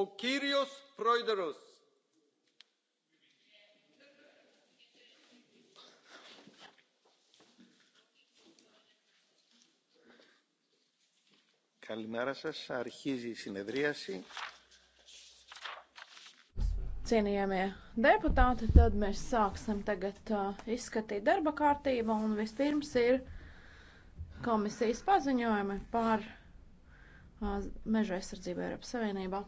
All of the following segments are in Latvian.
ο κύριος πρόεδρος. Καλημέρα σας. Αρχίζει η συνεδρίαση. Cienījamie deputāti, tad mēs sāksim tagad uh, izskatīt darba kārtību un vispirms ir komisijas paziņojumi par uh, meža aizsardzību Eiropas Savienībā.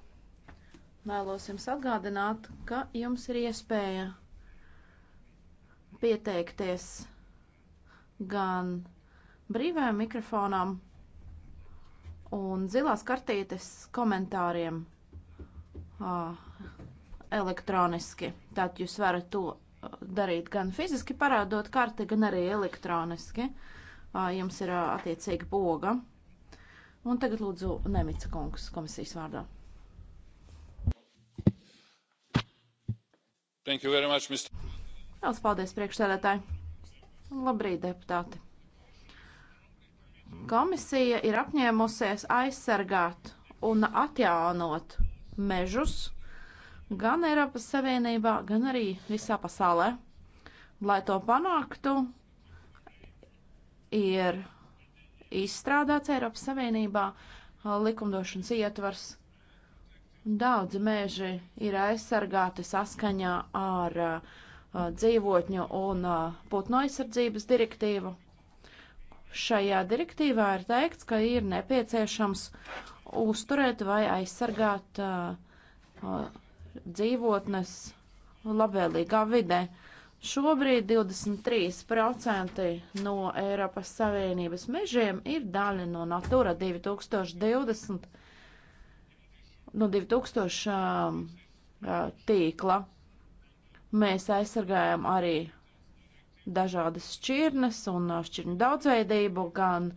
Vēlos jums atgādināt, ka jums ir iespēja pieteikties gan brīvajam mikrofonam un zilās kartītes komentāriem uh, elektroniski. Tad jūs varat to darīt gan fiziski parādot karti, gan arī elektroniski. Uh, jums ir uh, attiecīga poga. Un tagad lūdzu Nemica kungs komisijas vārdā. Lielas paldies, priekšsēdētāji! Labrīt, deputāti! Komisija ir apņēmusies aizsargāt un atjaunot mežus gan Eiropas Savienībā, gan arī visā pasaulē. Lai to panāktu, ir izstrādāts Eiropas Savienībā likumdošanas ietvars Daudzi meži ir aizsargāti saskaņā ar a, dzīvotņu un putnu aizsardzības direktīvu. Šajā direktīvā ir teikts, ka ir nepieciešams uzturēt vai aizsargāt a, a, dzīvotnes labvēlīgā vidē. Šobrīd 23% no Eiropas Savienības mežiem ir daļa no Natura 2020 no 2000 um, uh, tīkla mēs aizsargājam arī dažādas šķirnes un uh, šķirņu daudzveidību, gan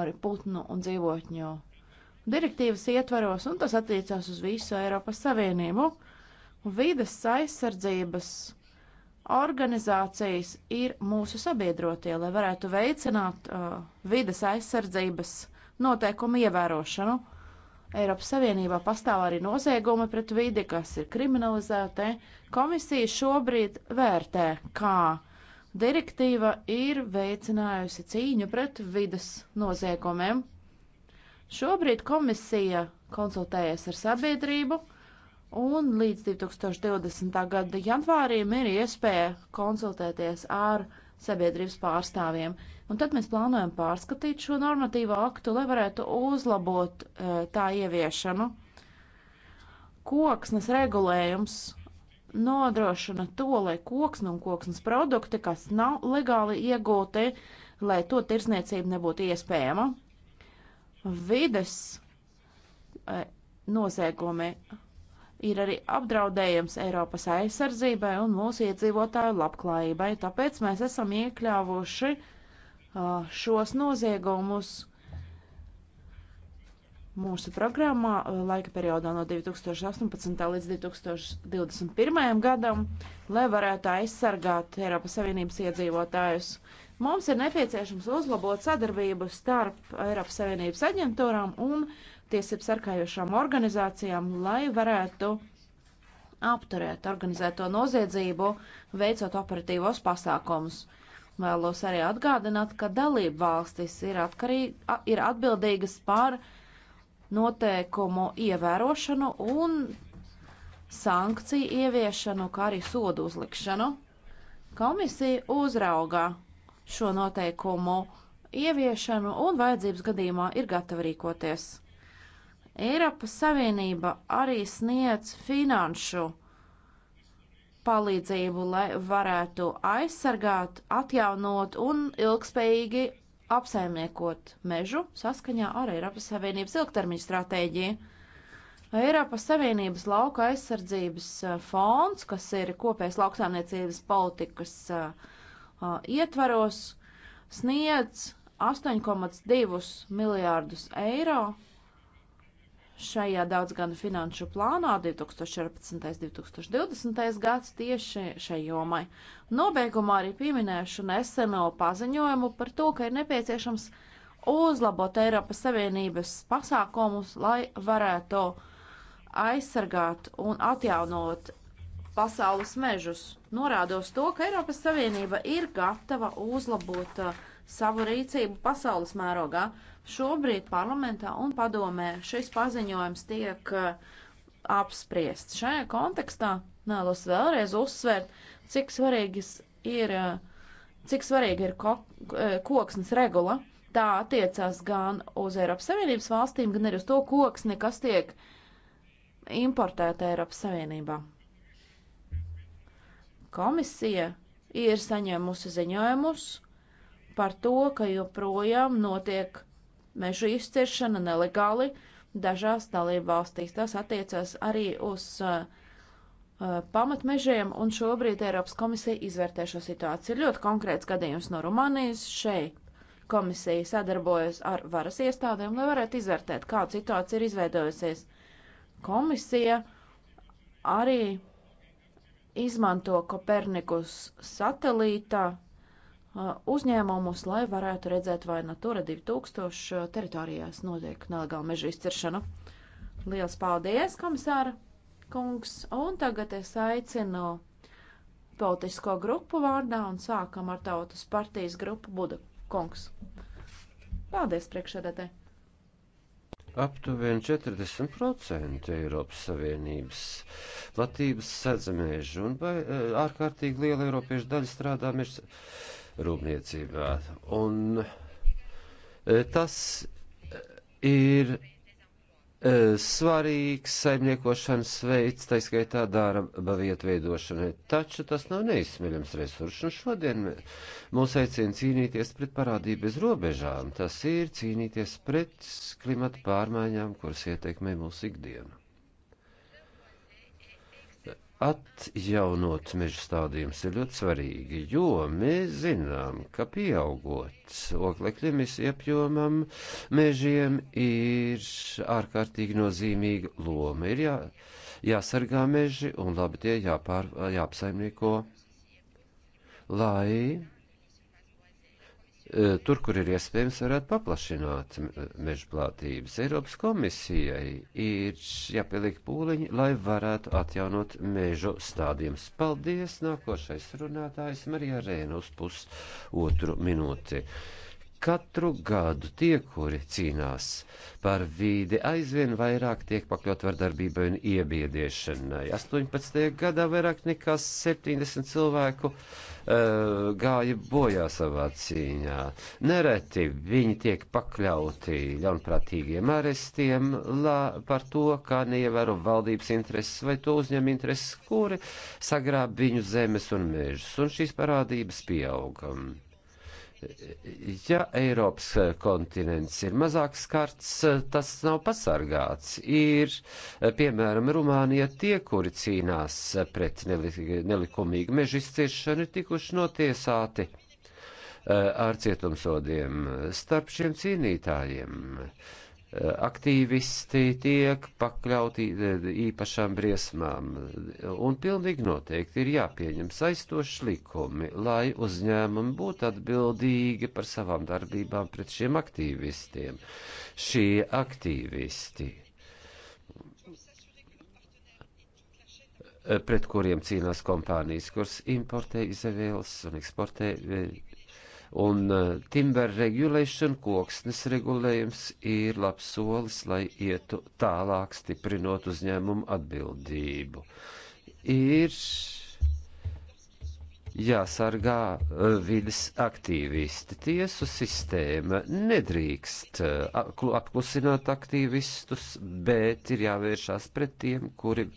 arī putnu un dzīvotņu direktīvas ietvaros, un tas attiecās uz visu Eiropas Savienību. Vides aizsardzības organizācijas ir mūsu sabiedrotie, lai varētu veicināt uh, vides aizsardzības noteikumu ievērošanu. Uh, Eiropas Savienībā pastāv arī noziegumi pret vidi, kas ir kriminalizēti. Komisija šobrīd vērtē, kā direktīva ir veicinājusi cīņu pret vidas noziegumiem. Šobrīd komisija konsultējas ar sabiedrību, un līdz 2020. gada janvārim ir iespēja konsultēties ar sabiedrību sabiedrības pārstāvjiem. Un tad mēs plānojam pārskatīt šo normatīvo aktu, lai varētu uzlabot uh, tā ieviešanu. Koksnes regulējums nodrošina to, lai koksne un koksnes produkti, kas nav legāli iegūti, lai to tirsniecība nebūtu iespējama. Vides eh, noziegumi ir arī apdraudējums Eiropas aizsardzībai un mūsu iedzīvotāju labklājībai. Tāpēc mēs esam iekļāvuši šos noziegumus mūsu programmā laika periodā no 2018. līdz 2021. gadam, lai varētu aizsargāt Eiropas Savienības iedzīvotājus. Mums ir nepieciešams uzlabot sadarbību starp Eiropas Savienības aģentūrām un tiesību sarkājošām organizācijām, lai varētu apturēt organizēto noziedzību, veicot operatīvos pasākumus. Vēlos arī atgādināt, ka dalību valstis ir, atkarīgi, ir atbildīgas par noteikumu ievērošanu un sankciju ieviešanu, kā arī sodu uzlikšanu. Komisija uzrauga šo noteikumu ieviešanu un vajadzības gadījumā ir gatava rīkoties. Eiropas Savienība arī sniedz finanšu palīdzību, lai varētu aizsargāt, atjaunot un ilgspējīgi apsaimniekot mežu saskaņā ar Eiropas Savienības ilgtermiņa stratēģiju. Eiropas Savienības lauka aizsardzības eh, fonds, kas ir kopējs lauksaimniecības politikas uh, ietvaros, sniedz 8,2 miljārdus eiro šajā daudzgada finanšu plānā 2014. 2020. gads tieši šai jomai. Nobeigumā arī pieminēšu neseno paziņojumu par to, ka ir nepieciešams uzlabot Eiropas Savienības pasākumus, lai varētu aizsargāt un atjaunot pasaules mežus. Norādos to, ka Eiropas Savienība ir gatava uzlabot uh, savu rīcību pasaules mērogā. Uh, Šobrīd parlamentā un padomē šis paziņojums tiek eh, apspriests. Šajā kontekstā vēlos vēlreiz uzsvērt, cik svarīgas ir, eh, cik svarīga ir ko, eh, koksnes regula. Tā attiecās gan uz Eiropas Savienības valstīm, gan arī uz to koksni, kas tiek importēta Eiropas Savienībā. Komisija ir saņēmusi ziņojumus par to, ka joprojām notiek mežu izciršana nelegāli dažās dalību valstīs. Tas attiecas arī uz uh, uh, pamatmežiem, un šobrīd Eiropas komisija izvērtē šo situāciju. Ir ļoti konkrēts gadījums no Rumānijas. Šeit komisija sadarbojas ar varas iestādēm, lai varētu izvērtēt, kāda situācija ir izveidojusies. Komisija arī izmanto Kopernikus satelītā uzņēmumus, lai varētu redzēt, vai Natura 2000 teritorijās notiek nelegāla meža izciršana. Lielas paldies, komisāra kungs! Un tagad es aicinu politisko grupu vārdā un sākam ar tautas partijas grupu Buda kungs. Paldies, priekšsēdētāji! Aptuveni 40% Eiropas Savienības platības sedzamēžu un ārkārtīgi liela Eiropiešu daļa strādā meža rūpniecībā. Un e, tas ir e, svarīgs saimniekošanas veids, tā skaitā dārba vietu veidošanai, taču tas nav neizsmeļams resurss, un šodien mūs aicina cīnīties pret parādību bez robežām, tas ir cīnīties pret klimata pārmaiņām, kuras ietekmē mūsu ikdienu. Atjaunot meža stādījumus ir ļoti svarīgi, jo mēs zinām, ka pieaugot oglekļa emisiju apjomam, mežiem ir ārkārtīgi nozīmīga loma. Ir jā, jāsargā meži un labi tie jāpār, jāapsaimnieko, lai E, tur, kur ir iespējams, varētu paplašināt e, mežplātības. Eiropas komisijai ir jāpieliek pūliņi, lai varētu atjaunot mežu stādījums. Paldies! Nākošais runātājs Marijā Rēna uz pusotru minūti. Katru gadu tie, kuri cīnās par vīdi, aizvien vairāk tiek pakļaut vardarbībai un iebiediešanai. 18. gadā vairāk nekā 70 cilvēku uh, gāja bojā savā cīņā. Nereti viņi tiek pakļauti ļaunprātīgiem arestiem la, par to, kā neievēro valdības intereses vai to uzņem intereses, kuri sagrāb viņu zemes un mežus, un šīs parādības pieaugam. Ja Eiropas eh, kontinents ir mazāk skarts, eh, tas nav pasargāts. Ir, eh, piemēram, Rumānija tie, kuri cīnās pret nelikumīgu mežu izciešanu, ir tikuši notiesāti ar cietumsodiem starp šiem cīnītājiem aktīvisti tiek pakļauti īpašām briesmām, un pilnīgi noteikti ir jāpieņem saistoši likumi, lai uzņēmumi būtu atbildīgi par savām darbībām pret šiem aktīvistiem. Šie aktīvisti, pret kuriem cīnās kompānijas, kuras importē izēvielas un eksportē Un eh, timber regulation, koksnes regulējums ir labs solis, lai ietu tālāk stiprinot uzņēmumu atbildību. Ir jāsargā eh, vidas aktīvisti. Tiesu sistēma nedrīkst eh, apklusināt aktīvistus, bet ir jāvēršās pret tiem, kuri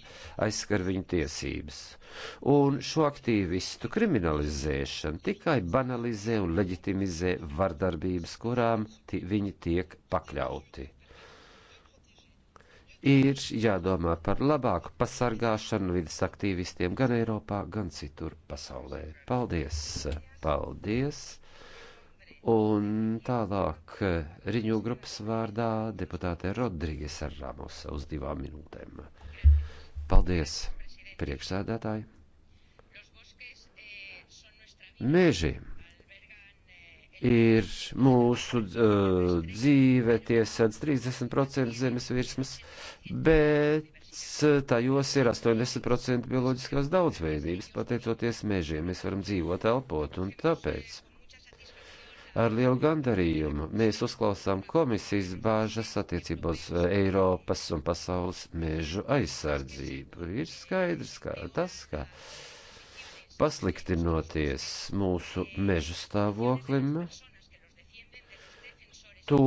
aizskar viņu tiesības. Un šo aktīvistu kriminalizēšana tikai banalizē un leģitimizē vardarbības, kurām viņi tiek pakļauti ir jādomā par labāku pasargāšanu vidas aktīvistiem gan Eiropā, gan citur pasaulē. Paldies! Paldies! Un tālāk riņu grupas vārdā deputāte Rodrīgas ar Ramosa uz divām minūtēm. Paldies, priekšsēdētāji! Meži ir mūsu uh, dzīve, tie sadz 30% zemes virsmas, bet tajos ir 80% bioloģiskās daudzveidības, pateicoties mežiem, mēs varam dzīvot, elpot, un tāpēc ar lielu gandarījumu mēs uzklausām komisijas bāžas attiecībā uz eh, Eiropas un pasaules mežu aizsardzību. Ir skaidrs, ka tas, ka. Uh, pasliktinoties mūsu meža stāvoklim, to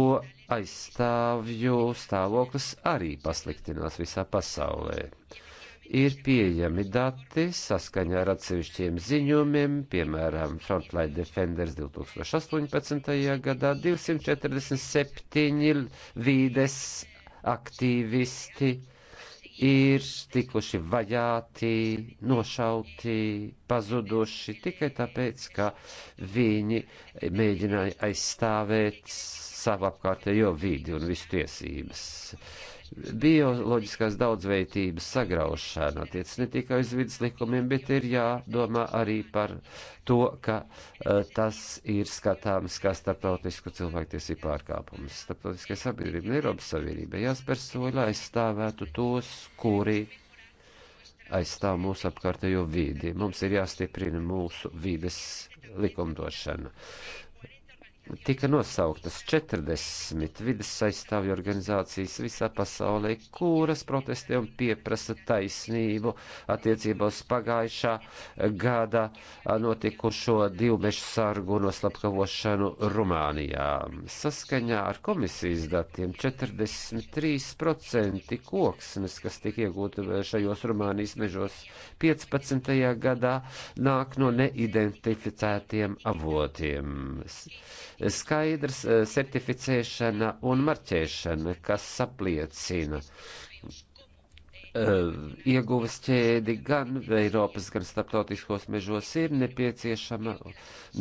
aizstāvju stāvoklis arī pasliktinās visā pasaulē. Ir pieejami dati saskaņā ar atsevišķiem ziņojumiem, piemēram, Frontline Defenders 2018. gadā 247 vīdes aktīvisti ir tikuši vajāti, nošauti, pazuduši tikai tāpēc, ka viņi mēģināja aizstāvēt savu apkārtējo vidi un visu tiesības. Uh, bioloģiskās daudzveidības sagraušana attiec ne tikai uz vidas likumiem, bet ir jādomā arī par to, ka uh, tas ir skatāms kā starptautisku cilvēktiesību pārkāpums. Starptautiskajai sabiedrībai un Eiropas Savienībai jāspēr soļi, lai aizstāvētu tos, kuri aizstāv mūsu apkārtējo vīdi. Mums ir jāstiprina mūsu vīdes likumdošana. Uh, tika nosauktas 40 vidas aizstāvju organizācijas visā pasaulē, kuras protestē un pieprasa taisnību attiecībā uz pagājušā gada notikušo divmešu sargu noslapkavošanu Rumānijā. Saskaņā ar komisijas datiem 43% koksnes, kas tika iegūta šajos Rumānijas mežos 15. gadā, nāk no neidentificētiem avotiem skaidrs eh, certificēšana un marķēšana, kas apliecina eh, ieguves ķēdi gan Eiropas, gan starptautiskos mežos ir nepieciešama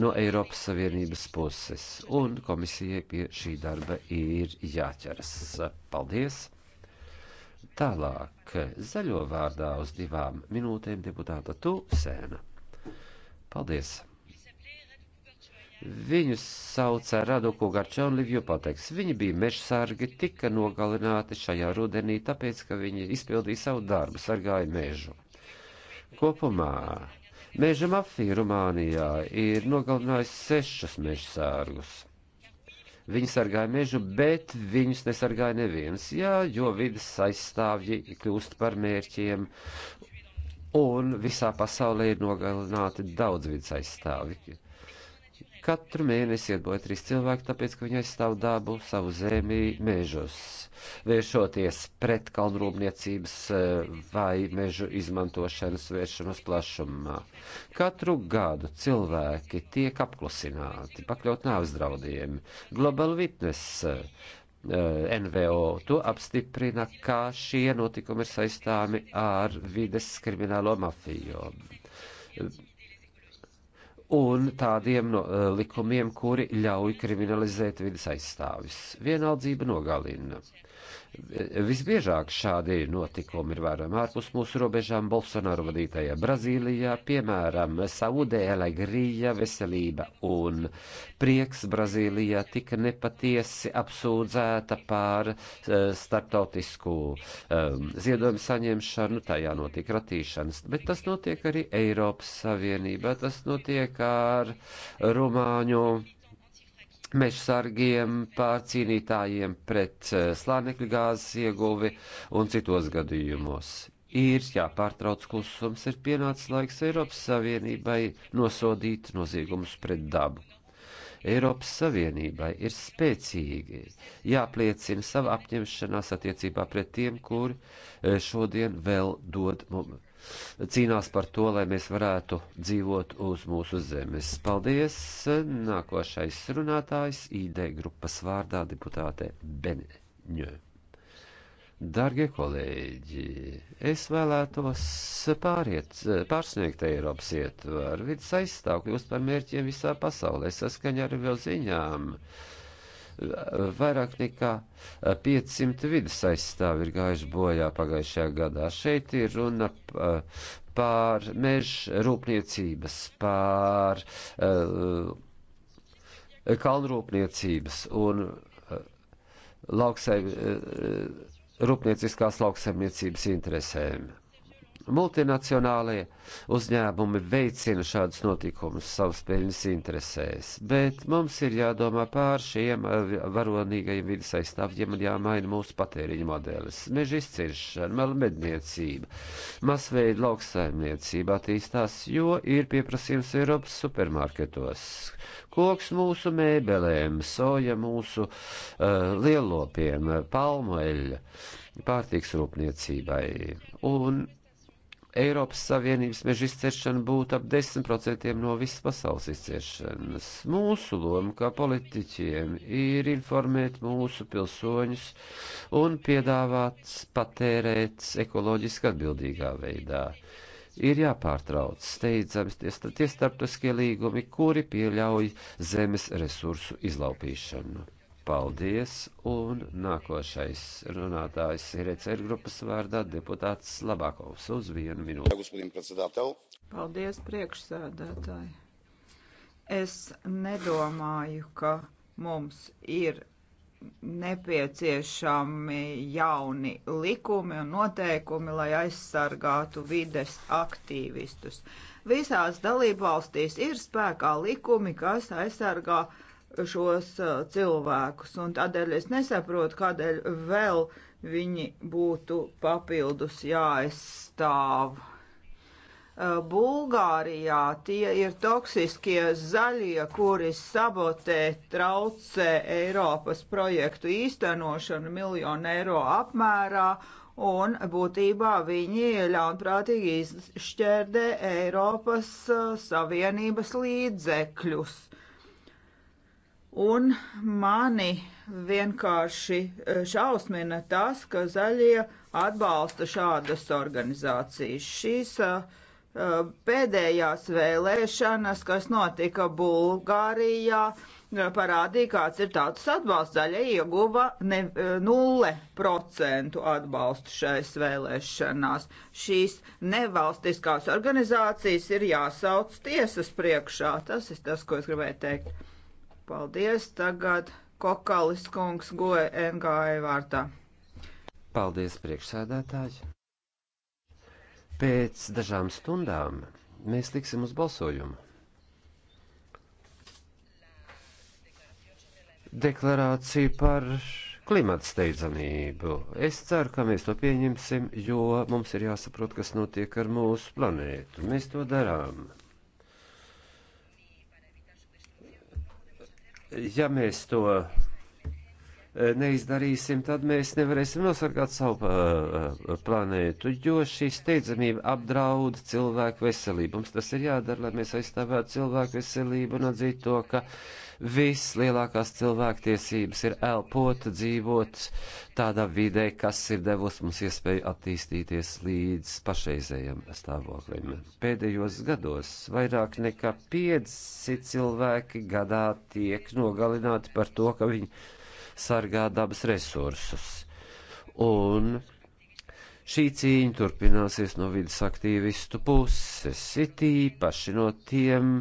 no Eiropas Savienības puses, un komisijai pie šī darba ir jāķeras. Paldies! Tālāk, zaļo vārdā uz divām minūtēm deputāta Tu Sēna. Paldies! Viņus sauca Raduku Garčonu Livju pateiks. Viņi bija mežsargi, tika nogalināti šajā rudenī, tāpēc, ka viņi izpildīja savu darbu, sargāja mežu. Kopumā meža mafija Rumānijā ir nogalinājusi sešus mežsārgus. Viņi sargāja mežu, bet viņus nesargāja neviens, jā, jo vidas aizstāvji kļūst par mērķiem, un visā pasaulē ir nogalināti daudz vidas aizstāvji. Katru mēnesi iedboja trīs cilvēki, tāpēc, ka viņi aizstāv dabu savu zemi mežos, vēršoties pret kalnrūpniecības eh, vai mežu izmantošanas vēršanas plašumā. Katru gadu cilvēki tiek apklusināti, pakļaut nāves draudiem. Global Witness eh, NVO to apstiprina, ka šie notikumi ir saistāmi ar vides kriminālo mafiju un tādiem no, eh, likumiem, kuri ļauj kriminalizēt vidas aizstāvis. Vienaldzība nogalina. Visbiežāk šādi notikumi ir vērojami ārpus mūsu robežām Bolsonaro vadītajā Brazīlijā, piemēram, Saudē, Elegrija, veselība un prieks Brazīlijā tika nepatiesi apsūdzēta par uh, starptautisku um, ziedojumu saņemšanu, tajā notika ratīšanas, bet tas notiek arī Eiropas Savienībā, tas notiek ar Rumāņu mežsargiem, pār cīnītājiem pret eh, slānekļa gāzes ieguvi un citos gadījumos. Ir jāpārtrauc klusums, ir pienācis laiks Eiropas Savienībai nosodīt noziegumus pret dabu. Eiropas Savienībai ir spēcīgi jāpliecina sava apņemšanās attiecībā pret tiem, kuri eh, šodien vēl dod mums cīnās par to, lai mēs varētu dzīvot uz mūsu zemes. Paldies! Nākošais runātājs ID grupas vārdā deputāte Beneņo. Dargie kolēģi, es vēlētos pāriet, pārsniegt Eiropas ietvaru. Vides aizstāv kļūst par mērķiem visā pasaulē saskaņā ar vēl ziņām. Uh, Vairāk nekā 500 eh, vidas aizstāvi ir gājuši bojā pagājušajā gadā. Šeit ir runa eh, pār meža rūpniecības, pār uh, eh, kalnrūpniecības un uh, lauksaim, uh, rūpnieciskās lauksaimniecības interesēm. Multinacionālie uzņēmumi veicina šādus notikumus savas peļņas interesēs, bet mums ir jādomā pār šiem eh, varonīgajiem vidas aizstāvjiem un jāmaina mūsu patēriņa modelis. Meža izciršana, melmedniecība, masveida lauksaimniecība attīstās, jo ir pieprasījums Eiropas supermarketos. Koks mūsu mēbelēm, soja mūsu uh, lielopiem, palmueļa, pārtiks rūpniecībai. Un Eiropas Savienības meža izcēršana būtu ap 10% no visas pasaules izcēršanas. Mūsu loma kā politiķiem ir informēt mūsu pilsoņus un piedāvāt patērēt ekoloģiski atbildīgā veidā. Ir jāpārtrauc steidzami tie starptautiskie līgumi, kuri pieļauj zemes resursu izlaupīšanu. Paldies, un nākošais runātājs ir ECR grupas vārdā deputāts Labakovs uz vienu minūti. Paldies, priekšsēdētāji. Es nedomāju, ka mums ir nepieciešami jauni likumi un noteikumi, lai aizsargātu vides aktīvistus. Visās dalībvalstīs ir spēkā likumi, kas aizsargā uh, šos cilvēkus, un tādēļ es nesaprotu, kādēļ vēl viņi būtu papildus jāaizstāv. Bulgārijā tie ir toksiskie zaļie, kuri sabotē, traucē Eiropas projektu īstenošanu miljonu eiro apmērā, un būtībā viņi ļaunprātīgi izšķērdē Eiropas Savienības līdzekļus Un mani vienkārši eh, šausmina tas, ka zaļie atbalsta šādas organizācijas. Šīs eh, eh, pēdējās vēlēšanas, kas notika Bulgārijā, parādīja, kāds ir tautas atbalsts. Zaļie ieguva ne, 0% atbalstu šais vēlēšanās. Šīs nevalstiskās organizācijas ir jāsauc tiesas priekšā. Tas ir tas, ko es gribēju teikt. Paldies tagad Kokalis kungs goja NGA e vārtā. Paldies priekšsēdētāji. Pēc dažām stundām mēs tiksim uz balsojumu. Deklarācija par klimata steidzamību. Es ceru, ka mēs to pieņemsim, jo mums ir jāsaprot, kas notiek ar mūsu planētu. Mēs to darām. ja mēs to eh, neizdarīsim, tad mēs nevarēsim nosargāt savu eh, eh, planētu, jo šī steidzamība apdraud cilvēku veselību. Mums tas ir jādara, lai mēs aizstāvētu cilvēku veselību un atzītu to, ka uh, vislielākās cilvēktiesības ir elpot, dzīvot tādā vidē, kas ir devus mums iespēju attīstīties līdz pašreizējiem stāvoklim. Pēdējos gados vairāk nekā 500 cilvēki gadā tiek nogalināti par to, ka viņi sargā dabas resursus. Un Šī cīņa turpināsies no vidas aktīvistu puses, it īpaši no tiem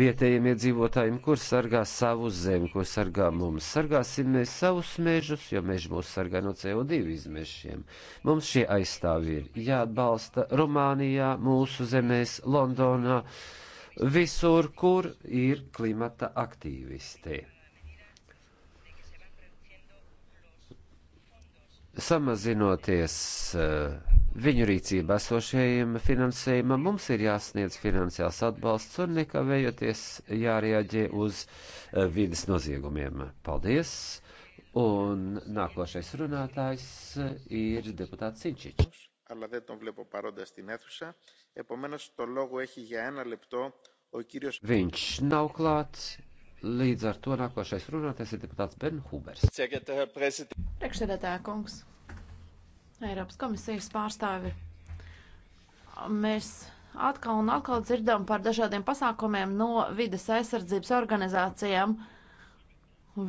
vietējiem iedzīvotājiem, kur sargā savu zemi, ko sargā mums. Sargāsim mēs savus mežus, jo meži mūs sargā no CO2 izmešiem. Mums šie aizstāvi ir jāatbalsta Rumānijā, mūsu zemēs, Londonā, visur, kur ir klimata aktīvisti. samazinoties eh, viņu rīcībā esošajiem finansējumam, mums ir jāsniedz finansiāls atbalsts un nekavējoties jārieģē uz eh, vidas noziegumiem. Paldies! Un nākošais runātājs eh, ir deputāts Sinčičs. Αλλά δεν τον βλέπω παρόντα στην αίθουσα. Επομένως, το λόγο έχει για ένα λεπτό ο κύριος... Viņš nav klāts, Līdz ar to nākošais runātais ir deputāts Bernhubers. Priekšsēdētāja kungs, Eiropas komisijas pārstāvi. Mēs atkal un atkal dzirdam par dažādiem pasākumiem no vides aizsardzības organizācijām.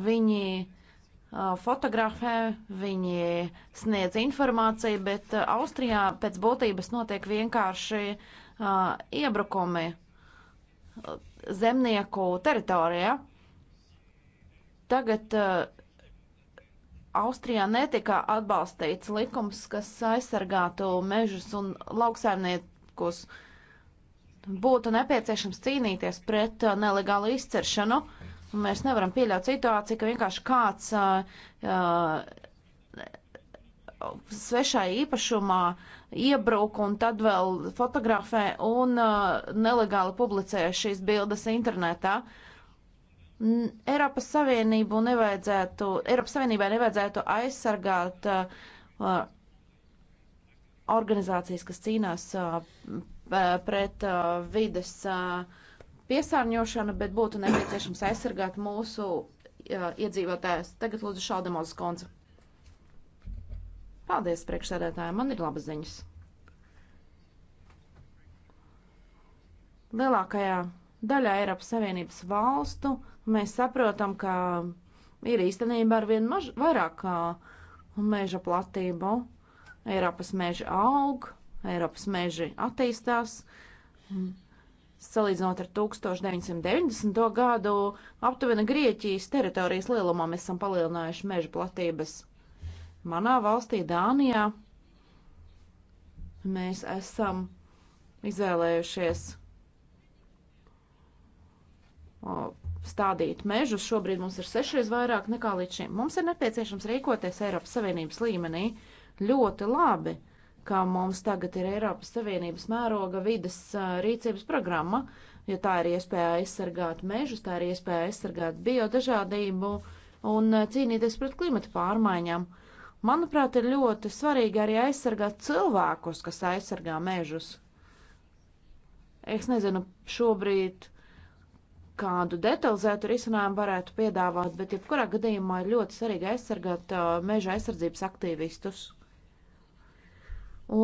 Viņi uh, fotografē, viņi sniedz informāciju, bet uh, Austrijā pēc būtības notiek vienkārši uh, iebrukumi zemnieku teritorijā. Tagad uh, Austrijā netika atbalstīts likums, kas aizsargātu mežus un lauksaimniekus. Būtu nepieciešams cīnīties pret uh, nelegālu izceršanu. Mēs nevaram pieļaut situāciju, ka vienkārši kāds uh, uh, svešā īpašumā iebruk un tad vēl fotografē un uh, nelegāli publicē šīs bildes internetā. N Eiropas Savienību nevajadzētu, Eiropas Savienībai nevajadzētu aizsargāt uh, uh organizācijas, kas cīnās uh, pret uh, vides uh, piesārņošanu, bet būtu nepieciešams aizsargāt mūsu uh, iedzīvotājus. Tagad lūdzu Šaldemozes koncu. Paldies, priekšsēdētāji, man ir labas ziņas. Lielākajā daļā Eiropas Savienības valstu mēs saprotam, ka ir īstenībā ar vien maž, vairāk uh, meža platību. Eiropas meži aug, Eiropas meži attīstās. Salīdzinot ar 1990. gadu, aptuveni Grieķijas teritorijas lielumā mēs esam palielinājuši meža platības. Manā valstī, Dānijā, mēs esam izvēlējušies stādīt mežus. Šobrīd mums ir sešreiz vairāk nekā līdz šim. Mums ir nepieciešams rīkoties Eiropas Savienības līmenī ļoti labi, ka mums tagad ir Eiropas Savienības mēroga vides rīcības programma, jo tā ir iespēja aizsargāt mežus, tā ir iespēja aizsargāt biodažādību un cīnīties pret klimata pārmaiņām. Uh, Manuprāt, ir ļoti svarīgi arī aizsargāt cilvēkus, kas aizsargā mežus. Es nezinu šobrīd, kādu detalizētu risinājumu varētu piedāvāt, bet jebkurā gadījumā ir ļoti svarīgi aizsargāt uh, meža aizsardzības aktīvistus.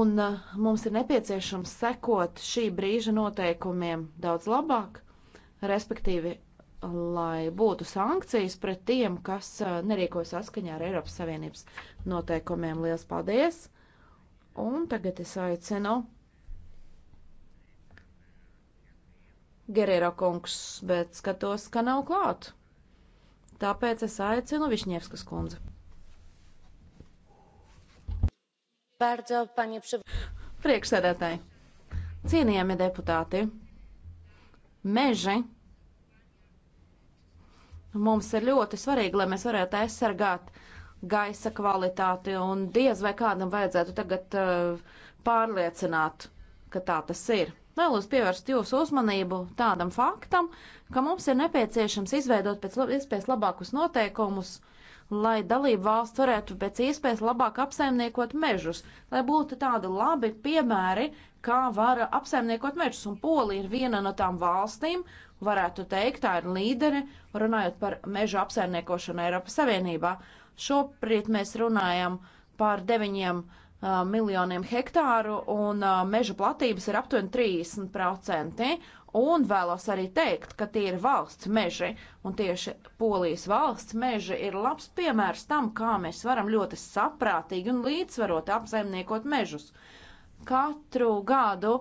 Un uh, mums ir nepieciešams sekot šī brīža noteikumiem daudz labāk, respektīvi lai būtu sankcijas pret tiem, kas eh, nerīko saskaņā ar Eiropas Savienības noteikumiem. Lielas paldies! Un tagad es aicinu Gerēra kungs, bet skatos, ka nav klāt. Tāpēc es aicinu Višņevskas kundzi. Priekšsēdētāji, cienījami deputāti, meži Mums ir ļoti svarīgi, lai mēs varētu aizsargāt gaisa kvalitāti, un diez vai kādam vajadzētu tagad uh, pārliecināt, ka tā tas ir. Vēlos pievērst jūsu uzmanību tādam faktam, ka mums ir nepieciešams izveidot pēc iespējas labākus noteikumus, lai dalību valsts varētu pēc iespējas labāk apsaimniekot mežus, lai būtu tādi labi piemēri, kā var apsaimniekot mežus. Un Polija ir viena no tām valstīm, varētu teikt, tā ir līdere, runājot par mežu apsaimniekošanu Eiropas Savienībā. Šobrīd mēs runājam par deviņiem uh, miljoniem hektāru, un uh, meža platības ir aptuveni 30%. Un vēlos arī teikt, ka tie ir valsts meži, un tieši Polijas valsts meži ir labs piemērs tam, kā mēs varam ļoti saprātīgi un līdzsvarot apsaimniekot mežus. Uh, katru gadu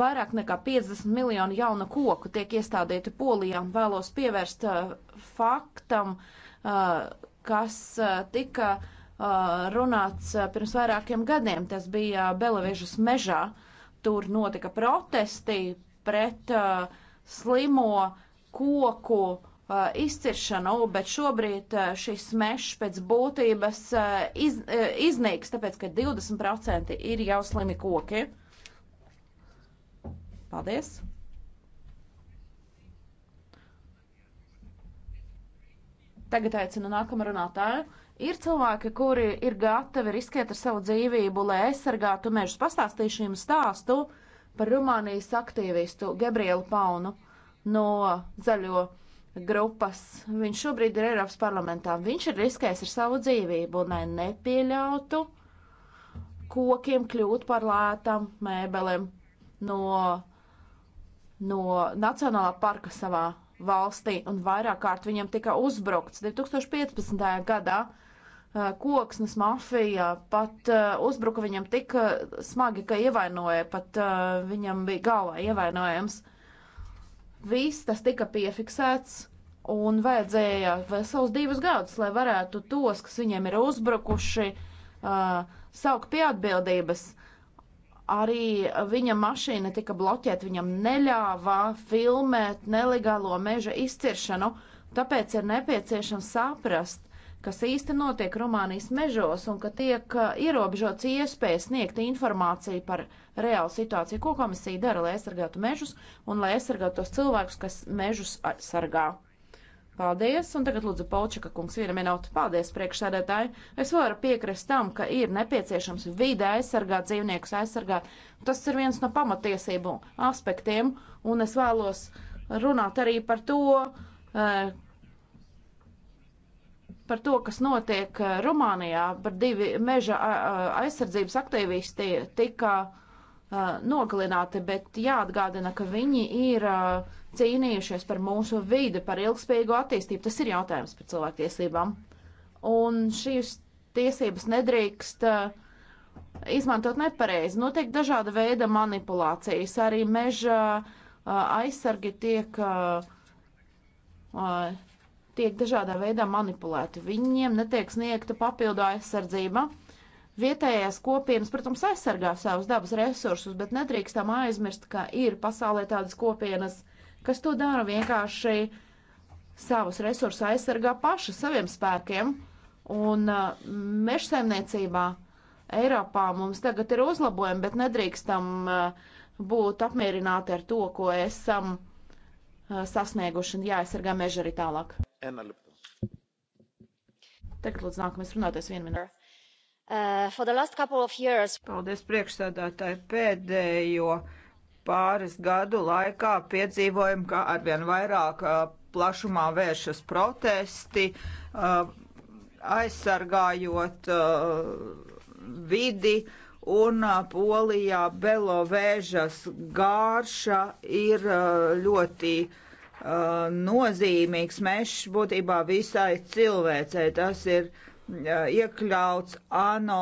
vairāk nekā 50 miljonu jaunu koku tiek iestādīti polijā un vēlos pievērst uh, faktam, uh, kas uh, tika uh, runāts uh, pirms vairākiem gadiem. Tas bija Belavežas mežā. Tur notika protesti pret uh, slimo koku uh, uh, izciršanu, bet šobrīd uh, šis mešs pēc būtības uh, iz, uh, iznīks, tāpēc, ka 20% ir jau slimi koki. Paldies! Tagad aicinu nākamu runātāju. Ir cilvēki, kuri ir gatavi riskēt ar savu dzīvību, lai aizsargātu mežus. Pastāstīšu jums stāstu par Rumānijas aktīvistu Gabrielu Paunu no Zaļo grupas. Viņš šobrīd ir Eiropas parlamentā. Viņš ir riskējis ar savu dzīvību, lai nepieļautu kokiem kļūt par lētām mēbelēm no, no Nacionālā parka savā valstī, un vairāk kārt viņam tika uzbrukts. 2015. gadā eh, koksnes mafija pat eh, uzbruka viņam tik eh, smagi, ka ievainoja, pat viņam bija galvā ievainojams. Viss tas tika piefiksēts un vajadzēja vesels divus gadus, lai varētu tos, kas viņiem ir uzbrukuši, uh, saukt pie atbildības. Arī viņa mašīna tika bloķēta, viņam neļāva filmēt nelegālo meža izciršanu, tāpēc ir nepieciešams saprast, kas īsti notiek Rumānijas mežos un ka tiek uh, ierobežots iespējas sniegt informāciju par reālu situāciju, ko komisija dara, lai aizsargātu mežus un lai aizsargātu tos cilvēkus, kas mežus sargā. Paldies, un tagad lūdzu Polčaka kungs viena minūte. Paldies, priekšsēdētāji. Es varu piekrist tam, ka ir nepieciešams vide aizsargāt, dzīvniekus aizsargāt. Tas ir viens no pamatiesību aspektiem, un es vēlos runāt arī par to, uh, par to, kas notiek eh, Rumānijā, par divi meža aizsardzības aktīvisti tika nogalināti, bet jāatgādina, ka viņi ir cīnījušies par mūsu vidi, par ilgspējīgu attīstību. Tas ir jautājums par cilvēktiesībām. Un šīs tiesības nedrīkst izmantot nepareizi. Notiek dažāda veida manipulācijas. Arī meža aizsargi tiek tiek dažādā veidā manipulēti. Viņiem netiek sniegta papildu aizsardzība. Vietējās kopienas, protams, aizsargā savus dabas resursus, bet nedrīkstam aizmirst, ka ir pasaulē tādas kopienas, kas to dara vienkārši savus resursus aizsargā paši saviem spēkiem. Un uh, mežsaimniecībā Eiropā mums tagad ir uzlabojumi, bet nedrīkstam uh, būt apmierināti ar to, ko esam uh, sasnieguši un jāaizsargā meži arī tālāk. Tagad lūdzu nākamais runātais vienu minūti. Uh, years... Paldies priekšsēdētāji pēdējo pāris gadu laikā piedzīvojam, ka arvien vairāk uh, plašumā vēršas protesti, uh, aizsargājot uh, vidi un uh, Polijā Belovēžas gārša ir uh, ļoti uh, Uh, nozīmīgs mežs būtībā visai cilvēcei. Tas ir uh, iekļauts ANO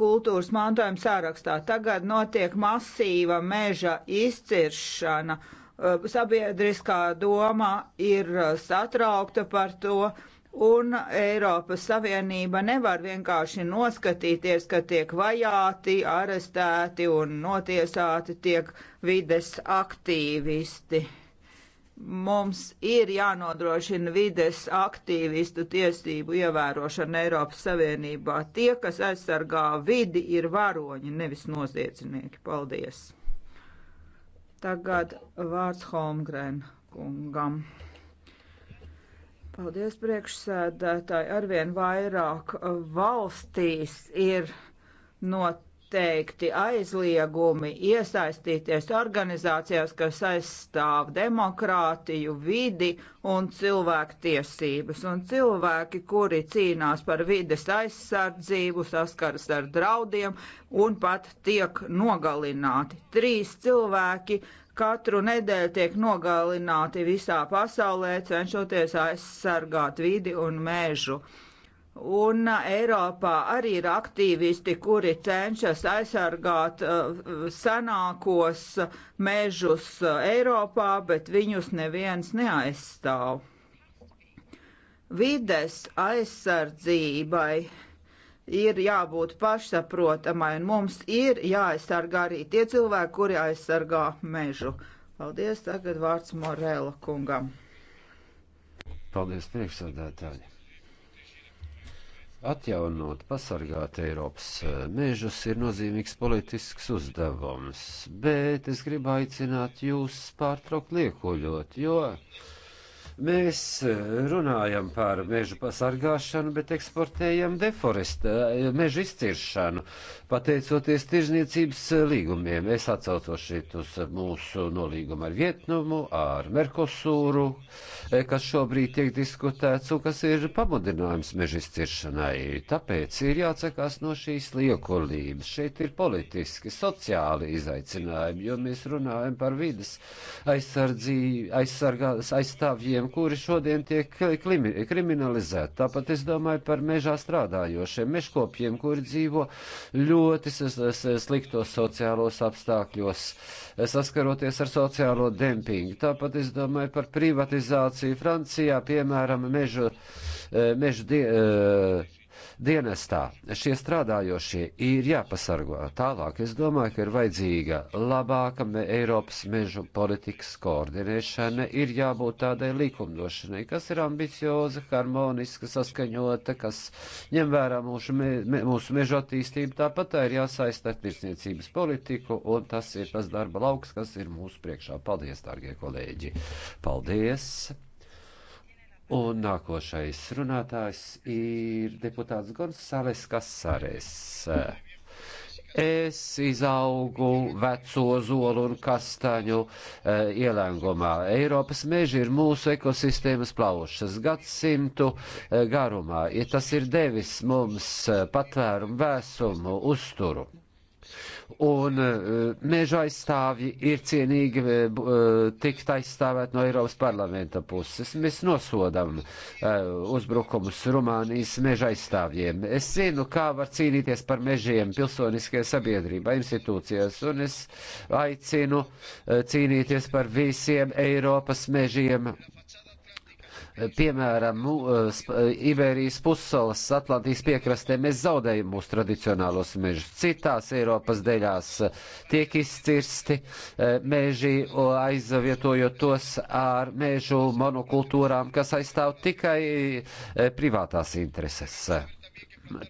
kultūras mantojuma sārakstā. Tagad notiek masīva meža izciršana. Uh, sabiedriskā doma ir satraukta par to, un Eiropas Savienība nevar vienkārši noskatīties, ka tiek vajāti, arestēti un notiesāti tiek vides aktīvisti. Mums ir jānodrošina vides aktīvistu tiesību ievērošana Eiropas Savienībā. Tie, kas aizsargā vidi, ir varoņi, nevis noziedznieki. Paldies! Tagad vārds Holmgren kungam. Paldies, priekšsēdētāji. Arvien vairāk valstīs ir notiekts noteikti aizliegumi iesaistīties organizācijās, kas aizstāv demokrātiju, vidi un cilvēktiesības. Un cilvēki, kuri cīnās par vides aizsardzību, saskaras ar draudiem un pat tiek nogalināti. Trīs cilvēki katru nedēļu tiek nogalināti visā pasaulē, cenšoties aizsargāt vidi un mežu. Un uh, Eiropā arī ir aktīvisti, kuri cenšas aizsargāt uh, senākos mežus uh, Eiropā, bet viņus neviens neaizstāv. Vides aizsardzībai ir jābūt pašsaprotamai, un mums ir jāaizsargā arī tie cilvēki, kuri aizsargā mežu. Paldies, tagad vārds Morela kungam. Paldies, priekšsādātāji. Atjaunot, pasargāt Eiropas eh, mežus ir nozīmīgs politisks uzdevums, bet es gribu aicināt jūs pārtraukt liekoļot, jo Mēs eh, runājam par mežu pasargāšanu, bet eksportējam deforesta, eh, mežu izciršanu, pateicoties tirzniecības eh, līgumiem. Es atcaucos šeit uz mūsu nolīgumu ar Vietnamu, ar Merkosūru, kas šobrīd tiek diskutēts un kas ir pamudinājums mežu izciršanai. Tāpēc ir jāatsakās no šīs liekulības. Šeit ir politiski, sociāli izaicinājumi, jo mēs runājam par vidas aizsardzī, aizsargā, aizstāvjiem cilvēkiem, kuri šodien tiek kriminalizēti. Tāpat es domāju par mežā strādājošiem meškopiem, kuri dzīvo ļoti sliktos sociālos apstākļos, saskaroties ar sociālo dempingu. Tāpat es domāju par privatizāciju Francijā, piemēram, mežu, eh, mežu die, eh, dienestā. Šie strādājošie ir jāpasargo. Tālāk es domāju, ka ir vajadzīga labāka me Eiropas mežu politikas koordinēšana, ir jābūt tādai likumdošanai, kas ir ambicioza, harmoniska, saskaņota, kas ņem vērā mūsu, me, me, mūsu mežu attīstību. Tāpat tā ir jāsaista ar tirsniecības politiku, un tas ir tas darba lauks, kas ir mūsu priekšā. Paldies, dārgie kolēģi! Paldies! Un nākošais runātājs ir deputāts Gonzales Kasares. Es izaugu veco zolu un kastaņu e, ielēngumā. Eiropas meži ir mūsu ekosistēmas plaušas gadsimtu e, garumā. Ja tas ir devis mums eh, patvērumu, vēsumu, uzturu un e, meža aizstāvji ir cienīgi e, e, tikt aizstāvēt no Eiropas parlamenta puses. Mēs nosodam uzbrukumus Rumānijas meža aizstāvjiem. Es zinu, kā var cīnīties par mežiem pilsoniskajā sabiedrībā, institūcijās, un es aicinu cīnīties par visiem Eiropas mežiem piemēram, nu, eh, eh, Iberijas pussalas Atlantijas piekrastē mēs zaudējam mūsu tradicionālos mežus. Citās Eiropas daļās eh, tiek izcirsti meži, aizvietojot tos ar mežu monokultūrām, kas aizstāv tikai privātās intereses.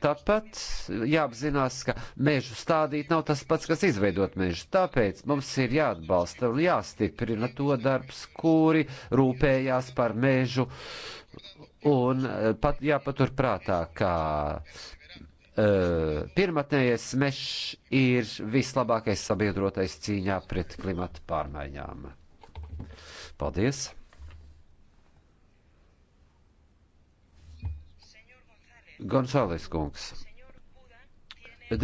Tāpat jāapzinās, ka mežu stādīt nav tas pats, kas izveidot mežu. Tāpēc mums ir jāatbalsta un jāstiprina to darbs, kuri rūpējās par mežu. Un eh, pat jāpatur prātā, ka uh, eh, pirmatnējais mežs ir vislabākais sabiedrotais cīņā pret klimata pārmaiņām. Paldies! Gonzāles kungs.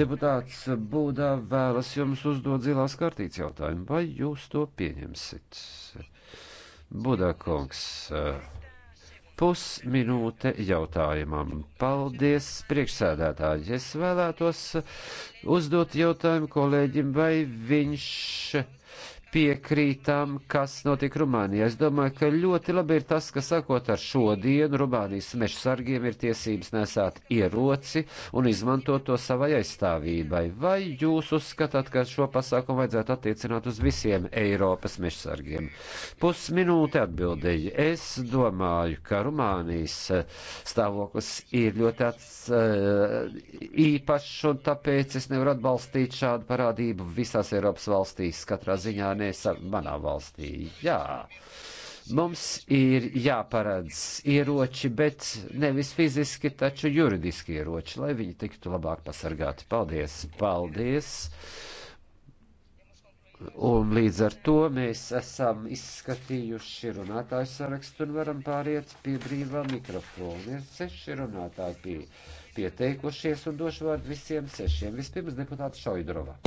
Deputāts Būdā vēlas jums uzdot zilās kartītes jautājumu. Vai jūs to pieņemsit? Būdā kungs. Pusminūte jautājumam. Paldies, priekšsēdētāji. Es vēlētos uzdot jautājumu kolēģim, vai viņš piekrītam, kas notika Rumānijā. Es domāju, ka ļoti labi ir tas, ka sakot ar šodienu Rumānijas meža sargiem ir tiesības nesāt ieroci un izmantot to savai aizstāvībai. Vai jūs uzskatāt, ka šo pasākumu vajadzētu attiecināt uz visiem Eiropas meža sargiem? Pusminūte atbildēja. Es domāju, ka Rumānijas eh, stāvoklis ir ļoti ats, eh, īpašs un tāpēc es nevaru atbalstīt šādu parādību visās Eiropas valstīs katrā ziņā nē, manā valstī. Jā. Mums ir jāparedz ieroči, bet nevis fiziski, taču juridiski ieroči, lai viņi tiktu labāk pasargāti. Paldies! Paldies! Un līdz ar to mēs esam izskatījuši runātāju sarakstu un varam pāriet pie brīvā mikrofona. Ir seši runātāji pie, pieteikušies un došu vārdu visiem sešiem. Vispirms deputāta Šoidrova.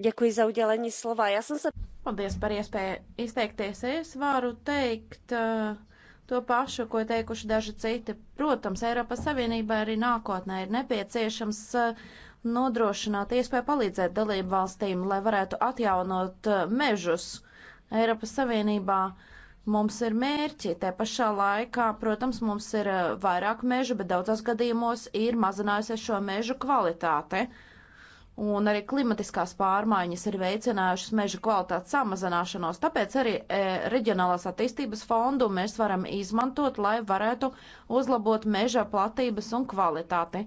Ďakujem za udelenie slova. Ja som sa... Paldies par iespēju izteikties. Es varu teikt uh, to pašu, ko teikuši daži citi. Protams, Eiropas Savienībai arī nākotnē ir nepieciešams uh, nodrošināt iespēju palīdzēt dalību valstīm, lai varētu atjaunot uh, mežus Eiropas Savienībā. Mums ir mērķi, te pašā laikā, protams, mums ir vairāk mežu, bet daudzos gadījumos ir mazinājusies šo mežu kvalitāte. Uh, un arī klimatiskās pārmaiņas ir veicinājušas meža kvalitātes samazināšanos. Tāpēc arī e, reģionālās attīstības fondu mēs varam izmantot, lai varētu uzlabot meža platības un kvalitāti.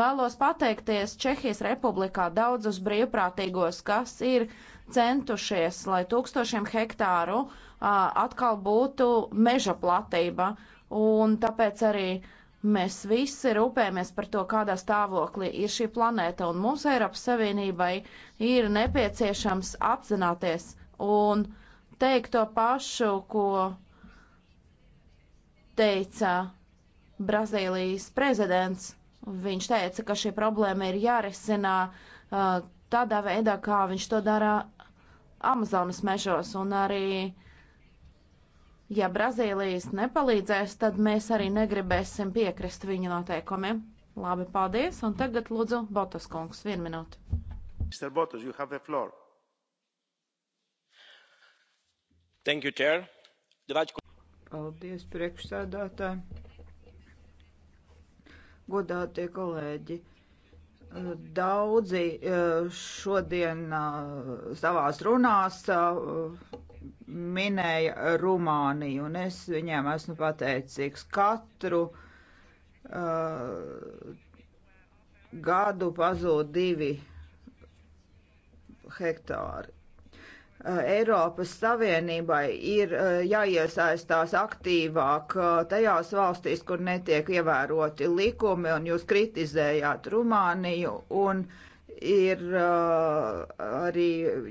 Vēlos pateikties Čehijas republikā daudzus brīvprātīgos, kas ir centušies, lai tūkstošiem hektāru a, atkal būtu meža platība. Un tāpēc arī uh, Mēs visi rūpējamies par to, kādā stāvoklī ir šī planēta, un mums Eiropas Savienībai ir nepieciešams apzināties un teikt to pašu, ko teica Brazīlijas prezidents. Viņš teica, ka šī problēma ir jārisina uh, tādā veidā, kā viņš to dara Amazonas mežos un arī uh, Ja Brazīlijas nepalīdzēs, tad mēs arī negribēsim piekrist viņa noteikumiem. Labi, paldies, un tagad lūdzu Botas kungs, vienu minūti. Mr. Botas, you have the floor. Thank you, Chair. Dragi... Paldies, priekšsēdātāji. Godātie kolēģi. Daudzi eh, šodien eh, savās runās eh, minēja Rumāniju, un es viņiem esmu pateicīgs katru uh, gadu pazūd divi hektāri. Uh, Eiropas Savienībai ir uh, jāiesaistās aktīvāk uh, tajās valstīs, kur netiek ievēroti likumi, un jūs kritizējāt Rumāniju, un uh, ir uh, arī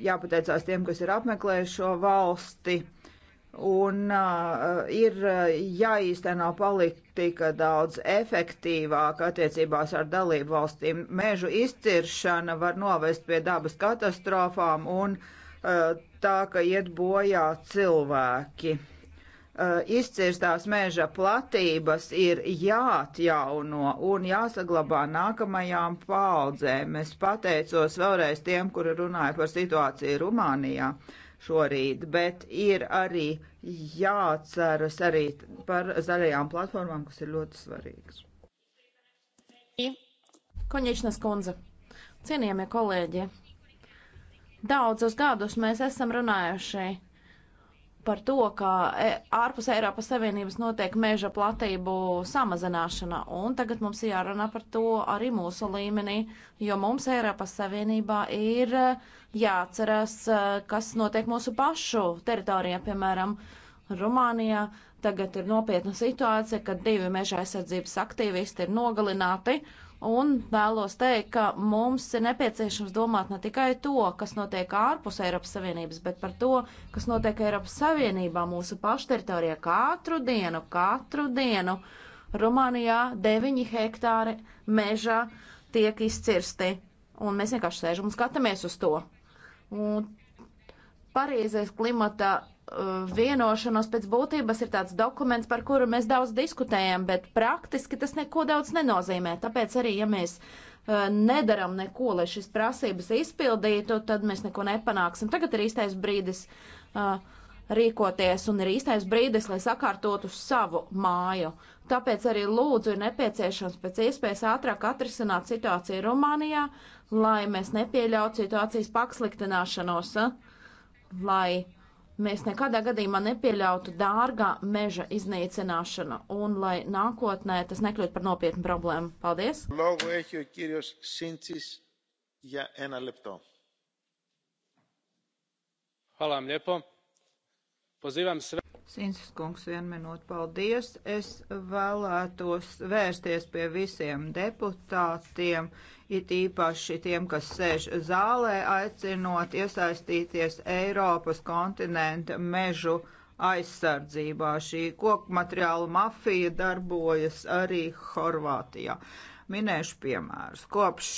jāpateicās tiem, kas ir apmeklējuši šo valsti. Un uh, ir uh, jāīsteno politika daudz efektīvāk attiecībās ar dalību valstīm. Mežu izciršana var novest pie dabas katastrofām un uh, tā, ka iet bojā cilvēki. Eh, izcirstās meža platības ir jāatjauno un jāsaglabā nākamajām paudzēm. Es pateicos vēlreiz tiem, kuri runāja par situāciju Rumānijā šorīt, bet ir arī jāceras arī par zaļajām platformām, kas ir ļoti svarīgas. Koņiečnas kundze, cienījamie kolēģi, daudzus gadus mēs esam runājuši par to, ka e, ārpus Eiropas Savienības notiek meža platību samazināšana, un tagad mums ir jārunā par to arī mūsu līmenī, jo mums Eiropas Savienībā ir e, jāatcerās, e, kas notiek mūsu pašu teritorijā, piemēram, Rumānijā. Tagad ir nopietna situācija, kad divi meža aizsardzības aktīvisti ir nogalināti. Uh, Un vēlos teikt, ka mums ir nepieciešams domāt ne tikai to, kas notiek ārpus Eiropas Savienības, bet par to, kas notiek Eiropas Savienībā, mūsu pašu teritorijā. Katru dienu, katru dienu Rumānijā 9 hektāri meža tiek izcirsti. Un mēs vienkārši sēžam un skatāmies uz to. Un Parīzes klimata Eh, vienošanos pēc būtības ir tāds dokuments, par kuru mēs daudz diskutējam, bet praktiski tas neko daudz nenozīmē. Tāpēc arī, ja mēs eh, nedaram neko, lai šis prasības izpildītu, tad mēs neko nepanāksim. Tagad ir īstais brīdis eh, rīkoties un ir īstais brīdis, lai sakārtotu savu māju. Tāpēc arī lūdzu ir nepieciešams pēc iespējas ātrāk atrisināt situāciju Rumānijā, lai mēs nepieļautu situācijas paksliktināšanos, lai Mēs nekādā gadījumā nepieļautu dārgā meža iznīcināšanu un lai nākotnē tas nekļūtu par nopietnu problēmu. Paldies! Logo ehi o kirjos Sincis ja ena lepto. Hvala vam lijepo. Pozivam sve... Sinsis kungs, vienu minūti, paldies. Es vēlētos vērsties pie visiem deputātiem, it īpaši tiem, kas sēž zālē, aicinot iesaistīties Eiropas kontinenta mežu aizsardzībā. Šī koku materiāla mafija darbojas arī Horvātijā. Minēšu piemērus. Kopš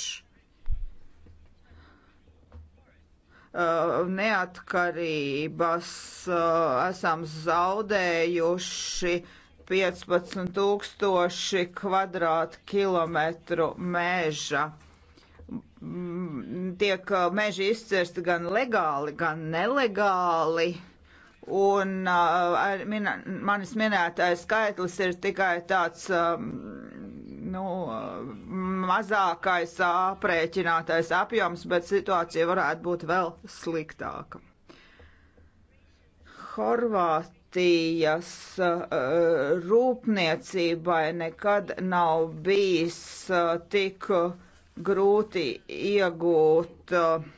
uh, neatkarības uh, esam zaudējuši uh, 15 tūkstoši kvadrātkilometru meža. Mm, tiek meži izcirsti gan legāli, gan nelegāli. Un uh, min, manis minētais skaitlis ir tikai tāds um, nu, mazākais aprēķinātais apjoms, bet situācija varētu būt vēl sliktāka. Horvāt, Baltijas eh, rūpniecībai nekad nav bijis eh, tik grūti iegūt eh,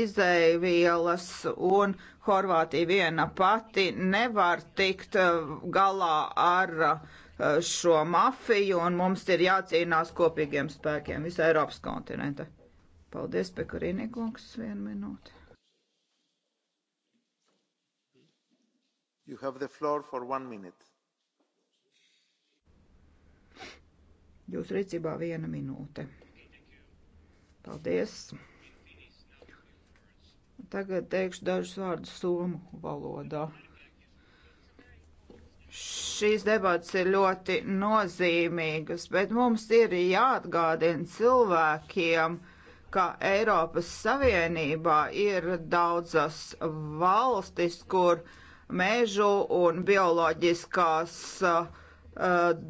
izēvielas un Horvātija viena pati nevar tikt galā ar šo mafiju un mums ir jācīnās kopīgiem spēkiem visā Eiropas kontinente. Paldies, Pekarīnī kungs, vienu minūti. You have the floor for one minute. Jūsu rīcībā viena minūte. Paldies! Tagad teikšu dažus vārdus somu valodā. Šīs debats ir ļoti nozīmīgas, bet mums ir jāatgādina cilvēkiem, ka Eiropas Savienībā ir daudzas valstis, kur uh, mežu un bioloģiskās uh,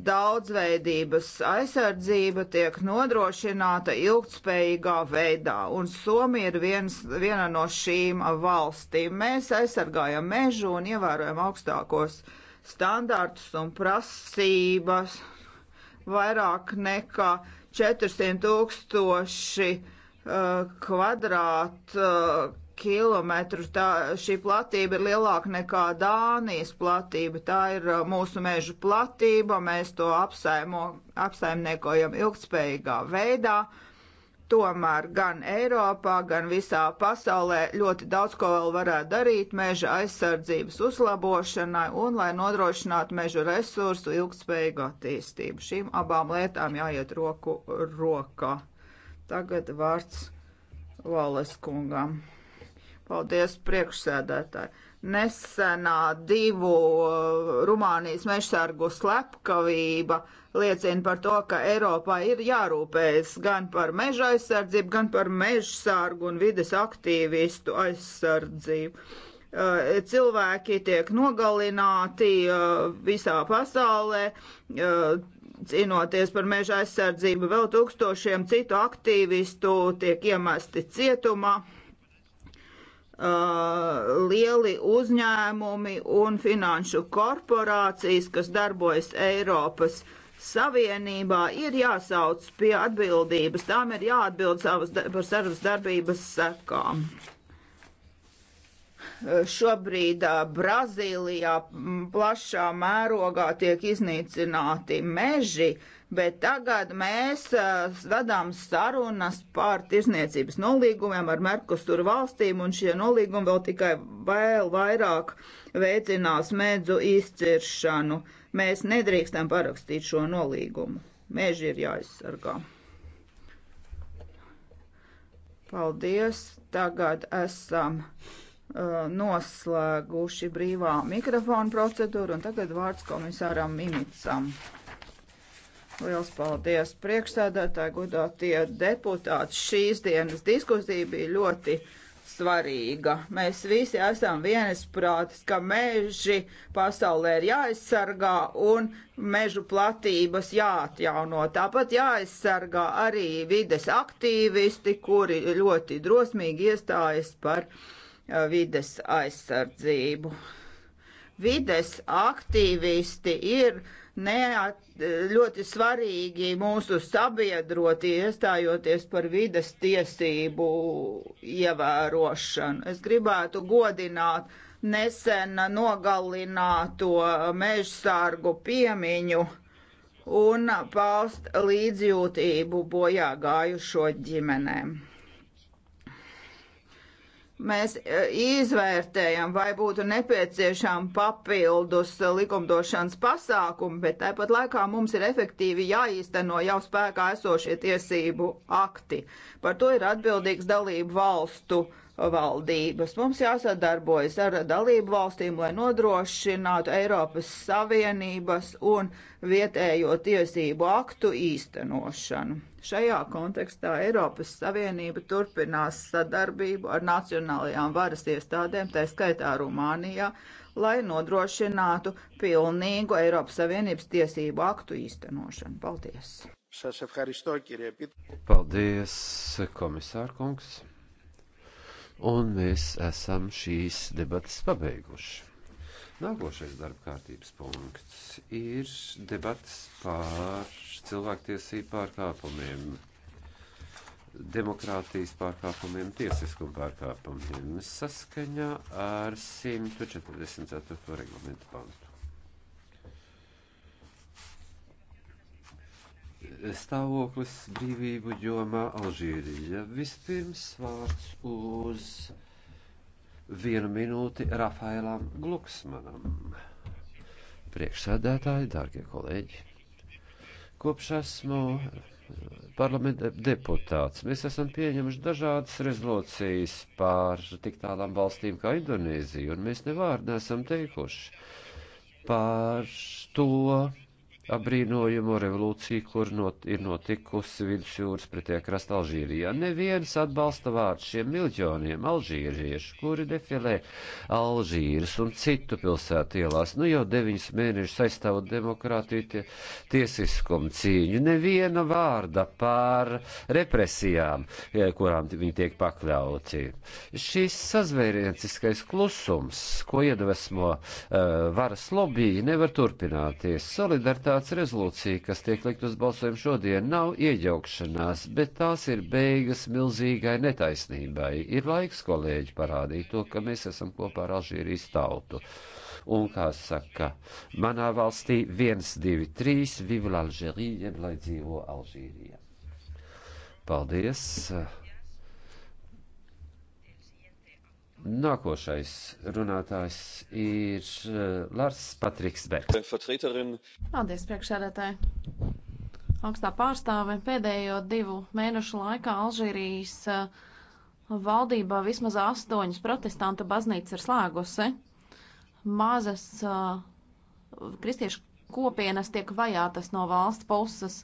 daudzveidības aizsardzība tiek nodrošināta ilgtspējīgā veidā, un Somija ir viens, viena no šīm valstīm. Mēs aizsargājam mežu un ievērojam augstākos standartus un prasības vairāk nekā 400 tūkstoši uh, eh, kvadrāt uh, kilometrus. Tā, šī platība ir lielāka nekā Dānijas platība. Tā ir uh, mūsu meža platība, mēs to apsaimo, apsaimniekojam ilgspējīgā veidā. Tomēr gan Eiropā, gan visā pasaulē ļoti daudz ko vēl varētu darīt meža aizsardzības uzlabošanai un lai nodrošinātu mežu resursu ilgspējīgu attīstību. Šīm abām lietām jāiet roku rokā. Tagad vārds Valas kungam. Paldies, priekšsēdētāji. Nesenā divu uh, Rumānijas mežsargu slepkavība liecina par to, ka Eiropā ir jārūpējas gan par meža aizsardzību, gan par mežsargu un vides aktīvistu aizsardzību. Uh, cilvēki tiek nogalināti uh, visā pasaulē, uh, cīnoties par meža aizsardzību, vēl tūkstošiem citu aktīvistu tiek iemesti cietumā Uh, lieli uzņēmumi un finanšu korporācijas, kas darbojas Eiropas Savienībā, ir jāsauc pie atbildības. Tām ir jāatbild savas, par savas darbības sekām. Uh, šobrīd uh, Brazīlijā plašā mērogā tiek iznīcināti meži, uh, bet tagad mēs vedām sarunas par tirzniecības nolīgumiem ar Merkusur valstīm, un šie nolīgumi vēl tikai vēl vairāk veicinās medzu izciršanu. Mēs nedrīkstam parakstīt šo nolīgumu. Meži ir jāizsargā. Paldies! Tagad esam uh, noslēguši brīvā mikrofona procedūru, un tagad vārds komisāram Mimicam. Liels paldies priekšsēdētāji, godātie deputāti. Šīs dienas diskusija bija ļoti svarīga. Mēs visi esam vienisprātis, ka meži pasaulē ir jāaizsargā un mežu platības jāatjauno. Tāpat jāaizsargā arī vides aktīvisti, kuri ļoti drosmīgi iestājas par vides aizsardzību. Vides aktīvisti ir uh, neat, ļoti svarīgi mūsu sabiedroti iestājoties par vides tiesību ievērošanu. Es gribētu godināt nesen nogalināto mežsārgu piemiņu un paust līdzjūtību bojā gājušo ģimenēm mēs e, izvērtējam, vai būtu nepieciešama papildus likumdošanas pasākumi, bet tāpat laikā mums ir efektīvi jāīsteno jau spēkā esošie tiesību akti. Par to ir atbildīgs dalību valstu uh, valdības. Mums jāsadarbojas ar dalību valstīm, lai nodrošinātu Eiropas Savienības un vietējo tiesību aktu īstenošanu. Šajā kontekstā Eiropas Savienība turpinās sadarbību ar nacionālajām varas iestādēm, tā skaitā Rumānijā, lai nodrošinātu pilnīgu Eiropas Savienības tiesību aktu īstenošanu. Paldies! Paldies, komisārkungs! Un mēs esam šīs debatas pabeiguši. Nākošais darba kārtības punkts ir debats par cilvēktiesību pārkāpumiem, demokrātijas pārkāpumiem, tiesiskuma pārkāpumiem saskaņā ar 144. reglamentu pantu. stāvoklis brīvību jomā Alžīrija. Vispirms vārds uz vienu minūti Rafailam Gluksmanam. Priekšsēdētāji, dārgie kolēģi, kopš esmu eh, parlamenta deputāts, mēs esam pieņemuši dažādas rezolūcijas pār tik tālām valstīm kā Indonēzija, un mēs nevārdu nesam teikuši pār to, apbrīnojumu revolūciju, kur not, ir notikusi vidusjūras pretie krasta Alžīrijā. Neviens atbalsta vārds šiem miljoniem alžīriešu, kuri defilē Alžīras un citu pilsētu ielās. Nu jau deviņus mēnešus aizstāvot demokrātiju tie, tiesiskumu cīņu. Neviena vārda pār represijām, e, kurām viņi tiek pakļauti. Šis sazvērienciskais klusums, ko iedvesmo uh, varas lobby, nevar turpināties. Solidaritāte prioritātes rezolūcija, kas tiek likt uz balsojumu šodien, nav iejaukšanās, bet tās ir beigas milzīgai netaisnībai. Ir laiks, kolēģi, parādīt to, ka mēs esam kopā ar Alžīrijas tautu. Un, kā saka, manā valstī 1, 2, 3, viva Alžīrija, lai dzīvo Alžīrija. Paldies! Nākošais runātājs ir eh, Lars Patriks Bergs. Paldies, priekšsēdētāji! Augstā pārstāve pēdējo divu mēnešu laikā Alžīrijas eh, valdībā vismaz astoņas protestanta baznīcas ir slēgusi. Mazas uh, kristiešu kopienas tiek vajātas no valsts puses.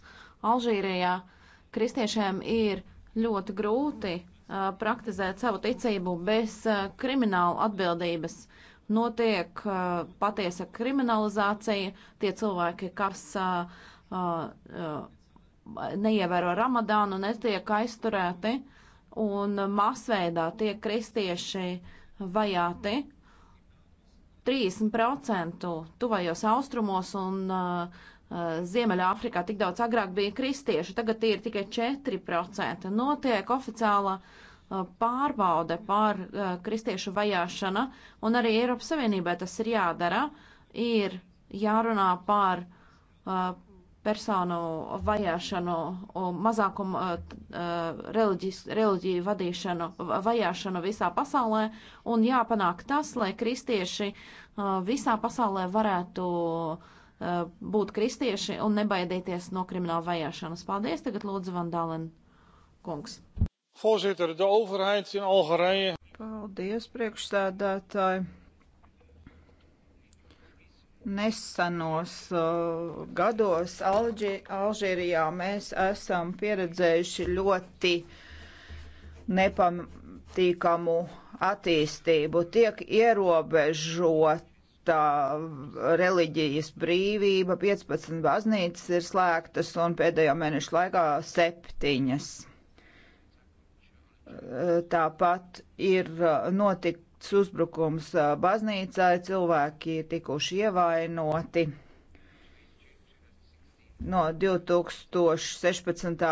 Alžīrijā kristiešiem ir ļoti grūti praktizēt savu ticību bez krimināla atbildības. Notiek patiesa kriminalizācija, tie cilvēki, kas neievēro ramadānu, netiek aizturēti un masveidā tiek kristieši vajāti. 30% tuvajos austrumos un uh, Ziemeļāfrikā tik daudz agrāk bija kristieši, tagad tie ir tikai 4%. Notiek oficiāla uh, pārbaude pār kristiešu vajāšana, un arī Eiropas Savienībai tas ir jādara, ir jārunā pār personu vajāšanu, mazākumu reliģiju vadīšanu, vajāšanu visā pasaulē, un jāpanāk tas, lai kristieši visā pasaulē varētu būt kristieši un nebaidīties no krimināla vajāšanas. Paldies, tagad lūdzu Vandālen kungs. Voorzitter, de overheid in Algerije. Paldies, priekšsēdētāji. Nesenos uh, gados Alži, Alžīrijā mēs esam pieredzējuši ļoti nepatīkamu attīstību. Tiek ierobežot tā reliģijas brīvība, 15 baznīcas ir slēgtas un pēdējo mēnešu laikā septiņas. Tāpat ir uh, notikts uzbrukums uh, baznīcai, cilvēki ir tikuši ievainoti. No 2016.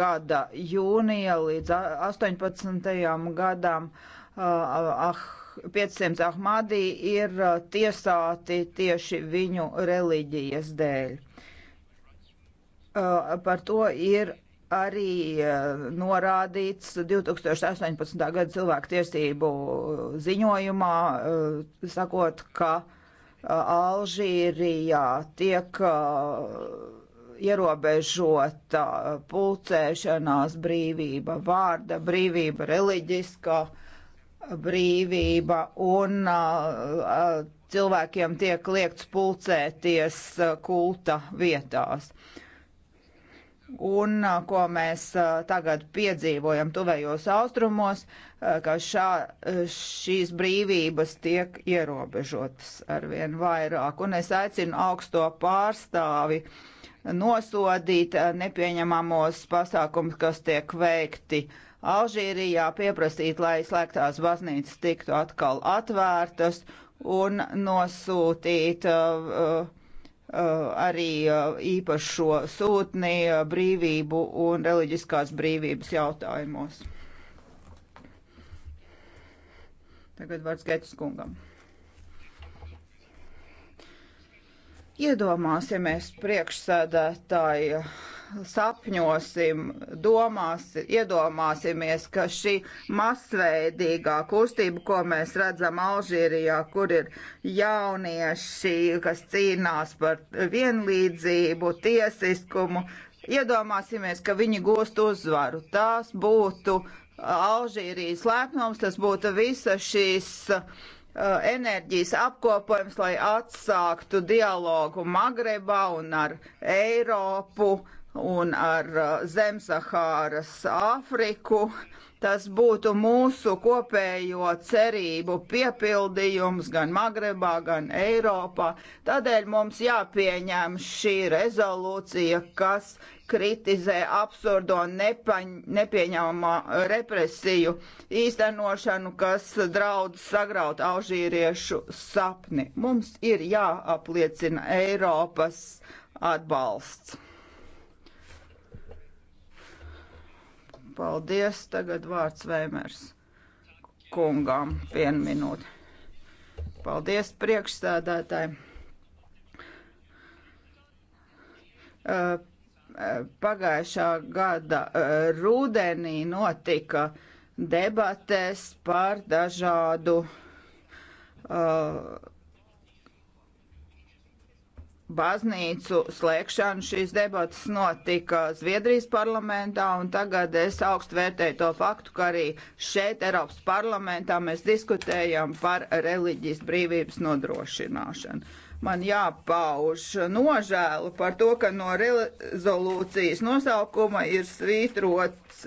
gada jūnija līdz 18. gadam uh, ah, 500 Ahmadī ir tiesāti tieši viņu reliģijas dēļ. Par to ir arī e, norādīts 2018. gada cilvēktiesību ziņojumā, e, sakot, ka e, Alžīrijā tiek ierobežota pulcēšanās brīvība, vārda brīvība, reliģiskā brīvība un cilvēkiem tiek liekts pulcēties kulta vietās. Uh, Un uh, ko mēs uh, tagad piedzīvojam tuvējos austrumos, uh, ka šā, šīs brīvības tiek ierobežotas arvien vairāk. Un es aicinu augsto pārstāvi nosodīt nepieņemamos pasākumus, kas tiek veikti Alžīrijā, pieprasīt, lai slēgtās baznīcas tiktu atkal atvērtas un nosūtīt. Uh, Eh, arī eh, īpašo sūtni eh, brīvību un reliģiskās brīvības jautājumos. Tagad vārds Getis kungam. Iedomāsimies priekšsēdētāja sapņosim, domās, iedomāsimies, ka šī masveidīgā kustība, ko mēs redzam Alžīrijā, kur ir jaunieši, kas cīnās par vienlīdzību, tiesiskumu, iedomāsimies, ka viņi gūst uzvaru. Tās būtu Alžīrijas lēpnums, tas būtu visa šīs uh, enerģijas apkopojums, lai atsāktu dialogu Magrebā un ar Eiropu un ar uh, Zemsahāras Āfriku. Tas būtu mūsu kopējo cerību piepildījums gan Magrebā, gan Eiropā. Tādēļ mums jāpieņem šī rezolūcija, kas kritizē absurdo nepaņ, nepieņemamā represiju īstenošanu, kas draudz sagraut alžīriešu sapni. Mums ir jāapliecina Eiropas atbalsts. Paldies. Tagad vārds Vēmers kungām. Vienu minūti. Paldies priekšstādātājiem. Eh, eh, pagājušā gada eh, rudenī notika debates par dažādu uh, baznīcu slēgšanu. Šīs debatas notika Zviedrijas parlamentā, un tagad es augstu vērtēju to faktu, ka arī šeit, Eiropas parlamentā, mēs diskutējam par reliģijas brīvības nodrošināšanu. Man jāpauž nožēlu par to, ka no rezolūcijas nosaukuma ir svītrots.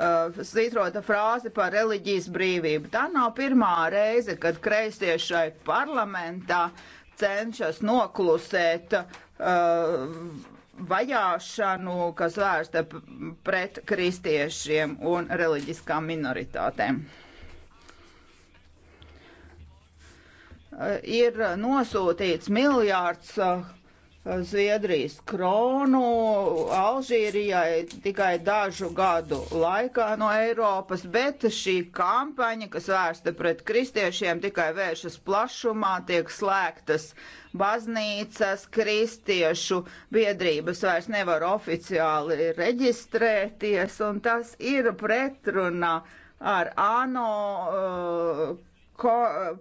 Uh, citrota uh, frāze par reliģijas brīvību. Tā nav pirmā reize, kad kreisieši šai parlamentā uh, cenšas noklusēt uh, vajāšanu, kas vērsta pret kristiešiem un reliģiskām minoritātēm. Uh, ir nosūtīts miljārds uh, Zviedrijas kronu Alžīrijai tikai dažu gadu laikā no Eiropas, bet šī kampaņa, kas vērsta pret kristiešiem, tikai vēršas plašumā, tiek slēgtas baznīcas, kristiešu biedrības vairs nevar oficiāli reģistrēties, un tas ir pretruna ar ANO. Uh,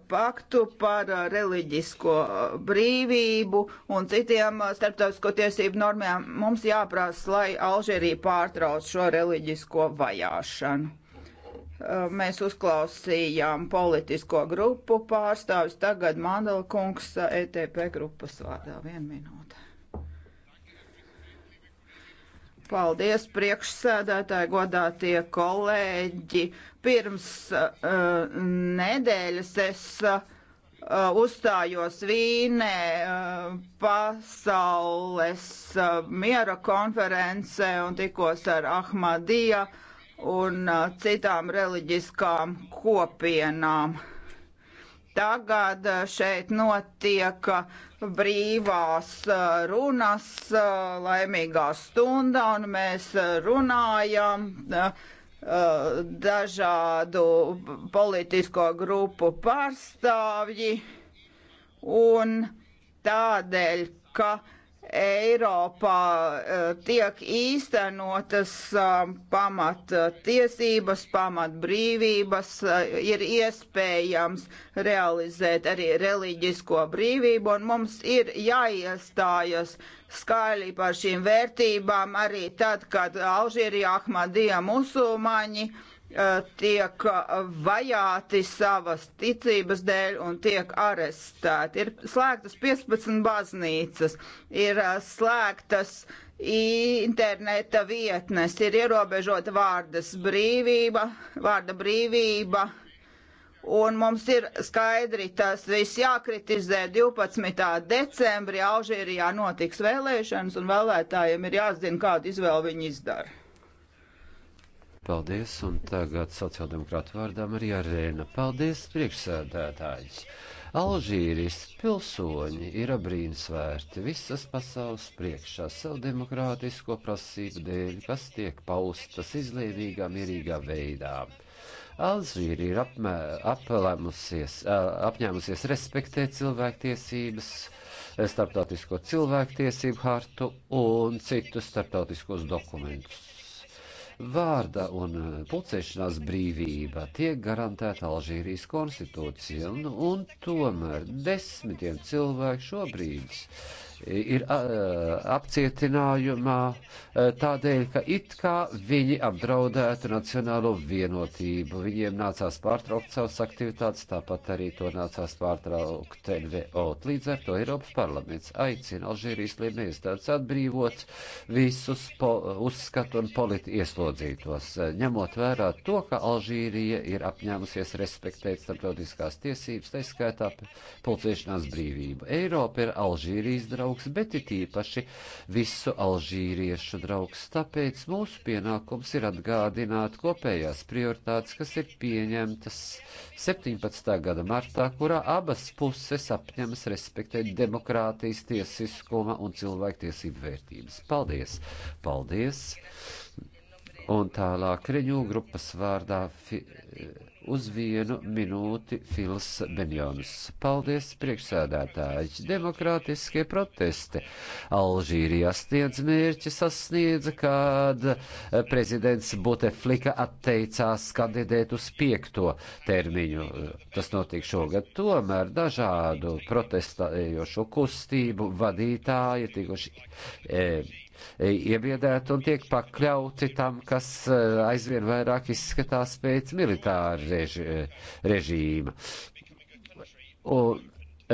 paktu par uh, reliģisko uh, brīvību un citiem uh, starptautisko tiesību normām, mums jāprasa, lai Alžērija pārtrauc šo reliģisko vajāšanu. Mēs uzklausījām politisko grupu pārstāvis, tagad Mandela kungs ETP grupas vārdā. Vienu minūti. Paldies, priekšsēdētāji, godātie kolēģi. Uh, Pirms uh, nedēļas es uh, uzstājos Vīnē uh, pasaules uh, miera konferencē un tikos ar Ahmadija un uh, citām reliģiskām kopienām. Tagad uh, šeit notiek uh, brīvās uh, runas, laimīgā stunda, un mēs runājam Uh, dažādu politisko grupu pārstāvji un tādēļ, ka Eiropā eh, tiek īstenotas eh, pamat tiesības, pamat brīvības, eh, ir iespējams realizēt arī reliģisko brīvību, un mums ir jāiestājas skaļi par šīm vērtībām arī tad, kad Alžīrija, Ahmadija musulmaņi, uh, tiek vajāti savas ticības dēļ un tiek arestēti. Ir slēgtas 15 baznīcas, ir slēgtas interneta vietnes, ir ierobežota vārdas brīvība, vārda brīvība. Un mums ir skaidri tas viss jākritizē 12. decembrī Alžīrijā notiks vēlēšanas un vēlētājiem ir jāzina, kādu izvēlu viņi izdara. Paldies, un tagad sociāldemokrāta vārdā Marija Arēna. Paldies, priekšsēdētājs! Alžīrijas pilsoņi ir abrīnsvērti visas pasaules priekšā savu demokrātisko prasību dēļ, kas tiek paustas izlēmīgā, mierīgā veidā. Alžīrija ir apmē, aplemusies, apņēmusies respektēt cilvēktiesības, starptautisko cilvēktiesību hartu un citus starptautiskos dokumentus Vārda un eh, pulcēšanās brīvība tiek garantēta Alžīrijas konstitūcija, un, un tomēr desmitiem cilvēku šobrīd ir apcietinājumā tādēļ, ka it kā viņi apdraudētu nacionālo vienotību. Viņiem nācās pārtraukt savas aktivitātes, tāpat arī to nācās pārtraukt NVO. Līdz ar to Eiropas parlaments aicina Alžīrijas līmenī iestādes atbrīvot visus po, uzskatu un politi ieslodzītos, ņemot vērā to, ka Alžīrija ir apņēmusies respektēt starptautiskās tiesības, taiskaitā pulcēšanās brīvību. Eiropa ir Alžīrijas draudzība draugs, bet it īpaši visu alžīriešu draugs. Tāpēc mūsu pienākums ir atgādināt kopējās prioritātes, kas ir pieņemtas 17. gada martā, kurā abas puses apņemas respektēt demokrātijas, tiesiskuma un cilvēktiesību vērtības. Paldies! Paldies! Un tālāk riņū grupas vārdā. Fi, uz vienu minūti Fils Benjons. Paldies, priekšsēdētāji! Demokrātiskie protesti Alžīrijā sniedz mērķi sasniedza, kad prezidents Buteflika atteicās kandidēt uz piekto termiņu. Tas notika šogad. Tomēr dažādu protestējošo kustību vadītāji tikuši. E, iebiedēti un tiek pakļauti tam, kas eh, aizvien vairāk izskatās pēc militāra reži, režīma. Un,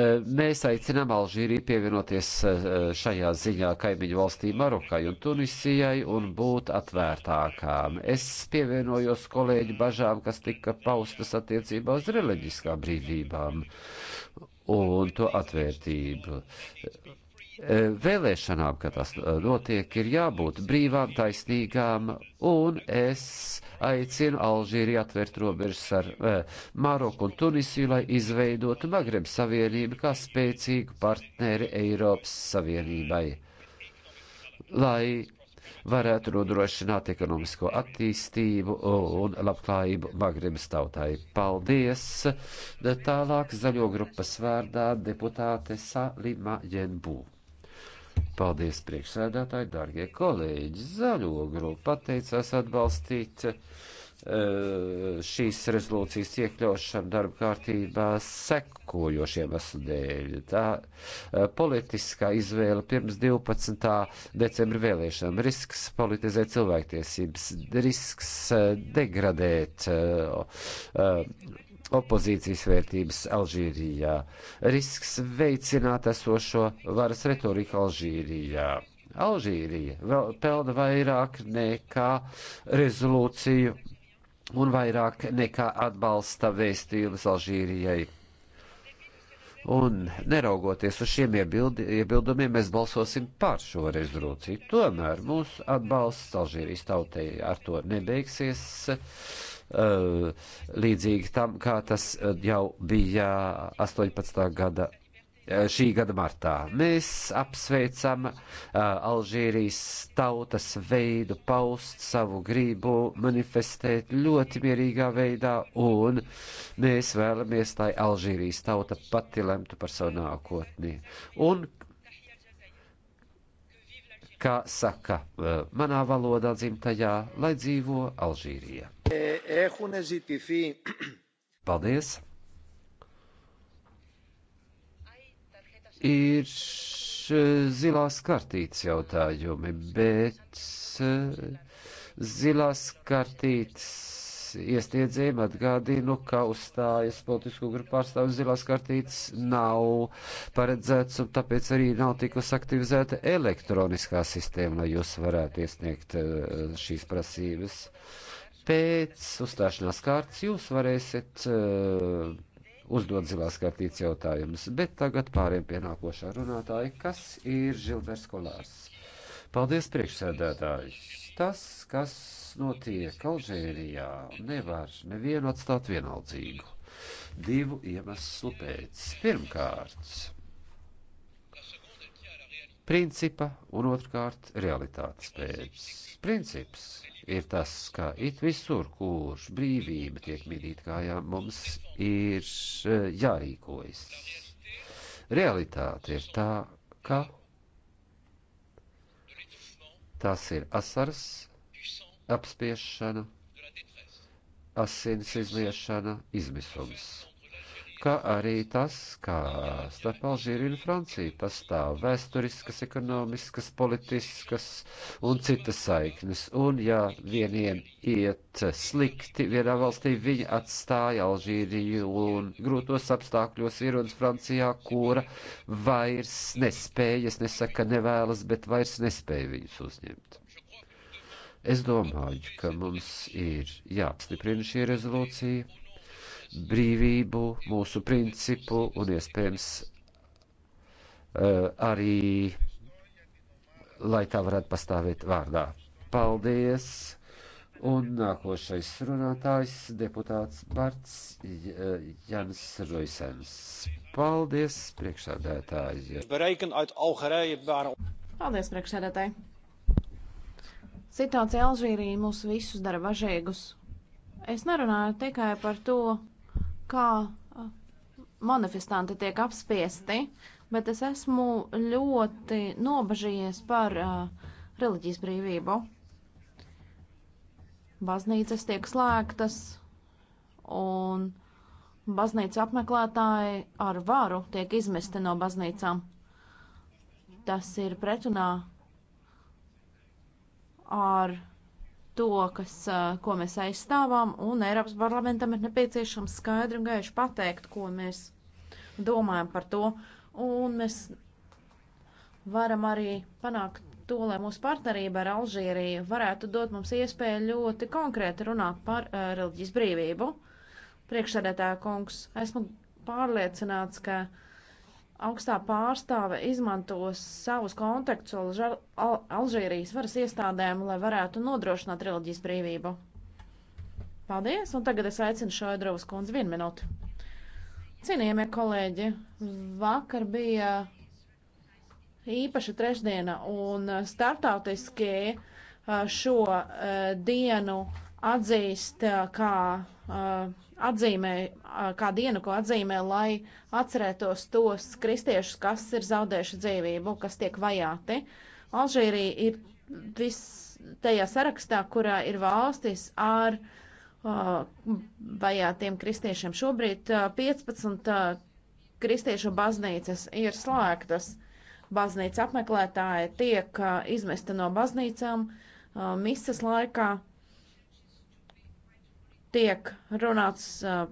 eh, Mēs aicinām Alžīriju pievienoties eh, šajā ziņā kaimiņu valstī Marokai un Tunisijai un būt atvērtākām. Es pievienojos kolēģi bažām, kas tika paustas attiecībā uz reliģiskām brīvībām un to atvērtību. Eh, vēlēšanām, kad tas eh, notiek, ir jābūt brīvām, taisnīgām, un es aicinu Alžīriju atvērt robežas ar eh, Maroku un Tunisiju, lai izveidotu Magreb Savienību kā spēcīgu partneri Eiropas Savienībai, lai varētu nodrošināt ekonomisko attīstību un labklājību Magrebas tautai. Paldies! Tālāk zaļo grupas vārdā deputāte Salima Jenbū. Paldies, priekšsēdētāji, dārgie kolēģi. Zaļo grupu pateicās atbalstīt eh, šīs rezolūcijas iekļaušanu darba kārtībā sekojošiem eslu dēļ. Tā eh, politiskā izvēle pirms 12. decembra vēlēšanām, risks politizēt cilvēktiesības, risks eh, degradēt opozīcijas vērtības Alžīrijā, risks veicināt esošo varas retoriku Alžīrijā. Alžīrija vēl pelna vairāk nekā rezolūciju un vairāk nekā atbalsta vēstījumus Alžīrijai. Un neraugoties uz šiem iebildi, iebildumiem, mēs balsosim par šo rezolūciju. Tomēr mūsu atbalsts Alžīrijas tautai ar to nebeigsies. Uh, Uh, līdzīgi tam, kā tas uh, jau bija 18. gada uh, šī gada martā. Mēs apsveicam uh, Alžīrijas tautas veidu paust savu gribu, manifestēt ļoti mierīgā veidā, un mēs vēlamies, lai Alžīrijas tauta pati lemtu par savu nākotni. Un kā saka eh, manā valodā dzimtajā, lai dzīvo Alžīrija. Paldies! Ir eh, zilās kartītes jautājumi, bet eh, zilās kartītes iestiedzējiem atgādinu, ka uzstājas politisko grupu pārstāvis zilās kartītes nav paredzēts, un tāpēc arī nav tikus aktivizēta elektroniskā sistēma, lai jūs varētu iesniegt eh, šīs prasības. Pēc uzstāšanās kārtas jūs varēsiet uh, uzdot zilās kartītes jautājumus, bet tagad pāriem pie nākošā runātāja, kas ir Žilbers Kolārs. Paldies, priekšsēdētāji! Tas, kas notiek Alžērijā, nevar nevienu atstāt vienaldzīgu. Divu iemeslu pēc. Pirmkārt, principa un otrkārt realitātes pēc. Princips ir tas, ka it visur, kur brīvība tiek minīta kājām, mums ir eh, jārīkojas. Realitāte ir tā, ka tas ir asars, apspiešana, asins izliešana, izmisums. Kā arī tas, kā starp Alžīru un Franciju pastāv vēsturiskas, ekonomiskas, politiskas un citas saiknes. Un ja vieniem iet slikti vienā valstī, viņi atstāja Alžīriju un grūtos apstākļos ierodas Francijā, kura vairs nespēja, es nesaku, nevēlas, bet vairs nespēja viņus uzņemt. Es domāju, ka mums ir jāapstiprina šī rezolūcija, brīvību, mūsu principu un iespējams uh, arī, lai tā varētu pastāvēt vārdā. Paldies! Un nākošais runātājs deputāts Barts eh, Jans Roisens. Paldies, priekšsādētāji! Paldies, priekšsādētāji! Situācija Alžīrijā mūs visus dara važīgus. Es nerunāju tikai par to, kā manifestanti tiek apspiesti, bet es esmu ļoti nobažījies par uh, reliģijas brīvību. Baznīcas tiek slēgtas, un baznīca apmeklētāji ar varu tiek izmesti no baznīcām. Tas ir pretunā ar to, kas, ko mēs aizstāvām, un Eiropas parlamentam ir nepieciešams skaidri un gaiši pateikt, ko mēs domājam par to, un mēs varam arī panākt to, lai mūsu partnerība ar Alžīriju varētu dot mums iespēju ļoti konkrēti runāt par uh, reliģijas brīvību. Priekšsēdētāja kungs, esmu pārliecināts, ka uh, augstā pārstāve izmantos savus kontaktus Alža Al Alžīrijas varas iestādēm, lai varētu nodrošināt reliģijas brīvību. Paldies, un tagad es aicinu Šoidrovas kundzi vienu minūti. Cienījamie kolēģi, vakar bija īpaša trešdiena, un startautiski šo dienu atzīst kā atzīmē, kā dienu, ko atzīmē, lai atcerētos tos kristiešus, kas ir zaudējuši dzīvību, kas tiek vajāti. Alžīrija ir vis tajā sarakstā, kurā ir valstis ar uh, vajātiem kristiešiem. Šobrīd uh, 15 uh, kristiešu baznīcas ir slēgtas. Baznīca apmeklētāji tiek izmesti no baznīcām misas laikā tiek runāts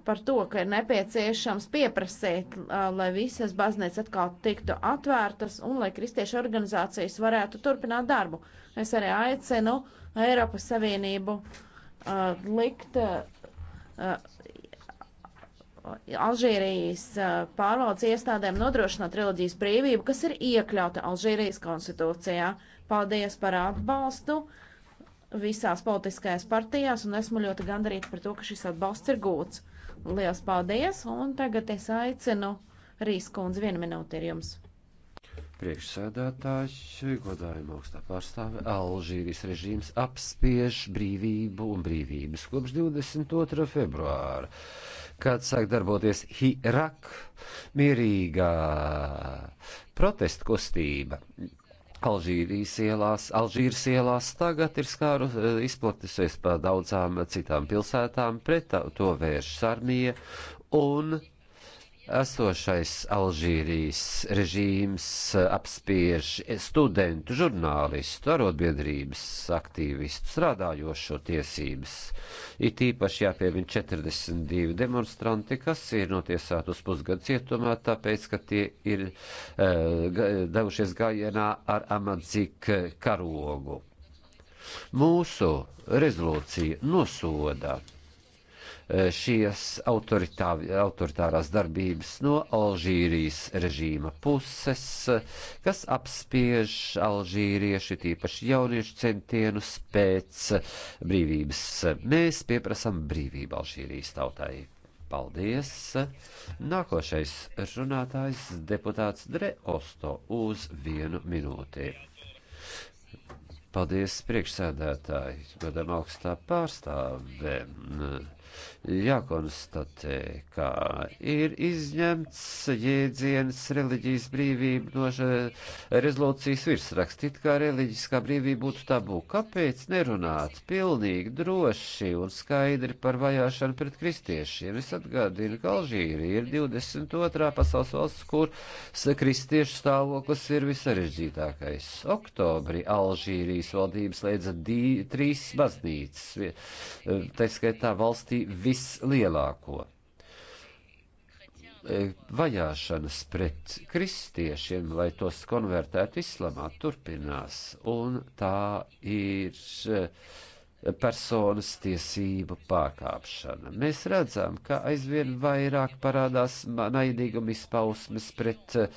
par to, ka ir nepieciešams pieprasīt, lai visas baznīcas atkal tiktu atvērtas un lai kristiešu organizācijas varētu turpināt darbu. Es arī aicinu Eiropas Savienību uh, likt uh, Alžīrijas pārvaldes iestādēm nodrošināt reliģijas brīvību, kas ir iekļauta Alžīrijas konstitūcijā. Paldies par atbalstu! Uh, visās politiskajās partijās, un esmu ļoti gandarīta par to, ka šis atbalsts ir gūts. Lielas paldies, un tagad es aicinu Rīskundzi, viena minūte ir jums. Priekšsēdētājs, godājuma augstā pārstāve, Alžīrijas režīms apspiež brīvību un brīvības kopš 22. februāra, kad sāk darboties Hirak mierīgā protesta kustība, Alžīrijas ielās, Alžīras ielās tagad ir skāru e, izplatīsies pa daudzām citām pilsētām, pret to vēršas armija un Esošais Alžīrijas režīms eh, apspiež studentu, žurnālistu, arotbiedrības aktīvistu, strādājošo tiesības. It īpaši jāpiemina 42 demonstranti, kas ir notiesāti uz pusgadu cietumā, tāpēc, ka tie ir uh, devušies gājienā ar amadzīku karogu. Mūsu rezolūcija nosoda Eh, šīs autoritā, autoritārās darbības no Alžīrijas režīma puses, kas apspiež alžīrieši, tīpaši jauniešu centienus pēc brīvības. Mēs pieprasam brīvību Alžīrijas tautai. Paldies! Nākošais runātājs deputāts Dre Osto uz vienu minūti. Paldies priekšsēdētāji, godam augstā pārstāvē jākonstatē, ka ir izņemts jēdziens reliģijas brīvība no rezolūcijas virsrakstīt, kā reliģiskā brīvība būtu tabū. Kāpēc nerunāt pilnīgi droši un skaidri par vajāšanu pret kristiešiem? Es atgādinu, ka Alžīrija ir 22. pasaules valsts, kur kristiešu stāvoklis ir visarežģītākais. Oktobrī Alžīrijas valdības slēdza trīs baznīcas, taiskaitā valstī. Vi vislielāko. E, vajāšanas pret kristiešiem, lai tos konvertētu islamā, turpinās, un tā ir e, personas tiesību pārkāpšana. Mēs redzam, ka aizvien vairāk parādās naidīguma izpausmes pret e,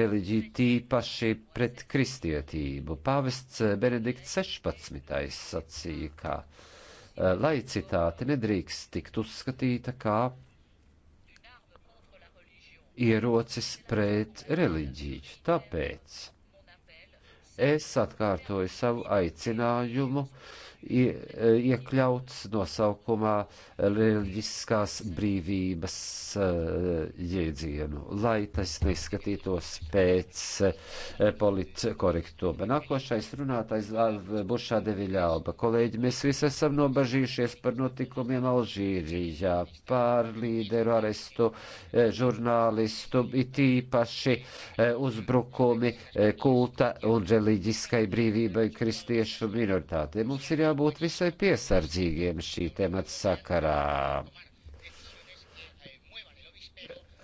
reliģiju, tīpaši pret kristietību. Pāvests Benedikts 16. sacīja, ka Eh, laicitāte nedrīkst tikt uzskatīta kā ierocis pret reliģiju. Tāpēc es atkārtoju savu aicinājumu uh, iekļauts nosaukumā reliģiskās brīvības eh, jēdzienu, lai tas neskatītos pēc eh, politkorektuma. Nākošais runātais Buršā Deviļālba. Kolēģi, mēs visi esam nobažījušies par notikumiem Alžīrijā, par līderu arestu, eh, žurnālistu, it īpaši uzbrukumi kulta un reliģiskai brīvībai kristiešu minoritātei. Mums ir jā jābūt visai piesardzīgiem šī temata sakarā.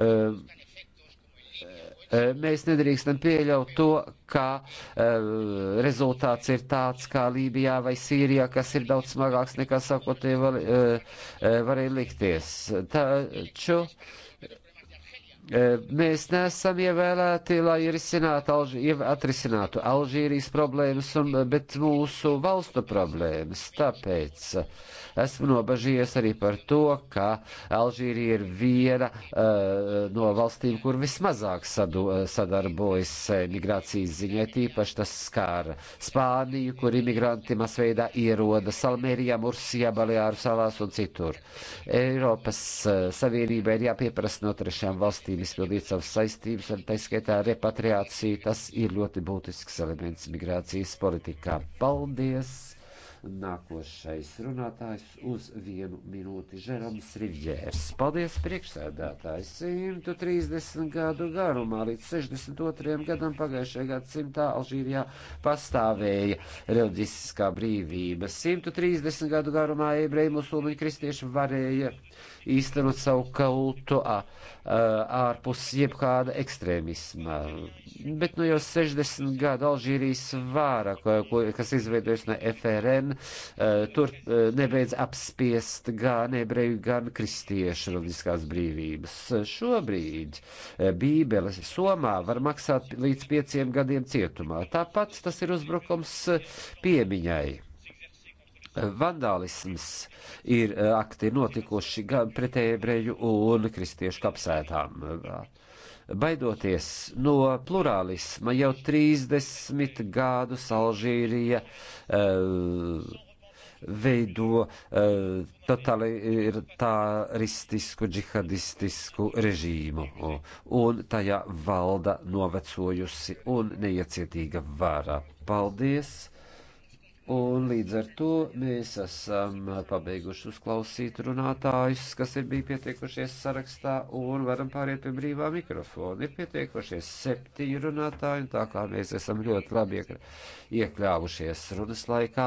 Uh, mēs nedrīkstam pieļaut to, ka uh, rezultāts ir tāds kā Lībijā vai Sīrijā, kas ir daudz smagāks nekā sākotnēji var, uh, varēja likties. Taču uh, E, mēs neesam ievēlēti, lai atrisinātu Alžīrijas problēmas, un, bet mūsu valstu problēmas. Tāpēc esmu nobažījies arī par to, ka Alžīrija ir viena uh, no valstīm, kur vismazāk sadu, e, sadarbojas migrācijas ziņā. Tīpaši tas skāra Spāniju, kur imigranti masveidā ierodas Almērijā, Mursijā, Baleāru salās un citur. Eiropas Savienībai ir jāpieprasa no trešām valstīm spējīgi izpildīt savas saistības, un tā skaitā repatriācija, tas ir ļoti būtisks elements migrācijas politikā. Paldies! Nākošais runātājs uz vienu minūti - Žerams Rivjērs. Paldies, priekšsēdētājs! 130 gadu garumā līdz 62. gadam pagājušajā gadsimtā Alžīrijā pastāvēja reliģiskā brīvība. 130 gadu garumā ebreji musulmaņi kristieši varēja īstenot savu kultu ārpus jebkāda ekstrēmisma. Bet nu jau 60 gadu Alžīrijas vāra, ko, kas izveidojas no FRN, tur nebeidz apspiest gan ebreju, gan kristiešu reliģiskās brīvības. Šobrīd Bībele Somā var maksāt līdz pieciem gadiem cietumā. Tāpat tas ir uzbrukums piemiņai vandālisms ir eh, akti notikuši gan pret ebreju un kristiešu kapsētām. Baidoties no plurālisma, jau 30 gadus Alžīrija uh, veido uh, totalitāristisku, džihadistisku režīmu, un tajā valda novecojusi un neiecietīga vara. Paldies! Un līdz ar to mēs esam pabeiguši uzklausīt runātājus, kas ir bija pietiekušies sarakstā, un varam pāriet pie brīvā mikrofona. Ir pietiekušies septiņi runātāji, un tā kā mēs esam ļoti labi iekļāvušies runas laikā,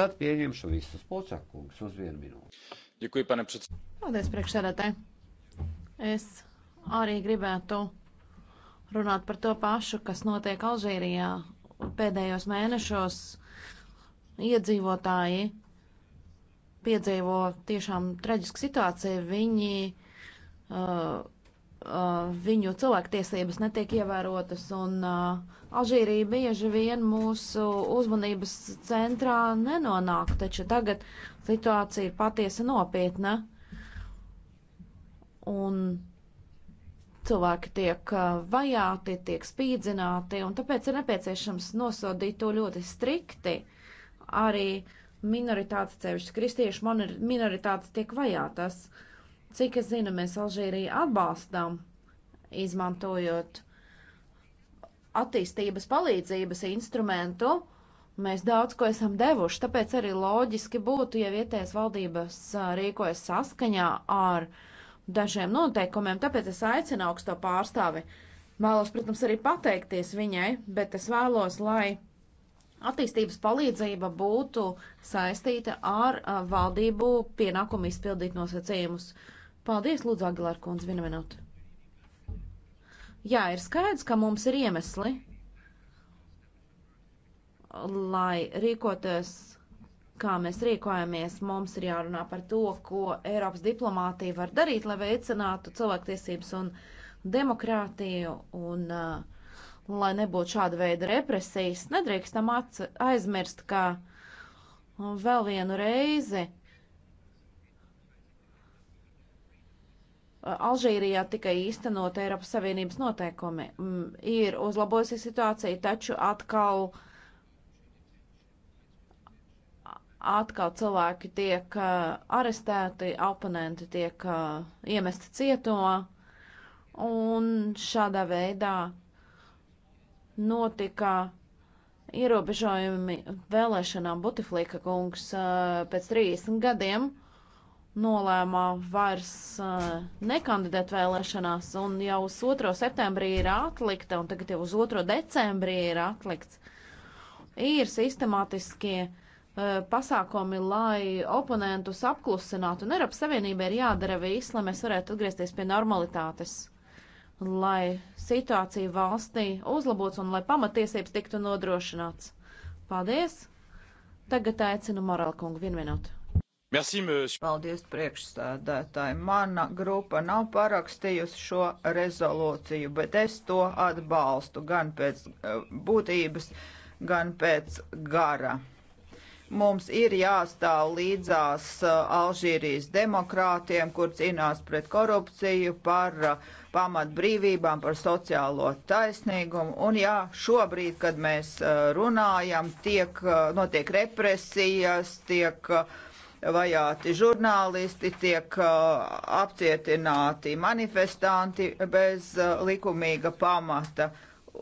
tad pieņemšu visus polčakungus uz vienu minūti. Ďakujem, pane predsedajúci. Paldies, priekšsēdētāji. Es arī gribētu runāt par to pašu, kas notiek Alžīrijā pēdējos mēnešos iedzīvotāji piedzīvo tiešām traģisku situāciju. Viņi, uh, uh, viņu cilvēktiesības netiek ievērotas, un uh, Alžīrija bieži vien mūsu uzmanības centrā nenonāk, taču tagad situācija ir patiesi nopietna. Un cilvēki tiek uh, vajāti, tiek spīdzināti, un tāpēc ir nepieciešams nosodīt to ļoti strikti arī minoritātes, cevišķi kristiešu minoritātes tiek vajātas. Cik es zinu, mēs Alžīriju atbalstām, izmantojot attīstības palīdzības instrumentu. Mēs daudz ko esam devuši, tāpēc arī loģiski būtu, ja vietējās valdības rīkojas saskaņā ar dažiem noteikumiem. Tāpēc es aicinu augsto pārstāvi. Vēlos, protams, arī pateikties viņai, bet es vēlos, lai attīstības palīdzība būtu saistīta ar valdību pienākumu izpildīt nosacījumus. Paldies, Lūdzu, Agilār kundze, vienu minūti. Jā, ir skaidrs, ka mums ir iemesli, lai rīkoties, kā mēs rīkojamies, mums ir jārunā par to, ko Eiropas diplomātija var darīt, lai veicinātu cilvēktiesības un demokrātiju un uh, lai nebūtu šāda veida represijas, nedrīkstam aizmirst, ka vēl vienu reizi Alžīrijā tika īstenot Eiropas Savienības noteikumi. Ir uzlabojusies situācija, taču atkal, atkal cilvēki tiek arestēti, oponenti tiek iemesti cietumā, un šādā veidā notika ierobežojumi vēlēšanām. Butiflika kungs pēc 30 gadiem nolēma vairs nekandidēt vēlēšanās, un jau uz 2. septembrī ir atlikta, un tagad jau uz 2. decembrī ir atlikts. Ir sistemātiskie pasākumi, lai oponentus apklusinātu, un Eiropas Savienība ir jādara viss, lai mēs varētu atgriezties pie normalitātes lai situācija valstī uzlabots un lai pamatiesības tiktu nodrošināts. Paldies! Tagad aicinu Moralkungu vienu minūtu. Merci, monsieur. Paldies priekšstādātāji. Mana grupa nav parakstījusi šo rezolūciju, bet es to atbalstu gan pēc eh, būtības, gan pēc gara. Mums ir jāstāv līdzās uh, Alžīrijas demokrātiem, kur cīnās pret korupciju, par uh, pamatbrīvībām, par sociālo taisnīgumu. Un jā, šobrīd, kad mēs uh, runājam, tiek, notiek represijas, tiek vajāti žurnālisti, tiek uh, apcietināti manifestanti bez uh, likumīga pamata.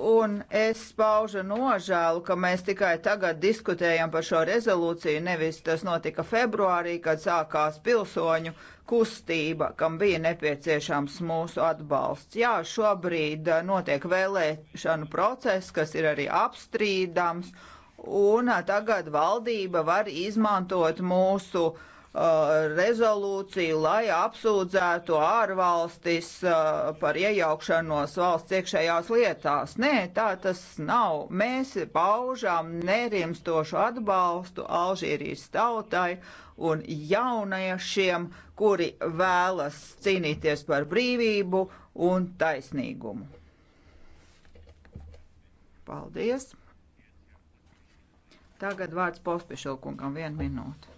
Un es paužu nožēlu, ka mēs tikai tagad diskutējam par šo rezolūciju, nevis tas notika februārī, kad sākās pilsoņu kustība, kam bija nepieciešams mūsu atbalsts. Jā, šobrīd eh, notiek vēlēšanu process, kas ir arī apstrīdams, un eh, tagad valdība var izmantot mūsu uh, Uh, rezolūciju, lai apsūdzētu ārvalstis uh, par iejaukšanos valsts iekšējās lietās. Nē, tā tas nav. Mēs paužām nerimstošu atbalstu Alžīrijas tautai un jauniešiem, kuri vēlas cīnīties par brīvību un taisnīgumu. Paldies! Tagad vārds pospešilkungam vienu minūti.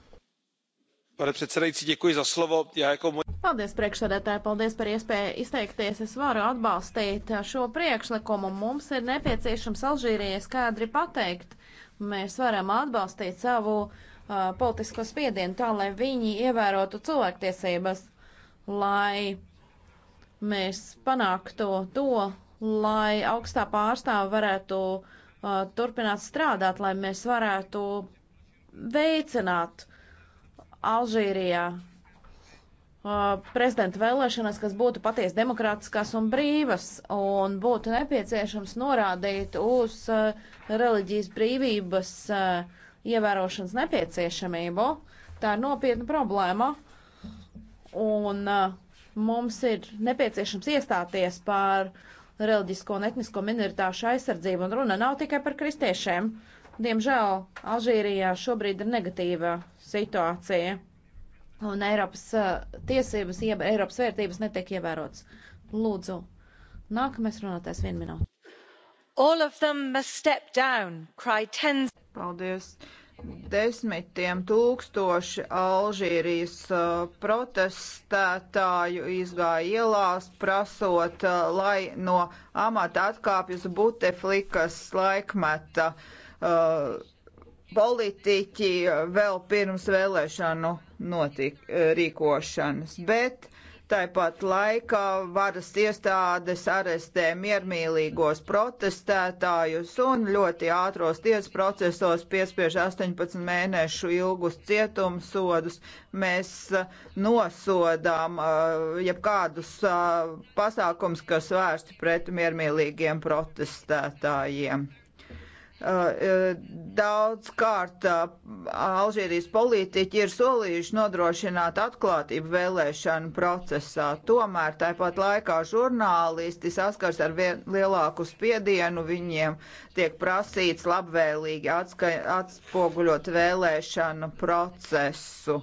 Paldies, priekšsēdētāji, paldies par iespēju izteikties. Es varu atbalstīt šo priekšlikumu. Mums ir nepieciešams Alžīrijai skaidri pateikt. Mēs varam atbalstīt savu uh, politisko spiedienu tā, lai viņi ievērotu cilvēktiesības, lai mēs panāktu to, lai augstā pārstāva varētu uh, turpināt strādāt, lai mēs varētu veicināt Alžīrijā prezidenta vēlēšanas, kas būtu patiesi demokrātiskās un brīvas, un būtu nepieciešams norādīt uz uh, reliģijas brīvības uh, ievērošanas nepieciešamību. Tā ir nopietna problēma, un uh, mums ir nepieciešams iestāties par reliģisko un etnisko minoritāšu aizsardzību, un runa nav tikai par kristiešiem. Uh, Diemžēl Alžīrijā šobrīd ir negatīva situācija, un Eiropas uh, tiesības, jeb Eiropas vērtības netiek ievērotas. Lūdzu, nākamais runātājs vienu minūti. All of them must step down, cry tens. Paldies desmitiem tūkstoši Alžīrijas uh, protestētāju izgāja ielās, prasot, uh, lai no amata atkāpjas Buteflikas laikmeta. Uh, Uh, politiķi vēl pirms vēlēšanu notik, uh, rīkošanas, bet tāpat laikā varas iestādes arestē miermīlīgos protestētājus un ļoti ātros tiesas procesos piespiež 18 mēnešu ilgus cietumsodus. Mēs uh, nosodām jebkādus pasākums, kas vērsti pret miermīlīgiem protestētājiem. Uh, uh, Daudz kārt uh, Alžīrijas politiķi ir solījuši nodrošināt atklātību vēlēšanu procesā. Tomēr tāpat laikā žurnālisti saskars ar vien, lielāku spiedienu, viņiem tiek prasīts labvēlīgi atska, atspoguļot vēlēšanu procesu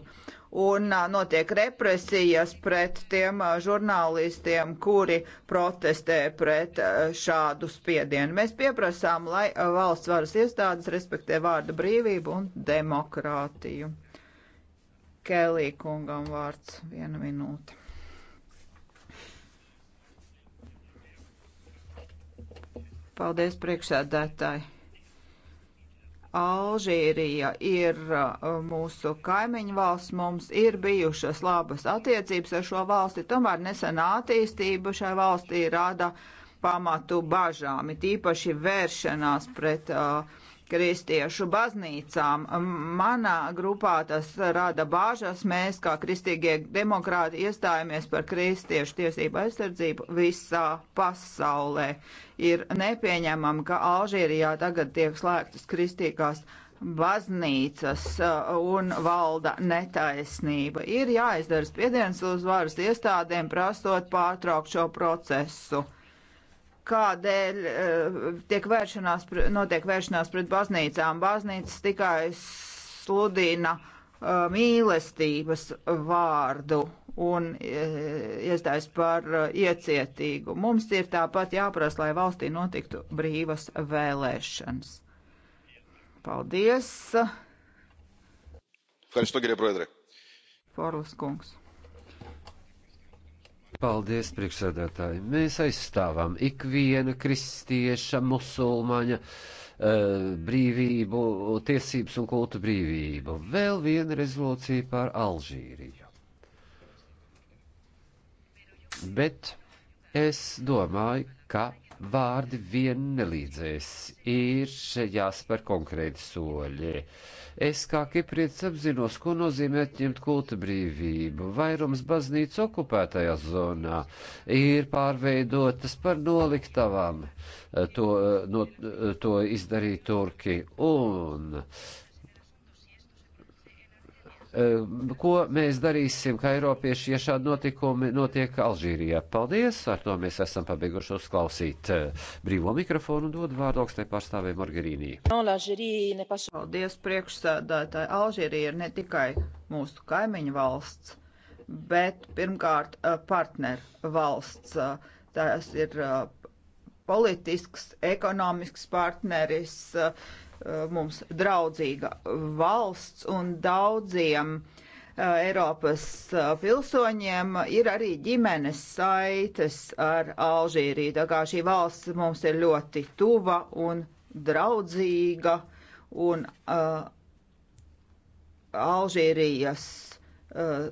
un notiek represijas pret tiem žurnālistiem, kuri protestē pret šādu spiedienu. Mēs pieprasām, lai valsts varas iestādes respektē vārda brīvību un demokrātiju. Kelī kungam vārds viena minūte. Paldies priekšsēdētāji. Alžīrija ir uh, mūsu kaimiņu valsts, mums ir bijušas labas attiecības ar šo valsti, tomēr nesenā attīstība šai valstī rada pamatu bažām, it īpaši vēršanās pret uh, kristiešu baznīcām. Manā grupā tas rada bāžas. Mēs, kā kristīgie demokrāti, iestājamies par kristiešu tiesību aizsardzību visā pasaulē. Ir nepieņemama, ka Alžīrijā tagad tiek slēgtas kristīgās baznīcas uh, un valda netaisnība. Ir jāizdara spiediens uz varas iestādēm, prasot pārtraukt šo procesu kādēļ eh, tiek vēršanās, notiek vēršanās pret baznīcām. Baznīcas tikai sludina eh, mīlestības vārdu un eh, iestājas par iecietīgu. Mums ir tāpat jāprasa, lai valstī notiktu brīvas vēlēšanas. Paldies! Forlis kungs. Paldies, priekšsēdētāji. Mēs aizstāvam ikviena kristieša, musulmaņa eh, brīvību, tiesības un kultu brīvību. Vēl viena rezolūcija par Alžīriju. Bet es domāju, ka vārdi vien nelīdzēs. Ir jāspēr konkrēti soļi. Uh, Es kā kiprietis apzinos, ko nozīmē atņemt kulta brīvību. Vairums baznīca okupētajā zonā ir pārveidotas par noliktavām to, no, to izdarīja Turki. Un Eh, ko mēs darīsim, kā Eiropieši, ja šādi notikumi notiek Alžīrijā? Paldies! Ar to mēs esam pabeiguši uzklausīt eh, brīvo mikrofonu un dod vārdu augstai pārstāvē Margarīnī. Paldies, priekšsēdētāji! Alžīrija ir ne tikai mūsu kaimiņu valsts, bet pirmkārt eh, partneru valsts. Tas ir politisks, ekonomisks partneris, uh, Eh, mums draudzīga valsts un daudziem eh, Eiropas eh, pilsoņiem ir arī ģimenes saites ar Alžīriju. Tā kā šī valsts mums ir ļoti tuva un draudzīga un uh, Alžīrijas uh,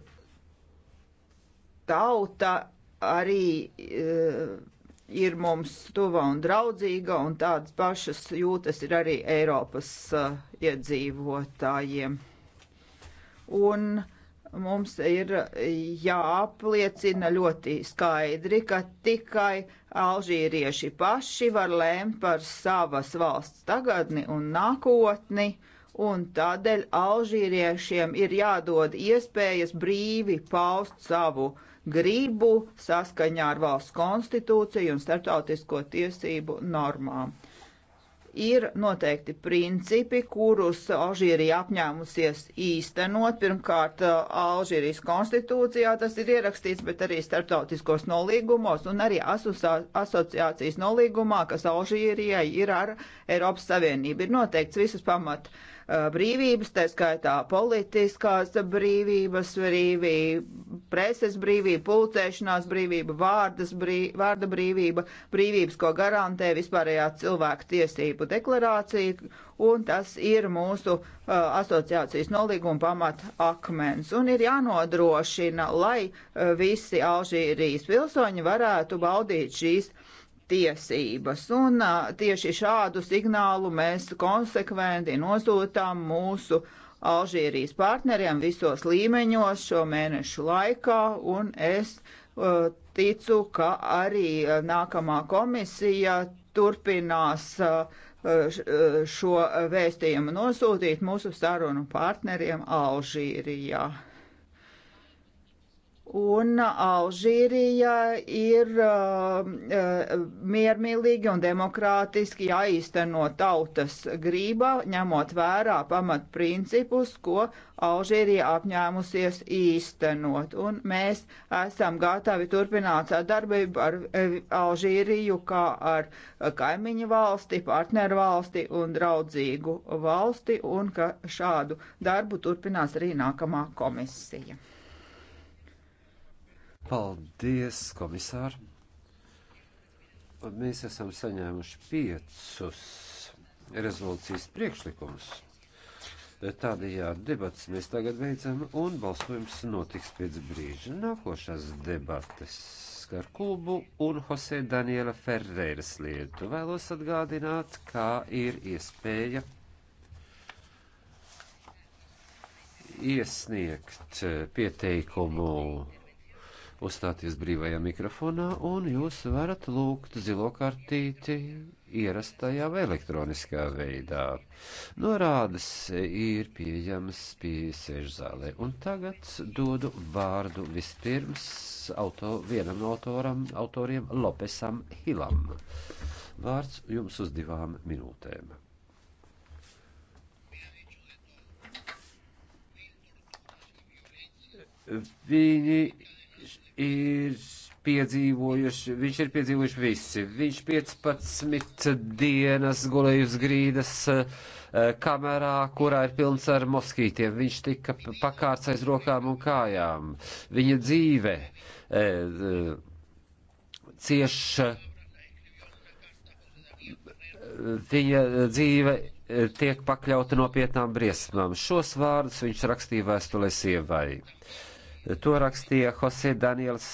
tauta arī uh, ir mums tuva un draudzīga, un tādas pašas jūtas ir arī Eiropas uh, iedzīvotājiem. Un mums ir jāapliecina ļoti skaidri, ka tikai alžīrieši paši var lēmt par savas valsts tagadni un nākotni, un tādēļ alžīriešiem ir jādod iespējas brīvi paust savu uh, gribu saskaņā ar valsts konstitūciju un starptautisko tiesību normām. Ir noteikti principi, kurus Alžīrija apņēmusies īstenot. Pirmkārt, Alžīrijas konstitūcijā tas ir ierakstīts, bet arī starptautiskos nolīgumos un arī asociācijas nolīgumā, kas Alžīrijai ir ar Eiropas Savienību. Ir noteikts visas pamata Uh, brīvības, tā skaitā politiskās brīvības, brīvība, preses brīvība, pulcēšanās brīvība, vārdas brīv, vārda brīvība, brīvības, ko garantē vispārējā cilvēku tiesību deklarācija, un tas ir mūsu uh, asociācijas nolīguma pamat akmens. Un ir jānodrošina, lai uh, visi Alžīrijas pilsoņi varētu baudīt šīs tiesības. Un tieši šādu signālu mēs konsekventi nosūtām mūsu Alžīrijas partneriem visos līmeņos šo mēnešu laikā, un es uh, ticu, ka arī nākamā komisija turpinās uh, šo vēstījumu nosūtīt mūsu sarunu partneriem Alžīrijā un uh, Alžīrija ir uh, uh, miermīlīgi un demokrātiski jāīsteno tautas grība, ņemot vērā pamatprincipus, ko Alžīrija apņēmusies īstenot. Un mēs esam gatavi turpināt sadarbību ar eh, Alžīriju kā ar kaimiņu valsti, partneru valsti un draudzīgu valsti, un ka šādu darbu turpinās arī nākamā komisija. Paldies, komisār! Mēs esam saņēmuši piecus rezolūcijas priekšlikumus. Tādējādi debatas mēs tagad veicam un balsojums notiks pēc brīža. Nākošās debatas skar Kubu un Jose Daniela Ferreiras lietu. Vēlos atgādināt, kā ir iespēja iesniegt pieteikumu uzstāties brīvajā mikrofonā, un jūs varat lūgt zilo kartīti ierastajā vai elektroniskā veidā. Norādes ir pieejamas pie sežzālē, un tagad dodu vārdu vispirms auto, vienam no autoram, autoriem Lopesam Hilam. Vārds jums uz divām minūtēm. Viņi ir piedzīvojuši, viņš ir piedzīvojuši visi. Viņš 15 dienas gulēja uz grīdas eh, kamerā, kurā ir pilns ar moskītiem. Viņš tika pakārts aiz rokām un kājām. Viņa dzīve eh, eh, cieš. Viņa dzīve tiek pakļauta nopietnām briesmām. Šos vārdus viņš rakstīja vēstulē sievai. Uh, To rakstīja Jose Daniels.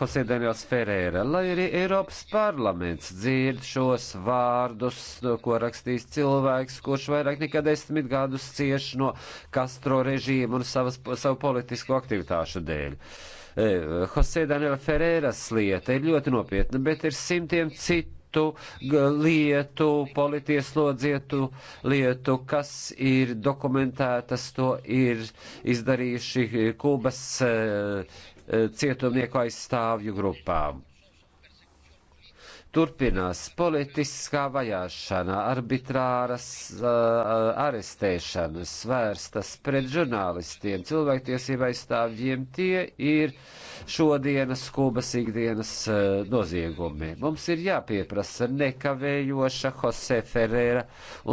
Jose Daniels Ferēra, lai arī Eiropas parlaments dzird šos vārdus, ko rakstīs cilvēks, kurš vairāk nekā desmit gadus cieš no Castro režīmu un savas, savu politisko aktivitāšu dēļ. E, Jose Daniela Ferēras lieta ir ļoti nopietna, bet ir simtiem citu citu lietu, politieslodzītu lietu, kas ir dokumentētas, to ir izdarījuši Kubas eh, eh, cietumnieku aizstāvju grupām. Turpinās politiskā vajāšana, arbitrāras uh, arestēšanas, vērstas pret žurnālistiem, cilvēktiesība aizstāvjiem. Tie ir šodienas Kubas ikdienas uh, noziegumi. Mums ir jāpieprasa nekavējoša Jose Ferreira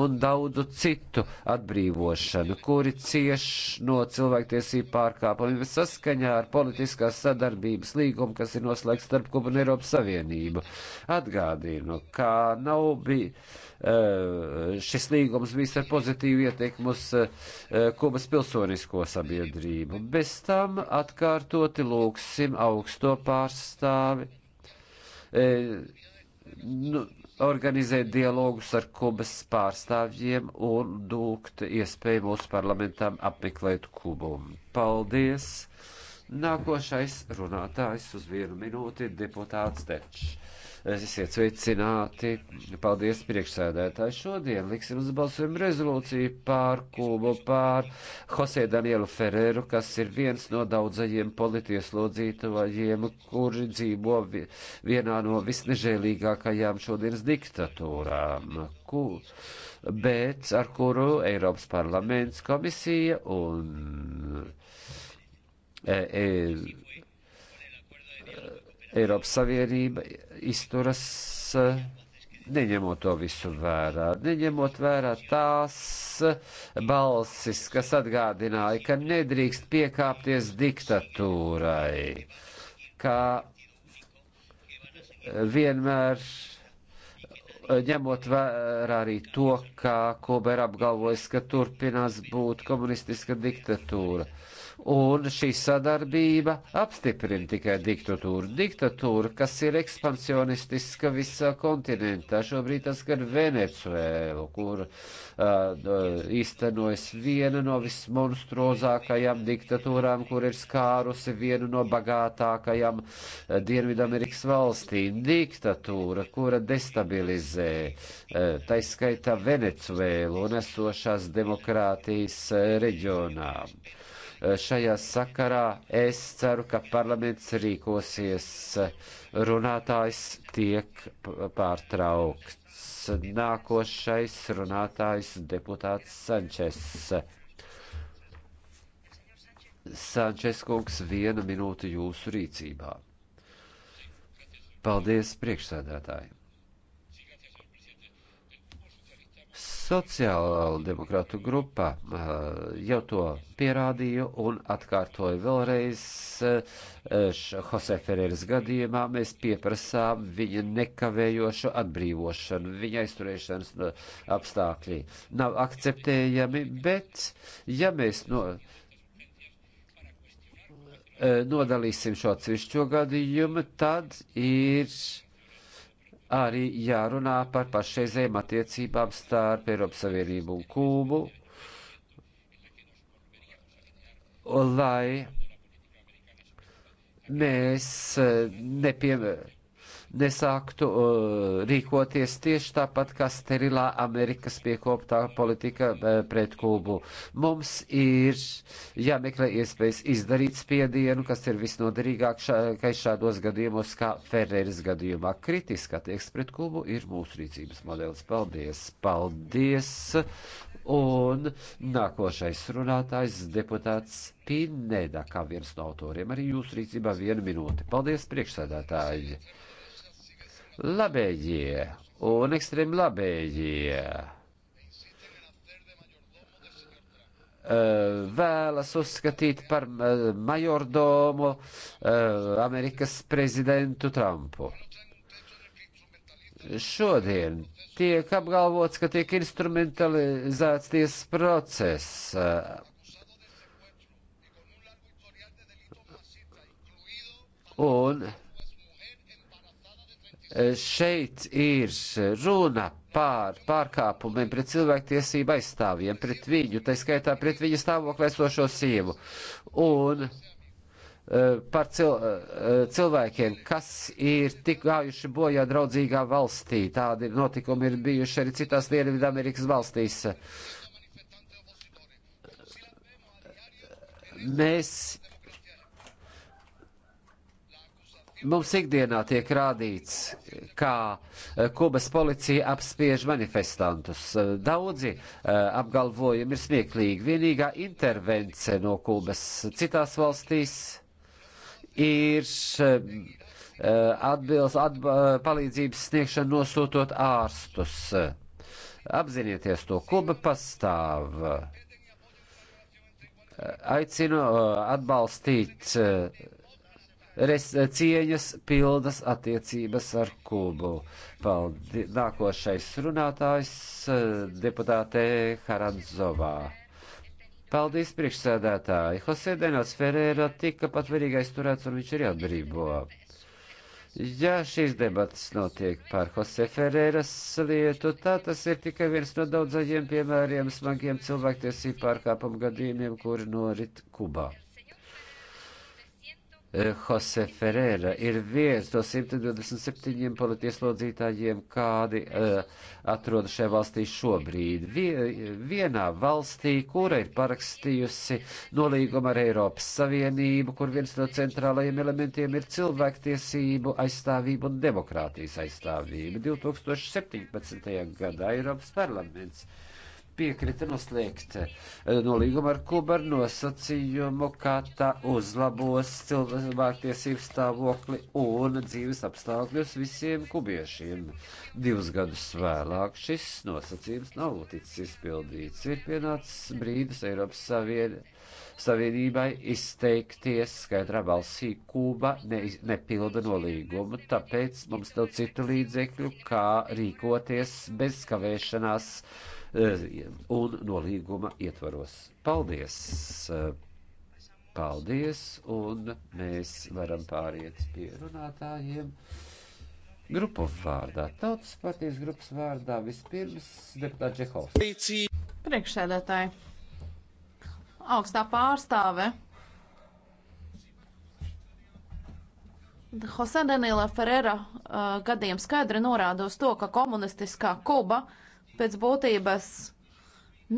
un daudzu citu atbrīvošanu, kuri cieš no cilvēktiesību pārkāpumiem saskaņā ar politiskās sadarbības līgumu, kas ir noslēgts starp Kubu un Eiropas Savienību. At atgādinu, ka nav bija, e, šis līgums bijis ar pozitīvu ietekmu uz e, Kubas pilsonisko sabiedrību. Bez tam atkārtoti lūksim augsto pārstāvi. E, nu, organizēt dialogus ar Kubas pārstāvjiem un dūkt iespēju mūsu parlamentam apmeklēt Kubu. Paldies! Nākošais runātājs uz vienu minūti ir deputāts Tečs. Esiet sveicināti. Paldies priekšsēdētāji. Šodien liksim uz balsojumu rezolūciju pār Kūbu, pār Jose Danielu Ferreru, kas ir viens no daudzajiem politieslodzītājiem, kuri dzīvo vienā no visnežēlīgākajām šodienas diktatūrām. Ku, bet ar kuru Eiropas parlaments, komisija un. E, e, Eiropas Savienība izturas eh, neņemot to visu vērā, neņemot vērā tās eh, balsis, kas atgādināja, ka nedrīkst piekāpties diktatūrai, kā eh, vienmēr ņemot vērā arī to, kā Kober apgalvojas, ka turpinās būt komunistiska diktatūra. Uh, Un šī sadarbība apstiprina tikai diktatūru. Diktatūra, kas ir ekspansionistiska visā kontinentā, šobrīd tas gan Venecuēlu, kur uh, īstenojas viena no vismonstrozākajām diktatūrām, kur ir skārusi vienu no bagātākajām uh, Dienvidamerikas valstīm. Diktatūra, kura destabilizē uh, taiskaitā Venecuēlu un esošās demokrātijas uh, reģionām. Eh, šajā sakarā es ceru, ka parlaments rīkosies. Runātājs tiek pārtraukts. Nākošais runātājs deputāts Sančes. Sančes kungs, viena minūte jūsu rīcībā. Paldies, priekšsēdētāji! Sociāla demokrātu grupa eh, jau to pierādīja un atkārtoja vēlreiz. Eh, Jose Ferreras gadījumā mēs pieprasām viņa nekavējošu atbrīvošanu. Viņa aizturēšanas eh, apstākļi nav akceptējami, bet ja mēs no nodalīsim šo atsevišķo gadījumu, tad ir arī jārunā par pašreizējām attiecībām starp Eiropas Savienību un Kūbu, lai mēs eh, nepiem, nesāktu uh, rīkoties tieši tāpat kā sterilā Amerikas piekoptā politika uh, pret Kubu. Mums ir jāmeklē iespējas izdarīt spiedienu, kas ir visnoderīgākais šādos gadījumos, kā Ferreras gadījumā. Kritiskā tieks pret Kubu ir mūsu rīcības modelis. Paldies! Paldies! Un nākošais runātājs deputāts Pineda, kā viens no autoriem, arī jūsu rīcībā viena minūte. Paldies, priekšsēdētāji! labējie un ekstrēmi labējie eh, vēlas uzskatīt par eh, majordomu eh, Amerikas prezidentu Trumpu. Šodien tiek apgalvots, ka tiek instrumentalizēts tiesas process. Un Šeit ir runa pār pārkāpumiem pret cilvēktiesību aizstāvjiem, pret viņu, tā skaitā pret viņa stāvokli esošo sievu. Un eh, par cil, eh, cilvēkiem, kas ir tik gājuši bojā draudzīgā valstī. Tādi notikumi ir bijuši arī citās Dienvidamerikas valstīs. Mēs Mums ikdienā tiek rādīts, kā eh, Kubas policija apspiež manifestantus. Eh, daudzi eh, apgalvojumi ir smieklīgi. Vienīgā intervence no Kubas citās valstīs ir atbils, atba, palīdzības sniegšana nosūtot ārstus. Apzinieties to, Kuba pastāv. Aicinu atbalstīt res, eh, cieņas pilnas attiecības ar Kubu. Paldies. Nākošais runātājs eh, deputātē Haranzovā. Paldies, priekšsēdētāji. Jose Denos Ferēra tika patvarīgais turēts un viņš ir atbrīvo. Ja šīs debatas notiek par Jose Ferēras lietu, tā tas ir tikai viens no daudzajiem piemēriem smagiem cilvēktiesību pārkāpumu gadījumiem, kuri norit Kubā. Eh, Jose Ferreira ir viens no 127 politieslodzītājiem, kādi uh, atrodas šajā valstī šobrīd. Vie, vienā valstī, kura ir parakstījusi nolīgumu ar Eiropas Savienību, kur viens no centrālajiem elementiem ir cilvēktiesību aizstāvība un demokrātijas aizstāvība. 2017. gadā Eiropas parlaments uh, piekrita noslēgt eh, no līguma ar Kubu ar nosacījumu, ka tā uzlabos cilvēktiesību stāvokli un dzīves apstākļus visiem kubiešiem. Divus gadus vēlāk šis nosacījums nav ticis izpildīts. Ir pienācis brīdis Eiropas Savien... Savienībai izteikties skaidrā balsī, Kuba ne, nepilda nolīgumu, tāpēc mums nav citu līdzekļu, kā rīkoties bez kavēšanās. Uh, Eh, un no līguma ietvaros. Paldies! Eh, paldies! Un mēs varam pāriet pie runātājiem. Grupu vārdā, tautas partijas grupas vārdā vispirms deputāts Čehovs. Priekšsēdētāji, augstā pārstāve. Jose Daniela Ferrera uh, eh, gadījums skaidri norāda uz to, ka komunistiskā Kuba uh, pēc būtības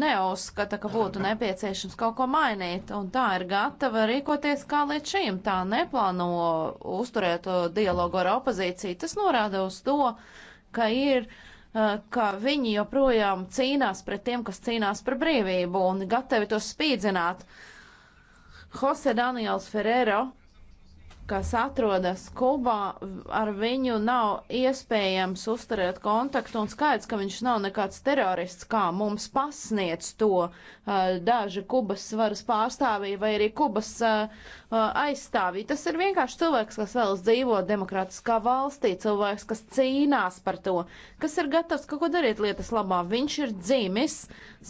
neuzskata, ka būtu nepieciešams kaut ko mainīt, un tā ir gatava rīkoties kā līdz šim. Tā neplāno uzturēt uh, dialogu ar opozīciju. Tas norāda uz to, ka ir uh, ka viņi joprojām cīnās pret tiem, kas cīnās par brīvību un gatavi to spīdzināt. Jose Daniels Ferrero kas atrodas Kubā, ar viņu nav iespējams uzturēt kontaktu, un skaidrs, ka viņš nav nekāds terorists, kā mums pasniedz to uh, daži Kubas varas pārstāvīja vai arī Kubas uh, aizstāvīja. Tas ir vienkārši cilvēks, kas vēlas dzīvot demokrātiskā valstī, cilvēks, kas cīnās par to, kas ir gatavs kaut ko darīt lietas labā. Viņš ir dzimis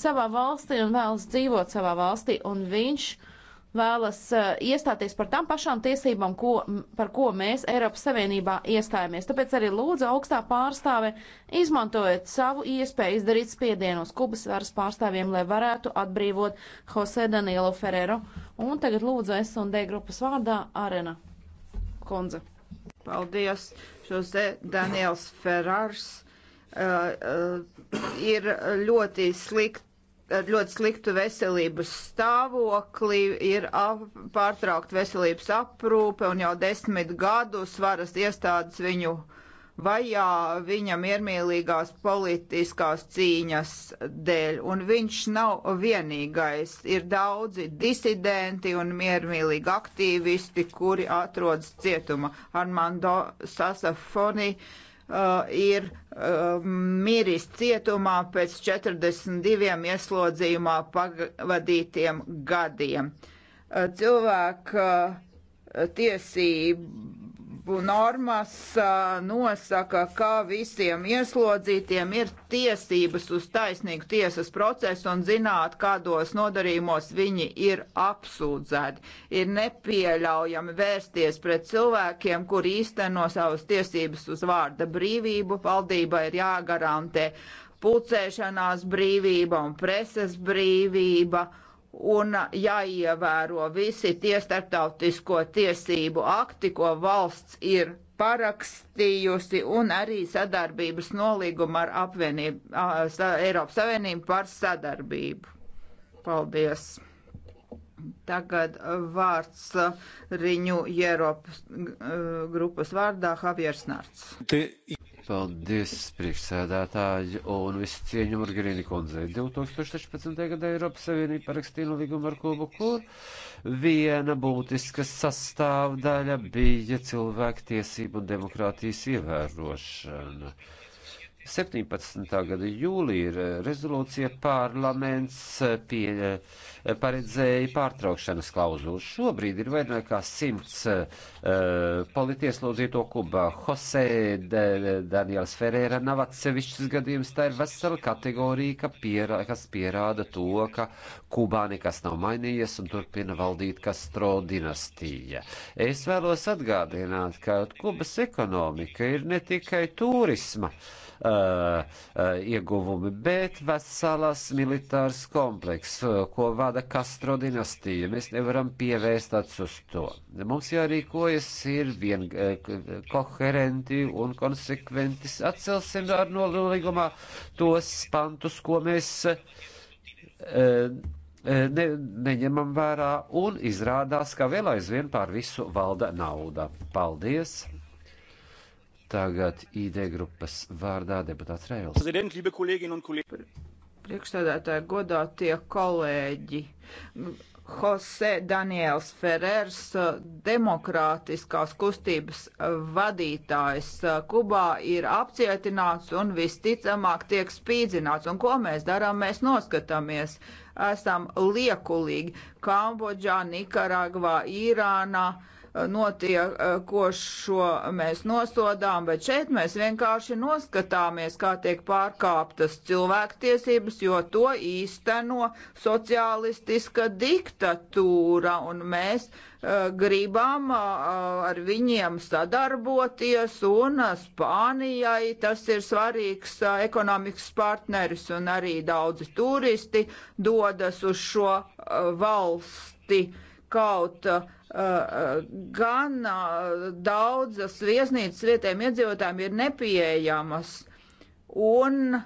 savā valstī un vēlas dzīvot savā valstī, un viņš uh, vēlas eh, iestāties par tām pašām tiesībām, ko, par ko mēs Eiropas Savienībā iestājāmies. Tāpēc arī lūdzu augstā pārstāve izmantojiet savu iespēju izdarīt spiedienu uz Kubas varas pārstāvjiem, lai varētu atbrīvot Jose Danielu Ferrero. Un tagad lūdzu S&D grupas vārdā Arena Konze. Paldies, Jose Daniels Ferrars. Uh, uh, ir ļoti slikti ar ļoti sliktu veselības stāvokli, ir ap, pārtraukt veselības aprūpe un jau desmit gadus varas iestādes viņu vajā viņa miermīlīgās politiskās cīņas dēļ. Un viņš nav vienīgais. Ir daudzi disidenti un miermīlīgi aktīvisti, kuri atrodas cietuma. Armando Sasafoni. Uh, Uh, ir uh, miris cietumā pēc 42 ieslodzījumā pavadītiem gadiem. Uh, cilvēka tiesība darbu normas nosaka, ka visiem ieslodzītiem ir tiesības uz taisnīgu tiesas procesu un zināt, kādos nodarījumos viņi ir apsūdzēti. Ir nepieļaujami vērsties pret cilvēkiem, kur īsteno savas tiesības uz vārda brīvību. Valdība ir jāgarantē pulcēšanās brīvība un preses brīvība un jāievēro visi tie starptautisko tiesību akti, ko valsts ir parakstījusi, un arī sadarbības nolīguma ar apvienību, Eiropas Savienību par sadarbību. Paldies! Tagad vārds Riņu Eiropas uh, grupas vārdā Javiers Nārts. Te... Paldies, priekšsēdētāji, un visi cieņu Margarīni kundzei. 2016. gadā Eiropas Savienība parakstīja līgumu ar Kubu, kur viena būtiska sastāvdaļa bija cilvēktiesību un demokrātijas ievērošana. Uh, 17. gada jūlija ir eh, rezolūcija parlaments eh, pie, eh, paredzēja pārtraukšanas klauzulu. Šobrīd ir vairāk nekā simts uh, politieslodzīto Kubā. Jose de, Daniels Ferēra nav atsevišķs gadījums, tā ir vesela kategorija, ka pierā, kas pierāda to, ka Kubā nekas nav mainījies un turpina valdīt Castro dinastija. Es vēlos atgādināt, ka Kubas ekonomika ir ne tikai turisma. Uh, Uh, uh, ieguvumi, bet veselas militārs kompleks, uh, ko vada Kastro dinastija. Mēs nevaram pievērst acis to. Mums jārīkojas ir vien uh, koherenti un konsekventi. Atcelsim ar nolīgumā tos pantus, ko mēs. Uh, ne, neņemam vērā un izrādās, ka vēl aizvien pār visu valda nauda. Paldies! Tagad ID grupas vārdā deputāts Rēvils. Priekšstādātāji godā tie kolēģi. Jose Daniels Ferrers, demokrātiskās kustības vadītājs Kubā, ir apcietināts un visticamāk tiek spīdzināts. Un ko mēs darām? Mēs noskatāmies. Esam liekulīgi Kambodžā, Nikaragvā, Irānā. Uh, notiekošo mēs nosodām, bet šeit mēs vienkārši noskatāmies, kā tiek pārkāptas cilvēktiesības, jo to īsteno sociālistiska diktatūra, un mēs uh, gribam uh, ar viņiem sadarboties, un uh, Spānijai tas ir svarīgs ekonomikas partneris, un arī daudzi turisti dodas uz šo valsti kaut uh, Eh, eh, gan eh, daudzas viesnīcas vietējiem iedzīvotājiem ir nepieejamas. Un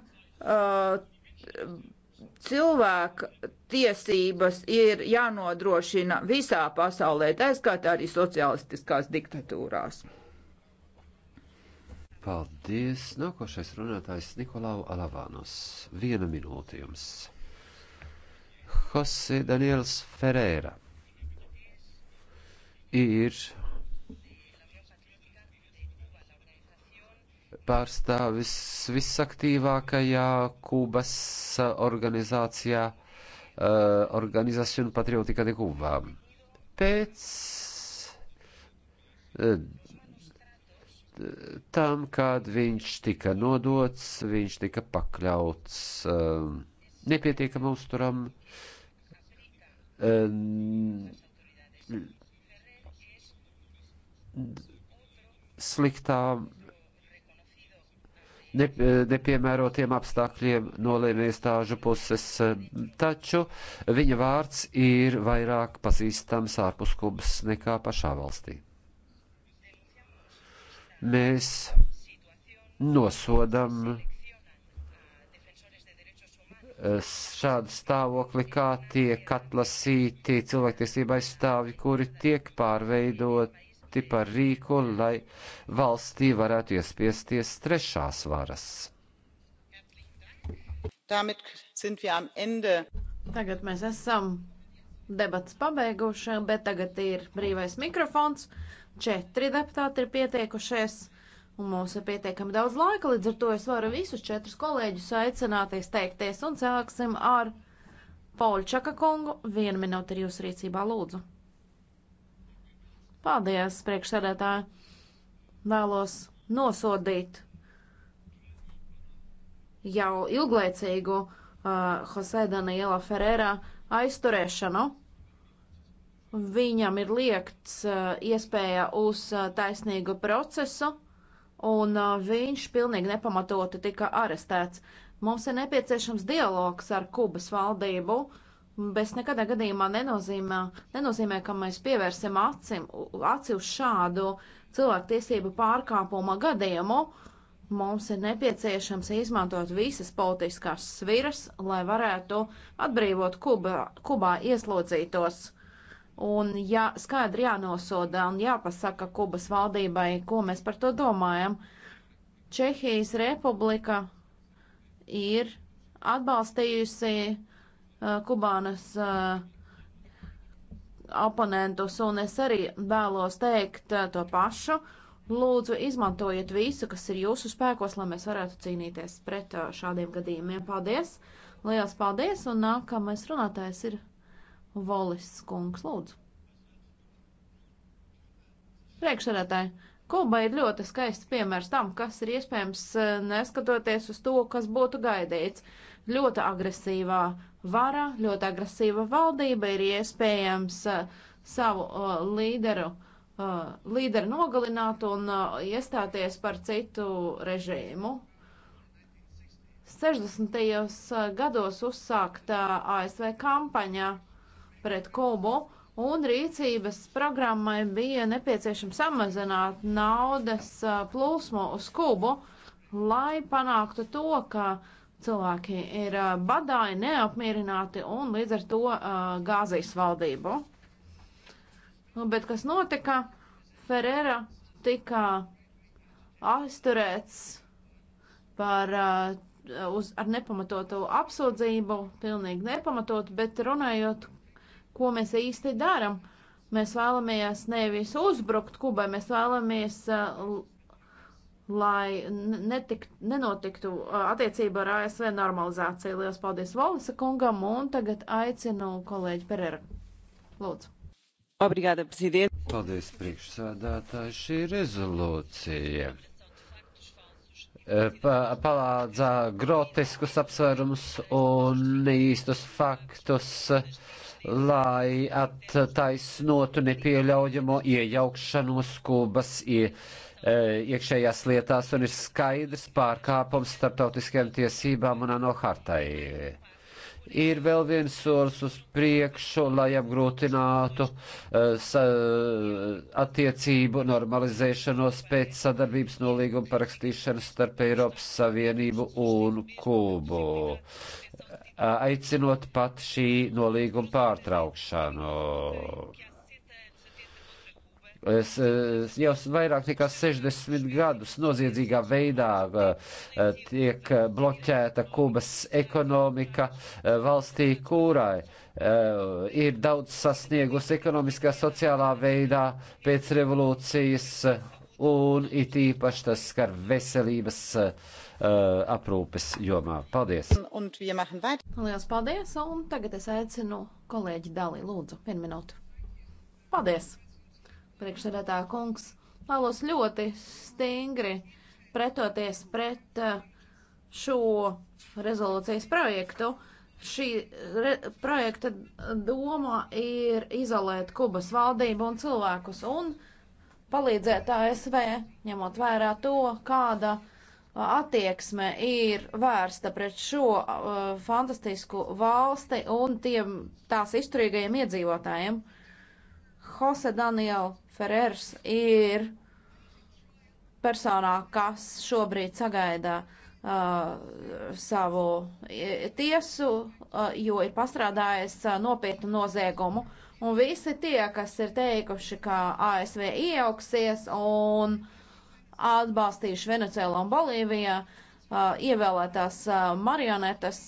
cilvēka tiesības ir jānodrošina visā pasaulē, taiskaitā arī socialistiskās diktatūrās. Paldies! Nākošais runātājs Nikolau Alavānos. Viena minūte jums. Jose Daniels Ferēra ir pārstāvis visaktīvākajā Kūbas organizācijā uh, eh, Organización Patriótica de Cuba. Pēc uh, tam, kad viņš tika nodots, viņš tika pakļauts uh, nepietiekamam uzturam. Uh, sliktām, nepiemērotiem apstākļiem nolēma iestāžu puses, taču viņa vārds ir vairāk pazīstams ārpus Kubas nekā pašā valstī. Mēs nosodam eh, šādu stāvokli, kā tiek atlasīti cilvēktiesība aizstāvi, kuri tiek pārveidot kļūsti par rīku, lai valstī varētu iespiesties trešās varas. Tagad mēs esam debats pabeiguši, bet tagad ir brīvais mikrofons. Četri deputāti ir pietiekušies, un mums ir pietiekami daudz laika, līdz ar to es varu visus četrus kolēģus aicināt izteikties, un sāksim ar Polčaka kungu. Vienu minūti ir jūsu rīcībā, lūdzu. Paldies, priekšsēdētāji. Vēlos nosodīt jau ilglaicīgu uh, Jose Daniela Ferrera aizturēšanu. Viņam ir liekts uh, iespēja uz uh, taisnīgu procesu, un uh, viņš pilnīgi nepamatoti tika arestēts. Mums ir nepieciešams dialogs ar Kubas valdību. Uh, Bet nekādā gadījumā nenozīmē, nenozīmē, ka mēs pievērsim acim, aci uz šādu cilvēktiesību pārkāpuma gadījumu. Mums ir nepieciešams izmantot visas politiskās sviras, lai varētu atbrīvot Kuba, Kubā ieslodzītos. Un ja skaidri jānosoda un jāpasaka Kubas valdībai, ko mēs par to domājam, Čehijas republika ir atbalstījusi uh, Uh, Kubānas uh, oponentus, un es arī vēlos teikt uh, to pašu. Lūdzu, izmantojiet visu, kas ir jūsu spēkos, lai mēs varētu cīnīties pret šādiem gadījumiem. Paldies! Lielas paldies! Un nākamais runātājs ir Volis Kungs. Lūdzu! Priekšsēdētāji, Kuba ir ļoti skaists piemērs tam, kas ir iespējams neskatoties uz to, kas būtu gaidīts. Ļoti agresīvā vara, ļoti agresīva valdība, ir iespējams uh, savu uh, līderu, uh, līderu nogalināt un uh, iestāties par citu režīmu. 60. Uh, gados uzsāktā uh, ASV kampaņa pret Kubu un rīcības programmai bija nepieciešams samazināt naudas uh, plūsmu uz Kubu, lai panāktu to, ka uh, cilvēki ir badāji, neapmierināti un līdz ar to gāzīs valdību. Nu, bet kas notika? Ferrera tika aizturēts par, uz, ar nepamatotu apsūdzību, pilnīgi nepamatotu, bet runājot, ko mēs īsti darām, mēs vēlamies nevis uzbrukt Kubai, mēs vēlamies uh, lai netik, nenotiktu attiecība ar ASV normalizāciju. Lielas paldies Valisa kungam un tagad aicinu kolēģi Pereira. Lūdzu. Obrigāda, prezident. Paldies, priekšsādātāji. Šī rezolūcija pa, palādzā groteskus apsvērumus un īstus faktus lai attaisnotu nepieļaujamo iejaukšanos Kubas ie, E, iekšējās lietās un ir skaidrs pārkāpums starptautiskajām tiesībām un ANO hartai. Ir vēl viens solis uz priekšu, lai apgrūtinātu uh, attiecību normalizēšanos pēc sadarbības nolīguma parakstīšanas starp Eiropas Savienību un Kūbu, e, aicinot pat šī nolīguma pārtraukšanu. Es, es, jau vairāk nekā 60 gadus noziedzīgā veidā e, tiek bloķēta Kubas ekonomika e, valstī, kurai e, ir daudz sasniegusi ekonomiskā, sociālā veidā pēc revolūcijas, un it īpaši tas skar veselības aprūpes jomā. Paldies! Lielas paldies, un tagad es aicinu kolēģi Dali, lūdzu, vienu minūtu. Paldies! priekšsēdētā kungs, vēlos ļoti stingri pretoties pret uh, šo rezolūcijas projektu. Šī uh, re, projekta doma ir izolēt Kubas valdību un cilvēkus un palīdzēt ASV, ņemot vērā to, kāda uh, attieksme ir vērsta pret šo uh, fantastisku valsti un tiem tās izturīgajiem iedzīvotājiem. Jose Daniel Ferērs ir personā, kas šobrīd sagaida uh, savu eh, tiesu, uh, jo ir pastrādājis uh, nopietnu noziegumu. Un visi tie, kas ir teikuši, ka ASV iejauksies un atbalstījuši Venecijā un Bolīvijā, uh, ievēlētās uh, marionetes,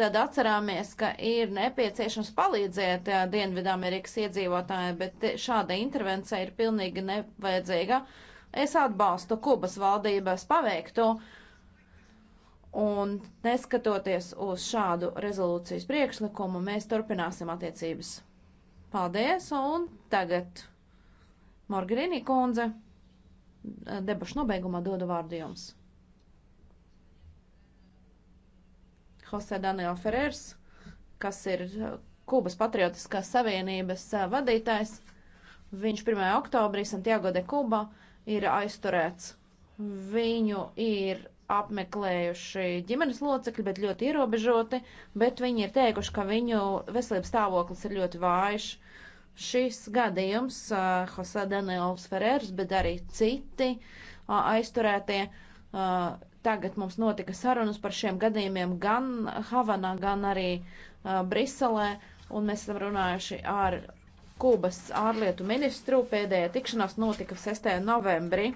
tad atcerāmies, ka ir nepieciešams palīdzēt eh, Dienvidamerikas iedzīvotājiem, bet šāda intervencija ir pilnīgi nevajadzīga. Es atbalstu Kubas valdības paveikto, un neskatoties uz šādu rezolūcijas priekšlikumu, mēs turpināsim attiecības. Paldies, un tagad Margarīnī kundze eh, debašu nobeigumā dodu vārdu jums. Jose Daniel Ferrers, kas ir uh, Kubas Patriotiskās Savienības uh, vadītājs. Viņš 1. oktobrī Santiago de Kuba ir aizturēts. Viņu ir apmeklējuši ģimenes locekļi, bet ļoti ierobežoti, bet viņi ir teikuši, ka viņu veselības stāvoklis ir ļoti vājš. Šis gadījums, uh, Jose Daniels Ferrers, bet arī citi uh, aizturētie uh, Tagad mums notika sarunas par šiem gadījumiem gan Havanā, gan arī uh, Briselē, un mēs esam runājuši ar Kubas ārlietu ministru. Pēdējā tikšanās notika 6. novembrī.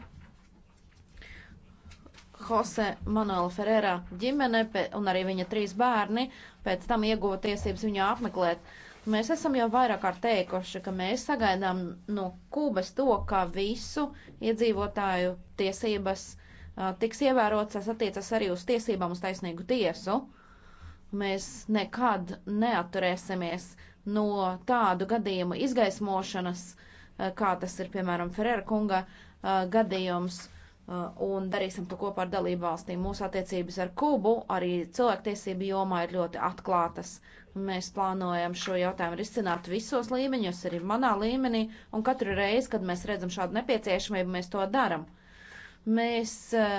Jose Manuela Ferrera ģimene un arī viņa trīs bērni pēc tam ieguva tiesības viņu apmeklēt. Mēs esam jau vairāk kārt teikuši, ka mēs sagaidām no Kubas to, ka visu iedzīvotāju tiesības uh, Uh, tiks ievērots, tas attiecas arī uz tiesībām uz taisnīgu tiesu. Mēs nekad neatturēsimies no tādu gadījumu izgaismošanas, uh, kā tas ir, piemēram, Ferēra kunga uh, gadījums, un darīsim to kopā ar dalību valstīm. Mūsu attiecības ar Kubu arī cilvēktiesību jomā ir ļoti atklātas. Mēs plānojam šo jautājumu risināt visos līmeņos, arī manā līmenī, un katru reizi, kad mēs redzam šādu nepieciešamību, mēs to darām. Mēs eh,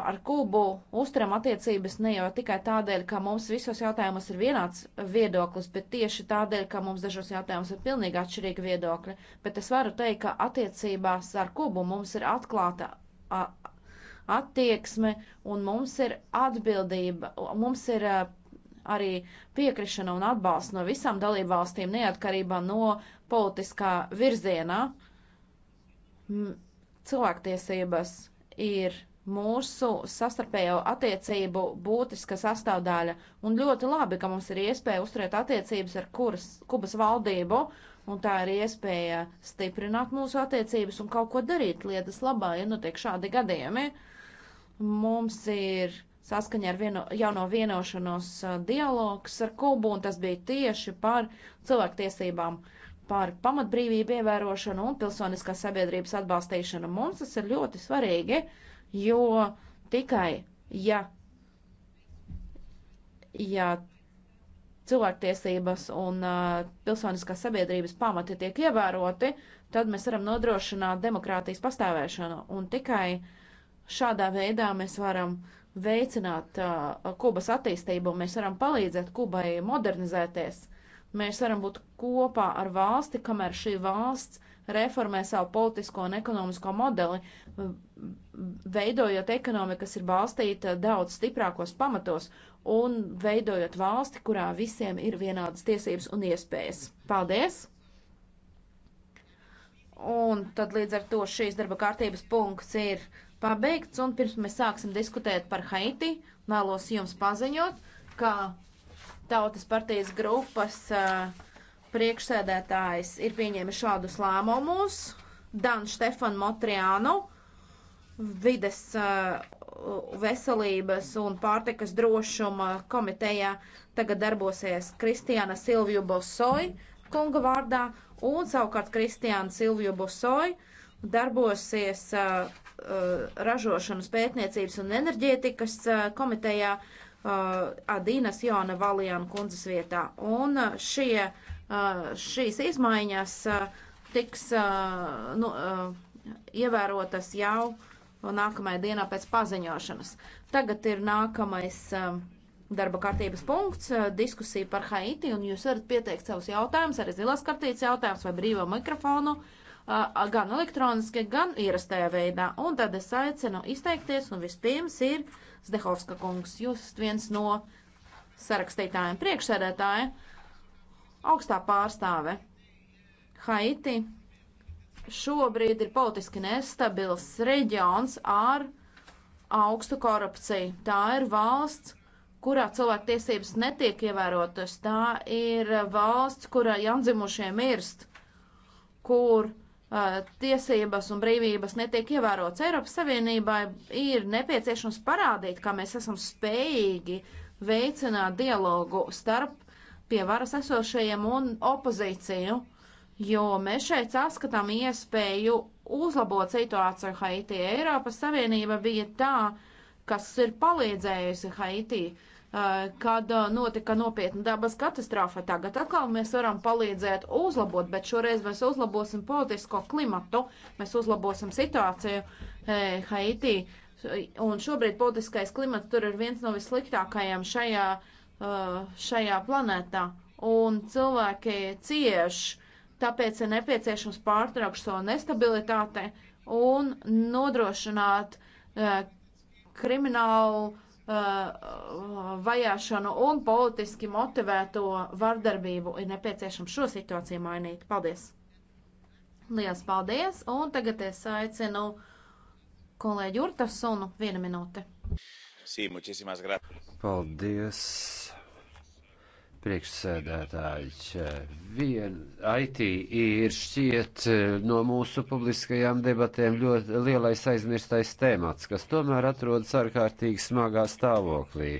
ar Kubu uzturam attiecības ne jau tikai tādēļ, ka mums visos jautājumos ir vienāds viedoklis, bet tieši tādēļ, ka mums dažos jautājumos ir pilnīgi atšķirīgi viedokļi. Bet es varu teikt, ka attiecībās ar Kubu mums ir atklāta attieksme un mums ir atbildība, mums ir eh, arī piekrišana un atbalsts no visām dalībvalstīm neatkarībā no politiskā virzienā Cilvēktiesības ir mūsu sastarpējo attiecību būtiska sastāvdaļa, un ļoti labi, ka mums ir iespēja uzturēt attiecības ar kuras, Kubas valdību, un tā ir iespēja stiprināt mūsu attiecības un kaut ko darīt lietas labā, ja notiek šādi gadījumi. Mums ir saskaņa ar vieno, jauno vienošanos dialogs ar Kubu, un tas bija tieši par cilvēktiesībām. Uh, par pamatbrīvību ievērošanu un pilsoniskās sabiedrības atbalstīšanu. Mums tas ir ļoti svarīgi, jo tikai, ja, ja cilvēktiesības un uh, pilsoniskās sabiedrības pamati tiek ievēroti, tad mēs varam nodrošināt demokrātijas pastāvēšanu. Un tikai šādā veidā mēs varam veicināt uh, Kubas attīstību, mēs varam palīdzēt Kubai modernizēties. Mēs varam būt kopā ar valsti, kamēr šī valsts reformē savu politisko un ekonomisko modeli, veidojot ekonomiku, kas ir balstīta daudz stiprākos pamatos un veidojot valsti, kurā visiem ir vienādas tiesības un iespējas. Paldies! Un tad līdz ar to šīs darba kārtības punkts ir pabeigts, un pirms mēs sāksim diskutēt par Haiti, vēlos jums paziņot, ka Tautas partijas grupas priekšsēdētājs ir pieņēmis šādus lēmumus. Dan Štefan Motriānu, vides veselības un pārtikas drošuma komitejā tagad darbosies Kristiāna Silviju Bosoju kunga vārdā, un savukārt Kristiāna Silviju Bosoju darbosies uh, uh, ražošanas pētniecības un enerģētikas uh, komitejā Uh, Adīnas Jona Valijāna kundzes vietā. Un uh, šie, uh, šīs izmaiņas tiks nu, ievērotas jau nākamajā dienā pēc paziņošanas. Tagad ir nākamais um, darba kārtības punkts - diskusija par Haiti, un jūs varat pieteikt savus jautājumus, arī zilās kartītes jautājumus vai brīvo mikrofonu, gan elektroniski, gan ierastajā veidā. Un tad es aicinu izteikties, un vispirms ir. Zdehovska kungs. Jūs esat viens no sarakstītājiem priekšsēdētāja, augstā pārstāve. Haiti šobrīd ir politiski nestabils reģions ar augstu korupciju. Tā ir valsts, kurā cilvēktiesības netiek ievērotas. Tā ir valsts, kurā jaundzimušie mirst, kur Eh, tiesības un brīvības netiek ievērotas. Eiropas Savienībai ir nepieciešams parādīt, ka mēs esam spējīgi veicināt dialogu starp pie varas esošajiem un opozīciju, jo mēs šeit saskatām iespēju uzlabot situāciju Haitī. Eiropas Savienība bija tā, kas ir palīdzējusi Haitī. Uh, Eh, kad eh, notika nopietna dabas katastrofa. Tagad atkal mēs varam palīdzēt uzlabot, bet šoreiz mēs uzlabosim politisko klimatu, mēs uzlabosim situāciju eh, Haitī. Un šobrīd politiskais klimats tur ir viens no vissliktākajiem šajā, eh, šajā planētā. Un cilvēki cieš, tāpēc ir nepieciešams pārtraukt šo nestabilitāti un nodrošināt kriminālu uh, Uh, uh, vajāšanu un politiski motivēto vardarbību ir nepieciešams šo situāciju mainīt. Paldies! Lielas paldies! Un tagad es aicinu kolēģi Urtasunu vienu minūti. Paldies! Priekšsēdētāji, vien IT ir šķiet eh, no mūsu publiskajām debatēm ļoti lielais aizmirstais temats, kas tomēr atrodas ārkārtīgi smagā stāvoklī.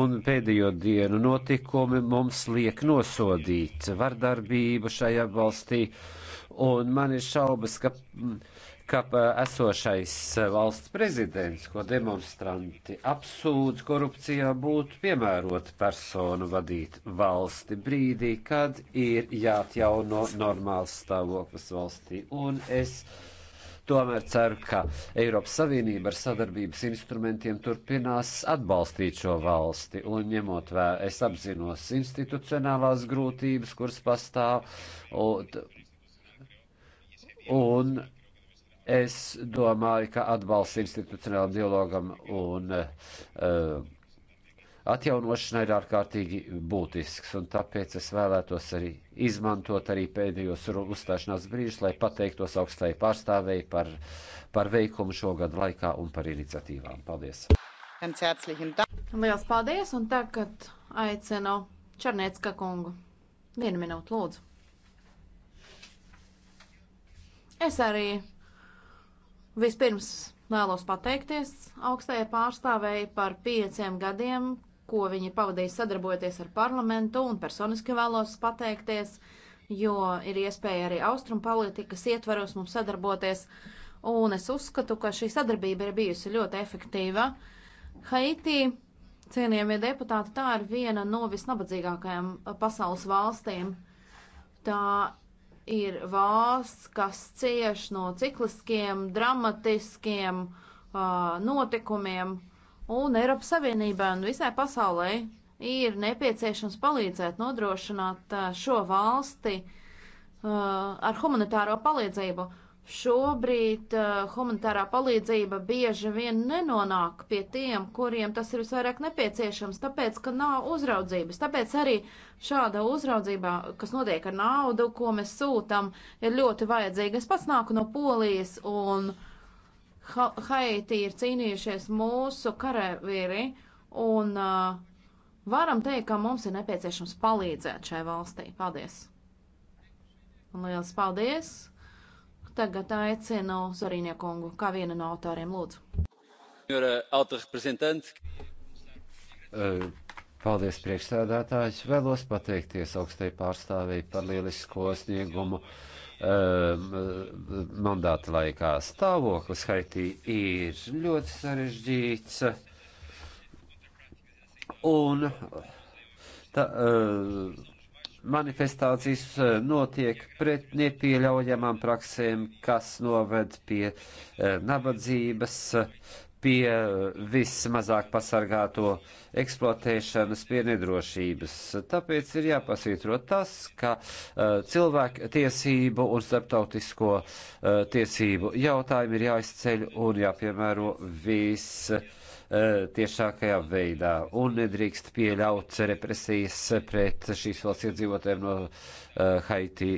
Un pēdējo dienu notikumi mums liek nosodīt vardarbību šajā valstī, un man ir šaubas, ka. Mm, ka eh, esošais eh, valsts prezidents, ko demonstranti apsūdz korupcijā, būtu piemērota persona vadīt valsti brīdī, kad ir jāatjauno normāls stāvoklis valstī. Un es tomēr ceru, ka Eiropas Savienība ar sadarbības instrumentiem turpinās atbalstīt šo valsti. Un ņemot vērā, es apzinos institucionālās grūtības, kuras pastāv. Un, un Es domāju, ka atbalsts institucionālam dialogam un uh, atjaunošanai ir ārkārtīgi būtisks, un tāpēc es vēlētos arī izmantot arī pēdējos uzstāšanās brīžus, lai pateiktos augstai pārstāvēji par, par veikumu šogad laikā un par iniciatīvām. Paldies! Liels paldies, un tagad aicinu Čarniecka kungu. Vienu minūtu, lūdzu. Es arī Vispirms vēlos pateikties augstajai pārstāvēji par pieciem gadiem, ko viņi pavadīja sadarbojoties ar parlamentu, un personiski vēlos pateikties, jo ir iespēja arī austrumu politikas ietvaros mums sadarboties, un es uzskatu, ka šī sadarbība ir bijusi ļoti efektīva. Haiti, cienījamie deputāti, tā ir viena no visnabadzīgākajām pasaules valstīm. Tā ir valsts, kas cieš no cikliskiem, dramatiskiem uh, notikumiem, un Eiropas Savienībai un visai pasaulē ir nepieciešams palīdzēt nodrošināt uh, šo valsti uh, ar humanitāro palīdzību. Šobrīd uh, humanitārā palīdzība bieži vien nenonāk pie tiem, kuriem tas ir visvairāk nepieciešams, tāpēc, ka nav uzraudzības. Tāpēc arī šāda uzraudzībā, kas notiek ar naudu, ko mēs sūtam, ir ļoti vajadzīga. Es pats nāku no Polijas un ha Haiti ir cīnījušies mūsu karavīri un uh, varam teikt, ka mums ir nepieciešams palīdzēt šai valstī. Paldies! Un liels paldies! Tagad aicinu Zorīnie kungu, kā vienu no autoriem, lūdzu. Eh, paldies, priekšsēdētājs. Vēlos pateikties augstai pārstāvēji par lielisko sniegumu eh, mandāta laikā. Stāvoklis Haitī ir ļoti sarežģīts. Un tā, uh, eh, manifestācijas eh, notiek pret nepieļaujamām praksēm, kas noved pie eh, nabadzības, pie eh, vismazāk pasargāto eksploatēšanas, pie nedrošības. Tāpēc ir jāpasvītro tas, ka uh, cilvēku tiesību un starptautisko uh, tiesību jautājumi ir jāizceļ un jāpiemēro viss Eh, tiešākajā veidā un nedrīkst pieļaut represijas pret šīs valsts iedzīvotājiem no eh, Haiti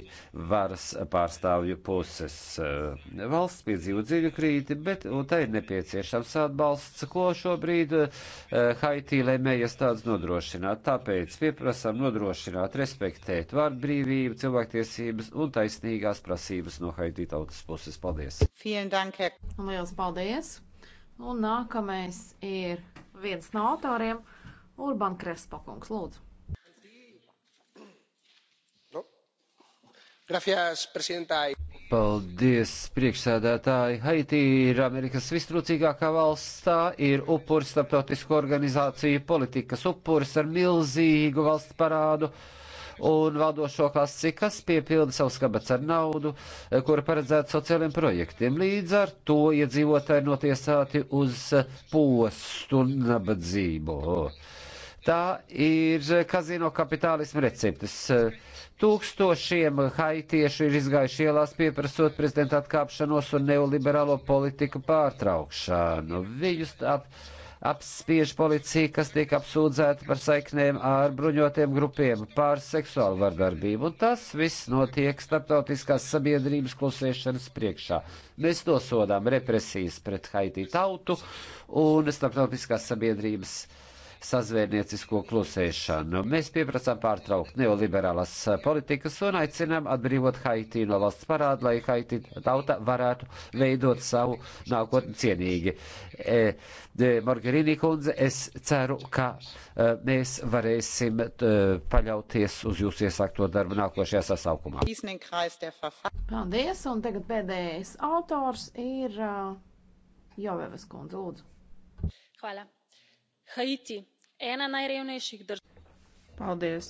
varas pārstāvju puses. Eh, valsts piedzīvo dziļu krīti, bet tai ir nepieciešams atbalsts, ko šobrīd Haiti lēmējas tāds nodrošināt. Tāpēc pieprasām nodrošināt, respektēt vārdbrīvību, cilvēktiesības un taisnīgās prasības no Haiti tautas puses. Paldies! Vielen Dank, Herr. Lielas paldies! Un nākamais ir viens no autoriem - Urban Krespokungs. Lūdzu. Gracias, presidentā. Paldies, priekšsēdētāji. Haiti ir Amerikas vistrūcīgākā valsts. Tā ir upuris starptautisko organizāciju politikas upuris ar milzīgu valsts parādu. Uh, un valdošo klasi, kas piepilda savus kabats ar naudu, eh, kura paredzēta sociāliem projektiem. Līdz ar to iedzīvotāji notiesāti uz postu un nabadzību. Tā ir kazino kapitālisma receptes. Tūkstošiem haitiešu ir izgājuši ielās pieprasot prezidenta atkāpšanos un neoliberālo politiku pārtraukšanu. Viņus ap, apspiež policiju, kas tiek apsūdzēta par saiknēm ar bruņotiem grupiem, pār seksuālu vardarbību. Un tas viss notiek starptautiskās sabiedrības klusēšanas priekšā. Mēs nosodām represijas pret Haiti tautu un starptautiskās sabiedrības uh, sazvērniecisko klusēšanu. Mēs pieprasām pārtraukt neoliberālās politikas un aicinām atbrīvot Haiti no valsts parāda, lai Haiti tauta varētu veidot savu nākotni cienīgi. E, e, Margarīni kundze, es ceru, ka e, mēs varēsim t, e, paļauties uz jūsu iesākto darbu nākošajā sasaukumā. Paldies, un tagad pēdējais autors ir uh, Jovevas kundze, lūdzu. Hvala. Haiti ena najrevnejših držav. Paldies!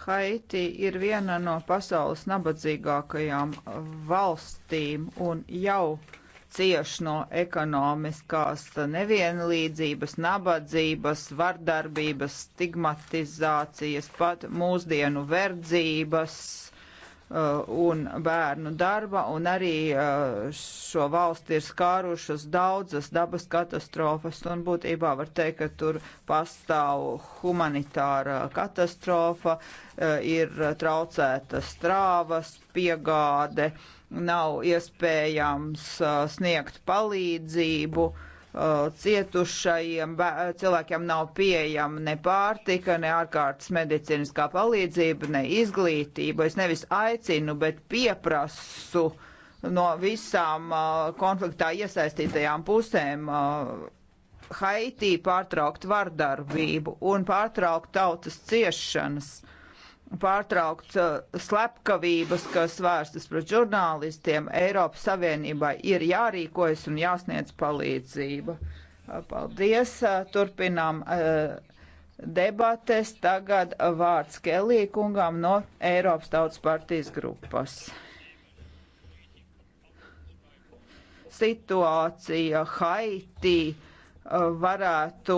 Haiti ir viena no pasaules nabadzīgākajām valstīm un jau cieš no ekonomiskās nevienlīdzības, nabadzības, vardarbības, stigmatizācijas, pat mūsdienu verdzības Uh, un bērnu darba, un arī uh, šo valsti ir skārušas daudzas dabas katastrofas, un būtībā var teikt, ka tur pastāv humanitāra katastrofa, uh, ir traucētas trāvas, piegāde, nav iespējams sniegt palīdzību Uh, cietušajiem cilvēkiem nav pieejama ne pārtika, ne ārkārtas medicīniskā palīdzība, ne izglītība. Es nevis aicinu, bet pieprasu no visām uh, konfliktā iesaistītajām pusēm uh, Haitī pārtraukt vardarbību un pārtraukt tautas ciešanas pārtraukts uh, slepkavības, kas vērstas pret žurnālistiem. Eiropas Savienībai ir jārīkojas un jāsniedz palīdzība. Uh, paldies! Uh, turpinām debates. Tagad vārds Kelī kungam no Eiropas Tautas partijas grupas. Situācija Haitī varētu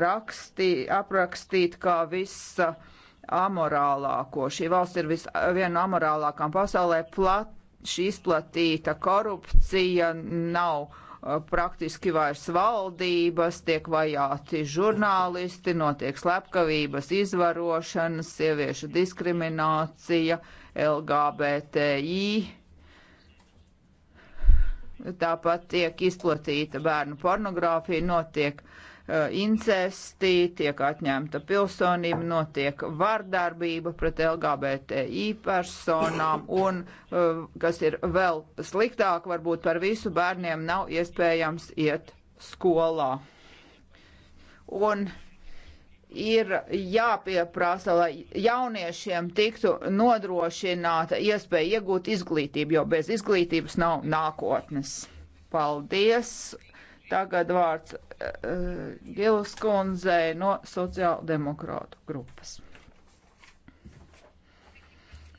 rakstī, aprakstīt kā visa uh, amorālāko. Šī valsts ir vis, viena no amorālākām pasaulē. Plat, šī izplatīta korupcija nav uh, praktiski vairs valdības, tiek vajāti žurnālisti, notiek slepkavības, izvarošanas, sieviešu diskriminācija, LGBTI. Tāpat tiek izplatīta bērnu pornogrāfija, notiek uh, Eh, incestī, tiek atņemta pilsonība, notiek vardarbība pret LGBTI personām un, eh, kas ir vēl sliktāk, varbūt par visu bērniem nav iespējams iet skolā. Un ir jāpieprasa, lai jauniešiem tiktu nodrošināta iespēja iegūt izglītību, jo bez izglītības nav nākotnes. Paldies! Tagad vārds uh, Gilas kundzei no sociāldemokrātu grupas.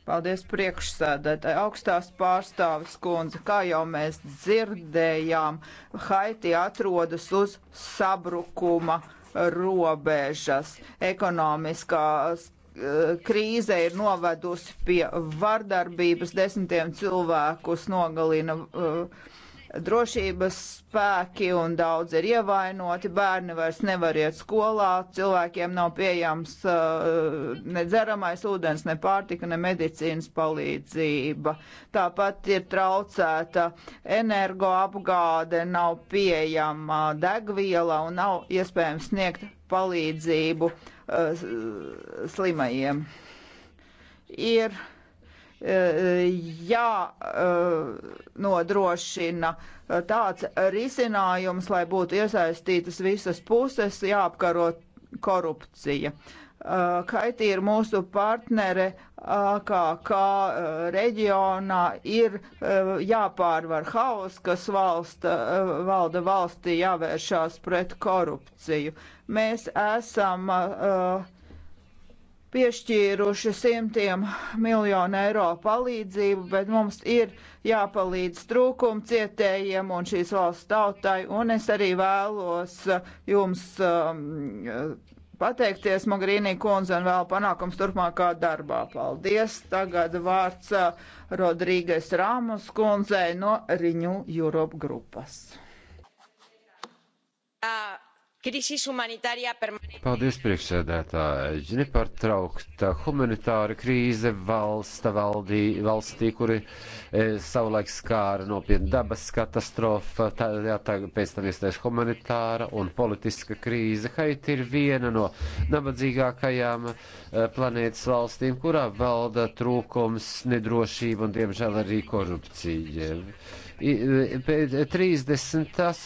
Paldies priekšsēdētāji. Augstās pārstāvis kundze, kā jau mēs dzirdējām, Haiti atrodas uz sabrukuma robežas. Ekonomiskās eh, krīze ir novedusi pie vardarbības, desmitiem cilvēkus nogalina uh, drošības spēki un daudz ir ievainoti, bērni vairs nevar iet skolā, cilvēkiem nav pieejams uh, ne dzeramais ūdens, ne pārtika, ne medicīnas palīdzība. Tāpat ir traucēta energoapgāde, nav pieejama degviela un nav iespējams sniegt palīdzību uh, slimajiem. Ir Eh, jānodrošina eh, eh, tāds risinājums, lai būtu iesaistītas visas puses, jāapkaro korupcija. Haiti ir mūsu partnere AKK reģionā, ir jāpārvar haus, kas valsta, valda valstī, jāvēršās pret korupciju. Mēs esam uh, piešķīruši simtiem miljonu eiro palīdzību, bet mums ir jāpalīdz trūkumu cietējiem un šīs valsts tautai, un es arī vēlos uh, jums um, pateikties, Mogrīnī kundze, un vēl panākums turpmākā darbā. Paldies! Tagad vārds uh, Rodrīgas Rāmas kundzei no Riņu Europe grupas. Uh. Paldies, priekšsēdētāji. Nepārtraukta humanitāra krīze valsta valdī, valstī, kuri e, savulaik skāra nopietna dabas katastrofa, tā, jā, tā, pēc tam iestājas humanitāra un politiska krīze. Haiti ir viena no nabadzīgākajām e, planētas valstīm, kurā valda trūkums, nedrošība un, diemžēl, arī korupcija. I, e, pēc 38 e,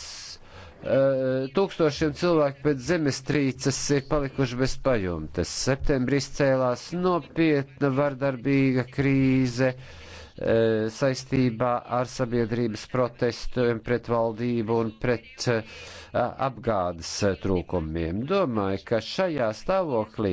Eh, tūkstošiem cilvēku pēc zemestrīces ir palikuši bez pajumtes. Septembrī izcēlās nopietna vardarbīga krīze. Uh, E, saistībā ar sabiedrības protestiem pret valdību un pret e, apgādes e, trūkumiem. Domāju, ka šajā stāvoklī,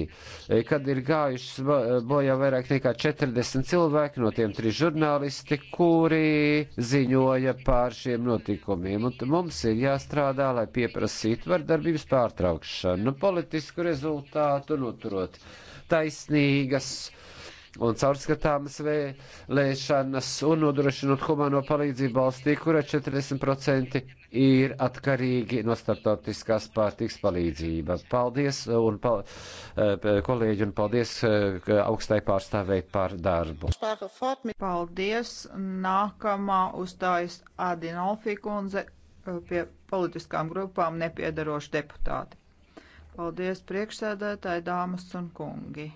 kad ir gājušas bojā vairāk nekā 40 cilvēki, no tiem trīs žurnālisti, kuri ziņoja pār šiem notikumiem, un mums ir jāstrādā, lai pieprasītu vardarbības pārtraukšanu, politisku rezultātu, noturot taisnīgas, uh, un caurskatāmas vēlēšanas un nodrošinot humano palīdzību valstī, kura 40% ir atkarīgi no starptautiskās pārtiks palīdzības. Paldies uh, un pal uh, kolēģi un paldies uh, augstai pārstāvēji par darbu. Paldies. Nākamā uzstājas Adinolfi kundze pie politiskām grupām nepiedaroši deputāti. Paldies priekšsēdētāji, dāmas un kungi.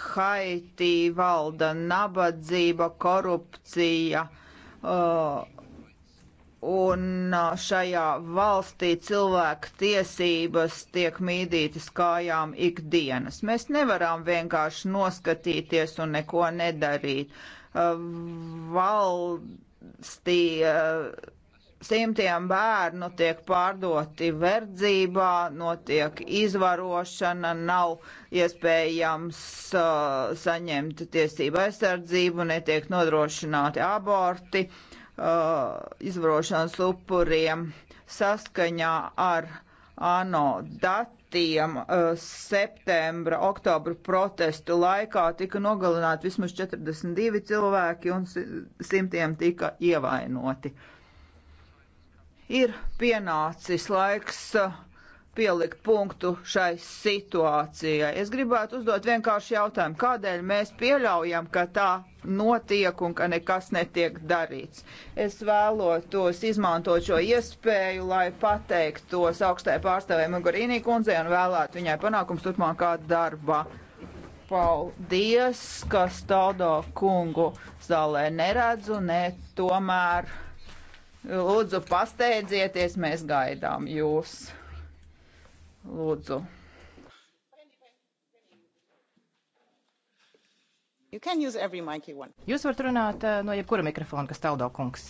Haitī valda nabadzība, korupcija. Uh, Un uh, šajā valstī cilvēku tiesības tiek mīdītas kājām ikdienas. Mēs nevaram vienkārši noskatīties un neko nedarīt. Uh, valstī uh, simtiem bērnu tiek pārdoti verdzībā, notiek izvarošana, nav iespējams uh, saņemt tiesību aizsardzību, netiek nodrošināti aborti uh, izvarošanas upuriem saskaņā ar ANO datu protestiem uh, septembra, oktobra protestu laikā tika nogalināti vismaz 42 cilvēki un simtiem tika ievainoti. Ir pienācis laiks uh, pielikt punktu šai situācijai. Es gribētu uzdot vienkārši jautājumu, kādēļ mēs pieļaujam, ka tā notiek un ka nekas netiek darīts. Es vēlotos izmantot šo iespēju, lai pateiktos augstai pārstāvēm Mogurīnī kundzei un vēlētu viņai panākums turpmākā darbā. Paldies, ka staldo kungu zālē neredzu, ne tomēr. Lūdzu, pasteidzieties, mēs gaidām jūs. Lūdzu. Jūs varat runāt eh, no jebkura mikrofona, kas taudo kungs.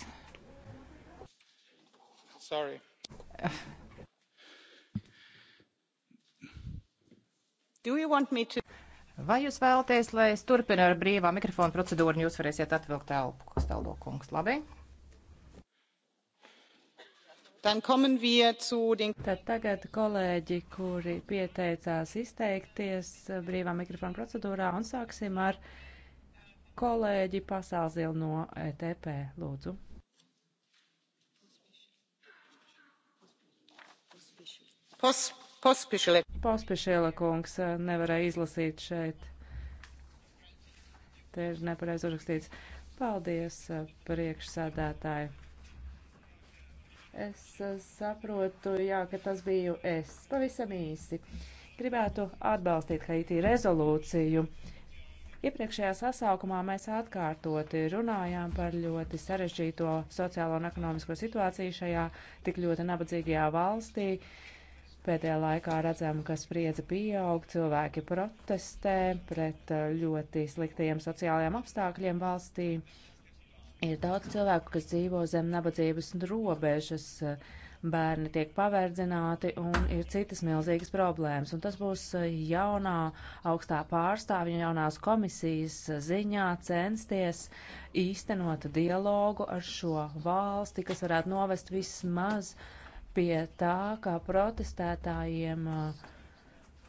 Sorry. Do you want me to... Vai jūs vēlaties, lai es turpinu ar brīvā mikrofona procedūru un jūs varēsiet atvilkt elpu, kas taudo kungs? Labi. Tad tagad kolēģi, kuri pieteicās izteikties eh, brīvā mikrofona procedūrā, un sāksim ar kolēģi Pasāzilu no ETP. Lūdzu. Pos, pospišile. Pospišile kungs eh, nevarēja izlasīt šeit. Te ir nepareiz uzrakstīts. Paldies, eh, priekšsādātāji. Es eh, saprotu, jā, ka tas biju es. Pavisam īsi. Gribētu atbalstīt Haiti rezolūciju. Iepriekšējā sasaukumā mēs atkārtoti runājām par ļoti sarežģīto sociālo un ekonomisko situāciju šajā tik ļoti nabadzīgajā valstī. Pēdējā laikā redzam, ka spriedze pieaug, cilvēki protestē pret eh, ļoti sliktajiem sociālajiem apstākļiem valstī. Uh, Ir daudz cilvēku, kas dzīvo zem nabadzības robežas, bērni tiek paverdzināti un ir citas milzīgas problēmas. Un tas būs jaunā augstā pārstāvja, jaunās komisijas ziņā censties īstenot dialogu ar šo valsti, kas varētu novest vismaz pie tā, kā protestētājiem uh,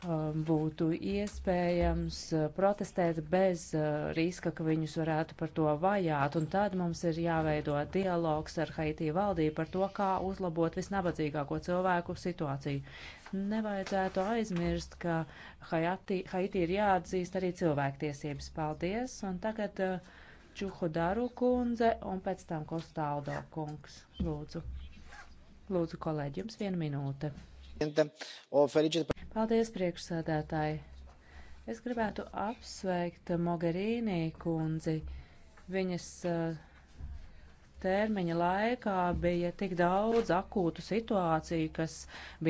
Um, būtu iespējams uh, protestēt bez uh, riska, ka viņus varētu par to vajāt. Un tad mums ir jāveido dialogs ar Haitī valdību par to, kā uzlabot visnabadzīgāko cilvēku situāciju. Nevajadzētu aizmirst, ka Haiti, Haiti ir jāatzīst arī cilvēktiesības. Paldies! Un tagad uh, Čuhudaru kundze un pēc tam Kostaldo kungs. Lūdzu. Lūdzu, kolēģi, jums viena minūte. Paldies, priekšsēdētāji! Es gribētu apsveikt Mogherīnī kundzi. Viņas eh, termiņa laikā bija tik daudz akūtu situāciju, kas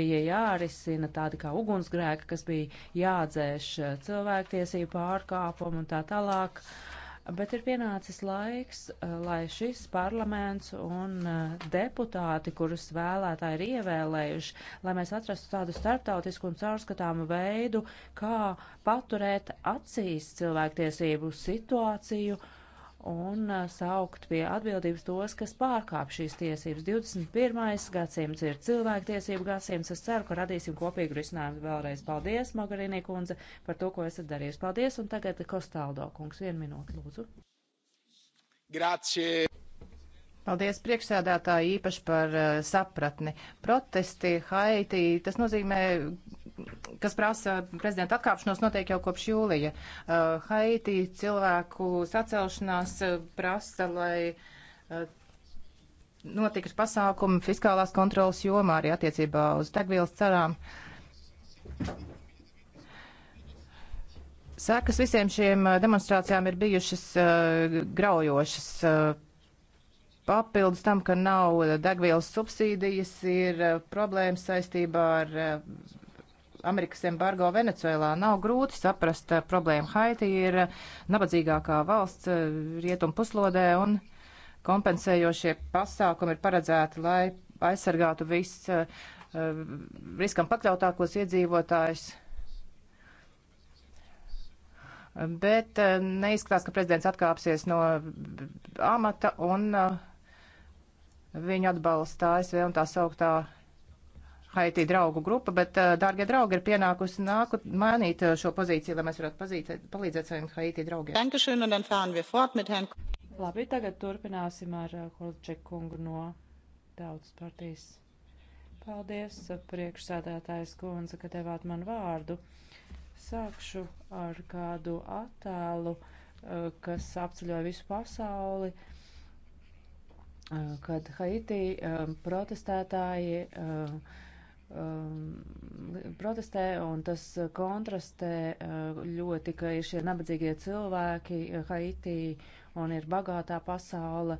bija jārisina, tādi kā ugunsgrēki, kas bija jādzēš eh, cilvēktiesību pārkāpumu un tā tālāk. Uh, bet ir pienācis laiks, eh, lai šis parlaments un eh, deputāti, kurus vēlētāji ir ievēlējuši, lai mēs atrastu tādu starptautisku un caurskatāmu veidu, kā paturēt acīs cilvēktiesību situāciju un saukt pie atbildības tos, kas pārkāp šīs tiesības. 21. gadsimts ir cilvēktiesību gadsimts. Es ceru, ka radīsim kopīgu risinājumu vēlreiz. Paldies, Magarīnī kundze, par to, ko esat darījis. Paldies, un tagad Kostaldo kungs, vienu minūti, lūdzu. Grazie. Paldies priekšsēdētāji īpaši par uh, sapratni. Protesti Haitī, tas nozīmē, kas prasa prezidenta atkāpšanos, notiek jau kopš jūlija. Uh, eh, Haitī cilvēku sacelšanās uh, prasa, lai. Uh, Notikuši pasākumi fiskālās kontrolas jomā arī attiecībā uz degvielas cerām. Sekas visiem šiem demonstrācijām ir bijušas uh, graujošas. Uh, Papildus tam, ka nav degvielas subsīdijas, ir eh, problēmas saistībā ar eh, Amerikas embargo Venecuēlā. Nav grūti saprast eh, problēmu. Haiti ir nabadzīgākā valsts rietum puslodē un kompensējošie pasākumi ir paredzēti, lai aizsargātu viss riskam pakļautākos iedzīvotājus bet neizskatās, ka prezidents atkāpsies no amata un uh, Viņu atbalsta ASV un tā sauktā Haiti draugu grupa, bet, dārgie draugi, ir pienākusi nāku mainīt šo pozīciju, lai mēs varētu pazīt, palīdzēt saviem Haiti draugiem. Dankeschön, un dann fahren wir fort mit Herrn. Labi, tagad turpināsim ar Holčeku kungu no Tautas partijas. Paldies, priekšsēdētājs kundze, ka devāt man vārdu. Sākšu ar kādu attēlu, kas apceļoja visu pasauli. Uh, Eh, kad Haiti eh, protestētāji eh, protestē, un tas kontrastē ļoti, ka ir šie nabadzīgie cilvēki Haitī un ir bagātā pasaule.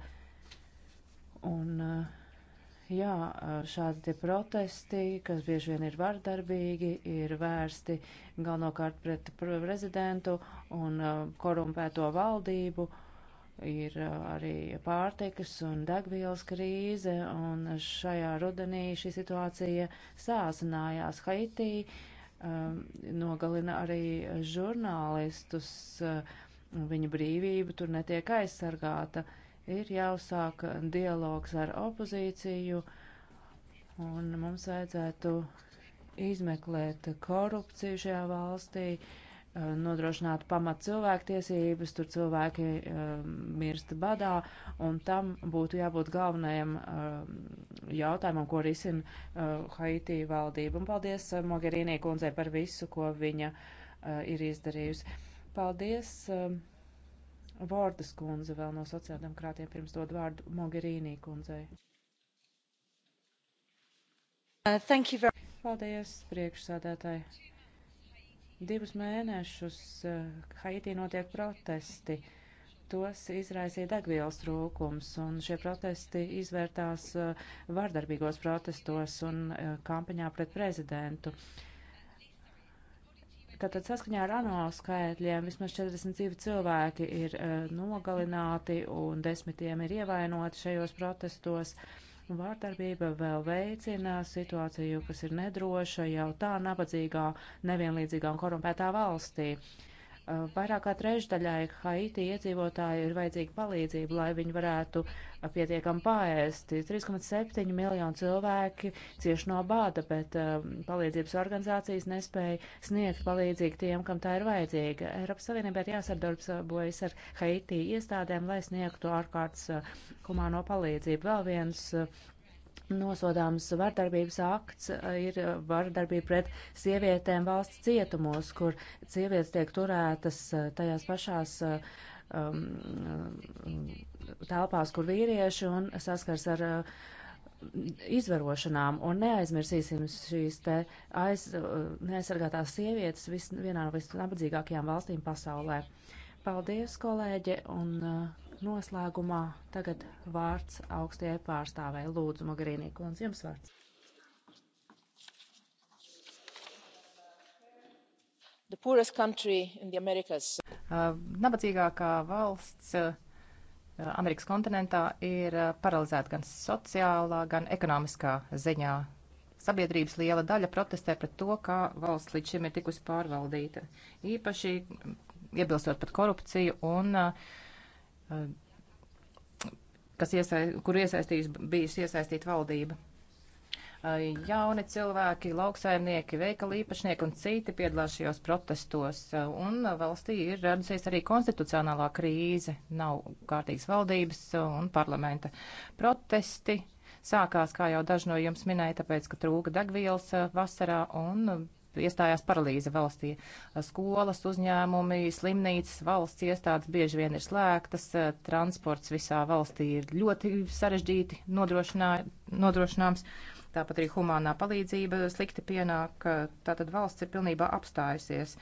Un, jā, šādi tie protesti, kas bieži vien ir vardarbīgi, ir vērsti galvenokārt pret prezidentu un korumpēto valdību. Uh, ir uh, arī pārtikas un degvielas krīze, un šajā rudenī šī situācija sāsinājās Haitī, um, nogalina arī žurnālistus, uh, viņa brīvība tur netiek aizsargāta, ir jāuzsāk dialogs ar opozīciju, un mums vajadzētu izmeklēt korupciju šajā valstī. Uh, Uh, nodrošinātu pamat cilvēktiesības, tur cilvēki uh, mirst badā, un tam būtu jābūt galvenajam uh, jautājumam, ko risina uh, Haiti valdība. Un paldies uh, Mogherīnī kundzei par visu, ko viņa uh, ir izdarījusi. Paldies um, Vordas kundze vēl no sociāldemokrātiem pirms dod vārdu Mogherīnī kundzei. Uh, very... Paldies, priekšsādātāji. Divus mēnešus eh, Haitī notiek protesti. Tos izraisīja degvielas trūkums, un šie protesti izvērtās eh, vardarbīgos protestos un eh, kampaņā pret prezidentu. Tātad saskaņā ar ANO skaitļiem vismaz 42 cilvēki ir uh, nogalināti un desmitiem ir ievainoti šajos protestos. Uh, Vārdarbība vēl veicina situāciju, kas ir nedroša jau tā nabadzīgā, nevienlīdzīgā un korumpētā valstī. Eh, vairāk kā trešdaļai Haiti iedzīvotāji ir vajadzīga palīdzība, lai viņi varētu pietiekami pāēst. 3,7 miljonu cilvēki cieši no bāda, bet uh, palīdzības organizācijas nespēja sniegt palīdzību tiem, kam tā ir vajadzīga. Eiropas Savienība ir jāsadarbojas ar Haiti iestādēm, lai sniegtu ārkārtas eh, humāno palīdzību. Vēl viens uh, nosodāms vardarbības akts eh, ir eh, vardarbība pret sievietēm valsts cietumos, kur sievietes tiek turētas eh, tajās pašās um, telpās, kur vīrieši un saskars ar uh, izvarošanām. Un neaizmirsīsim šīs te aiz, uh, neaizsargātās sievietes vis, vienā no visnabadzīgākajām valstīm pasaulē. Paldies, kolēģi! Un, uh, noslēgumā tagad vārds augstajai pārstāvēji. Lūdzu, Magarīnī kundze, jums vārds. Uh, nabadzīgākā valsts uh, Amerikas kontinentā ir uh, paralizēta gan sociālā, gan ekonomiskā ziņā. Sabiedrības liela daļa protestē pret to, kā valsts līdz šim ir tikusi pārvaldīta. Īpaši mm, iebilstot pret korupciju un uh, kas iesaist, kur iesaistīs, bijusi iesaistīta valdība. Jauni cilvēki, lauksaimnieki, veikala īpašnieki un citi piedalās šajos protestos, un valstī ir radusies arī konstitucionālā krīze, nav kārtīgas valdības un parlamenta protesti. Sākās, kā jau daži no jums minēja, tāpēc, ka trūka degvielas vasarā, un iestājās paralīze valstī. Skolas, uzņēmumi, slimnīcas, valsts iestādes bieži vien ir slēgtas, transports visā valstī ir ļoti sarežģīti nodrošināms. Tāpat arī humānā palīdzība slikti pienāk, tātad valsts ir pilnībā apstājusies.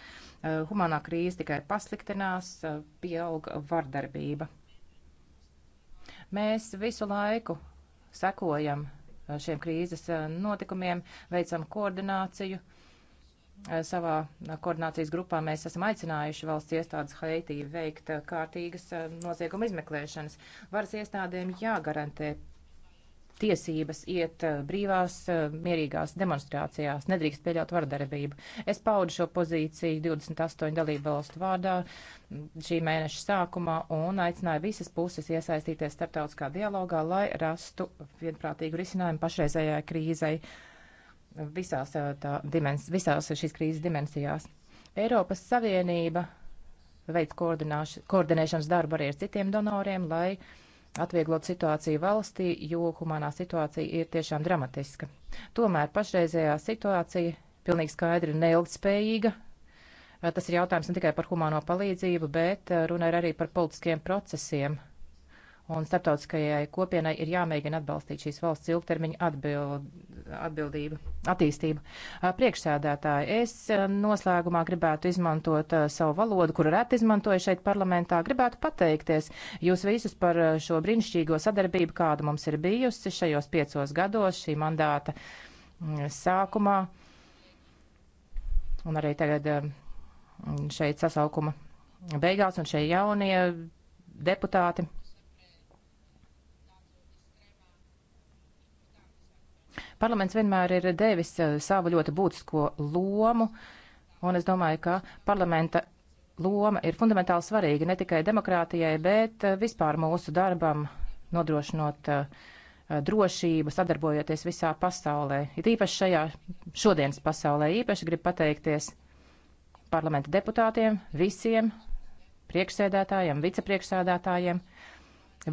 Humānā krīze tikai pasliktinās, pieaug vardarbība. Mēs visu laiku sekojam šiem krīzes notikumiem, veicam koordināciju. Uh, Eh, savā koordinācijas grupā mēs esam aicinājuši valsts iestādes Haitī veikt eh, kārtīgas eh, nozieguma izmeklēšanas. Varas iestādēm jāgarantē tiesības iet brīvās, mierīgās demonstrācijās, nedrīkst pieļaut vardarbību. Es paudu šo pozīciju 28 dalību valstu vārdā šī mēneša sākumā un aicināju visas puses iesaistīties starptautiskā dialogā, lai rastu vienprātīgu risinājumu pašreizējai krīzei. Uh, visās, tā, dimens, visās šīs krīzes dimensijās. Eiropas Savienība veids koordinēšanas darbu arī ar citiem donoriem, lai atvieglot situāciju valstī, jo humanā situācija ir tiešām dramatiska. Tomēr pašreizējā situācija pilnīgi skaidri neilgtspējīga. Tas ir jautājums ne tikai par humāno palīdzību, bet runa ir arī par politiskiem procesiem, un starptautiskajai kopienai ir jāmēģina atbalstīt šīs valsts ilgtermiņa atbild, atbildību, attīstību. Priekšsēdētāji, es noslēgumā gribētu izmantot savu valodu, kuru reti izmantoju šeit parlamentā. Gribētu pateikties jūs visus par šo brīnišķīgo sadarbību, kāda mums ir bijusi šajos piecos gados šī mandāta sākumā un arī tagad šeit sasaukuma beigās un šie jaunie deputāti. Parlaments vienmēr ir devis eh, savu ļoti būtisko lomu, un es domāju, ka parlamenta loma ir fundamentāli svarīga ne tikai demokrātijai, bet eh, vispār mūsu darbam nodrošinot eh, drošību, sadarbojoties visā pasaulē. Ir īpaši šajā šodienas pasaulē īpaši gribu pateikties parlamenta deputātiem, visiem priekšsēdētājiem, vicepriekšsēdētājiem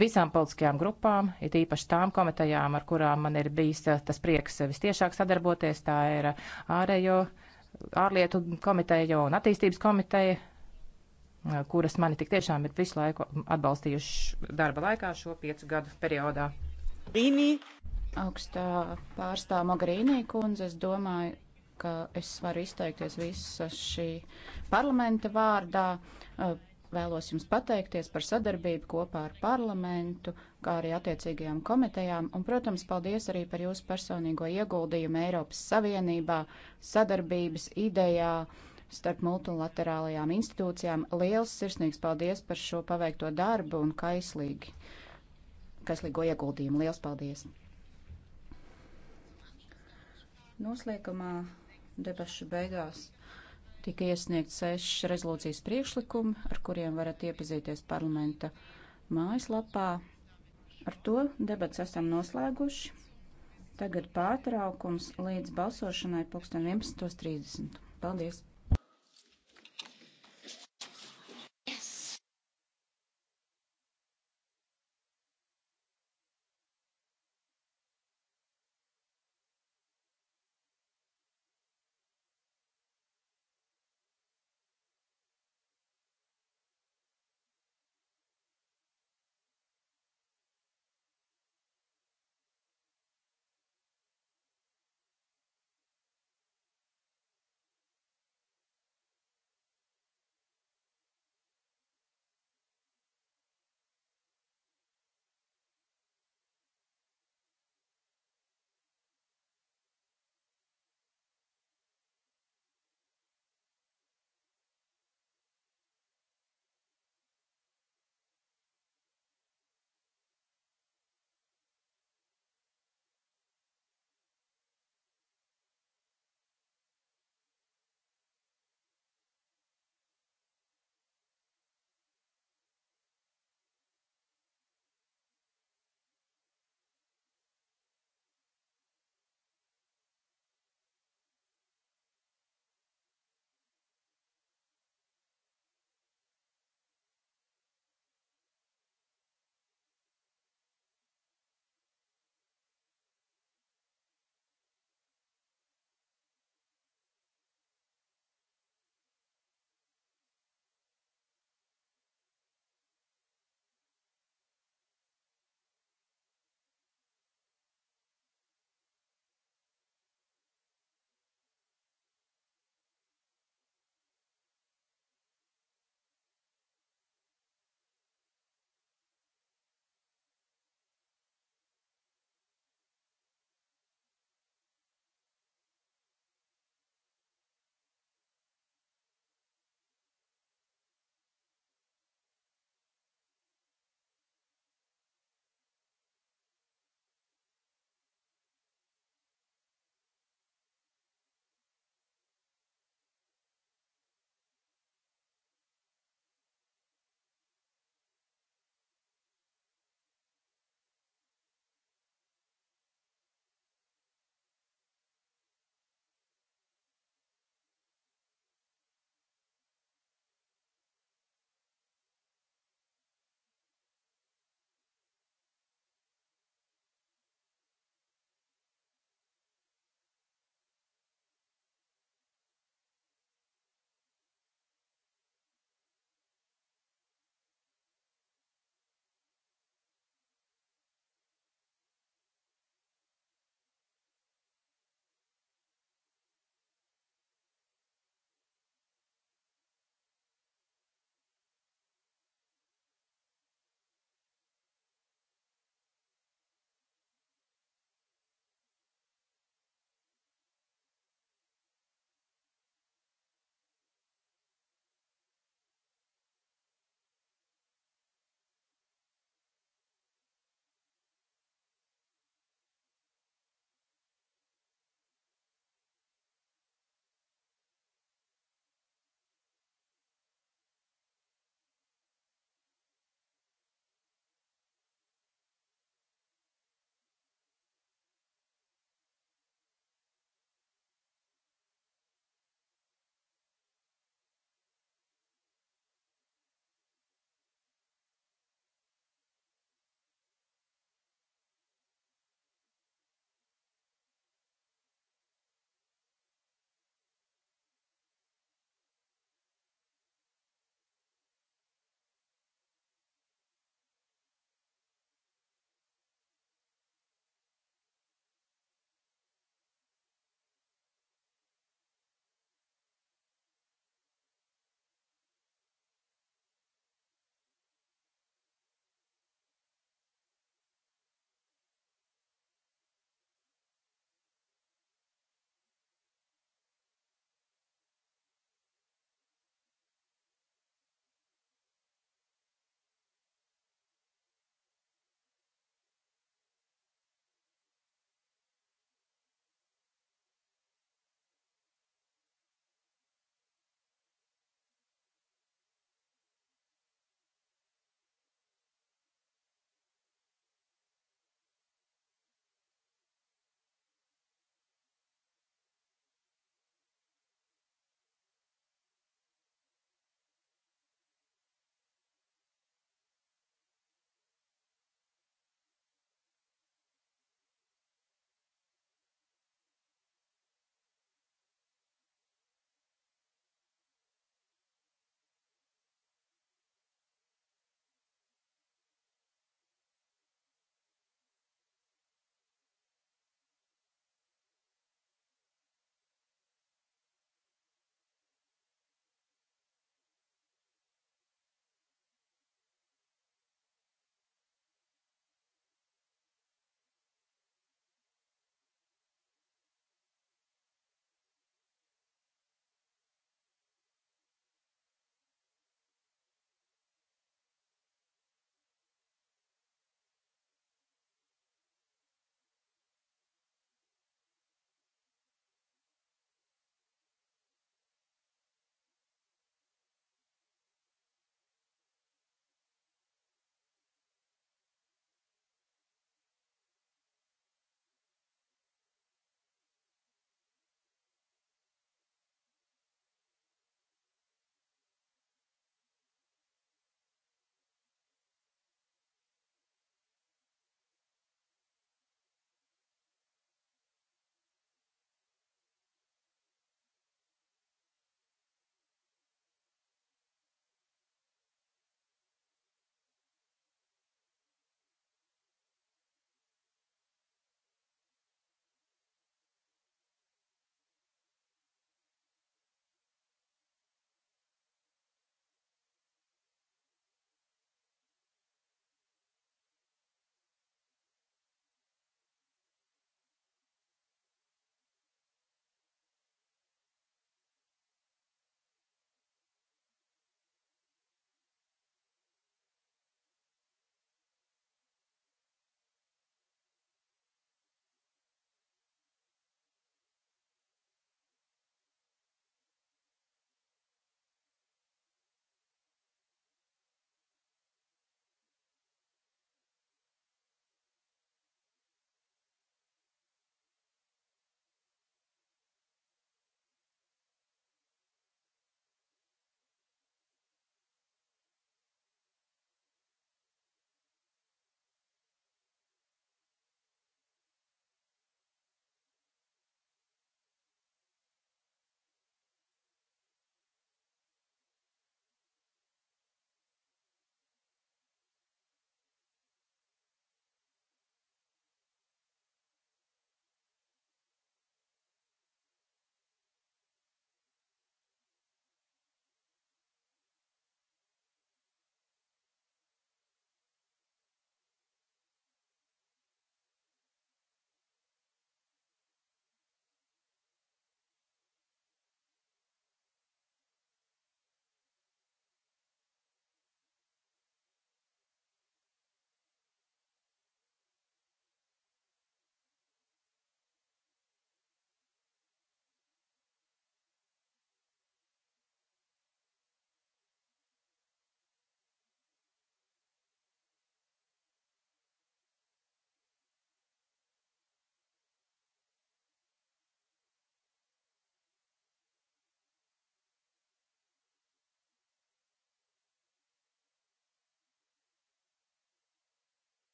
visām politiskajām grupām, it īpaši tām komitejām, ar kurām man ir bijis eh, tas prieks eh, vistiešāk sadarboties. Tā ir eh, ārējo ārlietu komiteja un attīstības komiteja, kuras mani tik tiešām ir visu laiku atbalstījuši darba laikā šo piecu gadu periodā. Rīnī. Augstā pārstāv Mogarīnī kundze, es domāju, ka es varu izteikties visa šī parlamenta vārdā. Uh, Vēlos jums pateikties par sadarbību kopā ar parlamentu, kā arī attiecīgajām komitejām, un, protams, paldies arī par jūsu personīgo ieguldījumu Eiropas Savienībā, sadarbības idejā starp multilaterālajām institūcijām. Liels sirsnīgs paldies par šo paveikto darbu un kaislīgi, kaislīgo ieguldījumu. Liels paldies! Noslēgumā debašu beigās Tika iesniegt seši rezolūcijas priekšlikumi, ar kuriem varat iepazīties parlamenta mājaslapā. Ar to debats esam noslēguši. Tagad pārtraukums līdz balsošanai 11.30. Paldies!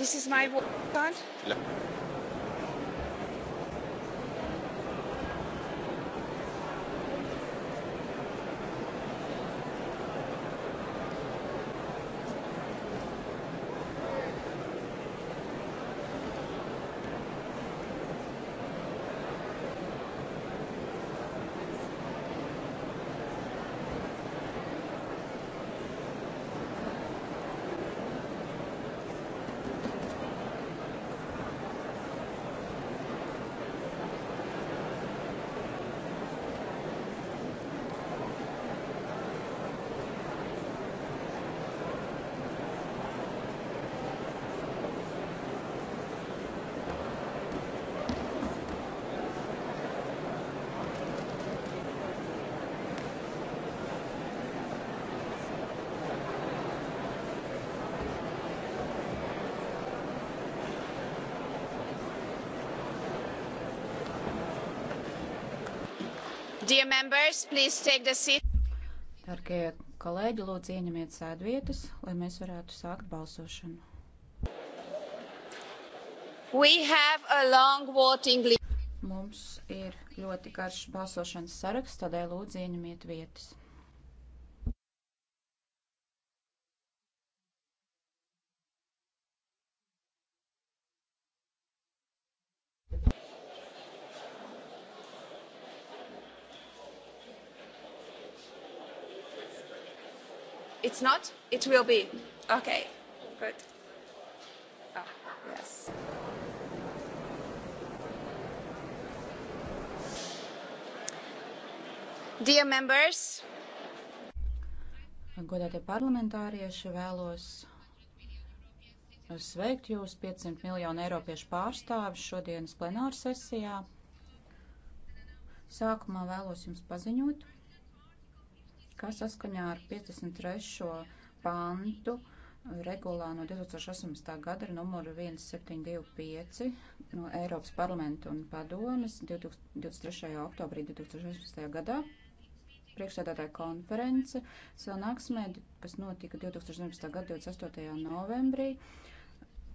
this is my card. Darbie kolēģi, lūdzu, ieņemiet sēdvietas, lai mēs varētu sākt balsošanu. Long... Mums ir ļoti garš balsošanas saraksts, tādēļ lūdzu, ieņemiet vietas. it's not it will be okay good oh, yes dear members godātie parlamentārieši vēlos sveikt jūs 500 miljonu eiropiešu pārstāvis šodienas plenārsesijā sākumā vēlos jums paziņot ka saskaņā ar 53. pantu regulā no 2018. gada ar numuru 1725 no Eiropas parlamenta un padomes 23. oktobrī 2018. gadā priekšsēdētāja konference sanāksmē, kas notika 2019. gada 28. novembrī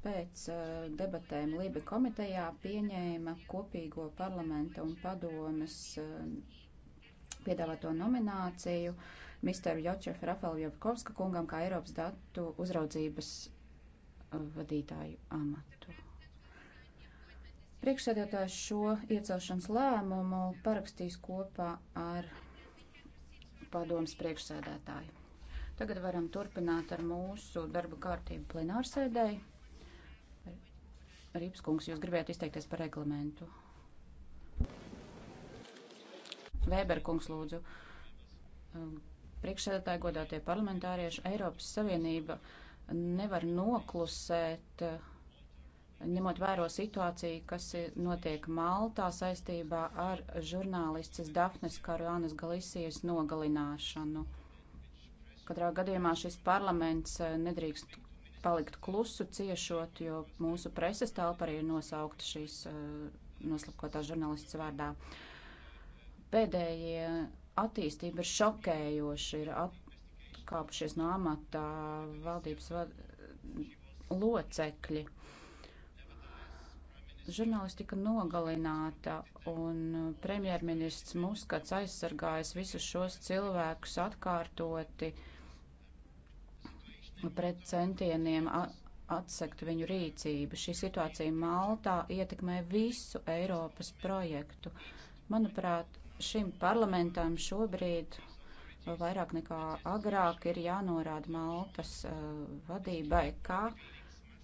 pēc eh, debatēm Lība komitejā pieņēma kopīgo parlamenta un padomes eh, piedāvāto nomināciju Mr. Jočef Rafael Jovkovska kungam kā Eiropas datu uzraudzības uh, vadītāju amatu. Priekšsēdētājs šo iecelšanas lēmumu parakstīs kopā ar padomas priekšsēdētāju. Tagad varam turpināt ar mūsu darba kārtību plenārsēdēji. Rīpskungs, jūs gribētu izteikties par reglamentu? Vēberkungs lūdzu. Um, priekšsēdētāji, godātie parlamentārieši, Eiropas Savienība nevar noklusēt, uh, ņemot vēro situāciju, kas notiek Maltā saistībā ar žurnālistas Dafnes Karuanas Galisijas nogalināšanu. Katrā gadījumā šis parlaments uh, nedrīkst palikt klusu, ciešot, jo mūsu preses telpa arī ir nosaukta šīs uh, noslapkotās žurnālistas vārdā. Uh, Pēdējie attīstība ir šokējoša, ir atkāpušies no amatā valdības vad... locekļi. Žurnālisti tika nogalināta un premjerministrs Muskats aizsargājas visus šos cilvēkus atkārtoti pret centieniem atsekt viņu rīcību. Šī situācija Maltā ietekmē visu Eiropas projektu. Manuprāt, šim parlamentam šobrīd vēl vairāk nekā agrāk ir jānorāda Maltas uh, vadībai, ka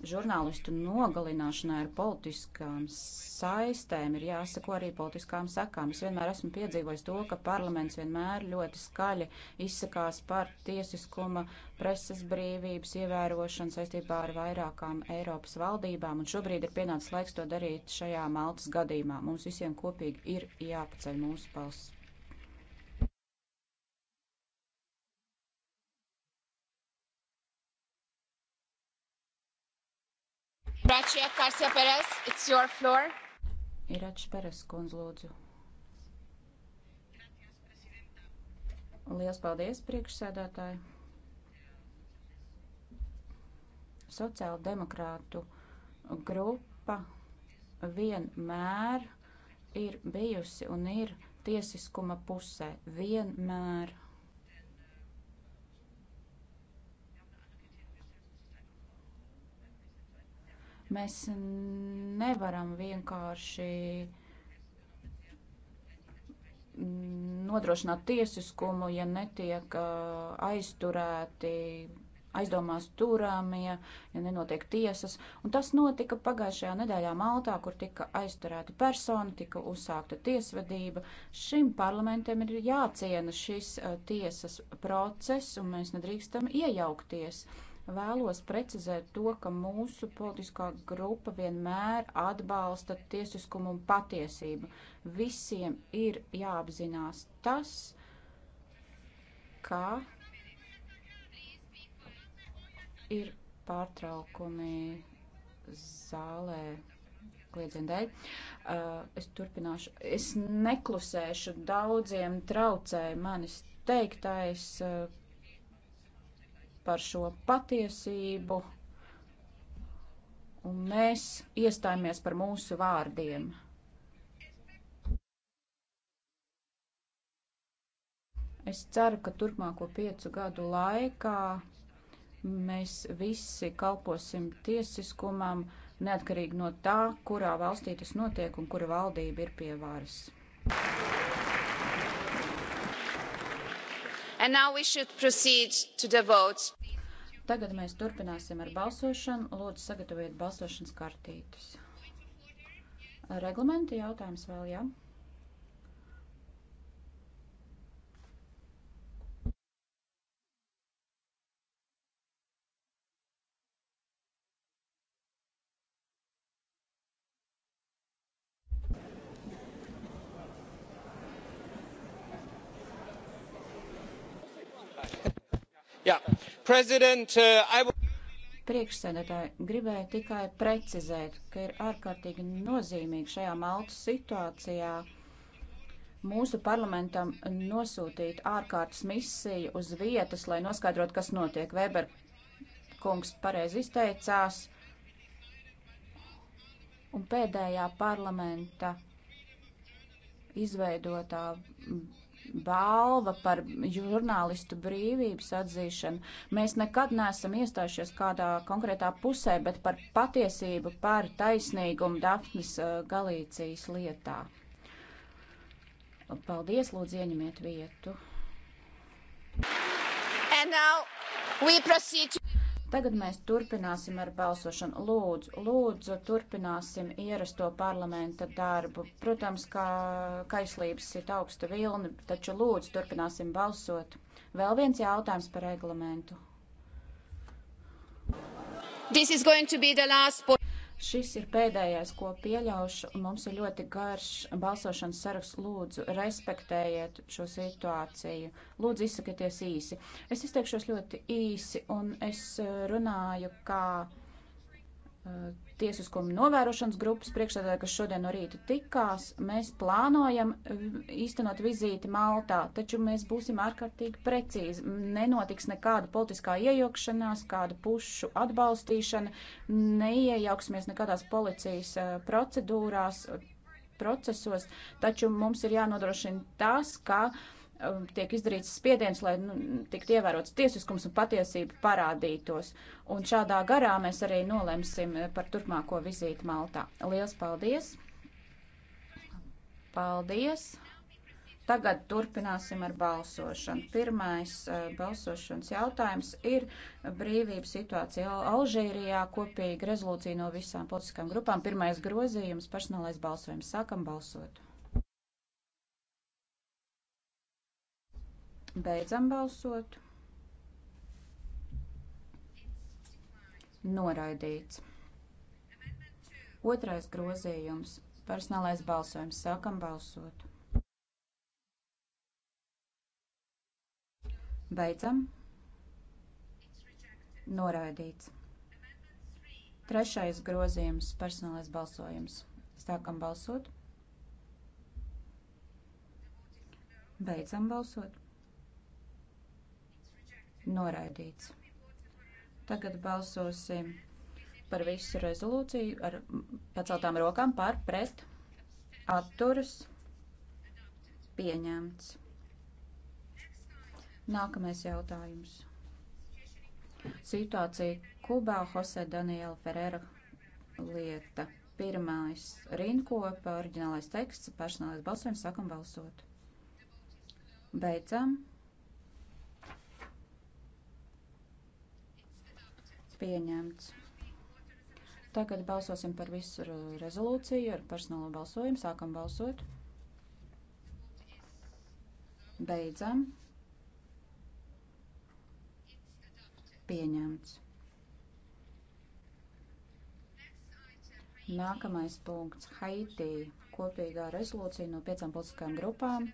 žurnālistu nogalināšanai ar politiskām saistēm ir jāsako arī politiskām sakām. Es vienmēr esmu piedzīvojis to, ka parlaments vienmēr ļoti skaļi izsakās par tiesiskuma, preses brīvības ievērošanu saistībā ar vairākām Eiropas valdībām, un šobrīd ir pienācis laiks to darīt šajā Maltas gadījumā. Mums visiem kopīgi ir jāpaceļ mūsu balss. Grazie, Garcia Perez. It's your floor. Irač Peres, kundz, lūdzu. Liels paldies, priekšsēdētāji. Sociāla demokrātu grupa vienmēr ir bijusi un ir tiesiskuma pusē. Vienmēr. Mēs nevaram vienkārši nodrošināt tiesiskumu, ja netiek aizturēti aizdomās turāmie, ja nenotiek tiesas. Un tas notika pagājušajā nedēļā Maltā, kur tika aizturēta persona, tika uzsākta tiesvedība. Šim parlamentam ir jāciena šis tiesas process, un mēs nedrīkstam iejaukties. Uh, Vēlos precizēt to, ka mūsu politiskā grupa vienmēr atbalsta tiesiskumu un patiesību. Visiem ir jāapzinās tas, ka ir pārtraukumi zālē kliedzendēļ. Uh, es turpināšu. Es neklusēšu daudziem traucēju manis teiktais. Uh, par šo patiesību, un mēs iestājāmies par mūsu vārdiem. Es ceru, ka turpmāko piecu gadu laikā mēs visi kalposim tiesiskumam, neatkarīgi no tā, kurā valstī tas notiek un kura valdība ir pie varas. Tagad mēs turpināsim ar balsošanu. Lūdzu, sagatavojiet balsošanas kartītes. Reglamenta jautājums vēl, jā? Ja? Uh, Priekšsēdētāji gribēja tikai precizēt, ka ir ārkārtīgi nozīmīgi šajā maltu situācijā mūsu parlamentam nosūtīt ārkārtas misiju uz vietas, lai noskaidrotu, kas notiek. Weber kungs pareizi izteicās. Un pēdējā parlamenta izveidotā balva par žurnālistu brīvības atzīšanu. Mēs nekad neesam iestājušies kādā konkrētā pusē, bet par patiesību, par taisnīgumu Dafnis eh, Galīcijas lietā. Paldies, lūdzu, ieņemiet vietu. And now we proceed to Tagad mēs turpināsim ar balsošanu. Lūdzu, lūdzu, turpināsim ierasto parlamenta darbu. Protams, kā kaislības ir augsta vilni, taču lūdzu, turpināsim balsot. Vēl viens jautājums par reglamentu. This is going to be the last Šis ir pēdējais, ko pieļaušu. Mums ir ļoti garš balsošanas saraksts. Lūdzu, respektējiet šo situāciju. Lūdzu, izsakieties īsi. Es izteikšos ļoti īsi, un es eh, runāju kā Eh, tiesiskuma novērošanas grupas priekšsēdētāja, kas šodien no rīta tikās, mēs plānojam eh, īstenot vizīti Maltā, taču mēs būsim ārkārtīgi precīzi. Nenotiks nekāda politiskā iejaukšanās, kāda pušu atbalstīšana, neiejauksimies nekādās policijas eh, procedūrās, procesos, taču mums ir jānodrošina tas, ka uh, Um, tiek izdarīts spiediens, lai nu, tiktu ievērots tiesiskums un patiesība parādītos. Un šādā garā mēs arī nolemsim eh, par turpmāko vizīti Maltā. Lielas paldies! Paldies! Tagad turpināsim ar balsošanu. Pirmais uh, balsošanas jautājums ir brīvības situācija Alžīrijā, kopīga rezolūcija no visām politiskām grupām. Pirmais grozījums - personālais balsojums. Sākam balsot! Beidzam balsot. Noraidīts. Otrais grozījums. Personālais balsojums. Sākam balsot. Beidzam. Noraidīts. Trešais grozījums. Personālais balsojums. Sākam balsot. Beidzam balsot noraidīts. Tagad balsosim par visu rezolūciju ar paceltām rokām par pret atturas pieņemts. Nākamais jautājums. Situācija Kubā Jose Daniela Ferrera lieta. Pirmais rinkopa, oriģinālais teksts, personālais balsojums, sākam balsot. Beidzam. Pieņemts. Tagad balsosim par visu rezolūciju ar personālo balsojumu. Sākam balsot. Beidzam. Pieņemts. Nākamais punkts - Haiti. Kopīgā rezolūcija no piecām politiskajām grupām.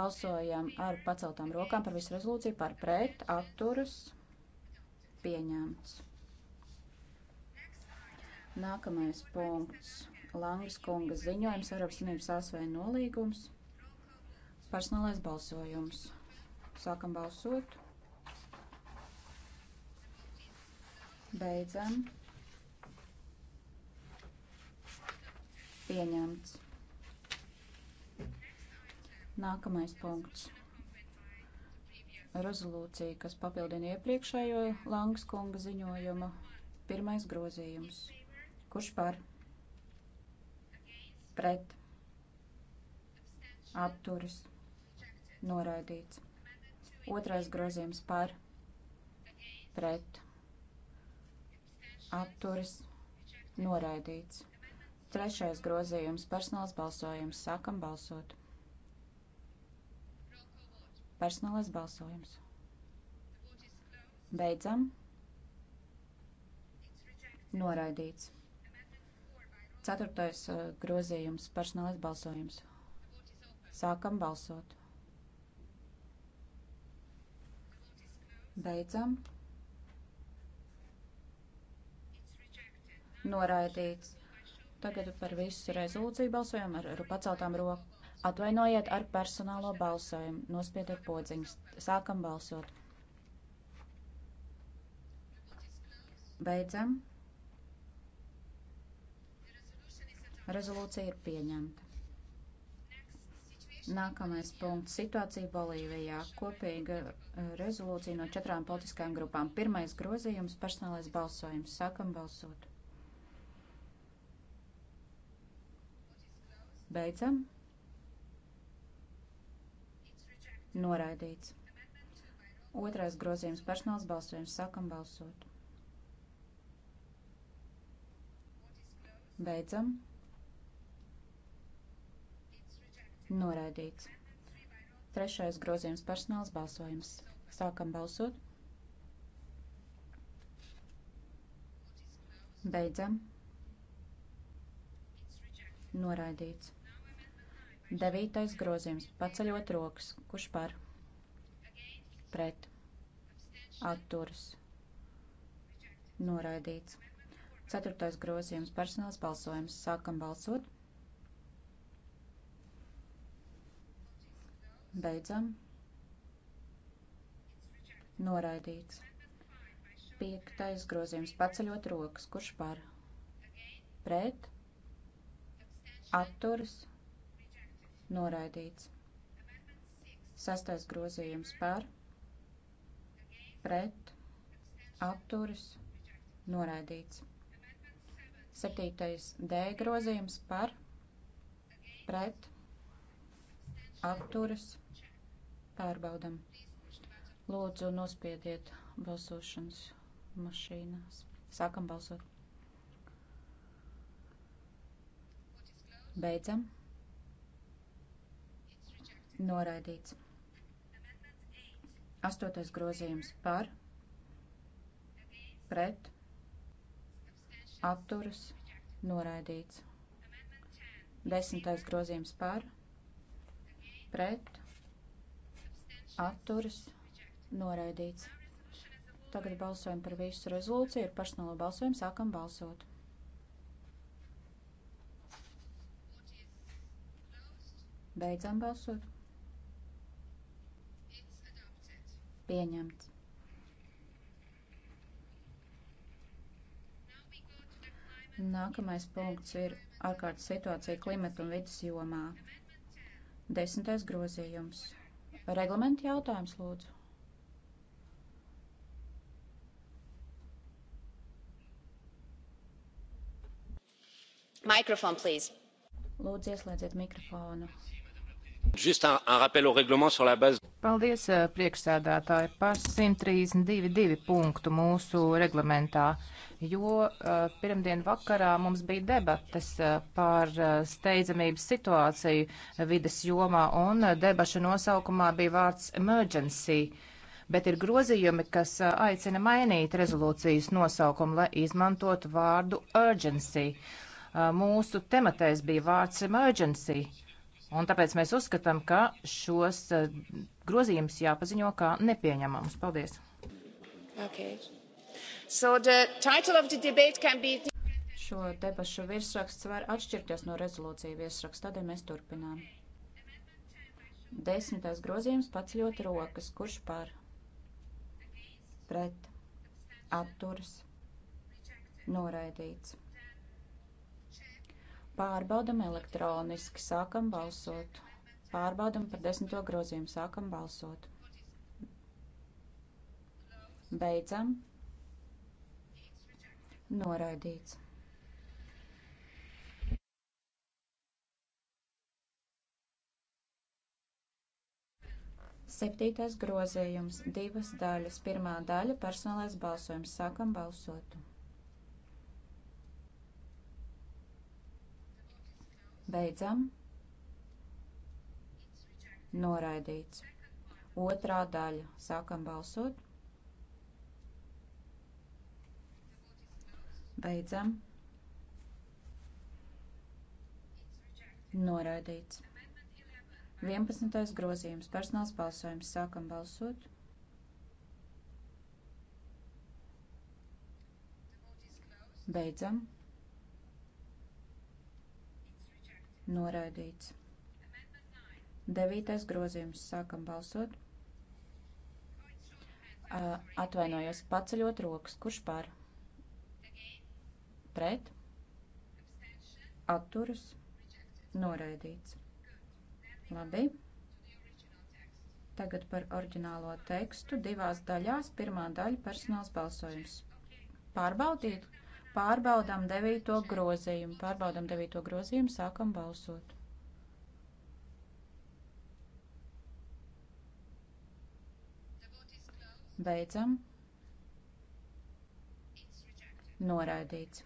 Balsojam ar paceltām rokām par visu rezolūciju, par pret, atturas. Pieņemts. Nākamais punkts. Langas kunga ziņojums Eiropas Savienības ASV nolīgums. Personālais balsojums. Sākam balsot. Beidzam. Pieņemts. Nākamais punkts rezolūcija, kas papildina iepriekšējo Langskunga ziņojumu. Pirmais grozījums. Kurš par? Pret. Atturis. Noraidīts. Otrais grozījums par. Pret. Atturis. Noraidīts. Trešais grozījums. Personāls balsojums. Sākam balsot. Personālais balsojums. Beidzam. Noraidīts. Ceturtais uh, grozījums - personālais balsojums. Sākam balsot. Beidzam. Noraidīts. Tagad par visu rezolūciju balsojam ar, ar paceltām rokām. Atvainojiet ar personālo balsojumu. Nospiediet podziņus. Sākam balsot. Beidzam. Rezolūcija ir pieņemta. Nākamais punkts - situācija Bolīvijā. Kopīga eh, rezolūcija no četrām politiskajām grupām. Pirmais grozījums - personālais balsojums. Sākam balsot. Beidzam. Noraidīts. Otrais grozījums personāls balsojums. Sākam balsot. Beidzam. Noraidīts. Trešais grozījums personāls balsojums. Sākam balsot. Beidzam. Noraidīts. Devītais grozījums. Paceļot rokas. Kurš par? Pret. Atturas. Noraidīts. Ceturtais grozījums. Personāls balsojums. Sākam balsot. Beidzam. Noraidīts. Piektais grozījums. Paceļot rokas. Kurš par? Pret. Atturas noraidīts. Sastais grozījums par, pret, apturis, noraidīts. Septītais D grozījums par, pret, apturis, pārbaudam. Lūdzu, nospiediet balsošanas mašīnās. Sākam balsot. Beidzam. Noraidīts. Astotais grozījums par, pret, atturas, noraidīts. Desmitais grozījums par, pret, atturas, noraidīts. Tagad balsojam par visu rezolūciju, ir personāla balsojuma, sākam balsot. Beidzam balsot. pieņemts. Nākamais punkts ir ārkārtas situācija klimata un vidas jomā. Desmitais grozījums. Reglamenta jautājums, lūdzu. Mikrofon, please. Lūdzu, ieslēdziet mikrofonu. Paldies, eh, priekšsēdētāji, par 132.2 punktu mūsu reglamentā, jo eh, pirmdien vakarā mums bija debates eh, par steidzamības situāciju vides jomā, un debaša nosaukumā bija vārds emergency, bet ir grozījumi, kas aicina mainīt rezolūcijas nosaukumu, lai izmantotu vārdu urgency. Mūsu tematais bija vārds emergency Un tāpēc mēs uzskatām, ka šos eh, grozījumus jāpaziņo kā nepieņemamus. Paldies! Okay. So the title of the debate can be... Šo debašu virsraksts var atšķirties no rezolūciju virsraksta, tādēļ mēs turpinām. Desmitais grozījums paceļot rokas. Kurš par? Pret. Atturas. Noraidīts. Pārbaudam elektroniski, sākam balsot. Pārbaudam par desmito grozījumu, sākam balsot. Beidzam. Noraidīts. Septītais grozījums, divas daļas. Pirmā daļa - personālais balsojums. Sākam balsot. Beidzam. Noraidīts. Otrā daļa. Sākam balsot. Beidzam. Noraidīts. 11. grozījums. Personāls balsojums. Sākam balsot. Beidzam. Noraidīts. Devītais grozījums. Sākam balsot. Atvainojos. Paceļot rokas. Kurš par? Pret. Atturas. Noraidīts. Labi. Tagad par oriģinālo tekstu divās daļās. Pirmā daļa - personāls balsojums. Pārbaudīt, Pārbaudām devīto grozījumu. Pārbaudām devīto grozījumu, sākam balsot. Beidzam. Noraidīts.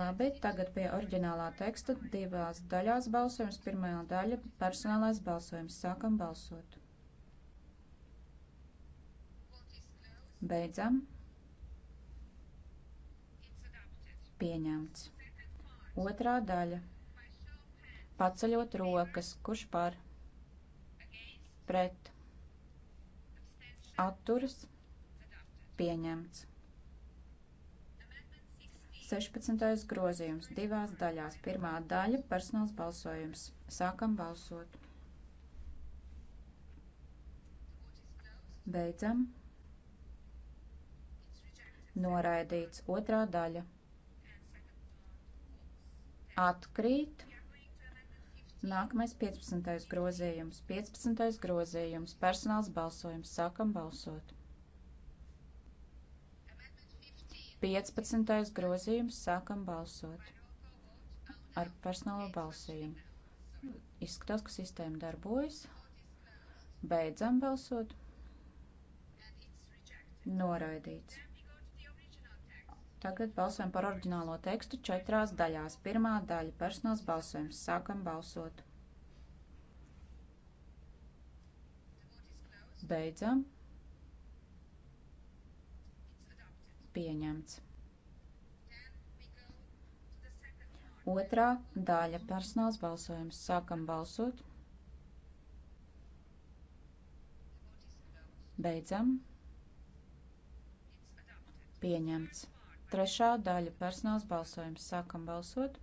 Labi, tagad pie oriģinālā teksta divās daļās balsojums. Pirmajā daļa - personālais balsojums. Sākam balsot. Beidzam. Pieņemts. Otrā daļa. Paceļot rokas. Kurš par? Pret. Atturas. Pieņemts. 16. grozījums divās daļās. Pirmā daļa - personāls balsojums. Sākam balsot. Beidzam noraidīts. Otrā daļa atkrīt. Nākamais 15. grozījums. 15. grozījums. Personāls balsojums. Sākam balsot. 15. grozījums. Sākam balsot. Ar personālo balsījumu. Izskatās, ka sistēma darbojas. Beidzam balsot. Noraidīts. Tagad balsojam par oriģinālo tekstu četrās daļās. Pirmā daļa - personāls balsojums. Sākam balsot. Beidzam. Pieņemts. Otrā daļa - personāls balsojums. Sākam balsot. Beidzam. Pieņemts. Trešā daļa - personāls balsojums. Sākam balsot.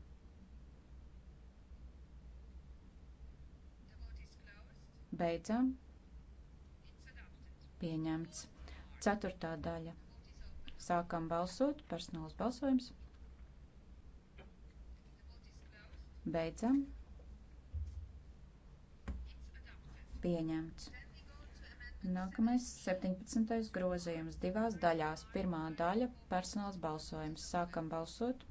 Beidzam. Pieņemts. Ceturtā daļa. Sākam balsot. Personāls balsojums. Beidzam. Pieņemts. Nākamais 17. grozījums divās daļās. Pirmā daļa - personāls balsojums. Sākam balsot.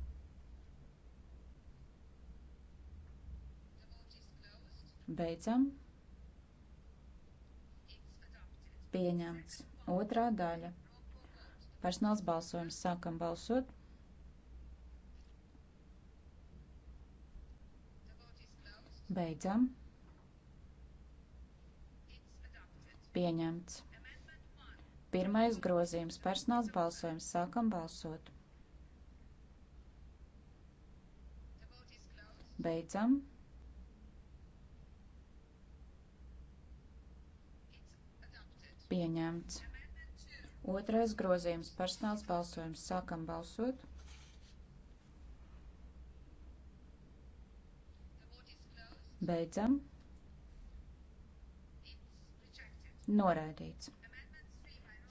Beidzam. Pieņemts. Otrā daļa. Personāls balsojums. Sākam balsot. Beidzam. Pieņemts. Pirmais grozījums - personāls balsojums. Sākam balsot. Beidzam. Pieņemts. Otrais grozījums - personāls balsojums. Sākam balsot. Beidzam. Noraidīts.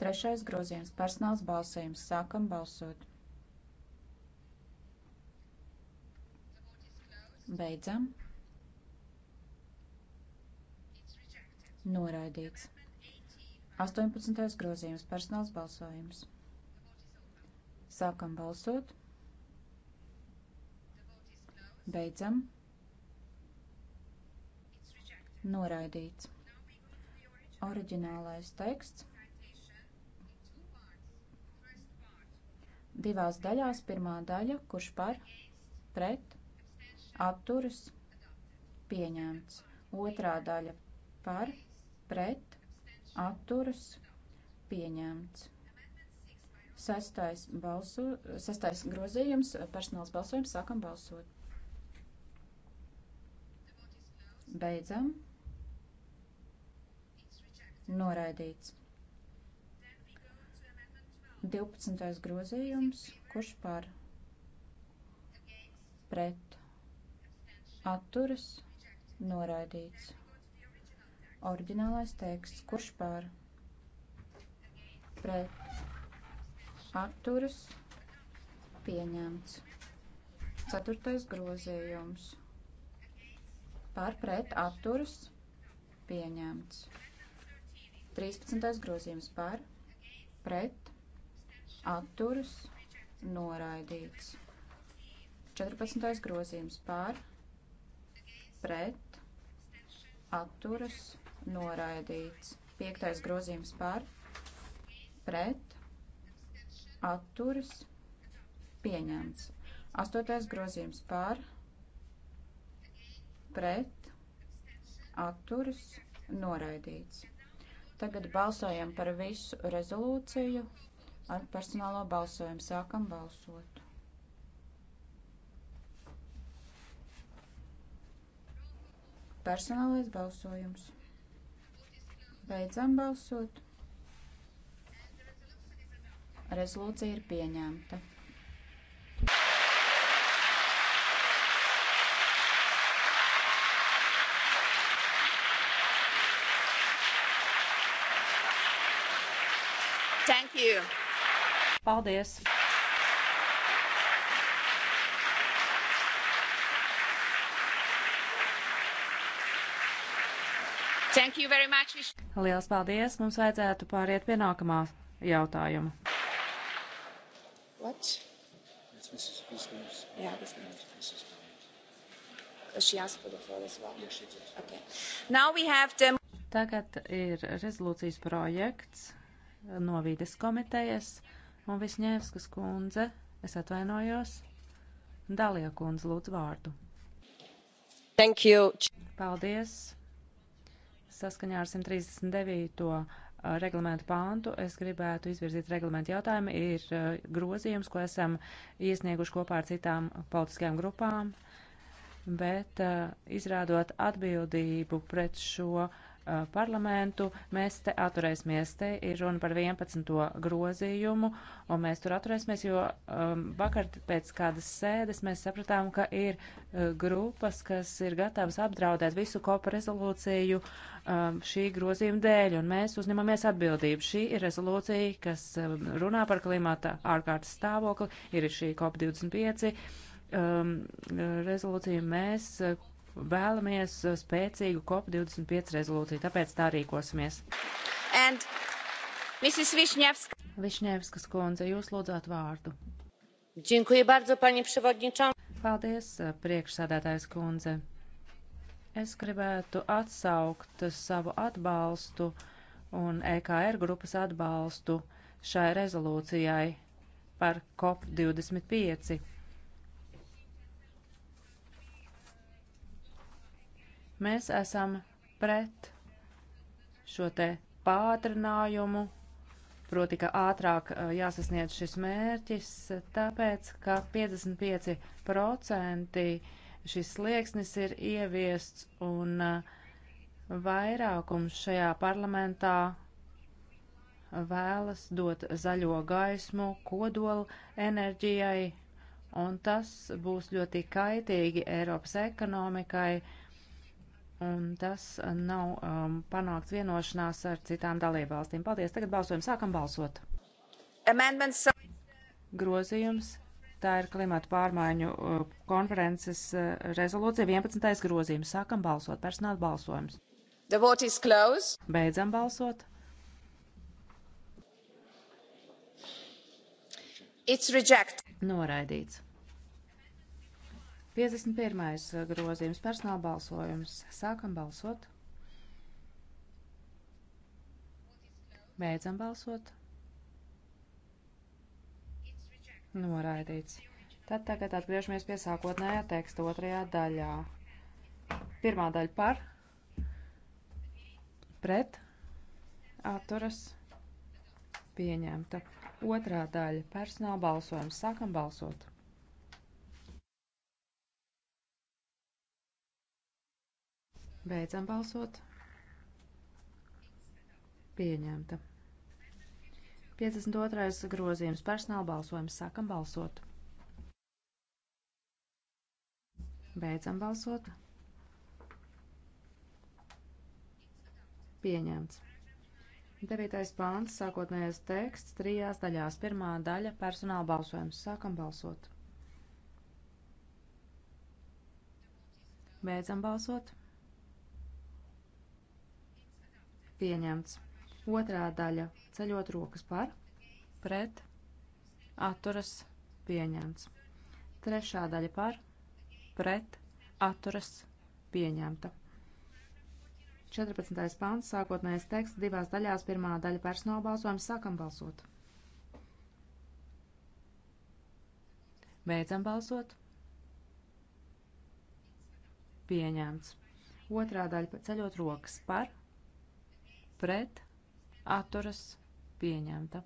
Trešais grozījums - personāls balsojums. Sākam balsot. Beidzam. Noraidīts. 18. grozījums - personāls balsojums. Sākam balsot. Beidzam. Noraidīts. Oriģinālais teksts divās daļās. Pirmā daļa, kurš par, pret, atturas, pieņemts. Otrā daļa par, pret, atturas, pieņemts. Sestais, balsu, sestais grozījums, personāls balsojums, sākam balsot. Beidzam noraidīts. 12. grozījums, kurš par pret atturas noraidīts. Orģinālais teksts, kurš par pret atturas pieņemts. 4. grozījums par pret atturas pieņemts. 13. grozījums par, pret, atturas, noraidīts. 14. grozījums par, pret, atturas, noraidīts. 5. grozījums par, pret, atturas, pieņemts. 8. grozījums par, pret, atturas, noraidīts. Tagad balsojam par visu rezolūciju ar personālo balsojumu. Sākam balsot. Personālais balsojums. Beidzam balsot. Rezolūcija ir pieņemta. Paldies! Lielas paldies! Mums vajadzētu pāriet pie nākamā jautājuma. Yeah, uh, well. okay. the... Tagad ir rezolūcijas projekts no vides komitejas un Višņevskas kundze, es atvainojos, Dalija kundze lūdz vārdu. Thank you. Paldies. Saskaņā ar 139 uh, reglamentu pāntu, es gribētu izvirzīt reglamentu jautājumu. Ir uh, grozījums, ko esam iesnieguši kopā ar citām politiskajām grupām, bet uh, izrādot atbildību pret šo Uh, parlamentu, mēs te atturēsimies. Te ir runa par 11. grozījumu, un mēs tur atturēsimies, jo um, vakar pēc kādas sēdes mēs sapratām, ka ir uh, grupas, kas ir gatavas apdraudēt visu kopa rezolūciju um, šī grozījuma dēļ, un mēs uzņemamies atbildību. Šī ir rezolūcija, kas um, runā par klimata ārkārtas stāvokli, ir šī kopa 25 um, uh, rezolūciju mēs uh, vēlamies uh, spēcīgu COP25 rezolūciju, tāpēc tā rīkosimies. And Mrs. Višņevska. Višņevskas kundze, jūs lūdzāt vārdu. Dziękuję bardzo, pani przewodnicząca. Paldies, uh, priekšsādātājs kundze. Es gribētu atsaukt savu atbalstu un EKR grupas atbalstu šai rezolūcijai par COP25 Mēs esam pret šo te pātrinājumu, proti, ka ātrāk jāsasniedz šis mērķis, tāpēc, ka 55% šis slieksnis ir ieviests un vairākums šajā parlamentā vēlas dot zaļo gaismu kodolu enerģijai, un tas būs ļoti kaitīgi Eiropas ekonomikai un tas uh, nav um, panākts vienošanās ar citām dalībvalstīm. Paldies, tagad balsojam, sākam balsot. Amendments. Grozījums. Tā ir klimata pārmaiņu uh, konferences uh, rezolūcija 11. grozījums. Sākam balsot, personāla balsojums. The vote is closed. Beidzam balsot. It's rejected. Noraidīts. 51. Uh, grozījums personāla balsojums. Sākam balsot. Beidzam balsot. Noraidīts. Tad tagad atgriežamies pie sākotnējā teksta otrajā daļā. Pirmā daļa par, pret, atturas, pieņemta. Otrā daļa personāla balsojums. Sākam balsot. Beidzam balsot. Pieņemta. 52. grozījums personāla balsojums. Sākam balsot. Beidzam balsot. Pieņemts. 9. pāns, sākotnējais teksts, trijās daļās. Pirmā daļa - personāla balsojums. Sākam balsot. Beidzam balsot. pieņemts. Otrā daļa - ceļot rokas par, pret, atturas, pieņemts. Trešā daļa par, pret, atturas, pieņemta. 14. pāns, sākotnējais teksts, divās daļās, pirmā daļa personāla balsojums, sākam balsot. Beidzam balsot. Pieņemts. Otrā daļa ceļot rokas par, pret atturas pieņemta.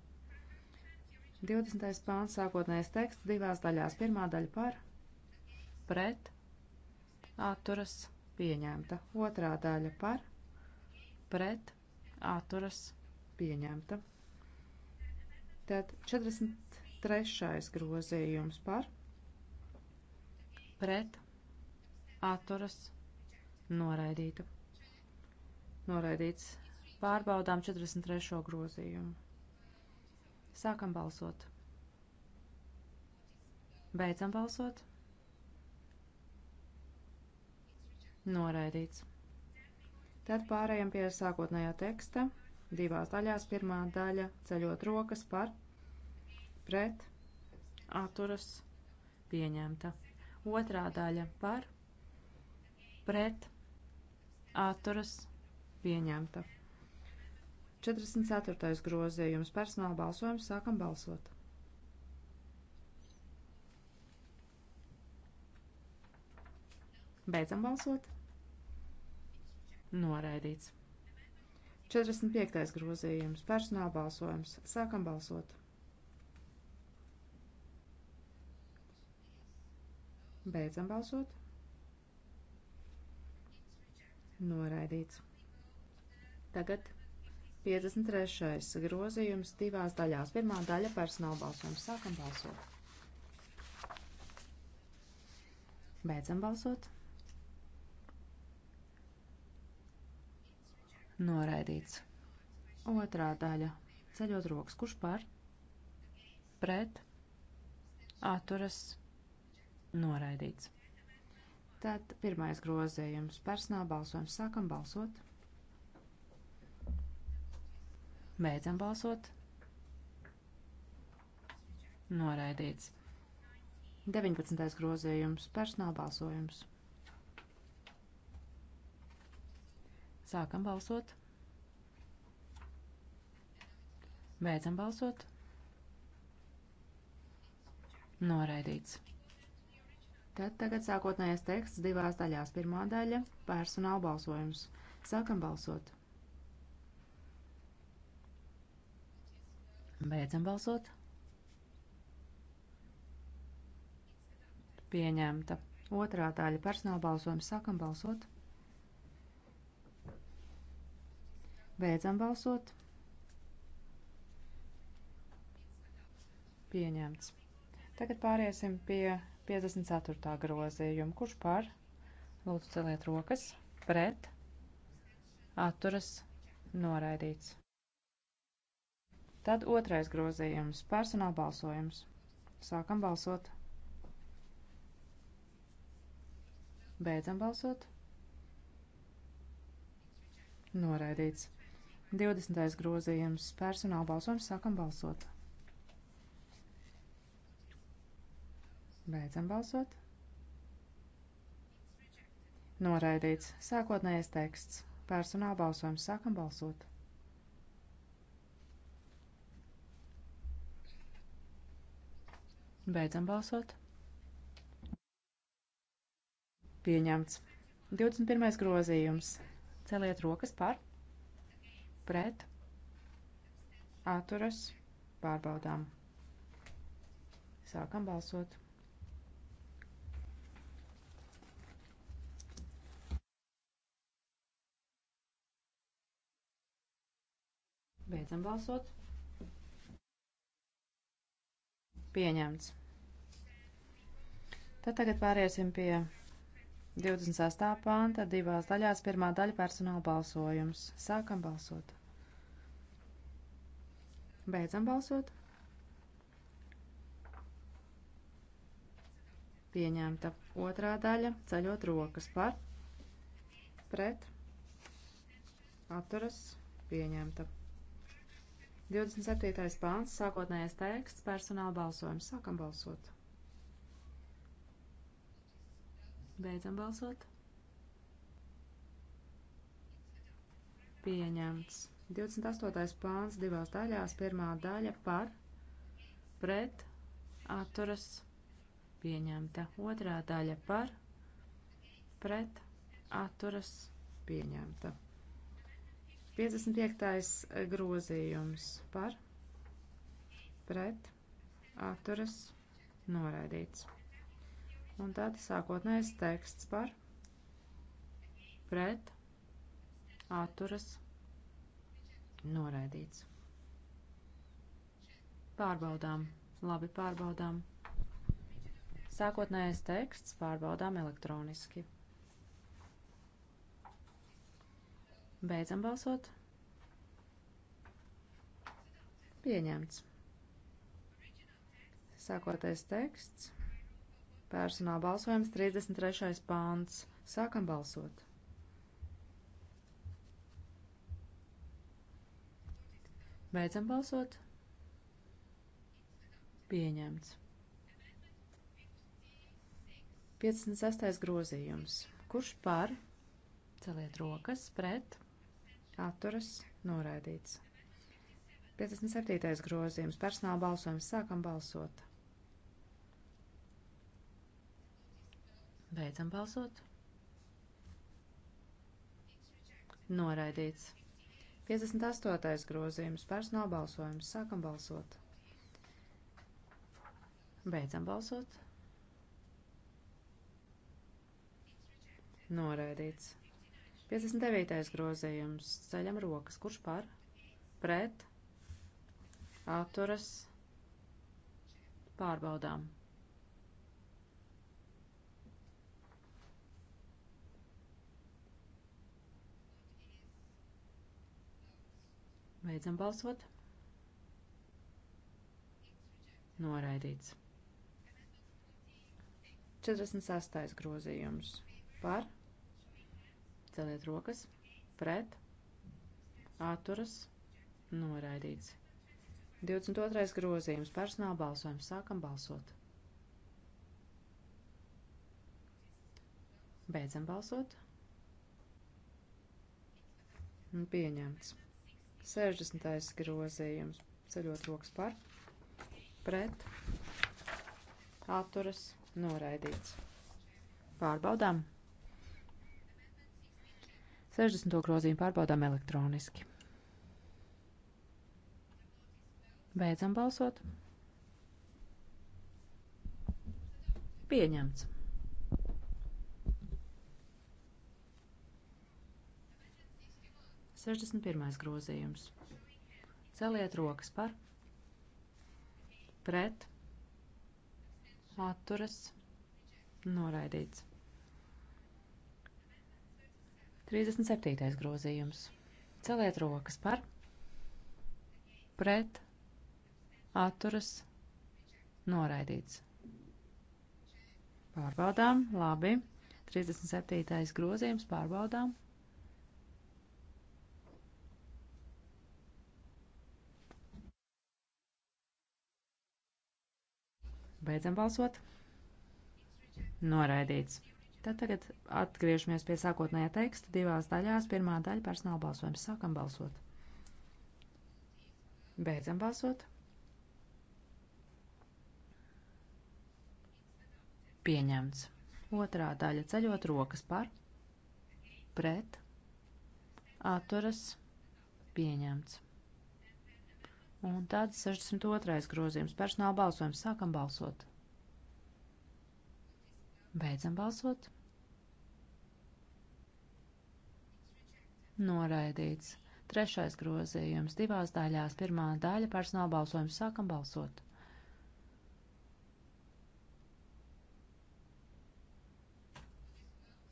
20. pāns sākotnējais teksts divās daļās. Pirmā daļa par pret atturas pieņemta. Otrā daļa par pret atturas pieņemta. Tad 43. grozījums par pret atturas noraidīta. Noraidīts Pārbaudām 43. grozījumu. Sākam balsot. Beidzam balsot. Noraidīts. Tad pārējām pie sākotnējā teksta. Divās daļās. Pirmā daļa ceļot rokas par, pret, atturas, pieņemta. Otrā daļa par, pret, atturas, pieņemta. 44. grozījums personāla balsojums sākam balsot. Beidzam balsot. Noraidīts. 45. grozījums personāla balsojums sākam balsot. Beidzam balsot. Noraidīts. Tagad 53. grozījums divās daļās. Pirmā daļa personāla balsojums. Sākam balsot. Beidzam balsot. Noraidīts. Otrā daļa. Ceļot rokas. Kurš par? Pret. Atturas. Noraidīts. Tad pirmais grozījums. Personāla balsojums. Sākam balsot. Beidzam balsot. Noraidīts. 19. grozījums - personāla balsojums. Sākam balsot. Beidzam balsot. Noraidīts. Tad tagad sākotnējais teksts divās daļās. Pirmā daļa - personāla balsojums. Sākam balsot. Beidzam balsot. Pieņemta. Otrā daļa personāla balsojums. Sākam balsot. Beidzam balsot. Pieņemts. Tagad pāriesim pie 54. grozījuma. Kurš par? Lūdzu, celiet rokas. Pret. Atturas. Noraidīts. Tad otrais grozījums - personāla balsojums. Sākam balsot. Beidzam balsot. Noraidīts. 20. grozījums - personāla balsojums. Sākam balsot. Beidzam balsot. Noraidīts. Sākotnējais teksts. Personāla balsojums. Sākam balsot. Beidzam balsot. Pieņemts. 21. grozījums. Celiet rokas par, pret, atturas, pārbaudām. Sākam balsot. Beidzam balsot. pieņemts. Tad tagad pāriesim pie 28. panta divās daļās. Pirmā daļa personāla balsojums. Sākam balsot. Beidzam balsot. Pieņemta otrā daļa, ceļot rokas par, pret, atturas, pieņemta. 27. pāns, sākotnējais teksts, personāla balsojums. Sākam balsot. Beidzam balsot. Pieņemts. 28. pāns divās daļās. Pirmā daļa par, pret, atturas, pieņemta. Otrā daļa par, pret, atturas, pieņemta. 55. Eh, grozījums par pret atturas noraidīts. Un tad sākotnējais teksts par pret atturas noraidīts. Pārbaudām, labi pārbaudām. Sākotnējais teksts pārbaudām elektroniski. Beidzam balsot. Pieņemts. Sākotais teksts. Personāla balsojums 33. pāns. Sākam balsot. Beidzam balsot. Pieņemts. 56. grozījums. Kurš par? Celiet rokas pret atturas noraidīts. 57. grozījums personāla balsojums sākam balsot. Beidzam balsot. Noraidīts. 58. grozījums personāla balsojums sākam balsot. Beidzam balsot. Noraidīts. 59. grozījums. Ceļam rokas. Kurš par? Pret. Atturas. Pārbaudām. Beidzam balsot. Noraidīts. 46. grozījums. Par. Celiet rokas. Pret. Atturas. Noraidīts. 22. grozījums. Personāla balsojums. Sākam balsot. Beidzam balsot. Pieņemts. 60. grozījums. Ceļot rokas par. Pret. Atturas. Noraidīts. Pārbaudām. 60. grozījumu pārbaudām elektroniski. Beidzam balsot. Pieņemts. Sešdesmit pirmais grozījums. Celiet rokas par, pret, atturas, noraidīts. 37. grozījums. Celiet rokas par, pret, atturas, noraidīts. Pārbaudām, labi. 37. grozījums pārbaudām. Beidzam balsot. Noraidīts. Tad tagad atgriežamies pie sākotnējā teksta divās daļās. Pirmā daļa personāla balsojums. Sākam balsot. Beidzam balsot. Pieņemts. Otrā daļa ceļot rokas par, pret, atturas, pieņemts. Un tad 62. grozījums personāla balsojums. Sākam balsot. Beidzam balsot. Noraidīts. Trešais grozījums divās daļās. Pirmā daļa personāla balsojums. Sākam balsot.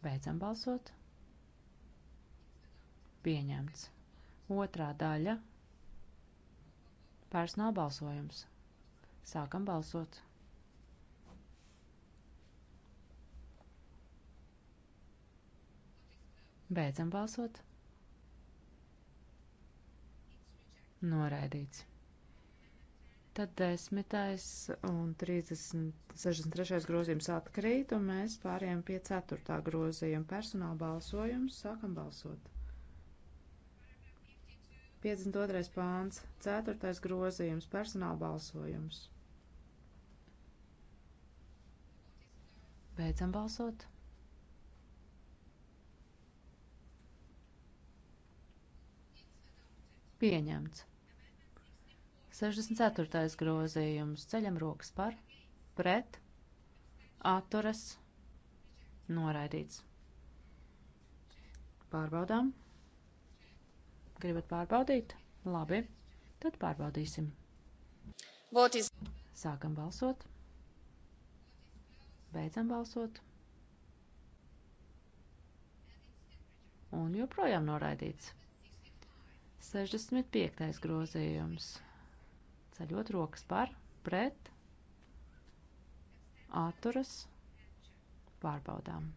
Beidzam balsot. Pieņemts. Otrā daļa. Personāla balsojums. Sākam balsot. Beidzam balsot. noraidīts. Tad 10. un 30, 63. grozījums atkrīt, un mēs pārējām pie 4. grozījuma personāla balsojums. Sākam balsot. 52. pāns, 4. grozījums personāla balsojums. Beidzam balsot. Pieņemts. 64. grozījums. Ceļam rokas par, pret, atturas, noraidīts. Pārbaudām. Gribat pārbaudīt? Labi, tad pārbaudīsim. Is... Sākam balsot. Beidzam balsot. Un joprojām noraidīts. 65. grozījums ceļot rokas par, pret, atturas, pārbaudām.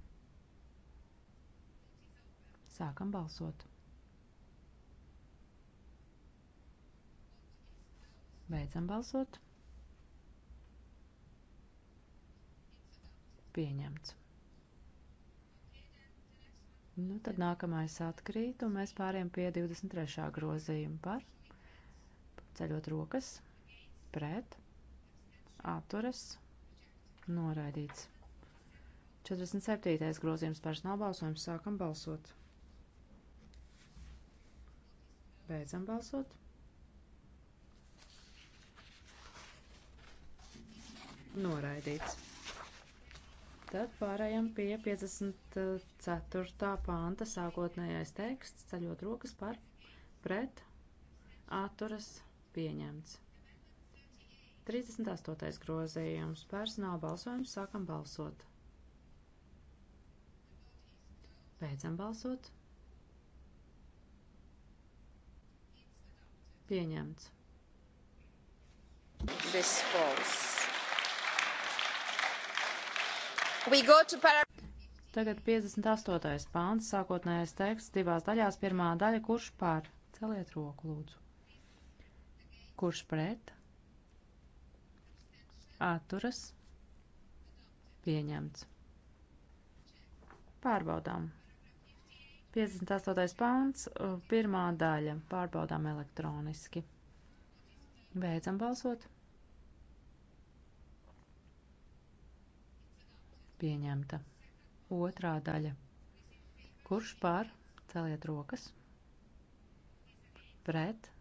Sākam balsot. Beidzam balsot. Pieņemts. Nu, tad nākamais atkrīt, un mēs pāriem pie 23. grozījuma par ceļot rokas, pret, atturas, noraidīts. 47. grozījums personāla balsojums. Sākam balsot. Beidzam balsot. Noraidīts. Tad pārējām pie 54. pānta sākotnējais teksts, ceļot rokas par, pret, atturas, noraidīts pieņemts. 38. grozījums. Personāla balsojums. Sākam balsot. Beidzam balsot. Pieņemts. This falls. Tagad 58. pāns, sākotnējais teksts, divās daļās, pirmā daļa, kurš pār? Celiet roku, lūdzu. Kurš pret? Atturas. Pieņemts. Pārbaudām. 58. pāns, uh, pirmā daļa. Pārbaudām elektroniski. Beidzam balsot. Pieņemta. Otrā daļa. Kurš pār? Celiet rokas. Pret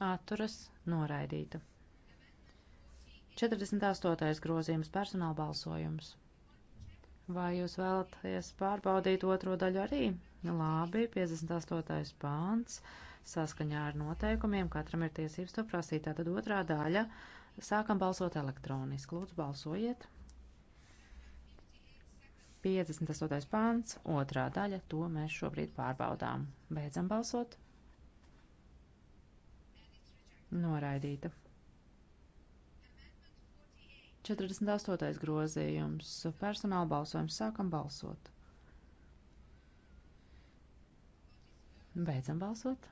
atturas noraidīta. 48. grozījums personāla balsojums. Vai jūs vēlaties pārbaudīt otro daļu arī? Labi, 58. pāns saskaņā ar noteikumiem katram ir tiesības to prasīt. Tātad otrā daļa sākam balsot elektroniski. Lūdzu, balsojiet. 58. pāns, otrā daļa, to mēs šobrīd pārbaudām. Beidzam balsot. Noraidīta. 48. grozījums. Personāla balsojums. Sākam balsot. Beidzam balsot.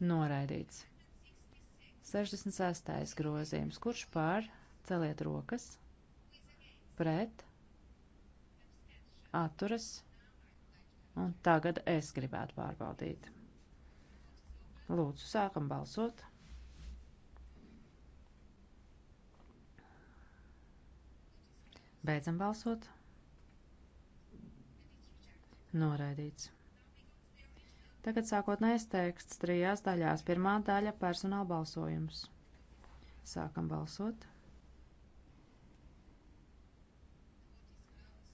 Noraidīts. 66. grozījums. Kurš pār? Celiet rokas. Pret. Atturas. Un tagad es gribētu pārbaudīt. Lūdzu, sākam balsot. Beidzam balsot. Noraidīts. Tagad sākotnējais teksts trijās daļās. Pirmā daļa - personāla balsojums. Sākam balsot.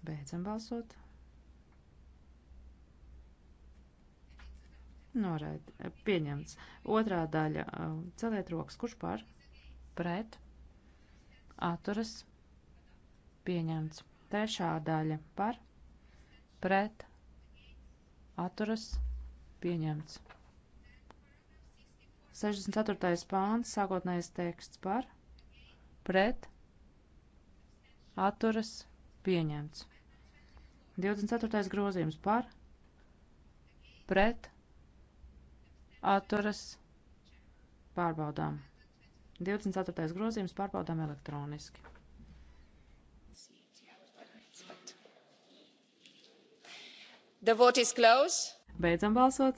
Beidzam balsot. Noraid, eh, pieņemts. Otrā daļa. Eh, celiet rokas. Kurš par? Pret. Atturas. Pieņemts. Trešā daļa. Par. Pret. Atturas. Pieņemts. 64. pāns. Sākotnējais teksts par. Pret. Atturas. Pieņemts. 24. grozījums par. Pret atturas pārbaudām. 24. grozījums pārbaudām elektroniski. The vote is closed. Beidzam balsot.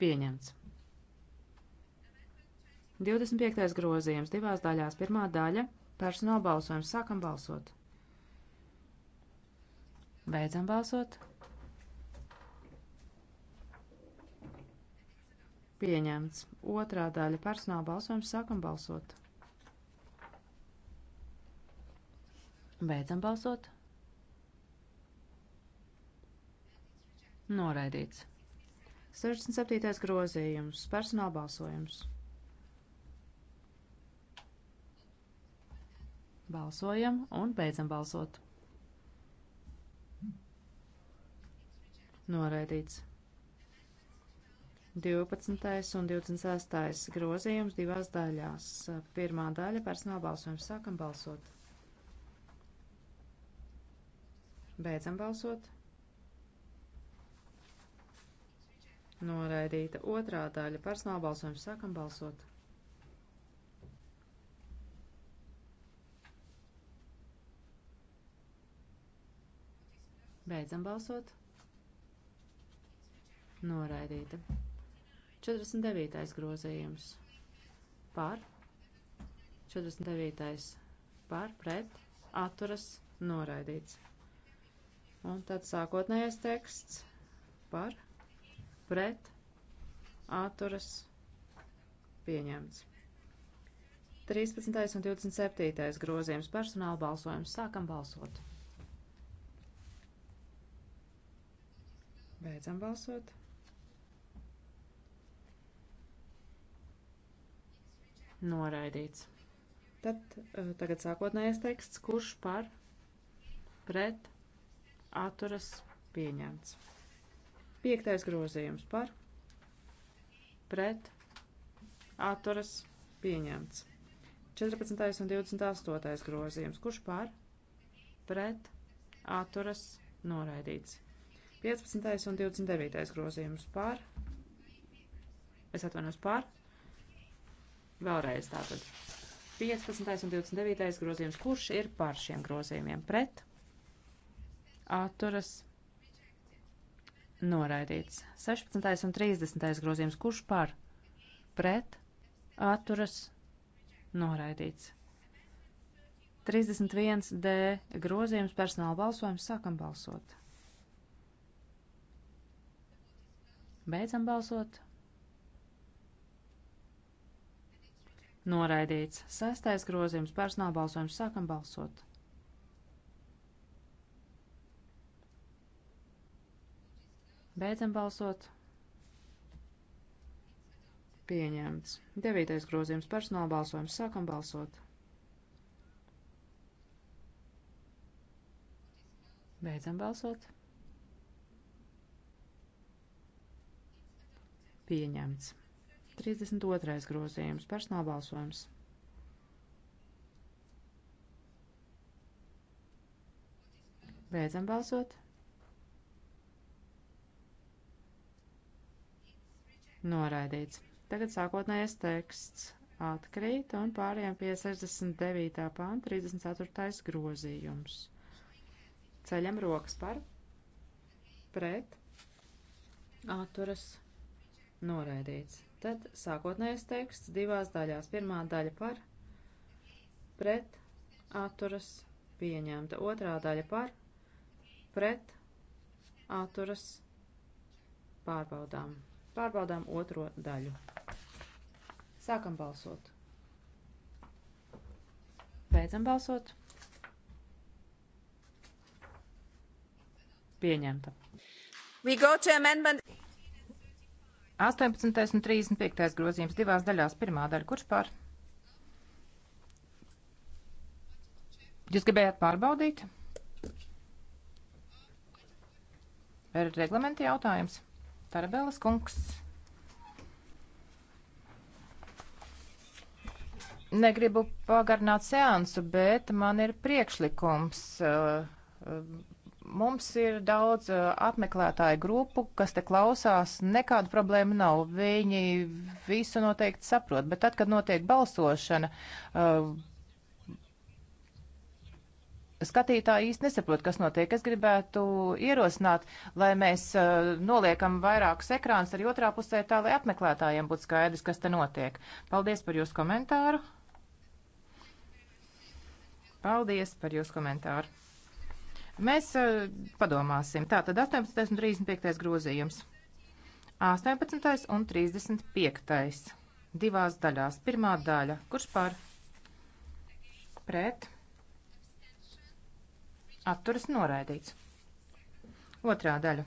Pieņemts. 25. grozījums divās daļās. Pirmā daļa - personāla balsojums. Sākam balsot. Beidzam balsot. Pieņemts. Otrā daļa personāla balsojums sākam balsot. Beidzam balsot. Noraidīts. 67. grozījums. Personāla balsojums. Balsojam un beidzam balsot. Noraidīts. 12. un 26. grozījums divās daļās. Pirmā daļa - personāla balsojums. Sākam balsot. Beidzam balsot. Noraidīta otrā daļa - personāla balsojums. Sākam balsot. Beidzam balsot. Noraidīta. 49. grozījums par 49. par pret atturas noraidīts. Un tad sākotnējais teksts par pret atturas pieņemts. 13. un 27. grozījums personāla balsojums. Sākam balsot. Beidzam balsot. noraidīts. Tad eh, tagad sākotnējais teksts, kurš par pret atturas pieņemts. Piektais grozījums par pret atturas pieņemts. 14. un 28. grozījums, kurš par pret atturas noraidīts. 15. un 29. grozījums par, es atvainojos par, Vēlreiz tātad. 15. un 29. grozījums. Kurš ir par šiem grozījumiem? Pret? Atturas? Noraidīts. 16. un 30. grozījums. Kurš par? Pret? Atturas? Noraidīts. 31. D. grozījums personāla balsojums. Sākam balsot. Beidzam balsot. Noraidīts. Sestais grozījums personāla balsojums. Sākam balsot. Beidzam balsot. Pieņemts. Devītais grozījums personāla balsojums. Sākam balsot. Beidzam balsot. Pieņemts. 32. grozījums. Personāla balsojums. Beidzam balsot. Noraidīts. Tagad sākotnējais teksts atkrīt un pārējām pie 69. pānta 34. grozījums. Ceļam rokas par, pret, atturas, noraidīts. Tad sākotnējais teksts divās daļās. Pirmā daļa par pret atturas pieņemta. Otrā daļa par pret atturas pārbaudām. Pārbaudām otro daļu. Sākam balsot. Beidzam balsot. Pieņemta. We go to amendment 18. un 35. grozījums divās daļās. Pirmā daļa, kurš par? Jūs gribējāt pārbaudīt? Ir reglamenta jautājums. Tarabēlas kungs. Negribu pagarināt seansu, bet man ir priekšlikums. Uh, uh, Mums ir daudz apmeklētāju grupu, kas te klausās, nekādu problēmu nav. Viņi visu noteikti saprot, bet tad, kad notiek balsošana, skatītāji īsti nesaprot, kas notiek. Es gribētu ierosināt, lai mēs noliekam vairākus ekrānus arī otrā pusē, tā lai apmeklētājiem būtu skaidrs, kas te notiek. Paldies par jūsu komentāru. Paldies par jūsu komentāru. Mēs uh, padomāsim. Tātad 18. un 35. grozījums. 18. un 35. divās daļās. Pirmā daļa. Kurš par? Pret. Atturas noraidīts. Otrā daļa.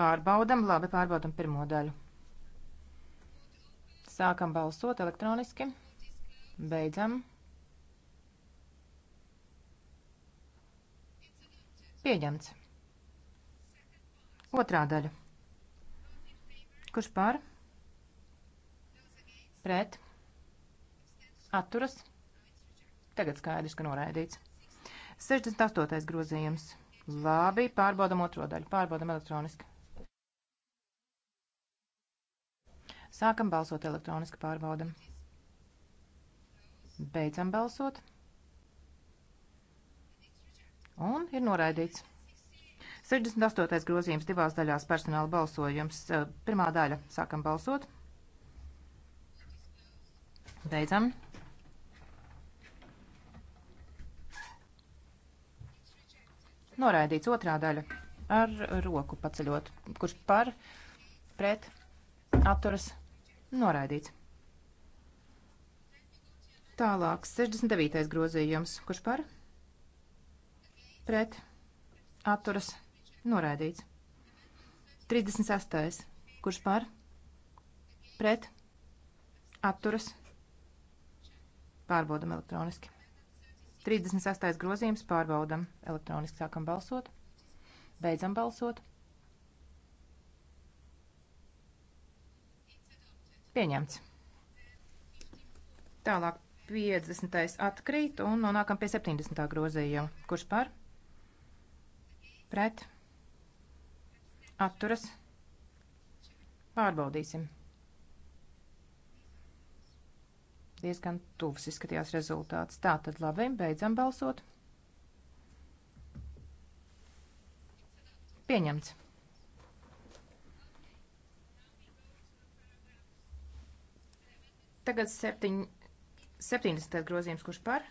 Pārbaudam, labi, pārbaudam pirmo daļu. Sākam balsot elektroniski. Beidzam. Pieņemts. Otrā daļa. Kurš par? Pret. Atturas. Tagad skaidrs, ka noraidīts. 68. grozījums. Labi, pārbaudam otro daļu. Pārbaudam elektroniski. Sākam balsot elektroniski pārbaudam. Beidzam balsot. Un ir noraidīts. 68. grozījums divās daļās personāla balsojums. Eh, pirmā daļa. Sākam balsot. Beidzam. Noraidīts otrā daļa ar roku paceļot, kurš par, pret, atturas, noraidīts. Tālāk, 69. grozījums, kurš par, pret pret atturas noraidīts. 36. Kurš par? Pret atturas pārbaudam elektroniski. 38. grozījums pārbaudam elektroniski sākam balsot. Beidzam balsot. Pieņemts. Tālāk 50. atkrīt un nonākam pie 70. grozījuma. Kurš par? pret, atturas, pārbaudīsim. Diezgan tuvs izskatījās rezultāts. Tā tad labi, beidzam balsot. Pieņemts. Tagad septiņ, 70. grozījums, kurš par?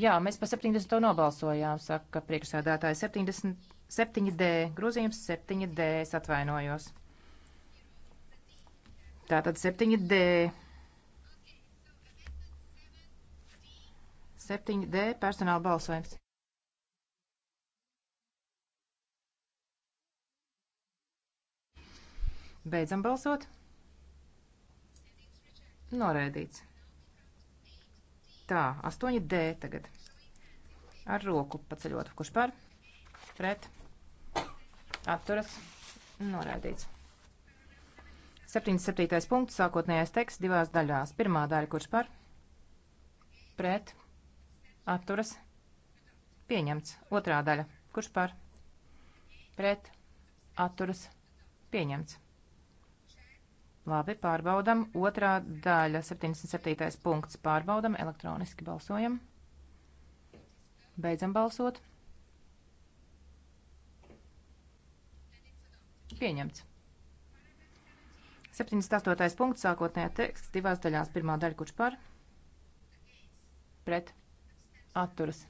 Jā, mēs pa 70. nobalsojām, saka priekšsēdētāji. 77D, grozījums 7D, es atvainojos. Tātad 7D. 7D personāla balsojums. Beidzam balsot. Noraidīts. Tā, 8D tagad. Ar roku paceļot, kurš par, pret, atturas, norādīts. 77. punkts, sākotnējais teksts divās daļās. Pirmā daļa, kurš par, pret, atturas, pieņemts. Otrā daļa, kurš par, pret, atturas, pieņemts. Labi, pārbaudam. Otrā daļa, 77. punkts. Pārbaudam, elektroniski balsojam. Beidzam balsot. Pieņemts. 78. punkts, sākotnējā teksts, divās daļās. Pirmā daļa, kurš par? Pret. Atturas.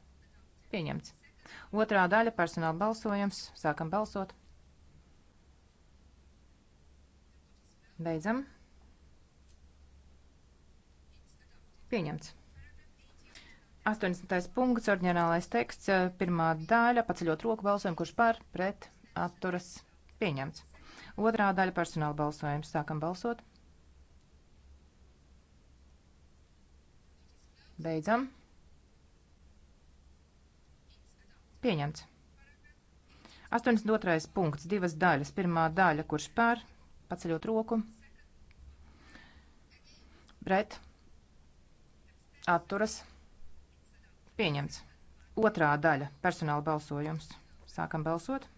Pieņemts. Otrā daļa, personāla balsojums. Sākam balsot. Beidzam. Pieņemts. 80. punkts, orģinālais teksts, eh, pirmā daļa, paceļot roku balsojumu, kurš par, pret, atturas, pieņemts. Otrā daļa personāla balsojums. Sākam balsot. Beidzam. Pieņemts. 82. punkts, divas daļas. Pirmā daļa, kurš par, paceļot roku. Pret. Atturas. Pieņemts. Otrā daļa - personāla balsojums. Sākam balsot.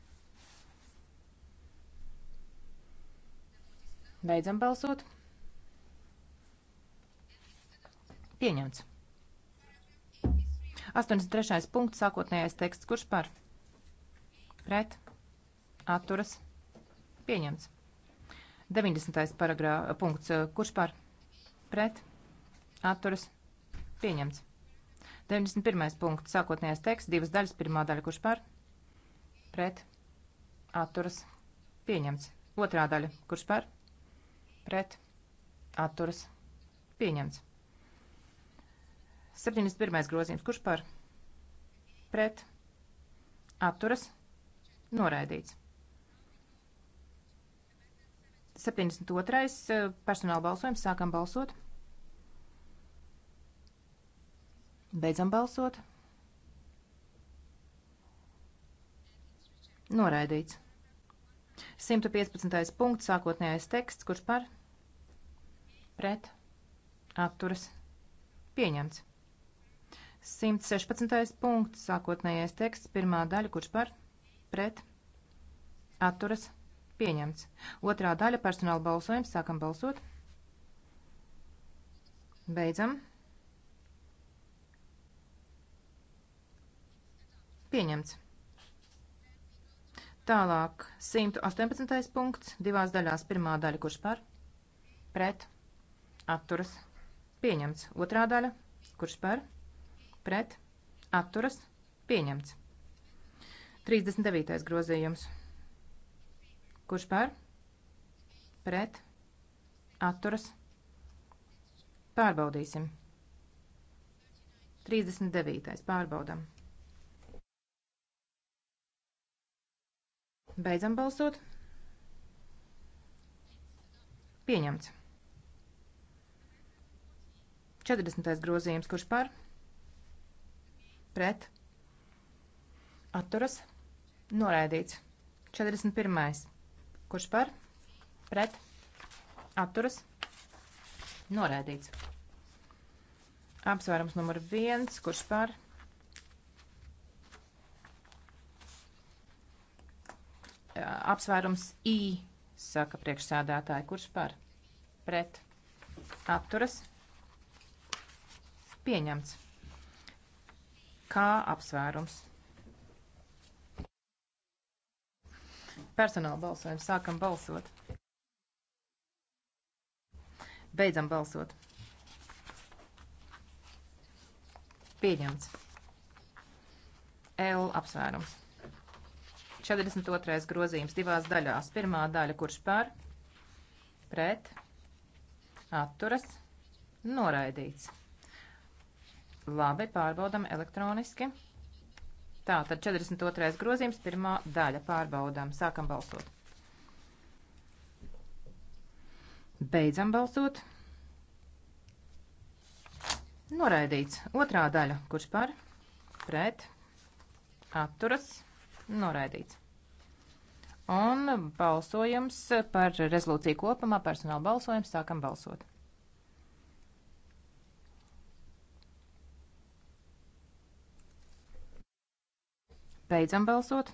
Beidzam balsot. Pieņemts. 83. punkts, sākotnējais teksts, kurš par? Pret. Atturas. Pieņemts. 90. paragrā, punkts. Eh, kurš par? Pret? Atturas? Pieņemts. 91. punkts. Sākotnējais teksts. Divas daļas. Pirmā daļa. Kurš par? Pret? Atturas? Pieņemts. Otrā daļa. Kurš par? Pret? Atturas? Pieņemts. 71. grozījums. Kurš par? Pret? Atturas? Noraidīts. 72. Eh, personāla balsojums. Sākam balsot. Beidzam balsot. Noraidīts. 115. punkts, sākotnējais teksts, kurš par pret atturas pieņemts. 116. punkts, sākotnējais teksts, pirmā daļa, kurš par pret atturas pieņemts Pieņemts. Otrā daļa personāla balsojums. Sākam balsot. Beidzam. Pieņemts. Tālāk 118. punkts divās daļās. Pirmā daļa, kurš par? Pret. Atturas. Pieņemts. Otrā daļa, kurš par? Pret. Atturas. Pieņemts. 39. grozījums. Kurš par? Pret. Atturas. Pārbaudīsim. 39. Pārbaudam. Beidzam balsot. Pieņemts. 40. grozījums, kurš par? Pret. Atturas. Noraidīts. 41. Kurš par? Pret. Atturas. Norēdīts. Apsvērums numur viens. Kurš par? Apsvērums I, saka priekšsādātāji. Kurš par? Pret. Atturas. Pieņemts. Kā apsvērums? Personāla balsojums. Sākam balsot. Beidzam balsot. Pieņemts. L apsvērums. 42. grozījums divās daļās. Pirmā daļa, kurš par, pret, atturas, noraidīts. Labi, pārbaudam elektroniski. Tā, tad 42. grozījums, pirmā daļa pārbaudām. Sākam balsot. Beidzam balsot. Noraidīts. Otrā daļa, kurš par, pret, atturas, noraidīts. Un balsojums par rezolūciju kopumā, personāla balsojums, sākam balsot. Beidzam balsot.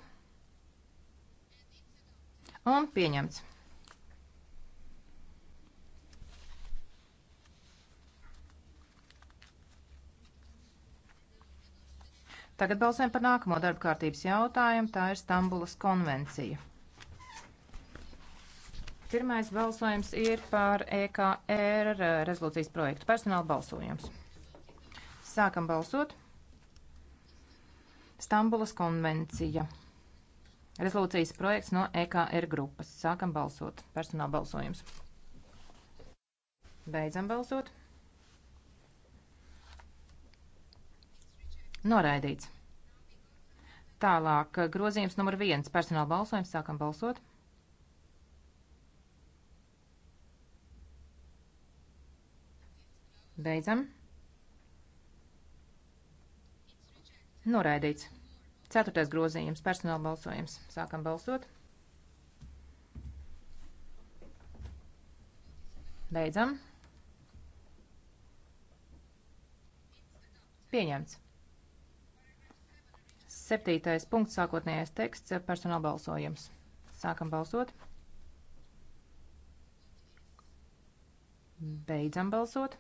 Un pieņemts. Tagad balsojam par nākamo darba kārtības jautājumu. Tā ir Stambulas konvencija. Pirmais balsojums ir par EKR eh, rezolūcijas projektu. Personāla balsojums. Sākam balsot. Stambulas konvencija. Rezolūcijas projekts no EKR grupas. Sākam balsot. Personāla balsojums. Beidzam balsot. Noraidīts. Tālāk grozījums numur viens. Personāla balsojums. Sākam balsot. Beidzam. Noraidīts. Ceturtais grozījums. Personāla balsojums. Sākam balsot. Beidzam. Pieņemts. Septītais punkts, sākotnējais teksts, personāla balsojums. Sākam balsot. Beidzam balsot.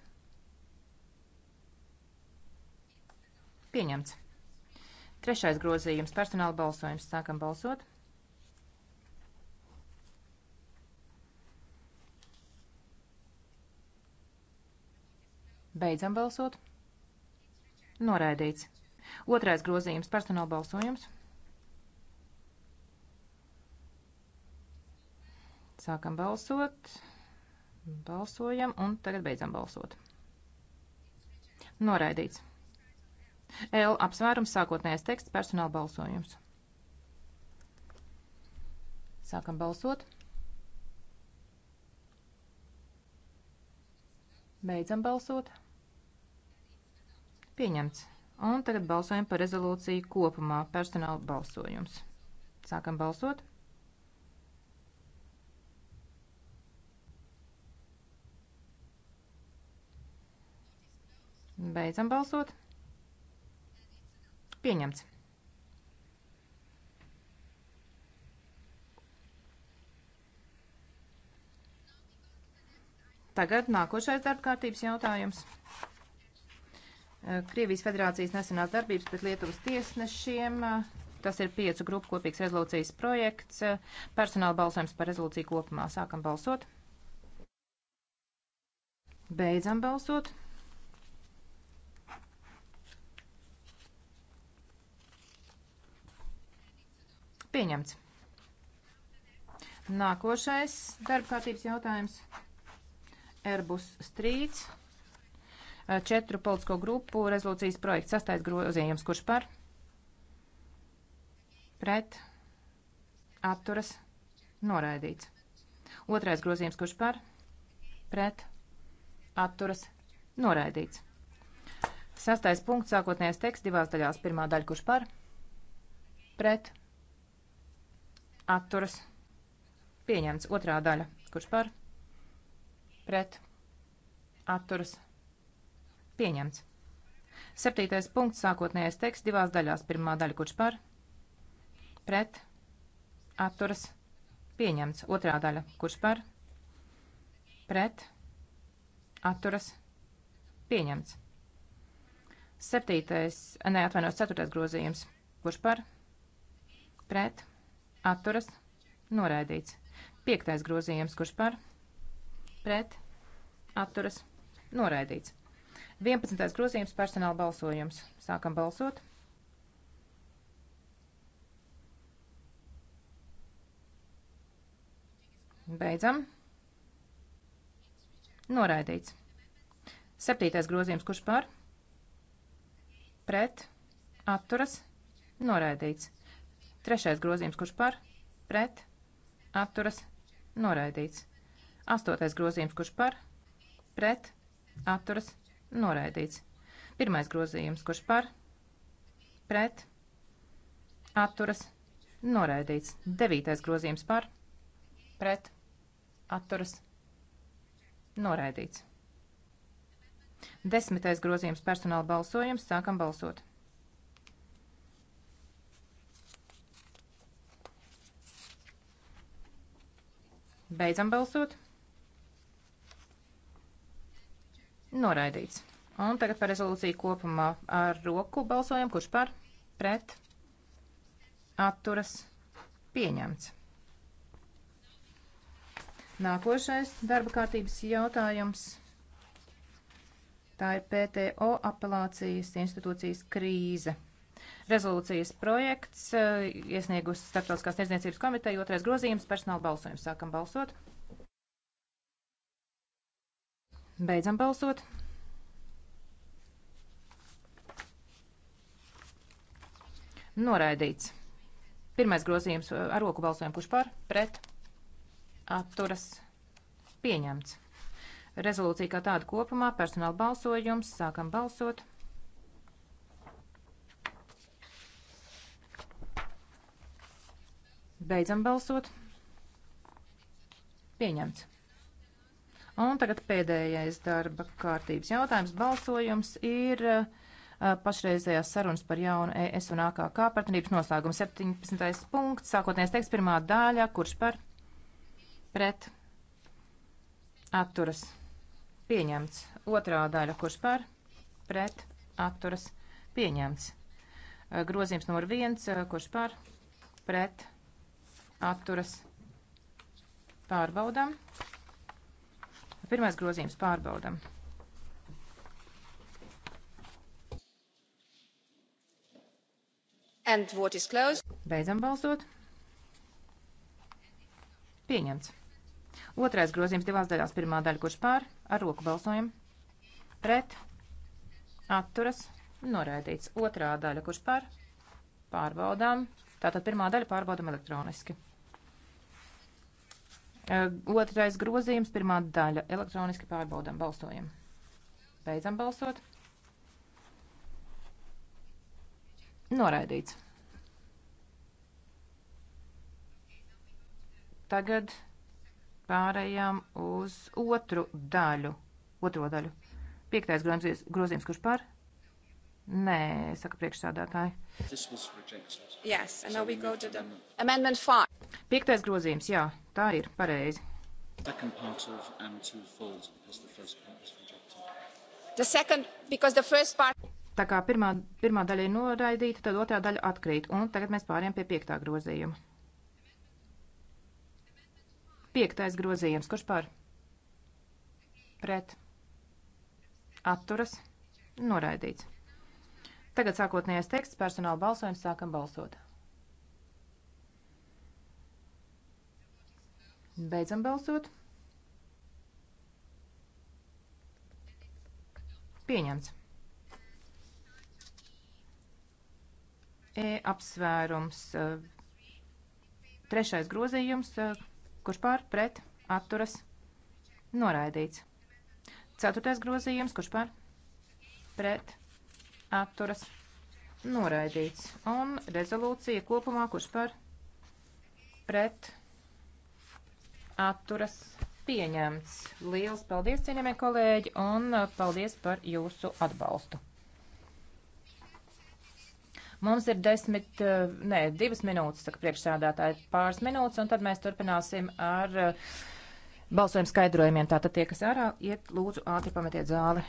Pieņemts. Trešais grozījums. Personāla balsojums. Sākam balsot. Beidzam balsot. Noraidīts. Otrais grozījums. Personāla balsojums. Sākam balsot. Balsojam un tagad beidzam balsot. Noraidīts. L apsvērums sākotnējais teksts personāla balsojums. Sākam balsot. Beidzam balsot. Pieņemts. Un tagad balsojam par rezolūciju kopumā personāla balsojums. Sākam balsot. Beidzam balsot. Pieņemts. Tagad nākošais darbkārtības jautājums. Eh, Krievijas federācijas nesenās darbības pret Lietuvas tiesnešiem. Eh, tas ir piecu grupu kopīgs rezolūcijas projekts. Eh, personāla balsojums par rezolūciju kopumā. Sākam balsot. Beidzam balsot. Pieņemts. Nākošais darba kārtības jautājums. Airbus strīds. Četru politisko grupu rezolūcijas projekts. Sastais grozījums. Kurš par? Pret. Atturas. Noraidīts. Otrais grozījums. Kurš par? Pret. Atturas. Noraidīts. Sastais punkts. Sākotnējais teksts divās daļās. Pirmā daļa. Kurš par? Pret atturas pieņemts. Otrā daļa, kurš par pret atturas pieņemts. Septītais punkts, sākotnējais teksts divās daļās. Pirmā daļa, kurš par pret atturas pieņemts. Otrā daļa, kurš par pret atturas pieņemts. Septītais, neatvainojos, ceturtais grozījums, kurš par pret atturas pieņemts atturas, noraidīts. Piektais grozījums, kurš par, pret, atturas, noraidīts. 11. grozījums personāla balsojums. Sākam balsot. Beidzam. Noraidīts. Septītais grozījums, kurš par? Pret, atturas, noraidīts. Trešais grozījums, kurš par, pret, atturas, noraidīts. Astotais grozījums, kurš par, pret, atturas, noraidīts. Pirmais grozījums, kurš par, pret, atturas, noraidīts. Devītais grozījums par, pret, atturas, noraidīts. Desmitais grozījums personāla balsojums, sākam balsot. Beidzam balsot. Noraidīts. Un tagad par rezolūciju kopumā ar roku balsojam, kurš par, pret, atturas, pieņemts. Nākošais darba kārtības jautājums. Tā ir PTO apelācijas institūcijas krīze. Rezolūcijas projekts eh, iesniegus Startautiskās tirdzniecības komiteja otrais grozījums personāla balsojums. Sākam balsot. Beidzam balsot. Noraidīts. Pirmais grozījums eh, ar roku balsojumu. Kurš par? Pret. Atturas. Pieņemts. Rezolūcija kā tāda kopumā. Personāla balsojums. Sākam balsot. Beidzam balsot. Pieņemts. Un tagad pēdējais darba kārtības jautājums. Balsojums ir uh, pašreizējās sarunas par jaunu ES un AKK partnerības noslēgumu 17. punkts, sākotnējais teksts pirmā daļa, kurš par pret atturas pieņemts. Otrā daļa, kurš par pret atturas pieņemts. Uh, grozījums numur viens, uh, kurš par pret atturas atturas pārbaudam. Pirmais grozījums pārbaudam. And vote is closed. Beidzam balsot. Pieņemts. Otrais grozījums divās daļās. Pirmā daļa, kurš pār, ar roku balsojam. Pret, atturas, noraidīts. Otrā daļa, kurš pār, pārbaudām. Tātad pirmā daļa pārbaudam elektroniski. Eh, otrais grozījums, pirmā daļa. Elektroniski pārbaudām, balsojam. Beidzam balsot. Noraidīts. Tagad pārējām uz otru daļu. Otro daļu. Piektais grozījums, grozījums kurš par? Nē, saka priekšsādātāji. Yes, Piektais grozījums, jā, tā ir pareizi. Second, part... Tā kā pirmā, pirmā daļa ir noraidīta, tad otrā daļa atkrīt. Un tagad mēs pāriem pie piektā grozījuma. Piektais grozījums. Kurš pār? Pret. Atturas. Noraidīts. Tagad sākotnējais teksts personāla balsojums sākam balsot. Beidzam balsot. Pieņemts. E apsvērums. Eh, trešais grozījums, eh, kurš pār pret atturas noraidīts. Ceturtais grozījums, kurš pār pret atturas noraidīts. Un rezolūcija kopumā, kurš par pret atturas pieņemts. Liels paldies, cienījamie kolēģi, un paldies par jūsu atbalstu. Mums ir desmit, nē, divas minūtes, saka priekšsādātāji, pāris minūtes, un tad mēs turpināsim ar eh, balsojumu skaidrojumiem. Tātad tie, kas ārā, iet lūdzu ātri pametiet zāli.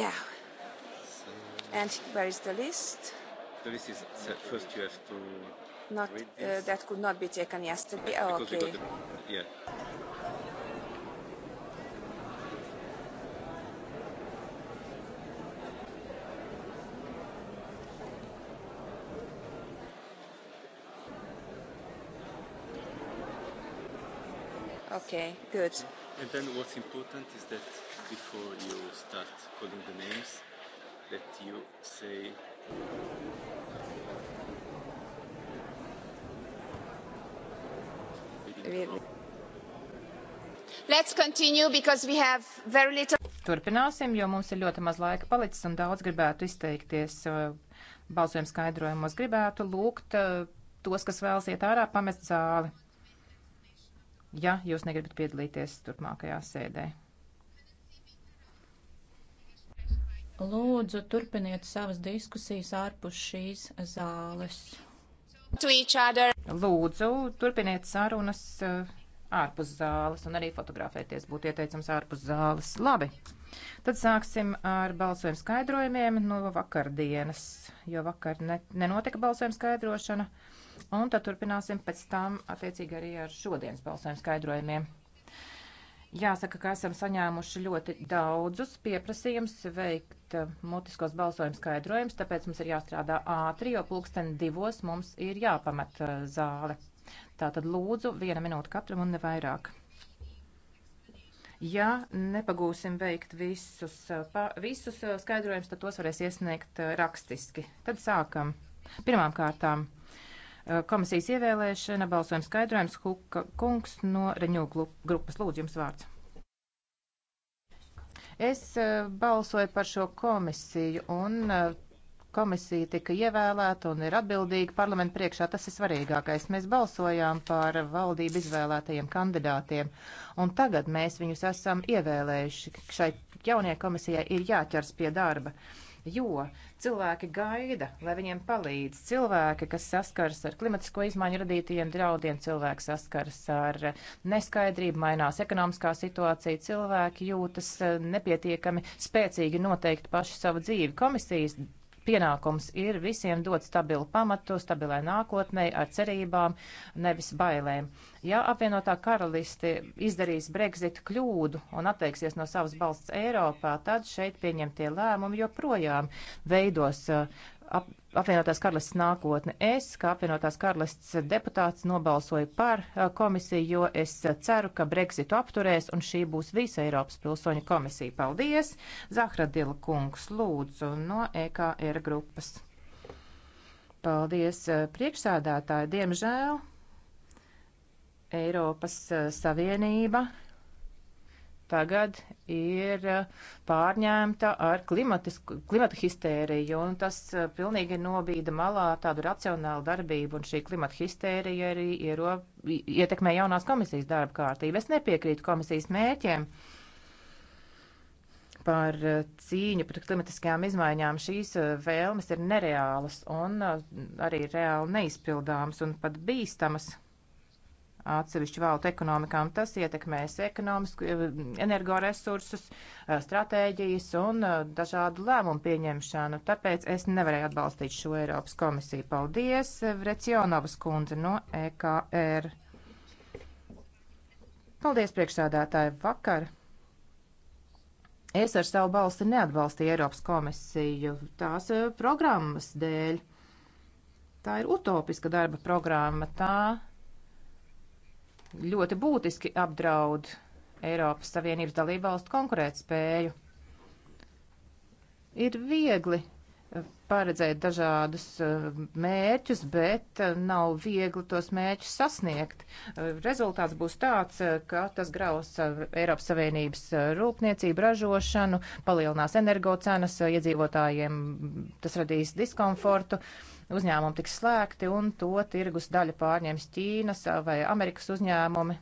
Yeah. And where is the list? The list is first you have to. Not read uh, this. Uh, that could not be taken yesterday. Oh, because okay. We got the, yeah. Okay, good. And then what's important is that before you start calling the names that you say Let's continue because we have very little Turpināsim, jo mums ir ļoti maz laika palicis un daudz gribētu izteikties. Uh, balsojuma skaidrojumos gribētu lūgt uh, tos, kas vēlas iet ārā, pamest zāli, ja jūs negribat piedalīties turpmākajā sēdē. Lūdzu, turpiniet savas diskusijas ārpus šīs zāles. Lūdzu, turpiniet sarunas uh, ārpus zāles un arī fotografēties būtu ieteicams ārpus zāles. Labi, tad sāksim ar balsojumu skaidrojumiem no vakardienas, jo vakar ne, nenotika balsojuma skaidrošana, un tad turpināsim pēc tam attiecīgi arī ar šodienas balsojumu skaidrojumiem. Jāsaka, ka esam saņēmuši ļoti daudzus pieprasījumus veikt eh, mutiskos balsojumu skaidrojumus, tāpēc mums ir jāstrādā ātri, jo pulksten divos mums ir jāpamet eh, zāle. Tātad lūdzu, viena minūte katram un nevairāk. Ja nepagūsim veikt visus, eh, pa, visus skaidrojumus, tad tos varēs iesniegt rakstiski. Tad sākam. Pirmām kārtām Eh, komisijas ievēlēšana, balsojums skaidrojums, Huka kungs no Reņū grupas. Lūdzu, jums vārds. Es eh, balsoju par šo komisiju un eh, komisija tika ievēlēta un ir atbildīga parlamentu priekšā. Tas ir svarīgākais. Mēs balsojām par valdību izvēlētajiem kandidātiem, un tagad mēs viņus esam ievēlējuši. Šai jaunie komisijai ir jāķers pie darba. Uh, jo cilvēki gaida, lai viņiem palīdz. Cilvēki, kas saskaras ar klimatisko izmaiņu radītajiem draudiem, cilvēki saskaras ar neskaidrību, mainās ekonomiskā situācija, cilvēki jūtas nepietiekami spēcīgi noteikt paši savu dzīvi. Komisijas pienākums ir visiem dot stabilu pamatu, stabilai nākotnē, ar cerībām, nevis bailēm. Ja apvienotā karalisti izdarīs Brexit kļūdu un atteiksies no savas balsts Eiropā, tad šeit pieņemtie lēmumi joprojām veidos uh, ap, apvienotās karalists nākotne. Es, kā apvienotās karalists deputāts, nobalsoju par uh, komisiju, jo es ceru, ka Brexitu apturēs un šī būs visa Eiropas pilsoņu komisija. Paldies! Zahradila kungs lūdzu no EKR grupas. Paldies uh, priekšsādātāji. Diemžēl Eiropas uh, Savienība tagad ir uh, pārņēmta ar klimata histēriju, un tas uh, pilnīgi nobīda malā tādu racionālu darbību, un šī klimata histērija arī iero, ietekmē jaunās komisijas darba kārtību. Es nepiekrītu komisijas mērķiem par uh, cīņu pret klimatiskajām izmaiņām. Šīs vēlmes ir nereālas un arī reāli neizpildāmas un pat bīstamas atsevišķu valūtu ekonomikām. Tas ietekmēs ekonomisku, eh, energoresursus, eh, stratēģijas un eh, dažādu lēmumu pieņemšanu. Tāpēc es nevarēju atbalstīt šo Eiropas komisiju. Paldies, Vrecionovas kundze no EKR. Paldies, priekšsādātāji, vakar. Es ar savu balsi neatbalstīju Eiropas komisiju tās programmas dēļ. Tā ir utopiska darba programma. Tā ļoti būtiski apdraud Eiropas Savienības dalībvalstu konkurētspēju. Ir viegli eh, paredzēt dažādus eh, mērķus, bet eh, nav viegli tos mērķus sasniegt. Rezultāts būs tāds, ka tas graus Eiropas Savienības rūpniecību, ražošanu, palielinās energocenas iedzīvotājiem, mm, tas radīs diskomfortu. Uh, uzņēmumi tiks slēgti un to tirgus daļu pārņems Ķīnas vai Amerikas uzņēmumi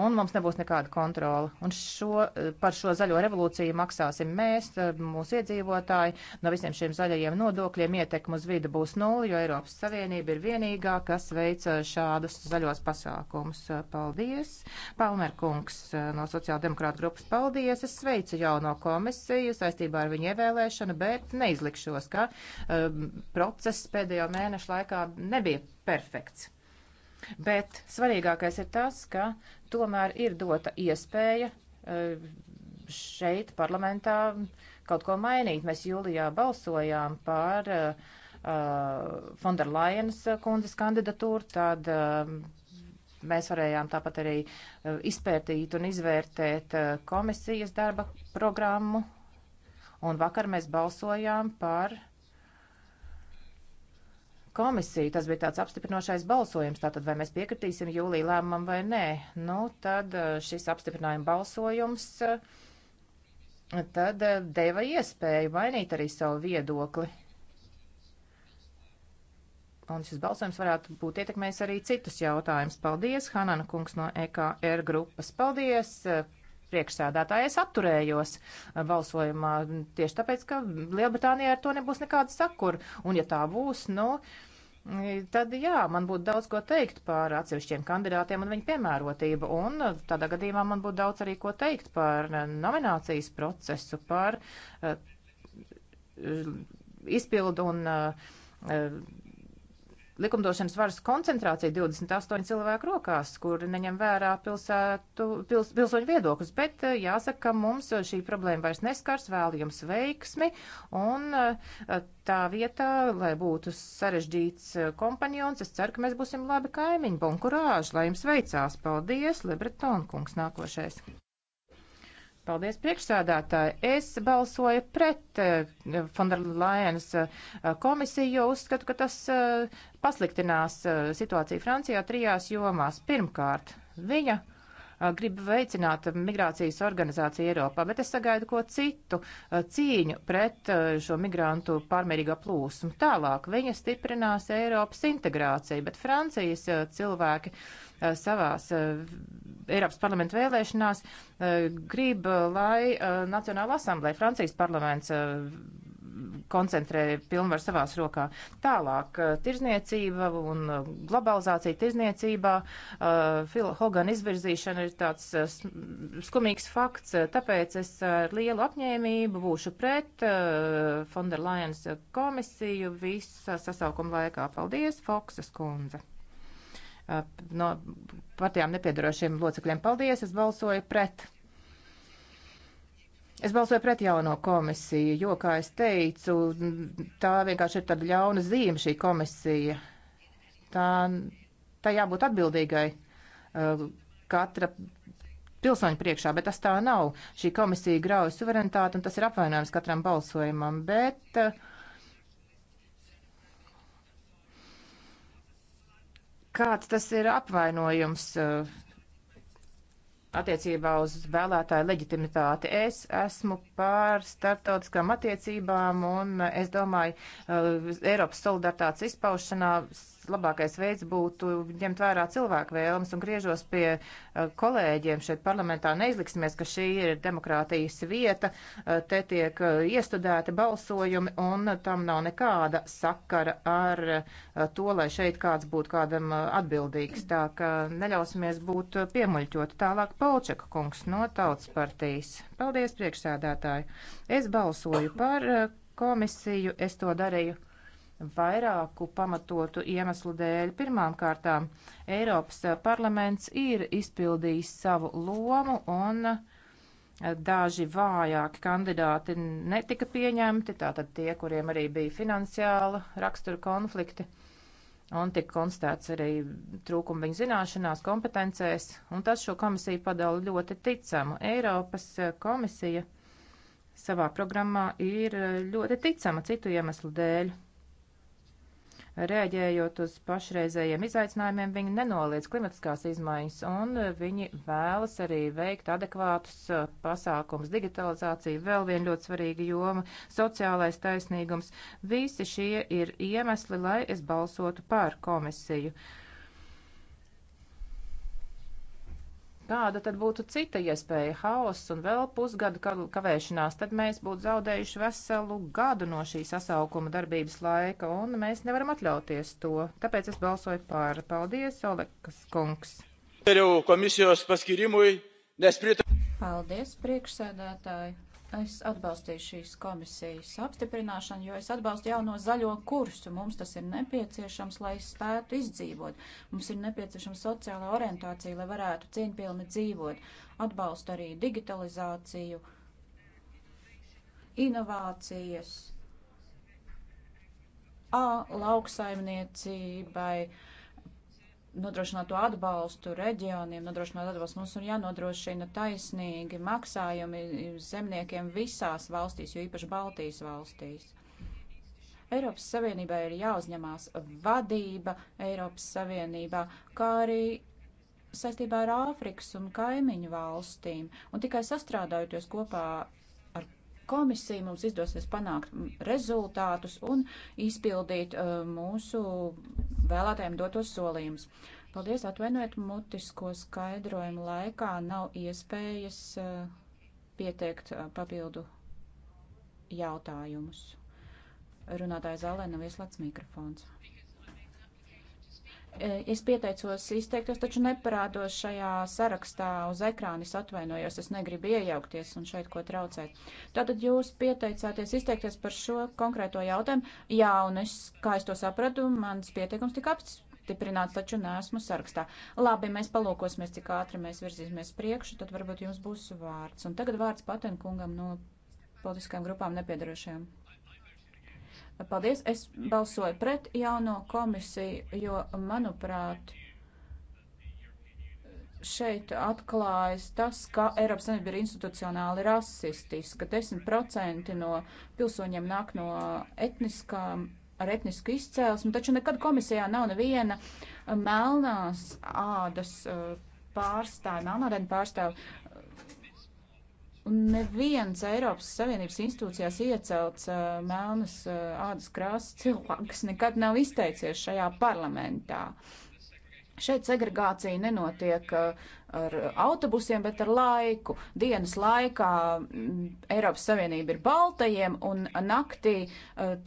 un mums nebūs nekāda kontrola. Un šo, par šo zaļo revolūciju maksāsim mēs, eh, mūsu iedzīvotāji, no visiem šiem zaļajiem nodokļiem ietekmu uz vidu būs nulli, jo Eiropas Savienība ir vienīgā, kas veic eh, šādus zaļos pasākumus. Paldies! Palmer kungs eh, no sociāldemokrāta grupas paldies! Es sveicu jauno komisiju saistībā ar viņu ievēlēšanu, bet neizlikšos, ka um, process pēdējo mēnešu laikā nebija perfekts. Bet svarīgākais ir tas, ka tomēr ir dota iespēja eh, šeit parlamentā kaut ko mainīt. Mēs jūlijā balsojām par Fonderlajenas eh, eh, kundzes kandidatūru, tad mēs varējām tāpat arī izpētīt un izvērtēt komisijas darba programmu. Un vakar mēs balsojām par uh, komisiju. Tas bija tāds apstiprinošais balsojums. Tātad, vai mēs piekritīsim jūlija lēmumam vai nē, nu, tad eh, šis apstiprinājuma balsojums eh, tad eh, deva iespēju mainīt arī savu viedokli. Un šis balsojums varētu būt ietekmējis arī citus jautājumus. Paldies, Hanana kungs no EKR grupas. Paldies! priekšsēdētāji. Es atturējos uh, balsojumā tieši tāpēc, ka Lielbritānijā ar to nebūs nekāda sakura. Un ja tā būs, nu. Tad jā, man būtu daudz ko teikt par atsevišķiem kandidātiem un viņu piemērotību, un uh, tādā gadījumā man būtu daudz arī ko teikt par uh, nominācijas procesu, par uh, izpildu un uh, likumdošanas varas koncentrācija 28 cilvēku rokās, kur neņem vērā pilsētu, pils, pilsoņu viedokļus, bet eh, jāsaka, ka mums šī problēma vairs neskars, vēl jums veiksmi, un eh, tā vietā, lai būtu sarežģīts eh, kompanions, es ceru, ka mēs būsim labi kaimiņi, bonkurāži, lai jums veicās. Paldies, Lebreton kungs nākošais. Paldies, priekšsādātāji. Es balsoju pret Fonderlainas eh, eh, komisiju, jo uzskatu, ka tas eh, pasliktinās situāciju Francijā trijās jomās. Pirmkārt, viņa Uh, grib veicināt migrācijas organizāciju Eiropā, bet es sagaidu ko citu uh, cīņu pret uh, šo migrantu pārmērīgo plūsmu. Tālāk viņa stiprinās Eiropas integrāciju, bet Francijas cilvēki savās Eiropas parlamenta vēlēšanās grib, lai Nacionāla asamblē Francijas parlaments koncentrē pilnvar savās rokā. Tālāk, tirzniecība un globalizācija tirzniecībā, Fila Hogan izvirzīšana ir tāds skumīgs fakts, tāpēc es ar lielu apņēmību būšu pret Fonderlajens komisiju visa sasaukuma laikā. Paldies, Foksas kundze! no partijām nepiedarošiem locekļiem. Paldies, es balsoju pret Es balsoju pret jauno komisiju, jo, kā es teicu, tā vienkārši ir tāda ļauna zīme šī komisija. Tā, tā jābūt atbildīgai uh, katra pilsoņu priekšā, bet tas tā nav. Šī komisija grauja suverenitāti, un tas ir apvainojums katram balsojumam, bet uh, kāds tas ir apvainojums? Uh, attiecībā uz vēlētāju leģitimitāti. Es esmu pār starptautiskām attiecībām un es domāju, uh, Eiropas solidaritātes izpaušanā labākais veids būtu ņemt vērā cilvēku vēlmes un griežos pie eh, kolēģiem šeit parlamentā. Neizliksimies, ka šī ir demokrātijas vieta, eh, te tiek eh, iestudēti balsojumi un tam nav nekāda sakara ar to, lai šeit kāds būtu kādam atbildīgs. Tā ka neļausimies būt piemuļķot. Tālāk Polčaka kungs no Tautas partijas. Paldies, priekšsēdētāji. Es balsoju par komisiju, es to darīju vairāku pamatotu iemeslu dēļ. Pirmām kārtām, Eiropas parlaments ir izpildījis savu lomu un eh, daži vājāki kandidāti netika pieņemti, tātad tie, kuriem arī bija finansiāla rakstura konflikti. Un tika konstatēts arī trūkumi viņa zināšanās, kompetencēs, un tas šo komisiju padala ļoti ticamu. Eiropas eh, komisija savā programmā ir eh, ļoti ticama citu iemeslu dēļ, Rēģējot uz pašreizējiem izaicinājumiem, viņi nenoliedz klimatiskās izmaiņas un viņi vēlas arī veikt adekvātus uh, pasākums. Digitalizācija vēl viena ļoti svarīga joma, sociālais taisnīgums. Visi šie ir iemesli, lai es balsotu par komisiju. Uh, Kāda tad būtu cita iespēja, haoss un vēl pusgada kavēšanās, tad mēs būtu zaudējuši veselu gadu no šī sasaukuma darbības laika, un mēs nevaram atļauties to. Tāpēc es balsoju pār. Paldies, Olekas kungs. Paldies, priekšsēdētāji. Es atbalstīšu šīs komisijas apstiprināšanu, jo es atbalstu jauno zaļo kursu. Mums tas ir nepieciešams, lai spētu izdzīvot. Mums ir nepieciešama sociālā orientācija, lai varētu cieņpilni dzīvot. Atbalstu arī digitalizāciju, inovācijas, A, lauksaimniecībai. Uh, nodrošināt to atbalstu reģioniem, nodrošināt atbalstu mums un jānodrošina taisnīgi maksājumi zemniekiem visās valstīs, jo īpaši Baltijas valstīs. Eiropas Savienībā ir jāuzņemās vadība Eiropas Savienībā, kā arī saistībā ar Āfrikas un kaimiņu valstīm, un tikai sastrādājoties kopā komisija mums izdosies panākt rezultātus un izpildīt uh, mūsu vēlētājiem dotos solījumus. Paldies, atvainojiet, mutisko skaidrojumu laikā nav iespējas uh, pieteikt uh, papildu jautājumus. Runātāja zālē nav ieslēgts mikrofons. E, es pieteicos izteikties, taču neparādos šajā sarakstā uz ekrāna. Es atvainojos, es negribu iejaukties un šeit ko traucēt. Tātad jūs pieteicāties izteikties par šo konkrēto jautājumu. Jā, un es, kā es to sapratu, mans pieteikums tika apstiprināts, taču neesmu sarakstā. Labi, mēs palūkosimies, cik ātri mēs virzīsimies priekšu, tad varbūt jums būs vārds. Un tagad vārds patenkungam no politiskajām grupām nepiedarošajām. Paldies, es balsoju pret jauno komisiju, jo, manuprāt, šeit atklājas tas, ka Eiropas Savienība ir institucionāli rasistiska. 10% no pilsoņiem nāk no etniskām, ar etnisku izcēlesmu, taču nekad komisijā nav neviena melnās ādas uh, pārstāvja, melnādēna pārstāvja. Neviens Eiropas Savienības institūcijās iecelts uh, melnas uh, ādas krāsas cilvēks nekad nav izteicies šajā parlamentā. Šeit segregācija nenotiek uh, ar autobusiem, bet ar laiku. Dienas laikā Eiropas Savienība ir baltajiem, un naktī uh,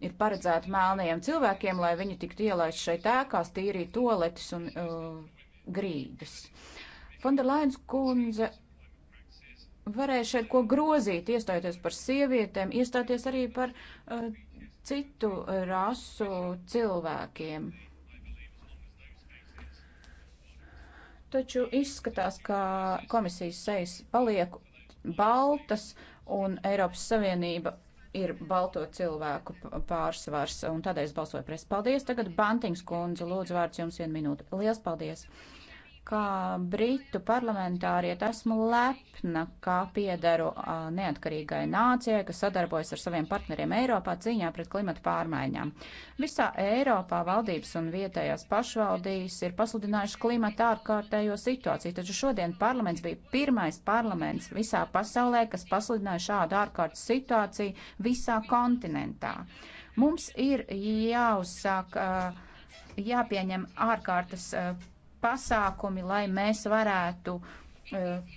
ir paredzēta melnajiem cilvēkiem, lai viņi tiktu ielaist šeit ēkās, tīrīt toaletes un uh, grīdas. Fonderlains kundze varēja šeit ko grozīt, iestājoties par sievietēm, iestāties arī par uh, citu rasu cilvēkiem. Taču izskatās, ka komisijas sejas paliek baltas un Eiropas Savienība ir balto cilvēku pārsvars, un tādēļ es balsoju pret. Paldies, tagad Bantiņas kundze, lūdzu vārds jums vienu minūti. Liels paldies! kā britu parlamentāriet esmu lepna, kā piedaru a, neatkarīgai nācijai, kas sadarbojas ar saviem partneriem Eiropā cīņā pret klimata pārmaiņām. Visā Eiropā valdības un vietējās pašvaldīs ir pasludinājuši klimata ārkārtējo situāciju, taču šodien parlaments bija pirmais parlaments visā pasaulē, kas pasludināja šādu ārkārtas situāciju visā kontinentā. Mums ir jāuzsāk. Uh, jāpieņem ārkārtas pasākumi, lai mēs varētu uh,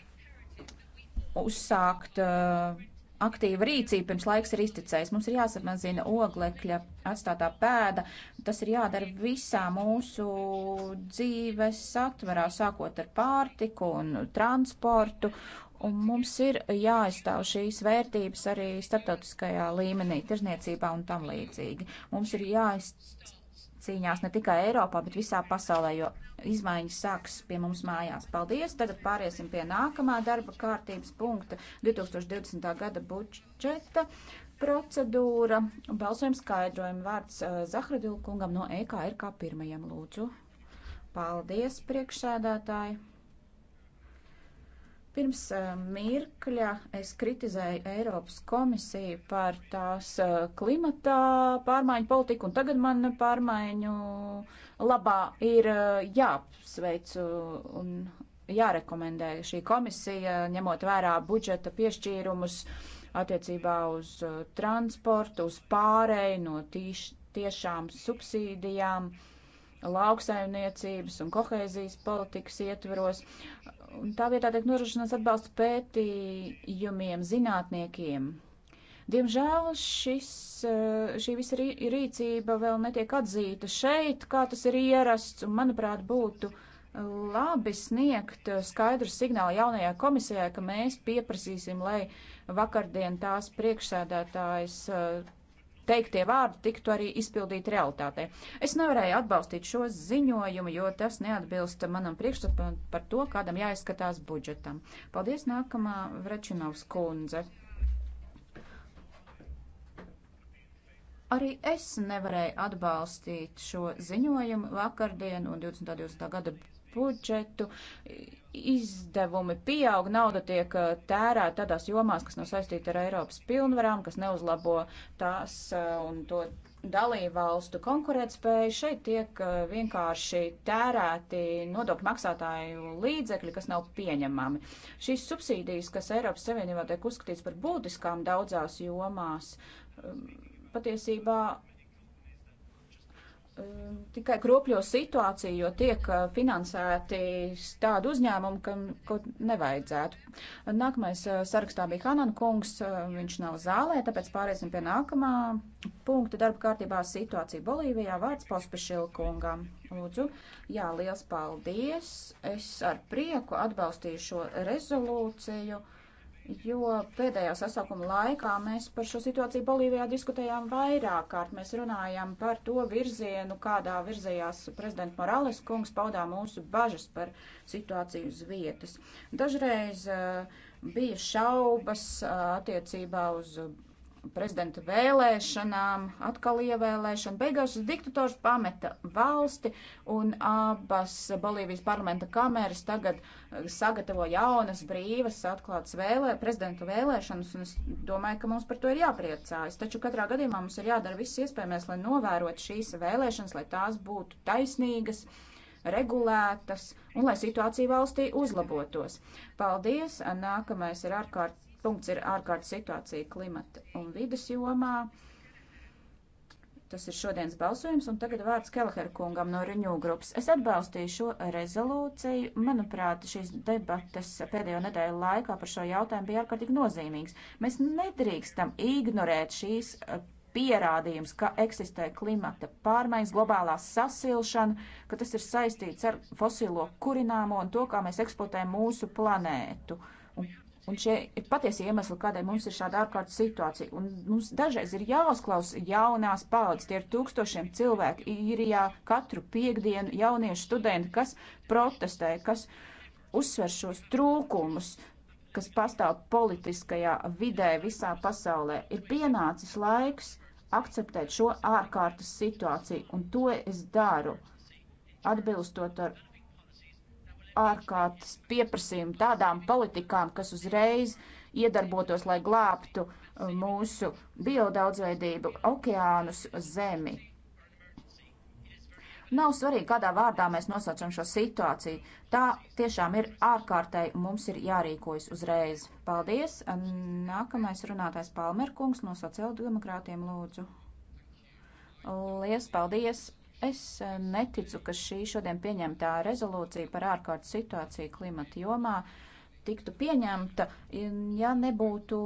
uzsākt uh, aktīvu rīcību pirms laiks ir izticējis. Mums ir jāsamazina oglekļa atstātā pēda. Tas ir jādara visā mūsu dzīves satverā, sākot ar pārtiku un transportu. Un mums ir jāaizstāv šīs vērtības arī starptautiskajā līmenī, tirzniecībā un tam līdzīgi. Mums ir jāaizstāv cīņās ne tikai Eiropā, bet visā pasaulē, jo izmaiņas sāks pie mums mājās. Paldies! Tagad pāriesim pie nākamā darba kārtības punkta 2020. gada budžeta procedūra. Balsojums skaidrojumu vārds eh, Zahradilu kungam no EKR kā pirmajam lūdzu. Paldies, priekšsēdētāji! Pirms mirkļa es kritizēju Eiropas komisiju par tās klimata pārmaiņu politiku, un tagad man pārmaiņu labā ir jāapsveic un jārekomendē šī komisija, ņemot vērā budžeta piešķīrumus attiecībā uz transportu, uz pārēju no tīš, tiešām subsīdijām. Uh, lauksaimniecības un kohēzijas politikas ietveros. Un tā vietā tiek norošināts atbalsts pētījumiem, zinātniekiem. Diemžēl šis, eh, šī visa rīcība vēl netiek atzīta šeit, kā tas ir ierasts, un manuprāt būtu labi sniegt skaidru signālu jaunajā komisijā, ka mēs pieprasīsim, lai vakardien tās priekšsēdētājs eh, teiktie vārdi tiktu arī izpildīti realitātē. Es nevarēju atbalstīt šo ziņojumu, jo tas neatbilst manam priekšstatam par to, kādam jāizskatās budžetam. Paldies, nākamā Vrečinovs kundze. Arī es nevarēju atbalstīt šo ziņojumu vakardien un 2020. gada budžetu izdevumi pieaug, nauda tiek uh, tērēta tādās jomās, kas nav saistīta ar Eiropas pilnvarām, kas neuzlabo tās uh, un to dalībvalstu konkurētspēju. Šeit tiek uh, vienkārši tērēti nodokļu maksātāju līdzekļi, kas nav pieņemami. Šīs subsīdijas, kas Eiropas Savienībā tiek uzskatīts par būtiskām daudzās jomās, um, patiesībā Um, tikai kropļo situāciju, jo tiek uh, finansēti tādu uzņēmumu, kam kaut nevajadzētu. Nākamais uh, sarakstā bija Hanan kungs, uh, viņš nav zālē, tāpēc pāriesim pie nākamā punkta darba kārtībā situācija Bolīvijā, vārds Pospešil kungam. Lūdzu, jā, liels paldies, es ar prieku atbalstīšu šo rezolūciju jo pēdējā sasaukuma laikā mēs par šo situāciju Bolīvijā diskutējām vairāk kārt. Mēs runājām par to virzienu, kādā virzījās prezidents Morales kungs, paudām mūsu bažas par situāciju uz vietas. Dažreiz uh, bija šaubas uh, attiecībā uz prezidenta vēlēšanām, atkal ievēlēšana. Beigās diktators pameta valsti un abas Bolīvijas parlamenta kameras tagad eh, sagatavo jaunas, brīvas, atklātas vēlē, prezidenta vēlēšanas, un es domāju, ka mums par to ir jāpriecājas. Taču katrā gadījumā mums ir jādara viss iespējamais, lai novērotu šīs vēlēšanas, lai tās būtu taisnīgas regulētas un lai situācija valstī uzlabotos. Paldies! Nākamais ir ārkārt punkts ir ārkārtas situācija klimata un vidas jomā. Tas ir šodienas balsojums, un tagad vārds Kelher kungam no Riņū grupas. Es atbalstīju šo rezolūciju. Manuprāt, šīs debatas pēdējo nedēļu laikā par šo jautājumu bija ārkārtīgi nozīmīgs. Mēs nedrīkstam ignorēt šīs eh, pierādījums, ka eksistē klimata pārmaiņas, globālā sasilšana, ka tas ir saistīts ar fosilo kurināmo un to, kā mēs eksploatējam mūsu planētu. Un Un šie ir patiesie iemesli, kādēļ mums ir šāda ārkārtas situācija. Un mums dažreiz ir jāuzklausa jaunās paudzes. Tie ir tūkstošiem cilvēku īrijā katru piekdienu jauniešu studenti, kas protestē, kas uzsver šos trūkumus, kas pastāv politiskajā vidē visā pasaulē. Ir pienācis laiks akceptēt šo ārkārtas situāciju, un to es daru, atbilstot ar ārkārtas pieprasījumu tādām politikām, kas uzreiz iedarbotos, lai glābtu uh, mūsu biodaudzveidību, okeānus, zemi. Nav svarīgi, kādā vārdā mēs nosaucam šo situāciju. Tā tiešām ir ārkārtēji, mums ir jārīkojas uzreiz. Paldies. Nākamais runātājs Palmerkungs no sociāldemokrātiem lūdzu. Lies, paldies. Es eh, neticu, ka šī šodien pieņemtā rezolūcija par ārkārtas situāciju klimata jomā tiktu pieņemta, ja nebūtu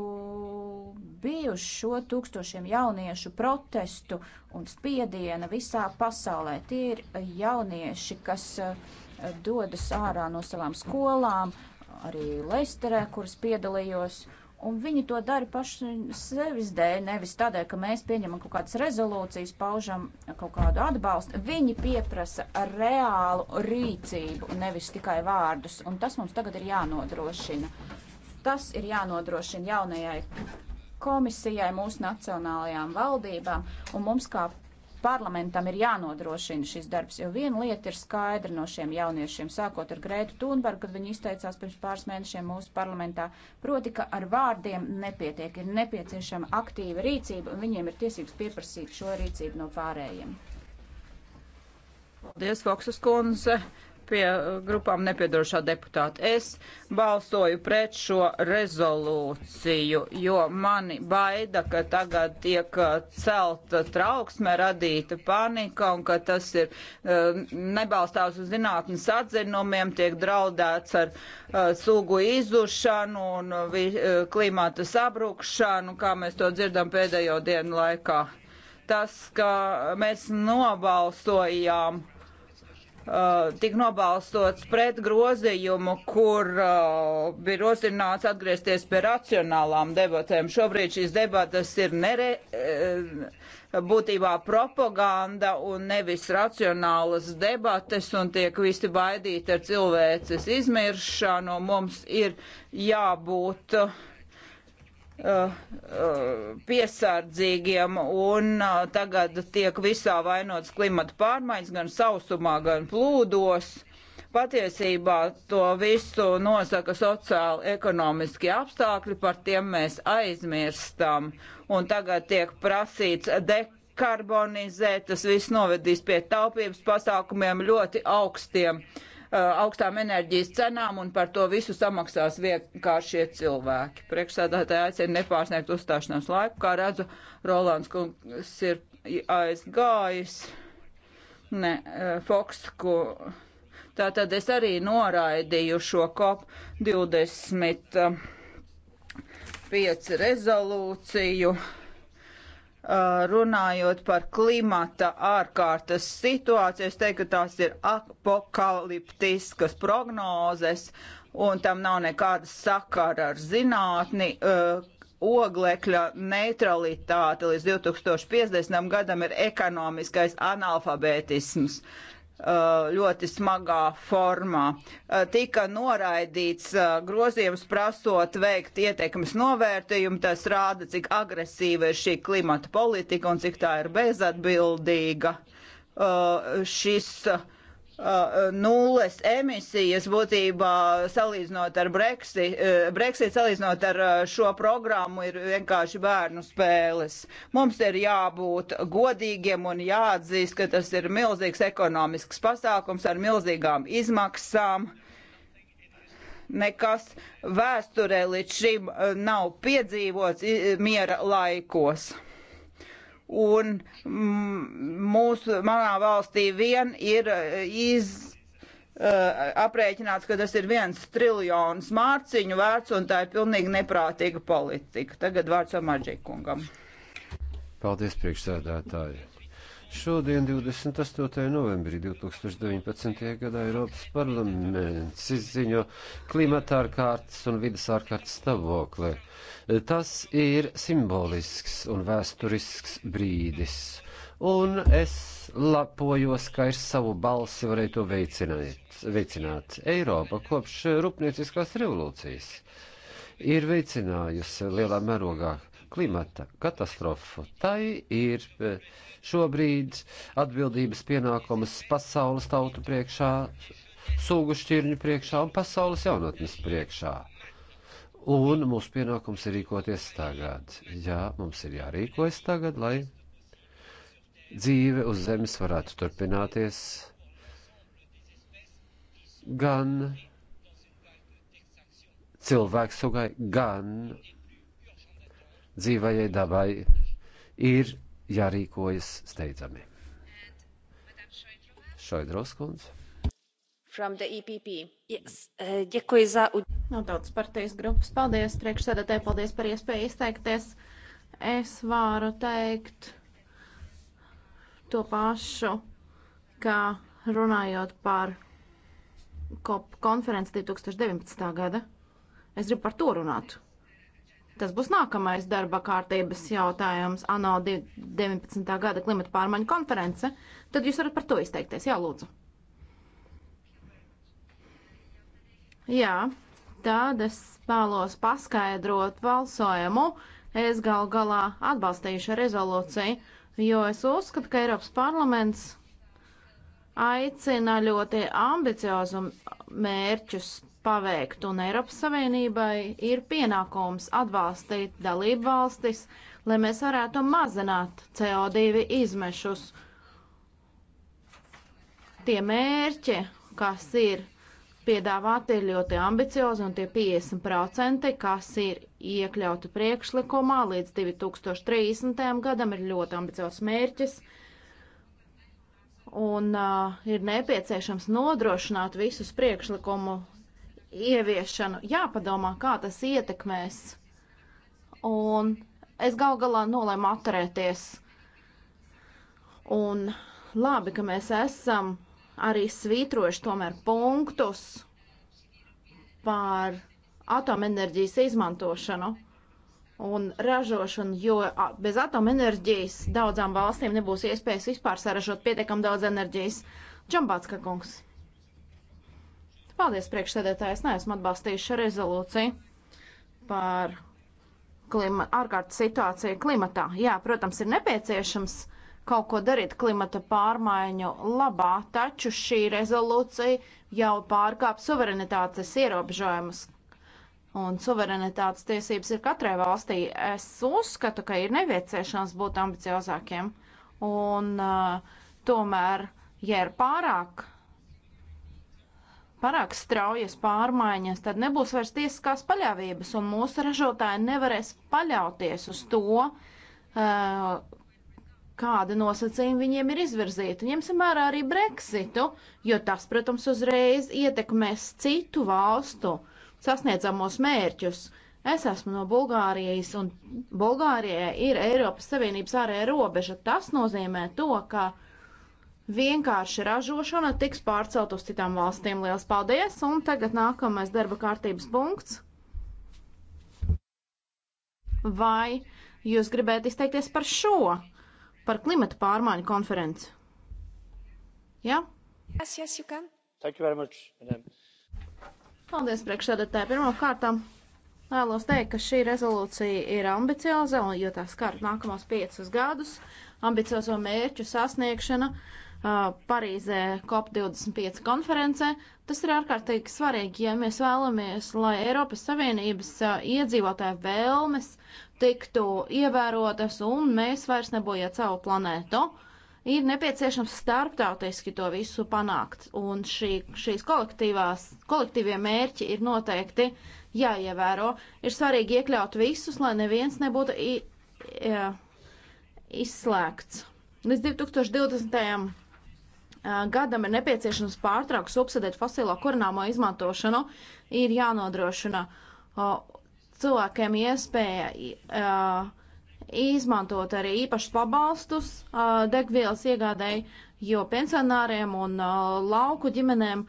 bijuši šo tūkstošiem jauniešu protestu un spiediena visā pasaulē. Tie ir jaunieši, kas eh, dodas ārā no savām skolām, arī Leisterē, kuras piedalījos, Un viņi to dara paši sevis dēļ, nevis tādēļ, ka mēs pieņemam kaut kādas rezolūcijas, paužam kaut kādu atbalstu. Viņi pieprasa reālu rīcību, nevis tikai vārdus. Un tas mums tagad ir jānodrošina. Tas ir jānodrošina jaunajai komisijai, mūsu nacionālajām valdībām un mums kā Parlamentam ir jānodrošina šis darbs, jo viena lieta ir skaidra no šiem jauniešiem, sākot ar Grētu Tunbergu, kad viņi izteicās pirms pāris mēnešiem mūsu parlamentā, proti, ka ar vārdiem nepietiek, ir nepieciešama aktīva rīcība, un viņiem ir tiesības pieprasīt šo rīcību no pārējiem. Paldies, Foksas kundze! pie grupām nepiedarošā deputāta. Es balsoju pret šo rezolūciju, jo mani baida, ka tagad tiek uh, celta trauksme, radīta panika un ka tas ir uh, nebalstās uz zinātnes atzinumiem, tiek draudēts ar uh, sugu izušanu un klimata sabrukšanu, kā mēs to dzirdam pēdējo dienu laikā. Tas, ka mēs nobalsojām uh, Uh, tik nobalstots pret grozījumu, kur uh, bija rosināts atgriezties pie racionālām debatēm. Šobrīd šīs debatas ir nere, uh, būtībā propaganda un nevis racionālas debates, un tiek visi baidīti ar cilvēces izmiršanu. Mums ir jābūt. Uh, Uh, piesardzīgiem un uh, tagad tiek visā vainots klimata pārmaiņas, gan sausumā, gan plūdos. Patiesībā to visu nosaka sociāli ekonomiski apstākļi, par tiem mēs aizmirstam. Un tagad tiek prasīts dekarbonizēt, tas viss novedīs pie taupības pasākumiem ļoti augstiem uh, Uh, augstām enerģijas cenām un par to visu samaksās vienkāršie cilvēki. Priekšsēdētāji aicina nepārsniegt uzstāšanās laiku, kā redzu, Rolands kungs ir aizgājis. Nē, uh, Foks, ko. Tātad es arī noraidīju šo COP25 uh, rezolūciju. Eh, runājot par klimata ārkārtas situāciju, es teiktu, ka tās ir apokaliptiskas prognozes, un tam nav nekāda sakara ar zinātni. Eh, oglekļa neutralitāte līdz 2050. gadam ir ekonomiskais analfabētisms. Uh, Uh, ļoti smagā formā. Uh, tika noraidīts uh, grozījums prasot veikt ietekmes novērtējumu. Tas rāda, cik agresīva ir šī klimata politika un cik tā ir bezatbildīga. Šis uh, Uh, nulles emisijas būtībā salīdzinot ar Brexit, uh, Brexit salīdzinot ar uh, šo programmu ir vienkārši bērnu spēles. Mums ir jābūt godīgiem un jāatzīst, ka tas ir milzīgs ekonomisks pasākums ar milzīgām izmaksām. Nekas vēsturē līdz šim nav piedzīvots miera laikos un mm, mūsu, manā valstī vien ir eh, iz, uh, aprēķināts, ka tas ir viens triljons mārciņu vērts, un tā ir pilnīgi neprātīga politika. Tagad vārds Amaģikungam. Paldies, priekšsēdētāji. Šodien, 28. novembrī 2019. gadā, Eiropas parlaments izziņo klimata ārkārtas un vidas ārkārtas stāvoklē. Tas ir simbolisks un vēsturisks brīdis, un es lapojos, ka ar savu balsi varēju to veicināt. veicināt. Eiropa kopš Rūpnieciskās revolūcijas ir veicinājusi lielā mērogā klimata katastrofu. Tai ir e, šobrīd atbildības pienākumas pasaules tautu priekšā, sūgu šķirņu priekšā un pasaules jaunatnes priekšā. Un mūsu pienākums ir rīkoties tagad. Jā, mums ir jārīkojas tagad, lai dzīve uz zemes varētu turpināties gan cilvēksugai, gan dzīvajai dabai ir jārīkojas steidzami. Šoidros kundze. E yes. Eh, za... No tautas partijas grupas paldies, priekšsēdētāji, paldies par iespēju izteikties. Es varu teikt to pašu, kā runājot par COP konferenci 2019. gada. Es gribu par to runāt. Tas būs nākamais darba kārtības jautājums ANO 19. gada klimata pārmaiņu konference. Tad jūs varat par to izteikties. Jā, lūdzu. Jā, tad es vēlos paskaidrot balsojumu. Es gal galā atbalstīšu rezolūciju, jo es uzskatu, ka Eiropas parlaments aicina ļoti ambiciozu mērķus paveikt, un Eiropas Savienībai ir pienākums atbalstīt dalību valstis, lai mēs varētu mazināt CO2 izmešus. Tie mērķi, kas ir piedāvāti, ir ļoti ambiciozi, un tie 50%, kas ir iekļauti priekšlikumā līdz 2030. gadam, ir ļoti ambiciozs mērķis un uh, ir nepieciešams nodrošināt visus priekšlikumu ieviešanu. Jāpadomā, kā tas ietekmēs. Un es gal galā nolēmu atturēties. Un labi, ka mēs esam arī svītrojuši tomēr punktus par atomenerģijas izmantošanu un ražošanu, jo bez atomenerģijas daudzām valstīm nebūs iespējas vispār saražot pietiekam daudz enerģijas. Čambātska kungs. Paldies, priekšsēdētāji. Es neesmu atbalstījis šo rezolūciju par klima, ārkārtas situāciju klimatā. Jā, protams, ir nepieciešams kaut ko darīt klimata pārmaiņu labā, taču šī rezolūcija jau pārkāp suverenitātes ierobežojumus. Un suverenitātes tiesības ir katrai valstī. Es uzskatu, ka ir nepieciešams būt ambiciozākiem. Un uh, tomēr, ja ir pārāk pārāk straujas pārmaiņas, tad nebūs vairs tiesiskās paļāvības, un mūsu ražotāji nevarēs paļauties uz to, kāda nosacījuma viņiem ir izvirzīta. Ņemsim vērā arī Brexitu, jo tas, protams, uzreiz ietekmēs citu valstu sasniedzamos mērķus. Es esmu no Bulgārijas, un Bulgārijai ir Eiropas Savienības ārēja robeža. Tas nozīmē to, ka uh, vienkārši ražošana tiks pārcelt uz citām valstīm. Lielas paldies! Un tagad nākamais darba kārtības punkts. Vai jūs gribētu izteikties par šo, par klimata pārmaiņu konferenci? Jā? Ja? Yes, yes, you can. Thank you very much, madam. Paldies, priekšsēdētāji. Pirmkārt, vēlos teikt, ka šī rezolūcija ir ambicioza, jo tā skar nākamos piecus gadus ambiciozo mērķu sasniegšana. Uh, Parīzē COP25 konferencē. Tas ir ārkārtīgi svarīgi, ja mēs vēlamies, lai Eiropas Savienības iedzīvotāju vēlmes tiktu ievērotas un mēs vairs nebojāt savu planētu. Ir nepieciešams starptautiski to visu panākt, un šī, šīs kolektīvie mērķi ir noteikti jāievēro. Ir svarīgi iekļaut visus, lai neviens nebūtu i, i, izslēgts. Līdz 2020 gadam ir nepieciešams pārtraukt subsidēt fosilo kurināmo izmantošanu, ir jānodrošina cilvēkiem iespēja izmantot arī īpašus pabalstus degvielas iegādēji, jo pensionāriem un lauku ģimenēm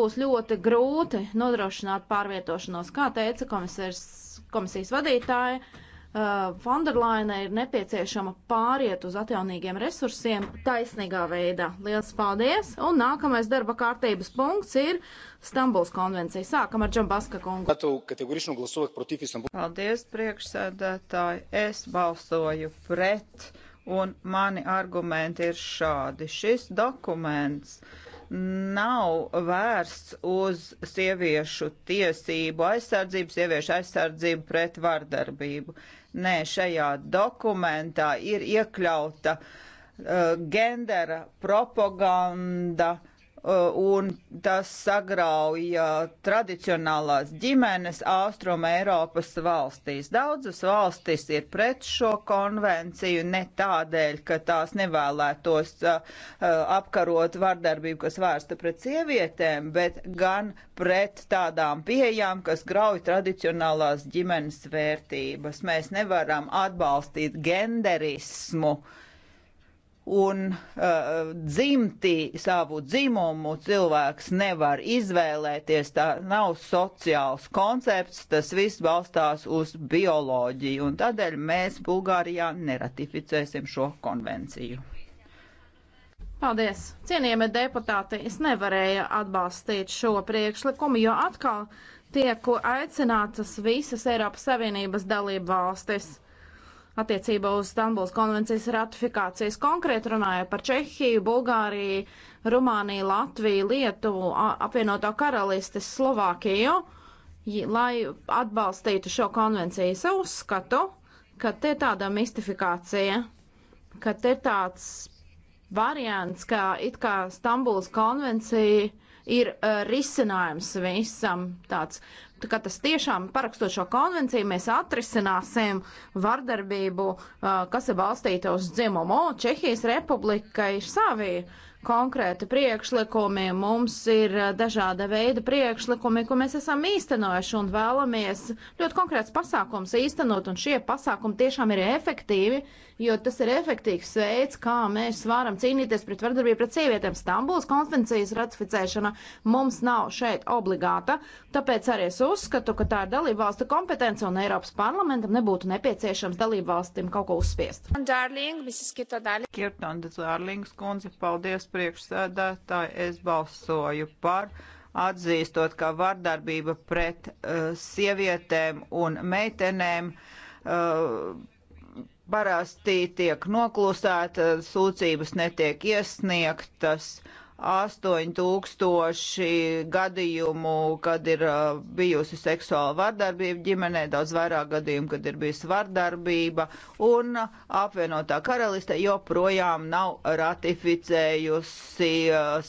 būs ļoti grūti nodrošināt pārvietošanos, kā teica komisijas vadītāja Uh, Fonderlaina ir nepieciešama pāriet uz atjaunīgiem resursiem taisnīgā veidā. Lielas paldies! Un nākamais darba kārtības punkts ir Stambuls konvencija. Sākam ar Džambaska kungu. Paldies, priekšsēdētāji! Es balsoju pret, un mani argumenti ir šādi. Šis dokuments nav vērsts uz sieviešu tiesību aizsardzību, sieviešu aizsardzību pret vardarbību. Nē, šajā dokumentā ir iekļauta uh, gendera propaganda, Uh, un tas sagrauja tradicionālās ģimenes Austrum Eiropas valstīs. Daudzas valstis ir pret šo konvenciju ne tādēļ, ka tās nevēlētos uh, uh, apkarot vardarbību, kas vērsta pret sievietēm, bet gan pret tādām pieejām, kas grauj tradicionālās ģimenes vērtības. Mēs nevaram atbalstīt genderismu. Uh, un uh, dzimti, savu dzimumu cilvēks nevar izvēlēties. Tā nav sociāls koncepts, tas viss balstās uz bioloģiju, un tādēļ mēs Bulgārijā neratificēsim šo konvenciju. Paldies! Cienījamie deputāti, es nevarēju atbalstīt šo priekšlikumu, jo atkal tiek aicinātas visas Eiropas Savienības dalība valstis attiecībā uz Stambuls konvencijas ratifikācijas. Konkrēti runāja par Čehiju, Bulgāriju, Rumāniju, Latviju, Lietuvu, apvienoto karalistes, Slovākiju, lai atbalstītu šo konvenciju. Es uzskatu, ka te ir tāda mistifikācija, ka te ir tāds variants, ka it kā Stambuls konvencija ir uh, risinājums visam tāds. Tā kā tas tiešām parakstot šo konvenciju, mēs atrisināsim vardarbību, uh, kas ir balstīta uz dzimumu. Čehijas republika ir savi uh, konkrēti priekšlikumi, mums ir eh, dažāda veida priekšlikumi, ko mēs esam īstenojuši un vēlamies ļoti konkrēts pasākums īstenot, un šie pasākumi tiešām ir efektīvi, jo tas ir efektīvs veids, kā mēs varam cīnīties pret vardarbību pret sievietēm. Stambuls konvencijas ratificēšana mums nav šeit obligāta, tāpēc arī es uzskatu, ka tā ir dalība valsta kompetence un Eiropas parlamentam nebūtu nepieciešams dalību valstim kaut ko uzspiest. Kirton, Dārlings, kundze, paldies priekšsēdētāji, es balsoju par atzīstot, ka vardarbība pret uh, sievietēm un meitenēm uh, parasti tiek noklusēta, sūdzības netiek iesniegtas 8000 gadījumu, kad ir bijusi seksuāla vardarbība ģimenē, daudz vairāk gadījumu, kad ir bijusi vardarbība, un apvienotā karaliste joprojām nav ratificējusi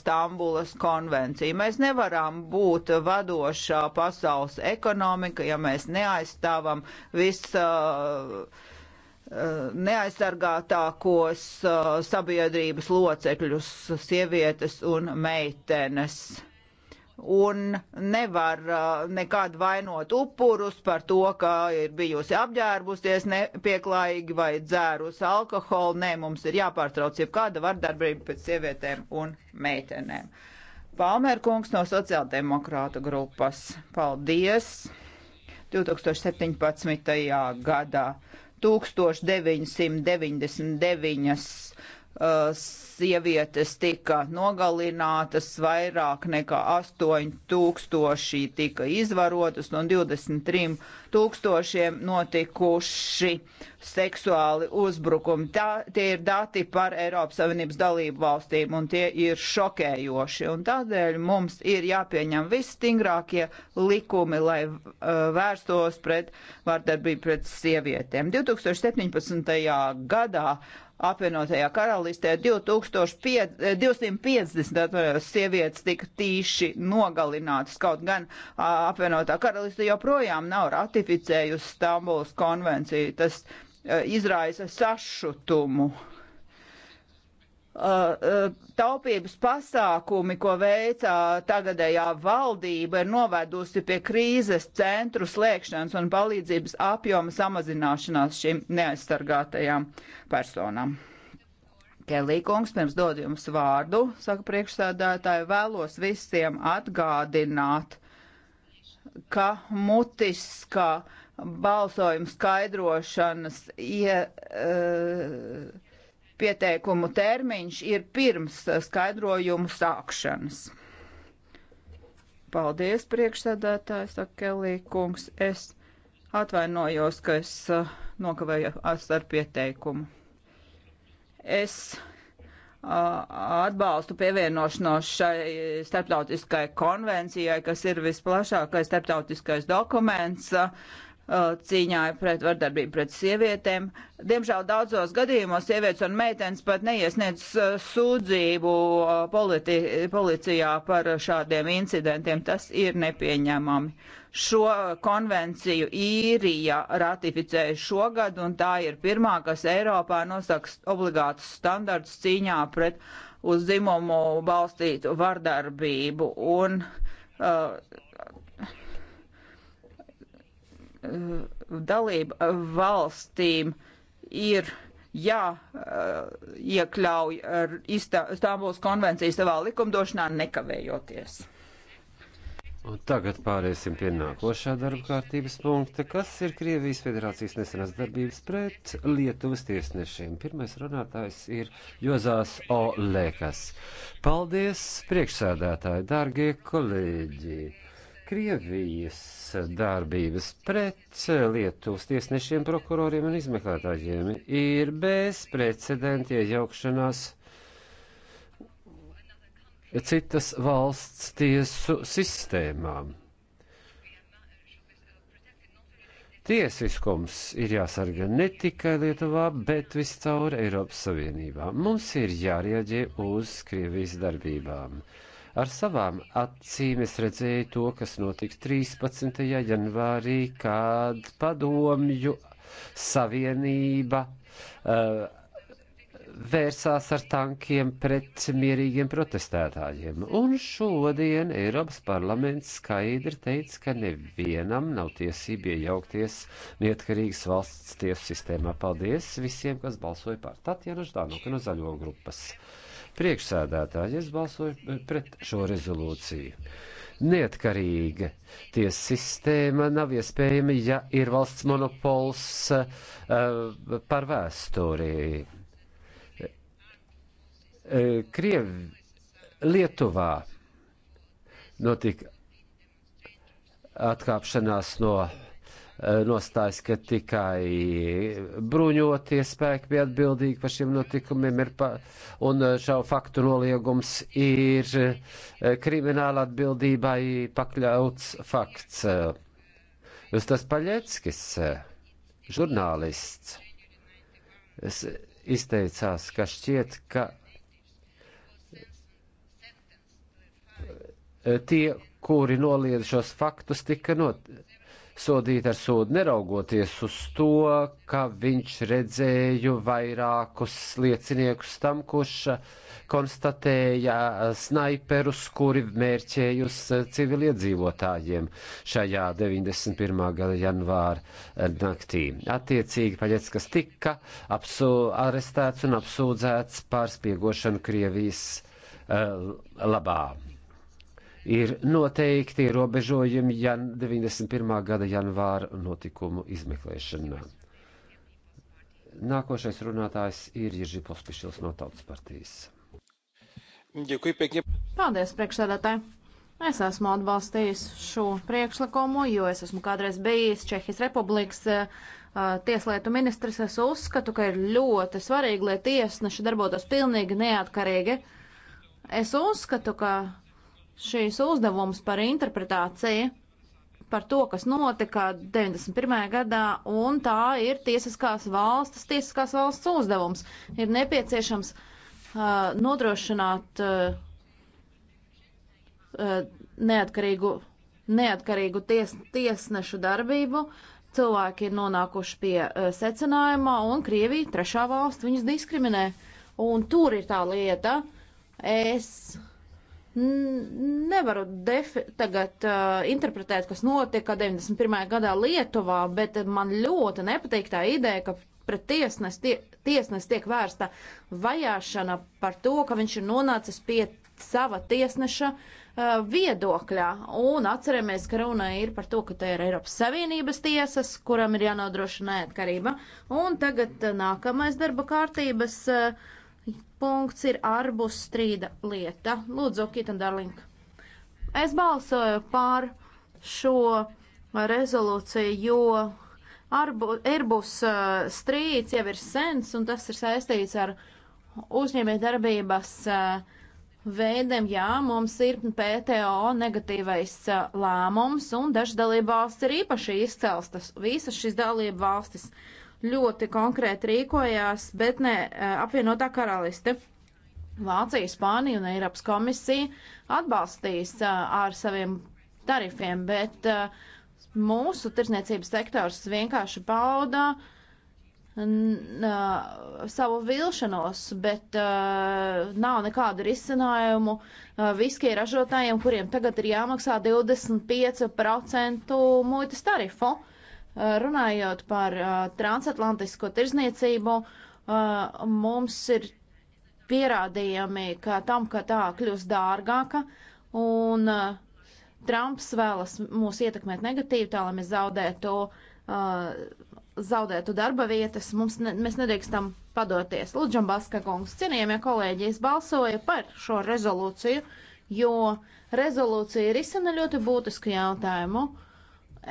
Stambulas konvenciju. Mēs nevaram būt vadošā pasaules ekonomika, ja mēs neaizstāvam visu neaizsargātākos uh, sabiedrības locekļus, sievietes un meitenes. Un nevar uh, nekad vainot upurus par to, ka ir bijusi apģērbusies nepieklājīgi vai dzērus alkoholu. Nē, mums ir jāpārtrauc jau kāda vardarbība pret sievietēm un meitenēm. Palmerkungs no sociāldemokrāta grupas. Paldies! 2017. gadā 1999 Uh, sievietes tika nogalinātas, vairāk nekā 8000 tika izvarotas, no 23 tūkstošiem notikuši seksuāli uzbrukumi. Tā, tie ir dati par Eiropas Savienības dalību valstīm, un tie ir šokējoši. Un tādēļ mums ir jāpieņem visstingrākie likumi, lai uh, vērstos pret vārdarbību pret sievietēm. 2017. gadā apvienotajā karalistē 250 eh, sievietes tika tīši nogalinātas, kaut gan apvienotā karaliste joprojām nav ratificējusi Stambulas konvenciju. Tas eh, izraisa sašutumu. Uh, uh, taupības pasākumi, ko veicā tagadējā valdība, ir novedusi pie krīzes centru slēgšanas un palīdzības apjoma samazināšanās šīm neaizsargātajām personām. Kelīkungs, pirms dod jums vārdu, saka priekšsēdētāji, vēlos visiem atgādināt, ka mutiskā balsojuma skaidrošanas ie, uh, Pieteikumu termiņš ir pirms skaidrojumu sākšanas. Paldies, priekšsēdētājs Akelī kungs. Es atvainojos, ka es eh, nokavēju ar pieteikumu. Es eh, atbalstu pievienošanos šai starptautiskai konvencijai, kas ir visplašākais starptautiskais dokuments eh, Uh, cīņā pret vardarbību pret sievietēm. Diemžēl daudzos gadījumos sievietes un meitenes pat neiesniedz uh, sūdzību uh, politi policijā par šādiem incidentiem. Tas ir nepieņemami. Šo konvenciju īrija ratificēja šogad, un tā ir pirmā, kas Eiropā nosaka obligātus standartus cīņā pret uz dzimumu balstītu vardarbību. Un, uh, Eh, dalību valstīm ir jāiekļauj eh, Istambuls konvenciju savā likumdošanā nekavējoties. Un tagad pāriesim pie nākošā darba kārtības punkta, kas ir Krievijas federācijas nesenās darbības pret Lietuvas tiesnešiem. Pirmais runātājs ir Jozās Olekas. Paldies, priekšsēdētāji, dārgie kolēģi! Krievijas darbības pret Lietuvas tiesnešiem, prokuroriem un izmeklētājiem ir bezprecedenta iejaukšanās citas valsts tiesu sistēmām. Tiesiskums ir jāsarga ne tikai Lietuvā, bet viscaur Eiropas Savienībā. Mums ir jārieģē uz Krievijas darbībām. Ar savām acīm es redzēju to, kas notiks 13. janvārī, kad padomju savienība uh, vērsās ar tankiem pret mierīgiem protestētājiem. Un šodien Eiropas parlaments skaidri teica, ka nevienam nav tiesība iejaukties neatkarīgas valsts tiesu sistēmā. Paldies visiem, kas balsoja par Tatjana Ždānoka no Zaļo grupas. Priekšsēdētāji, es balsoju eh, pret šo rezolūciju. Neatkarīga tiesa sistēma nav iespējama, ja ir valsts monopols uh, par vēsturi. Uh, Kriev, Lietuvā notika atkāpšanās no Eh, nostājas, ka tikai bruņotie spēki bija atbildīgi par šiem notikumiem, ir pa, un eh, šo faktu noliegums ir eh, krimināla atbildībai pakļauts fakts. Justas Paļeckis, žurnālists, izteicās, ka šķiet, ka tie, kuri noliedz šos faktus, tika notiekti sodīt ar sodu, neraugoties uz to, ka viņš redzēja vairākus lieciniekus tam, kurš konstatēja snaiperus, kuri mērķēja uz civiliedzīvotājiem šajā 91. gada janvāra naktī. Attiecīgi Paļeckas tika arestēts un apsūdzēts par spiegošanu Krievijas uh, labā ir noteikti ierobežojumi jan 91. gada janvāra notikumu izmeklēšanā. Nākošais runātājs ir Jirži Pospišils no Tautas partijas. Paldies, priekšsēdētāji! Es esmu atbalstījis šo priekšlikumu, jo es esmu kādreiz bijis Čehijas Republikas uh, tieslietu ministrs. Es uzskatu, ka ir ļoti svarīgi, lai tiesneši darbotos pilnīgi neatkarīgi. Es uzskatu, ka šīs uzdevums par interpretāciju, par to, kas notika 91. gadā, un tā ir tiesiskās valstis, tiesiskās valsts uzdevums. Ir nepieciešams uh, nodrošināt uh, uh, neatkarīgu, neatkarīgu ties, tiesnešu darbību. Cilvēki ir nonākuši pie uh, secinājuma, un Krievija, trešā valsts, viņus diskriminē. Un tur ir tā lieta. Es Nevaru defi tagad uh, interpretēt, kas notika 91. gadā Lietuvā, bet man ļoti nepatīk tā ideja, ka pret tiesnes, tie, tiesnes tiek vērsta vajāšana par to, ka viņš ir nonācis pie sava tiesneša uh, viedokļā. Un atceramies, ka runa ir par to, ka te ir Eiropas Savienības tiesas, kuram ir jānodrošina neatkarība. Un tagad uh, nākamais darba kārtības. Uh, punkts ir arbus strīda lieta. Lūdzu, Kita Darling. Es balsoju pār šo rezolūciju, jo arbu, arbus uh, strīds jau ir sens un tas ir saistīts ar uzņēmē darbības uh, veidiem. Jā, mums ir PTO negatīvais uh, lēmums un daži dalība valsts ir īpaši izcelstas. Visas šīs dalība valstis. Uh, ļoti konkrēti rīkojās, bet ne e, apvienotā karaliste. Vācija, Spānija un Eiropas komisija atbalstīs e, ar saviem tarifiem, bet e, mūsu tirsniecības sektors vienkārši pauda savu vilšanos, bet uh, nav nekādu risinājumu uh, viskija ražotājiem, kuriem tagad ir jāmaksā 25% muitas tarifu. Uh, Runājot par transatlantisko tirzniecību, mums ir pierādījumi, ka tam, ka tā kļūst dārgāka, un Trumps vēlas mūs ietekmēt negatīvi, tā lai mēs zaudētu, zaudētu darba vietas, mums ne, mēs nedrīkstam padoties. Lūdzu, Baska kungs, cienījamie kolēģi, es balsoju par šo rezolūciju, jo rezolūcija risina ļoti būtisku jautājumu. Uh,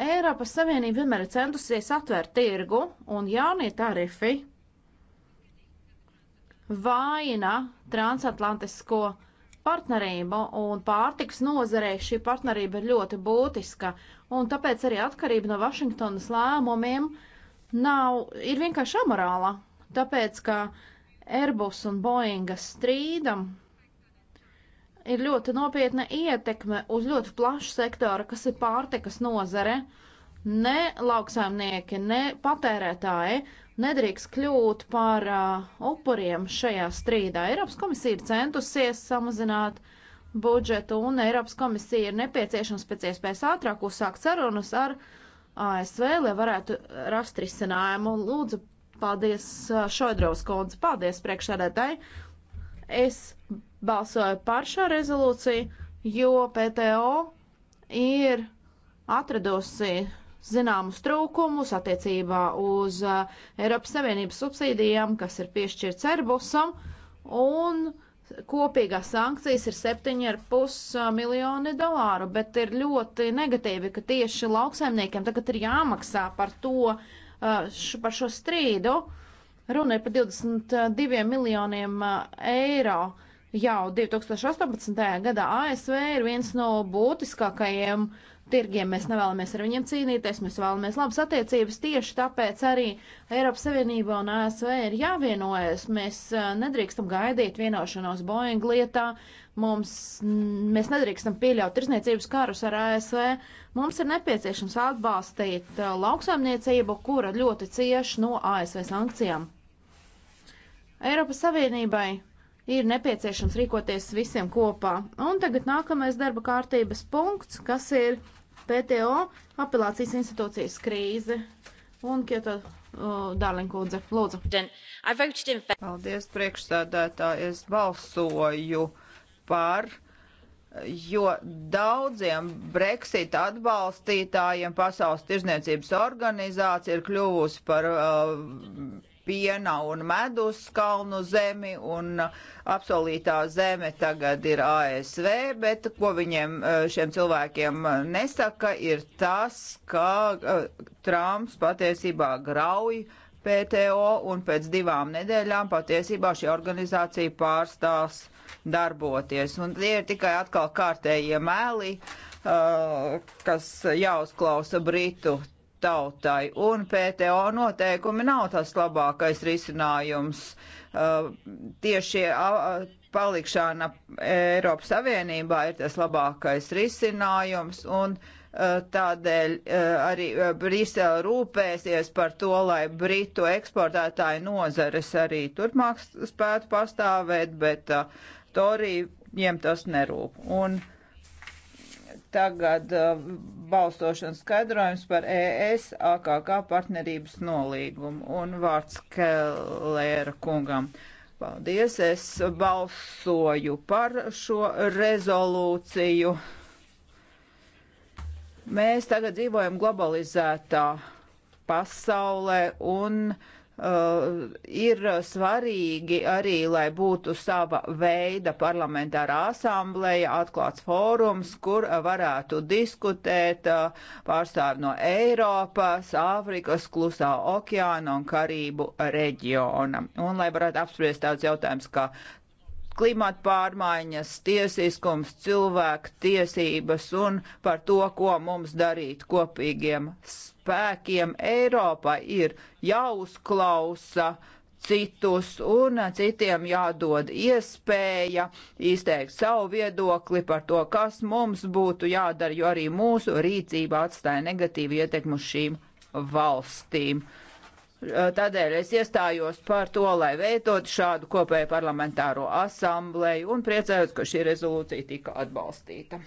Eiropas Savienība vienmēr ir centusies atvērt tirgu un jaunie tarifi vaina transatlantisko partnerību un pārtiks nozarei šī partnerība ir ļoti būtiska un tāpēc arī atkarība no Vašingtonas lēmumiem nav, ir vienkārši amorāla, tāpēc ka Airbus un Boeinga strīdam ir ļoti nopietna ietekme uz ļoti plašu sektoru, kas ir pārtikas nozare. Ne lauksaimnieki, ne patērētāji nedrīkst kļūt par uh, upuriem šajā strīdā. Eiropas komisija ir centusies samazināt budžetu, un Eiropas komisija ir nepieciešams pēc iespējas ātrāk uzsākt sarunas ar ASV, lai varētu rast risinājumu. Lūdzu, paldies uh, Šoidrovs kundze, paldies priekšsēdētāji. Es balsoja par šo rezolūciju, jo PTO ir atradusi zināmus trūkumus attiecībā uz uh, Eiropas Savienības subsīdijām, kas ir piešķirts Airbusam, un kopīgās sankcijas ir 7,5 uh, miljoni dolāru, bet ir ļoti negatīvi, ka tieši lauksaimniekiem tagad ir jāmaksā par to, uh, š, par šo strīdu. Runa ir par 22 miljoniem uh, eiro. Uh, Jau 2018. gadā ASV ir viens no būtiskākajiem tirgiem. Mēs nevēlamies ar viņiem cīnīties, mēs vēlamies labas attiecības. Tieši tāpēc arī Eiropas Savienība un ASV ir jāvienojas. Mēs eh, nedrīkstam gaidīt vienošanos Boeing lietā. Mums, mēs nedrīkstam pieļaut tirsniecības karus ar ASV. Mums ir nepieciešams atbalstīt eh, lauksaimniecību, kura ļoti cieši no ASV sankcijām. Eiropas Savienībai ir nepieciešams rīkoties visiem kopā. Un tagad nākamais darba kārtības punkts, kas ir PTO apelācijas institūcijas krīze. Un Kieto uh, Dārlinkūdze, lūdzu. Paldies, priekšsēdētāji, es balsoju par jo daudziem Brexit atbalstītājiem Pasaules tirzniecības organizācija ir kļuvusi par uh, piena un medus kalnu zemi, un apsolītā zeme tagad ir ASV, bet ko viņiem eh, šiem cilvēkiem nesaka, ir tas, ka eh, Trumps patiesībā grauj PTO, un pēc divām nedēļām patiesībā šī organizācija pārstās darboties. Un tie ir tikai atkal kārtējie mēli, uh, eh, kas jāuzklausa Britu tautai, un PTO noteikumi nav tas labākais risinājums. Uh, tieši uh, palikšana Eiropas Savienībā ir tas labākais risinājums, un uh, tādēļ uh, arī uh, Brisele rūpēsies par to, lai Britu eksportētāju nozares arī turpmāk spētu pastāvēt, bet uh, Torijiem tas nerūp. Un, uh, tagad uh, balsošanas skaidrojums par ES AKK partnerības nolīgumu un vārds Kellēra kungam. Paldies, es balsoju par šo rezolūciju. Mēs tagad dzīvojam globalizētā pasaulē un uh, Uh, ir svarīgi arī, lai būtu sava veida parlamentārā asambleja, atklāts fórums, kur varētu diskutēt uh, pārstāvi no Eiropas, Āfrikas, Klusā okeāna un Karību reģiona. Un lai varētu apspriest tāds jautājums kā klimata pārmaiņas, tiesiskums, cilvēku tiesības un par to, ko mums darīt kopīgiem spēkiem spēkiem Eiropa ir jāuzklausa citus un citiem jādod iespēja izteikt savu viedokli par to, kas mums būtu jādara, jo arī mūsu rīcība atstāja negatīvu ietekmu šīm valstīm. Tādēļ es iestājos par to, lai veidot šādu kopēju parlamentāro asamblēju un priecājos, ka šī rezolūcija tika atbalstīta.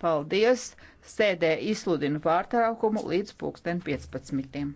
Paldies! Sēdē izsludinu pārtraukumu līdz pulksten 15.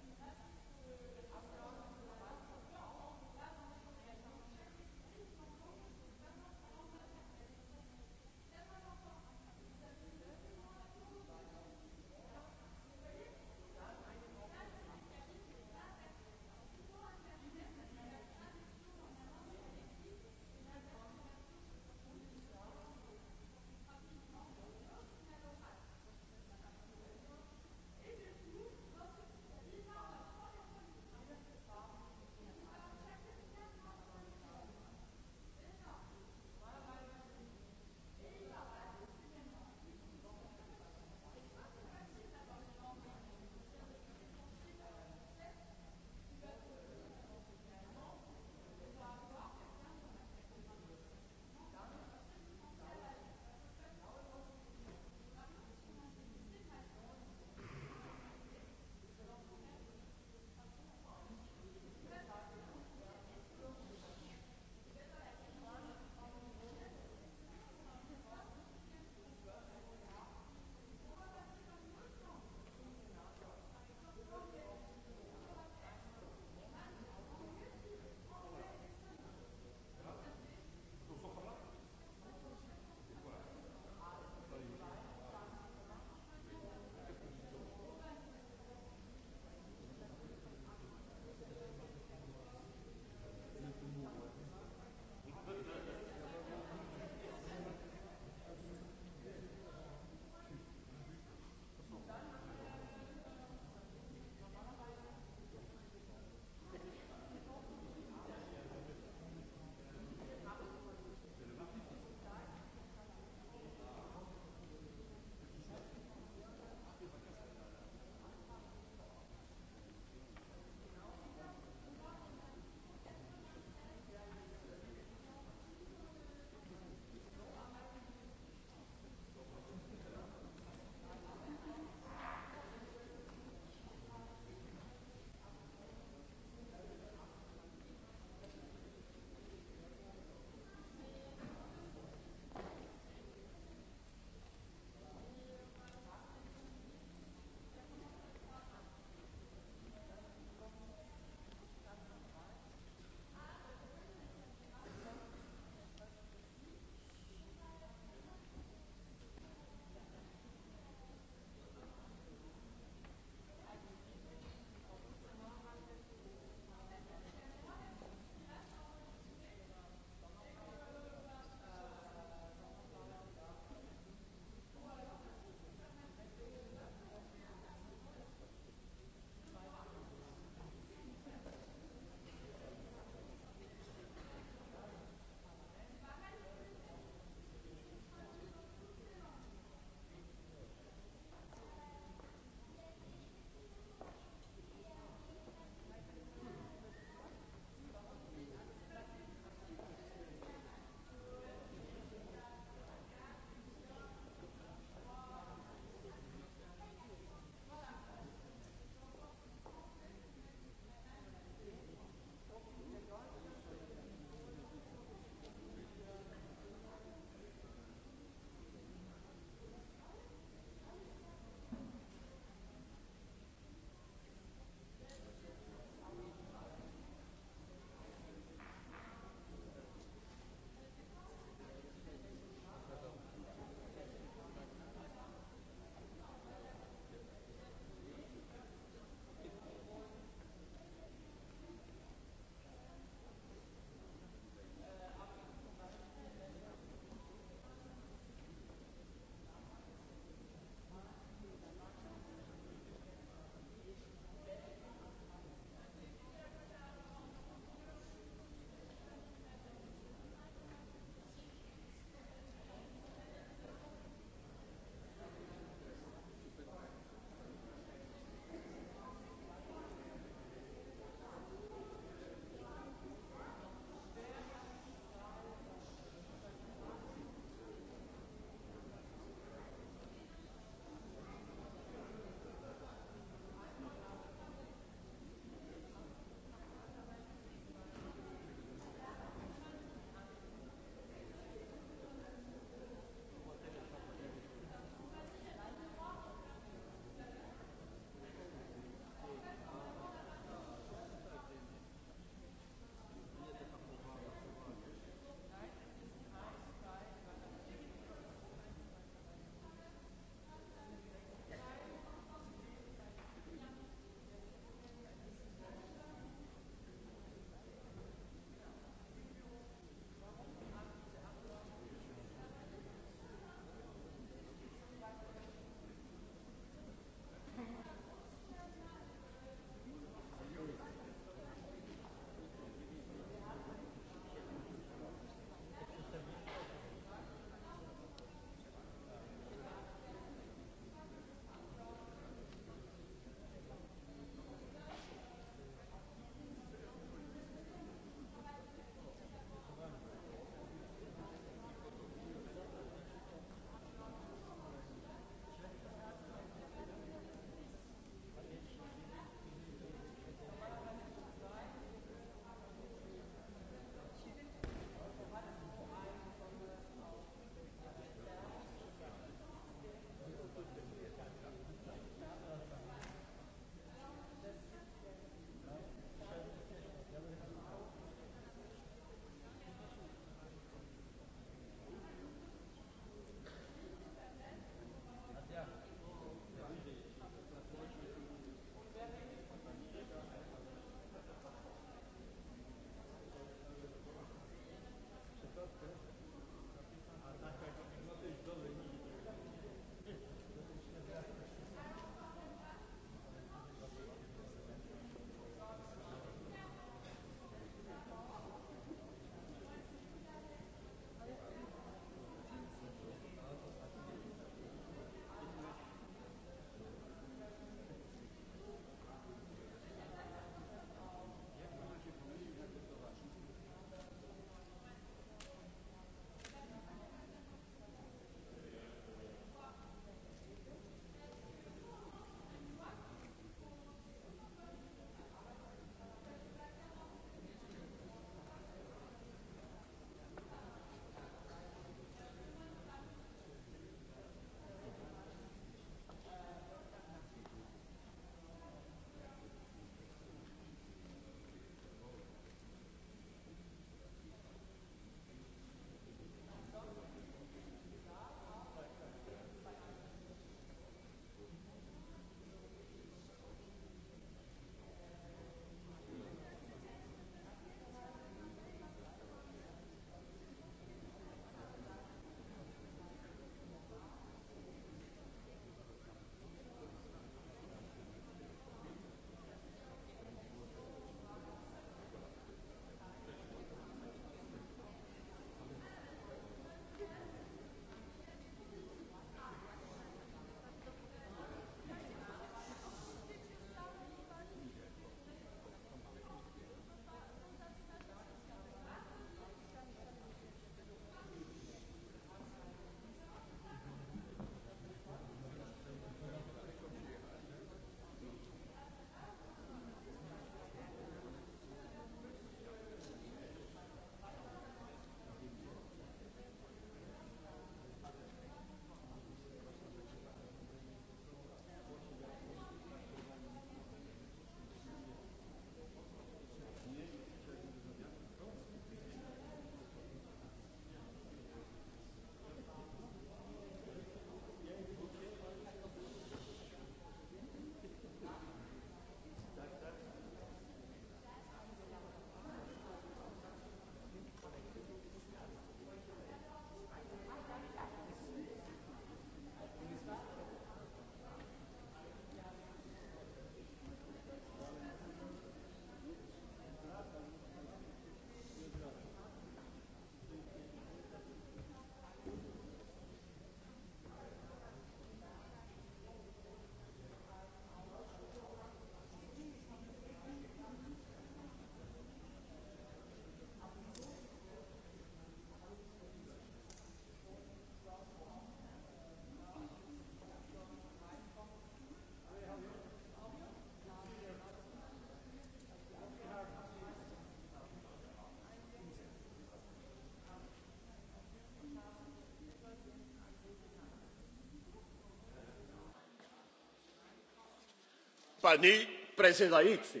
paní předsedající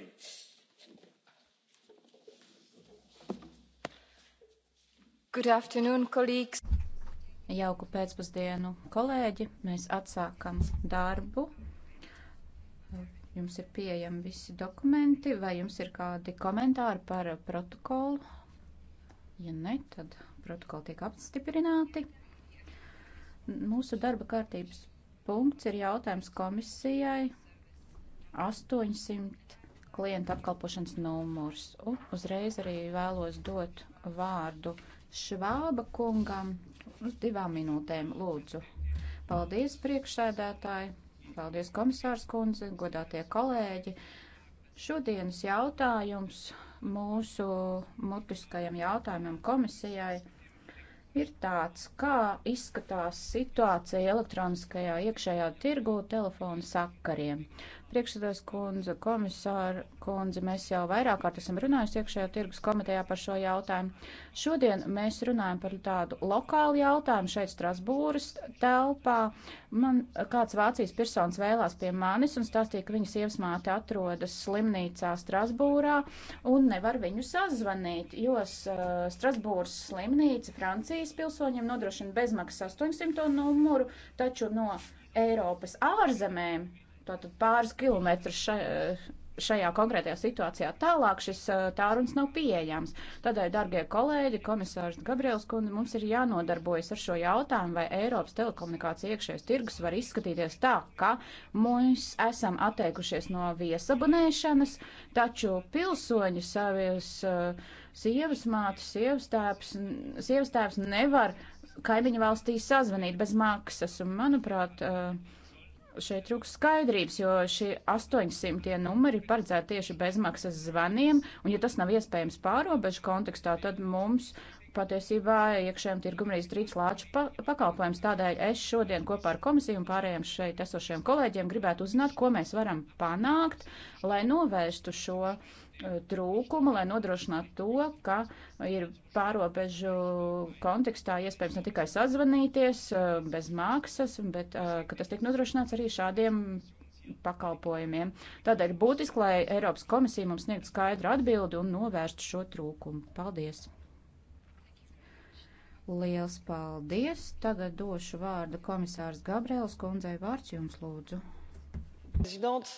jauku pēcpusdienu kolēģi mēs atsākam darbu jums ir pieejami visi dokumenti vai jums ir kādi komentāri par protokolu ja ne tad protokoli tiek apstiprināti mūsu darba kārtības punkts ir jautājums komisijai 800 klientu apkalpošanas numurs. Un uzreiz arī vēlos dot vārdu Švāba kungam uz divām minūtēm lūdzu. Paldies priekšsēdētāji, paldies komisārs kundze, godātie kolēģi. Šodienas jautājums mūsu mutiskajam jautājumam komisijai ir tāds, kā izskatās situācija elektroniskajā iekšējā tirgu telefonu sakariem. Priekšsēdās kundze, komisāra kundze, mēs jau vairāk kārt esam runājuši iekšējā tirgus komitejā par šo jautājumu. Šodien mēs runājam par tādu lokālu jautājumu šeit Strasbūras telpā. Man kāds Vācijas persons vēlās pie manis un stāstīja, ka viņas ievasmāte atrodas slimnīcā Strasbūrā un nevar viņu sazvanīt, jo uh, Strasbūras slimnīca Francijas pilsoņiem nodrošina bezmaksas 800 numuru, taču no Eiropas ārzemēm tātad pāris kilometrus eh, šajā konkrētajā situācijā tālāk šis eh, tāruns nav pieejams. Tādēļ, darbie kolēģi, komisārs Gabriels kundze, mums ir jānodarbojas ar šo jautājumu, vai Eiropas telekomunikācija iekšējais tirgus var izskatīties tā, ka mēs esam atteikušies no viesabunēšanas, taču pilsoņi savies uh, sievas mātes, sievas tēvs, sievas tēvs nevar kaimiņu valstī sazvanīt bez maksas. Un, manuprāt, uh, šeit trūks skaidrības, jo šie 800 numeri ir paredzēti tieši bezmaksas zvaniem, un ja tas nav iespējams pārobežu kontekstā, tad mums patiesībā iekšējiem tirgum arī strīds lāču pa pakalpojums. Tādēļ es šodien kopā ar komisiju un pārējiem šeit esošiem kolēģiem gribētu uzzināt, ko mēs varam panākt, lai novērstu šo trūkumu, lai nodrošinātu to, ka ir pārobežu kontekstā iespējams ne tikai sazvanīties eh, bez maksas, bet eh, ka tas tiek nodrošināts arī šādiem pakalpojumiem. Tādēļ būtiski, lai Eiropas komisija mums sniegtu skaidru atbildi un novērstu šo trūkumu. Paldies! Liels paldies! Tagad došu vārdu komisārs Gabriels kundzei vārds jums lūdzu. Zinot,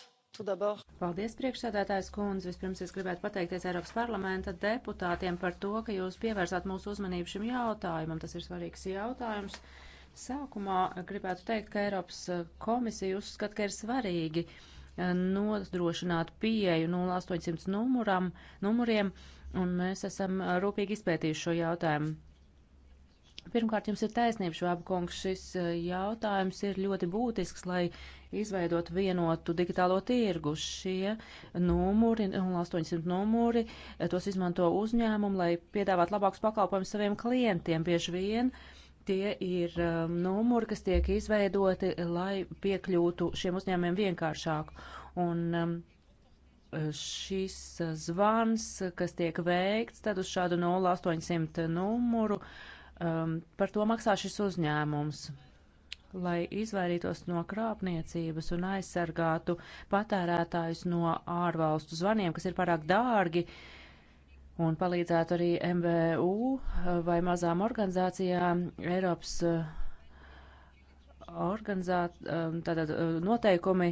Paldies, priekšsēdētājs kundze. Vispirms es gribētu pateikties Eiropas parlamenta deputātiem par to, ka jūs pievērsāt mūsu uzmanību šim jautājumam. Tas ir svarīgs jautājums. Sākumā gribētu teikt, ka Eiropas komisija uzskata, ka ir svarīgi eh, nodrošināt pieeju 0800 numuram, numuriem, un mēs esam eh, rūpīgi izpētījuši šo jautājumu. Pirmkārt, jums ir taisnība, Švābkungs, šis eh, jautājums ir ļoti būtisks, lai izveidot vienotu digitālo tirgu. Šie numuri, 800 numuri, eh, tos izmanto uzņēmumu, lai piedāvāt labākus pakalpojumus saviem klientiem. Bieži vien tie ir eh, numuri, kas tiek izveidoti, lai piekļūtu šiem uzņēmumiem vienkāršāk. Un, um, Šis zvans, kas tiek veikts, tad uz šādu 0800 numuru uh, um, par to maksā šis uzņēmums. Lai izvairītos no krāpniecības un aizsargātu patērētājus no ārvalstu zvaniem, kas ir pārāk dārgi, un palīdzētu arī MVU vai mazām organizācijām, Eiropas uh, organizāt, um, tātad uh, noteikumi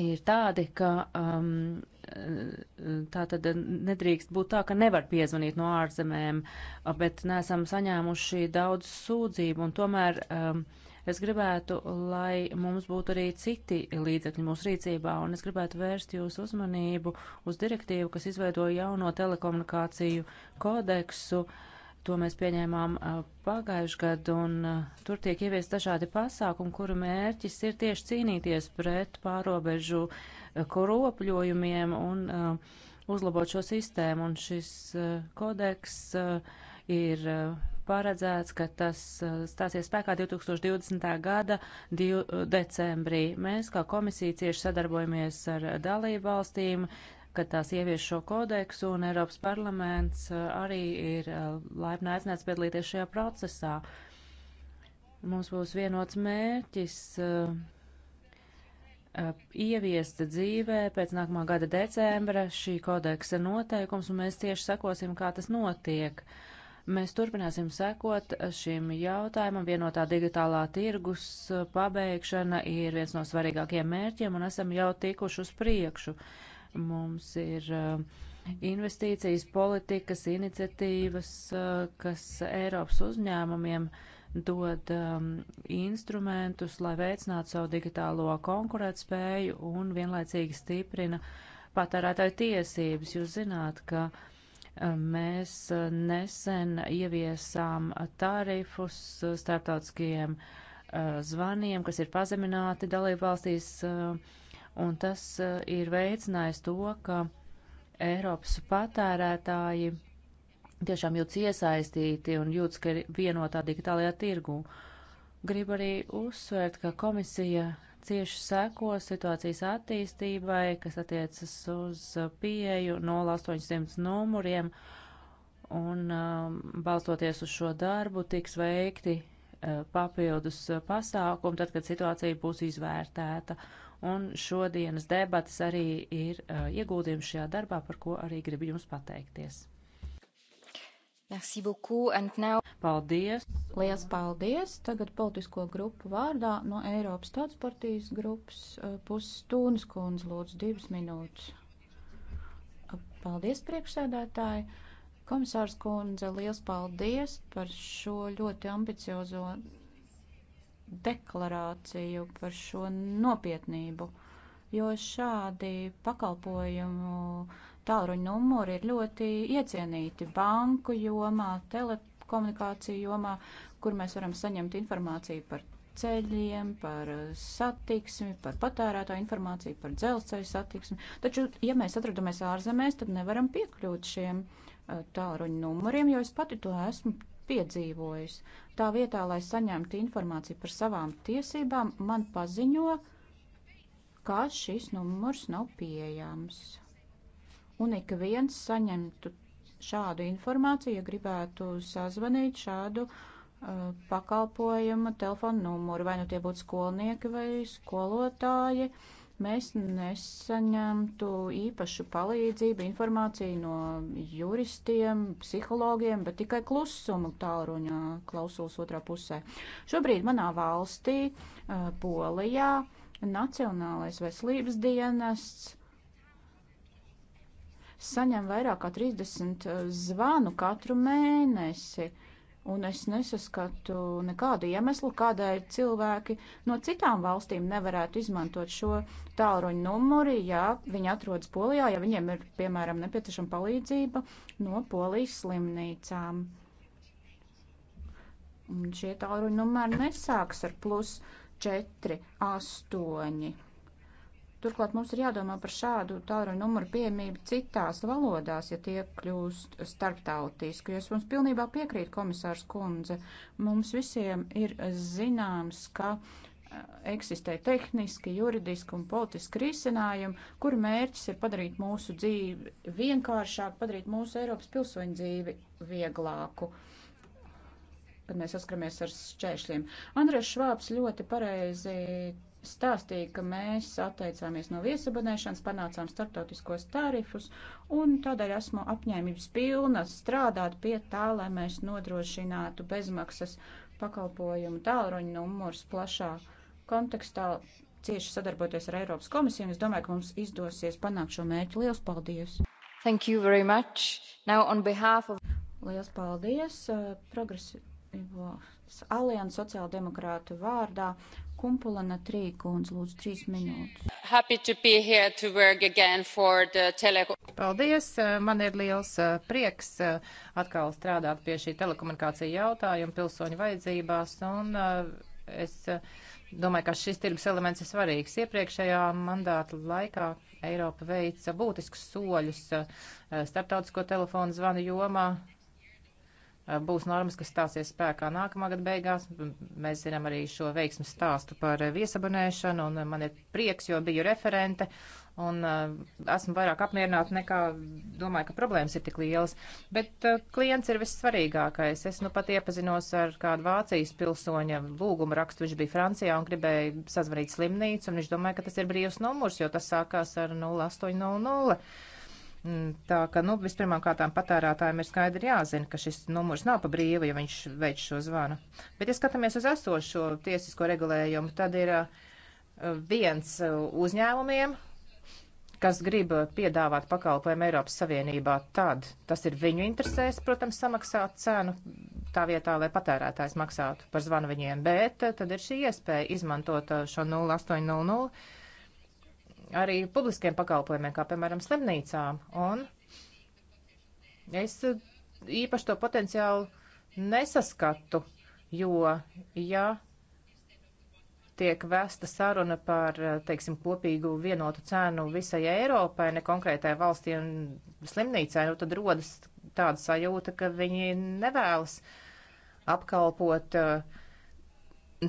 ir tādi, ka um, Tā tad nedrīkst būt tā, ka nevar piezvanīt no ārzemēm, bet nesam saņēmuši daudz sūdzību, un tomēr um, es gribētu, lai mums būtu arī citi līdzekļi mūsu rīcībā, un es gribētu vērst jūsu uzmanību uz direktīvu, kas izveido jauno telekomunikāciju kodeksu. To mēs pieņēmām uh, pagājušajā gadā, un uh, tur tiek ieviest dažādi pasākumi, kuru mērķis ir tieši cīnīties pret pārobežu uh, koropļojumiem un uh, uzlabot šo sistēmu. Un šis uh, kodeks uh, ir paredzēts, ka tas stāsies spēkā 2020. gada decembrī. Mēs kā komisija cieši sadarbojamies ar dalību valstīm, kad tās ievies šo kodeksu, un Eiropas parlaments arī ir laipni aicināts piedalīties šajā procesā. Mums būs vienots mērķis Eh, ieviesta dzīvē pēc nākamā gada decembra šī kodeksa noteikums, un mēs tieši sekosim, kā tas notiek. Mēs turpināsim sekot šim jautājumam. Vienotā digitālā tirgus eh, pabeigšana ir viens no svarīgākajiem mērķiem, un esam jau tikuši uz priekšu. Mums ir eh, investīcijas, politikas, iniciatīvas, kas Eiropas uzņēmumiem uh, dod um, instrumentus, lai veicinātu savu digitālo konkurētspēju un vienlaicīgi stiprina patērētāju tiesības. Jūs zināt, ka um, mēs uh, nesen ieviesām tarifus starptautiskajiem uh, zvaniem, kas ir pazemināti dalību valstīs, uh, un tas uh, ir veicinājis to, ka Eiropas patērētāji tiešām jūtas iesaistīti un jūtas, ka ir vienotā digitālajā tirgū. Gribu arī uzsvērt, ka komisija cieši seko situācijas attīstībai, kas attiecas uz pieeju 0800 numuriem, un um, balstoties uz šo darbu tiks veikti uh, papildus pasākumi, tad, kad situācija būs izvērtēta. Un šodienas debatas arī ir uh, ieguldījums šajā darbā, par ko arī gribu jums pateikties. Merci beaucoup, and now... Paldies! Liels paldies! Tagad politisko grupu vārdā no Eiropas Tautas partijas grupas eh, pusstūnas kundze lūdzu divas minūtes. Paldies, priekšsēdētāji! Komisārs kundze, liels paldies par šo ļoti ambiciozo deklarāciju, par šo nopietnību, jo šādi pakalpojumu uh, tālruņa numuri ir ļoti iecienīti banku jomā, telekomunikāciju jomā, kur mēs varam saņemt informāciju par ceļiem, par eh, satiksmi, par patērētāju informāciju, par dzelzceļu satiksmi. Taču, ja mēs atrodamies ārzemēs, tad nevaram piekļūt šiem eh, tālruņa numuriem, jo es pati to esmu piedzīvojusi. Tā vietā, lai saņemtu informāciju par savām tiesībām, man paziņo, ka šis numurs nav pieejams un ik viens saņemtu šādu informāciju, ja gribētu sazvanīt šādu uh, pakalpojuma telefonu numuru, vai nu tie būtu skolnieki vai skolotāji, mēs nesaņemtu īpašu palīdzību, informāciju no juristiem, psihologiem, bet tikai klusumu tālruņa klausulas otrā pusē. Šobrīd manā valstī, uh, Polijā, Nacionālais veselības dienests saņem vairāk kā 30 eh, zvanu katru mēnesi. Un es nesaskatu nekādu iemeslu, kādēļ cilvēki no citām valstīm nevarētu izmantot šo tālruņa numuri, ja viņi atrodas Polijā, ja viņiem ir, piemēram, nepieciešama palīdzība no Polijas slimnīcām. Un šie tālruņa numeri nesāks ar plus 4, 8. Turklāt mums ir jādomā par šādu tālruņa numuru pieejamību citās valodās, ja tie kļūst starptautiski. Es mums pilnībā piekrītu, komisārs kundze, mums visiem ir zināms, ka eh, eksistē tehniski, juridiski un politiski risinājumi, kuru mērķis ir padarīt mūsu dzīvi vienkāršāku, padarīt mūsu Eiropas pilsoņu dzīvi vieglāku kad mēs saskaramies ar šķēršļiem. Andrēs Švāps ļoti pareizi stāstīja, ka mēs atteicāmies no viesabonēšanas, panācām startautiskos tarifus, un tādēļ esmu apņēmības pilna strādāt pie tā, lai mēs nodrošinātu bezmaksas pakalpojumu tālruņu numurs plašā kontekstā, cieši sadarboties ar Eiropas komisiju. Es domāju, ka mums izdosies panākt šo mērķu. Lielas paldies! Thank you very much. Now on behalf of... Lielas paldies! Uh, progresīvo alianses sociāldemokrātu vārdā Kumpulana Trīkūns, lūdzu, trīs minūtes. Paldies, man ir liels uh, prieks uh, atkal strādāt pie šī telekomunikācija jautājuma pilsoņu vajadzībās, un uh, es domāju, ka šis tirgus elements ir svarīgs. Iepriekšējā mandāta laikā Eiropa veica būtiskus soļus starptautisko telefonu zvanu jomā, Eh, būs normas, kas stāsies spēkā nākamā gada beigās. Mēs zinām arī šo veiksmu stāstu par eh, viesabonēšanu, un eh, man ir prieks, jo biju referente, un esmu vairāk apmierināta nekā domāju, ka problēmas ir tik lielas. Bet klients ir vissvarīgākais. Es nu pat iepazinos ar kādu Vācijas pilsoņa lūgumu rakstu, viņš bija Francijā un gribēja sazvanīt slimnīcu, un viņš domāja, ka tas ir brīvs numurs, jo tas sākās ar 0800. Mm, tā ka, nu, vispirmām kārtām patērētājiem ir skaidri jāzina, ka šis numurs nav pa brīvu, ja viņš veic šo zvanu. Bet, ja skatāmies uz esošo tiesisko regulējumu, tad ir viens uzņēmumiem, kas grib piedāvāt pakalpojumu Eiropas Savienībā, tad tas ir viņu interesēs, protams, samaksāt cenu tā vietā, lai patērētājs maksātu par zvanu viņiem, bet tad ir šī iespēja izmantot šo 0800 arī publiskiem pakalpojumiem, kā piemēram slimnīcām. Un es īpaši to potenciālu nesaskatu, jo, ja tiek vēsta saruna par, teiksim, kopīgu vienotu cenu visai Eiropai, ne konkrētai valstī un slimnīcai, nu tad rodas tāda sajūta, ka viņi nevēlas apkalpot uh,